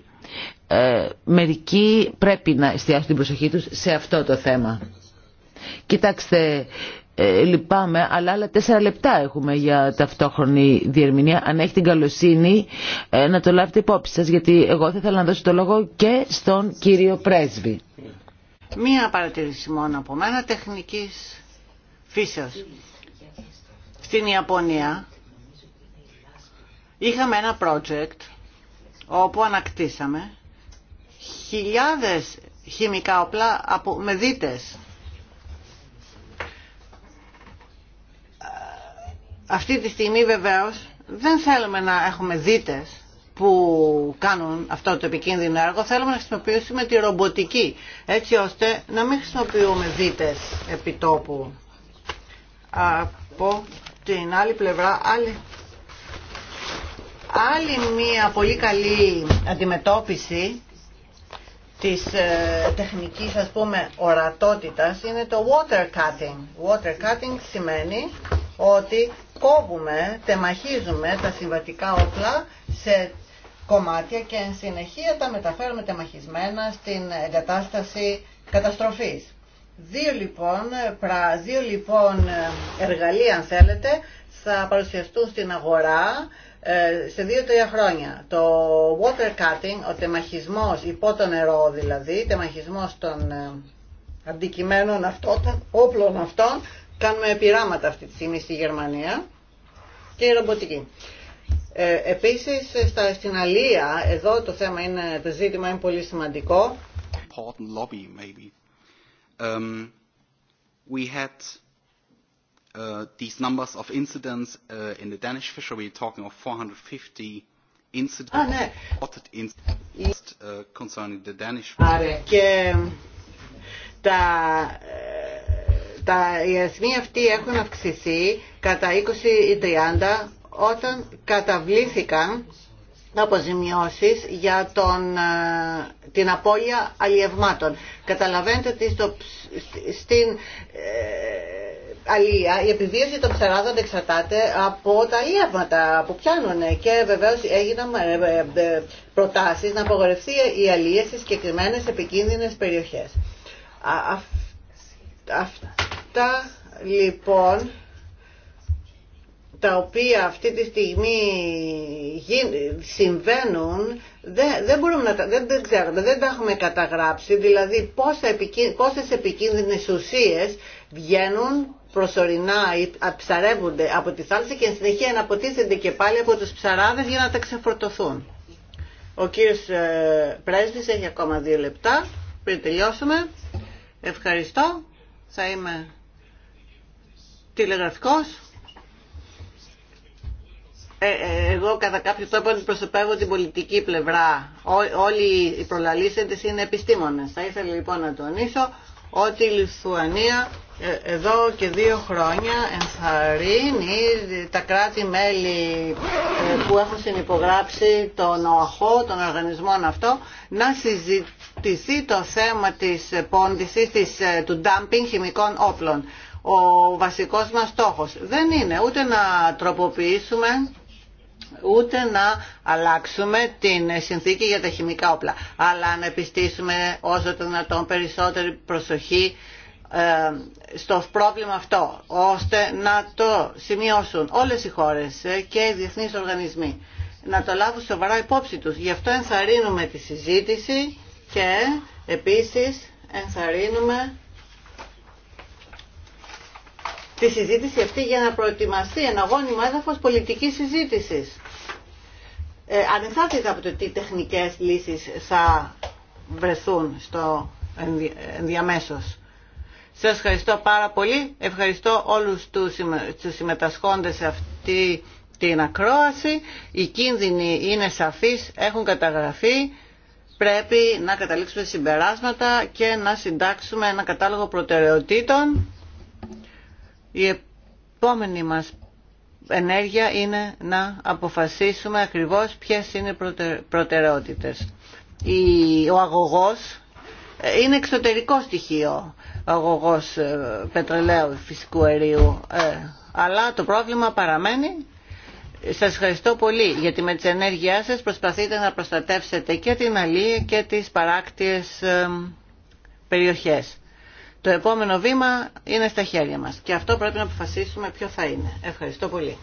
ε, μερικοί πρέπει να εστιάσουν την προσοχή τους σε αυτό το θέμα. Κοιτάξτε, ε, λυπάμαι, αλλά άλλα τέσσερα λεπτά έχουμε για ταυτόχρονη διερμηνία. Αν έχει την καλοσύνη ε, να το λάβετε υπόψη σας, γιατί εγώ θα ήθελα να δώσω το λόγο και στον κύριο πρέσβη. Μία παρατήρηση μόνο από μένα τεχνικής φύσεως. Στην Ιαπωνία είχαμε ένα project όπου ανακτήσαμε χιλιάδες χημικά όπλα από, με δίτες Αυτή τη στιγμή βεβαίως δεν θέλουμε να έχουμε δίτες που κάνουν αυτό το επικίνδυνο έργο θέλουμε να χρησιμοποιήσουμε τη ρομποτική έτσι ώστε να μην χρησιμοποιούμε δίτες επιτόπου από την άλλη πλευρά άλλη, μία πολύ καλή αντιμετώπιση της ε, τεχνικής ας πούμε ορατότητας είναι το water cutting water cutting σημαίνει ότι κόβουμε, τεμαχίζουμε τα συμβατικά όπλα σε κομμάτια και εν συνεχεία τα μεταφέρουμε τεμαχισμένα στην εγκατάσταση καταστροφής. Δύο λοιπόν, πρα, δύο λοιπόν ε, εργαλεία αν θέλετε θα παρουσιαστούν στην αγορά ε, σε δύο-τρία χρόνια. Το water cutting, ο τεμαχισμός υπό το νερό δηλαδή, τεμαχισμός των ε, αντικειμένων αυτών, όπλων αυτών, κάνουμε πειράματα αυτή τη στιγμή στη Γερμανία και η ρομποτική. Ε, επίσης στα, στην Αλία, εδώ το θέμα είναι, το ζήτημα είναι πολύ σημαντικό. Important lobby maybe. Um, we had uh, these numbers of incidents uh, in the Danish fishery talking of 450 incidents ah, ναι. incidents uh, concerning the Danish fishery. Άρα, και τα, τα, οι αριθμοί αυτοί έχουν αυξηθεί κατά 20 ή 30 όταν καταβλήθηκαν αποζημιώσεις για τον, ε, την απώλεια αλλιευμάτων. Καταλαβαίνετε ότι στην ε, αλία η επιβίωση των ψαράδων εξαρτάται από τα αλλιεύματα που πιάνουν και βεβαίως έγιναν ε, ε, προτάσεις να απογορευτεί η αλία σε συγκεκριμένες επικίνδυνες περιοχές λοιπόν τα οποία αυτή τη στιγμή συμβαίνουν δεν, δεν μπορούμε να τα, δεν, δεν ξέρουμε, δεν τα έχουμε καταγράψει δηλαδή πόσα επικίν, πόσες επικίνδυνες ουσίες βγαίνουν προσωρινά ή ψαρεύονται από τη θάλασσα και εν συνεχεία και πάλι από τους ψαράδες για να τα ξεφορτωθούν. Ο κύριος ε, Πρέσβης έχει ακόμα δύο λεπτά πριν τελειώσουμε. Ευχαριστώ. Θα είμαι τηλεγραφικός. Ε, ε, εγώ κατά κάποιο τρόπο αντιπροσωπεύω την πολιτική πλευρά. Ό, όλοι οι προλαλήσεντες είναι επιστήμονες. Θα ήθελα λοιπόν να τονίσω ότι η Λιθουανία ε, εδώ και δύο χρόνια ενθαρρύνει τα κράτη-μέλη που έχουν συνυπογράψει τον ΟΑΧΟ, τον οργανισμό αυτό, να συζητηθεί το θέμα της πόντισης, της, του ντάμπινγκ χημικών όπλων ο βασικός μας στόχος. Δεν είναι ούτε να τροποποιήσουμε ούτε να αλλάξουμε την συνθήκη για τα χημικά όπλα, αλλά να επιστήσουμε όσο το δυνατόν περισσότερη προσοχή ε, στο πρόβλημα αυτό, ώστε να το σημειώσουν όλες οι χώρες ε, και οι διεθνείς οργανισμοί, να το λάβουν σοβαρά υπόψη τους. Γι' αυτό ενθαρρύνουμε τη συζήτηση και επίσης ενθαρρύνουμε τη συζήτηση αυτή για να προετοιμαστεί ένα γόνιμο έδαφος πολιτικής συζήτησης. Ε, ανεξάρτητα από το τι τεχνικές λύσεις θα βρεθούν στο ενδιαμέσως. Σας ευχαριστώ πάρα πολύ. Ευχαριστώ όλους τους, τους συμμετασχόντες σε αυτή την ακρόαση. Οι κίνδυνοι είναι σαφείς, έχουν καταγραφεί. Πρέπει να καταλήξουμε συμπεράσματα και να συντάξουμε ένα κατάλογο προτεραιοτήτων η επόμενη μας ενέργεια είναι να αποφασίσουμε ακριβώς ποιες είναι προτεραιότητες. Ο αγωγός ε, είναι εξωτερικό στοιχείο, ο αγωγός ε, πετρελαίου φυσικού αερίου, ε, αλλά το πρόβλημα παραμένει. Σας ευχαριστώ πολύ γιατί με τις ενέργειές σας προσπαθείτε να προστατεύσετε και την αλή και τις παράκτιες περιοχές. Το επόμενο βήμα είναι στα χέρια μας και αυτό πρέπει να αποφασίσουμε ποιο θα είναι. Ευχαριστώ πολύ.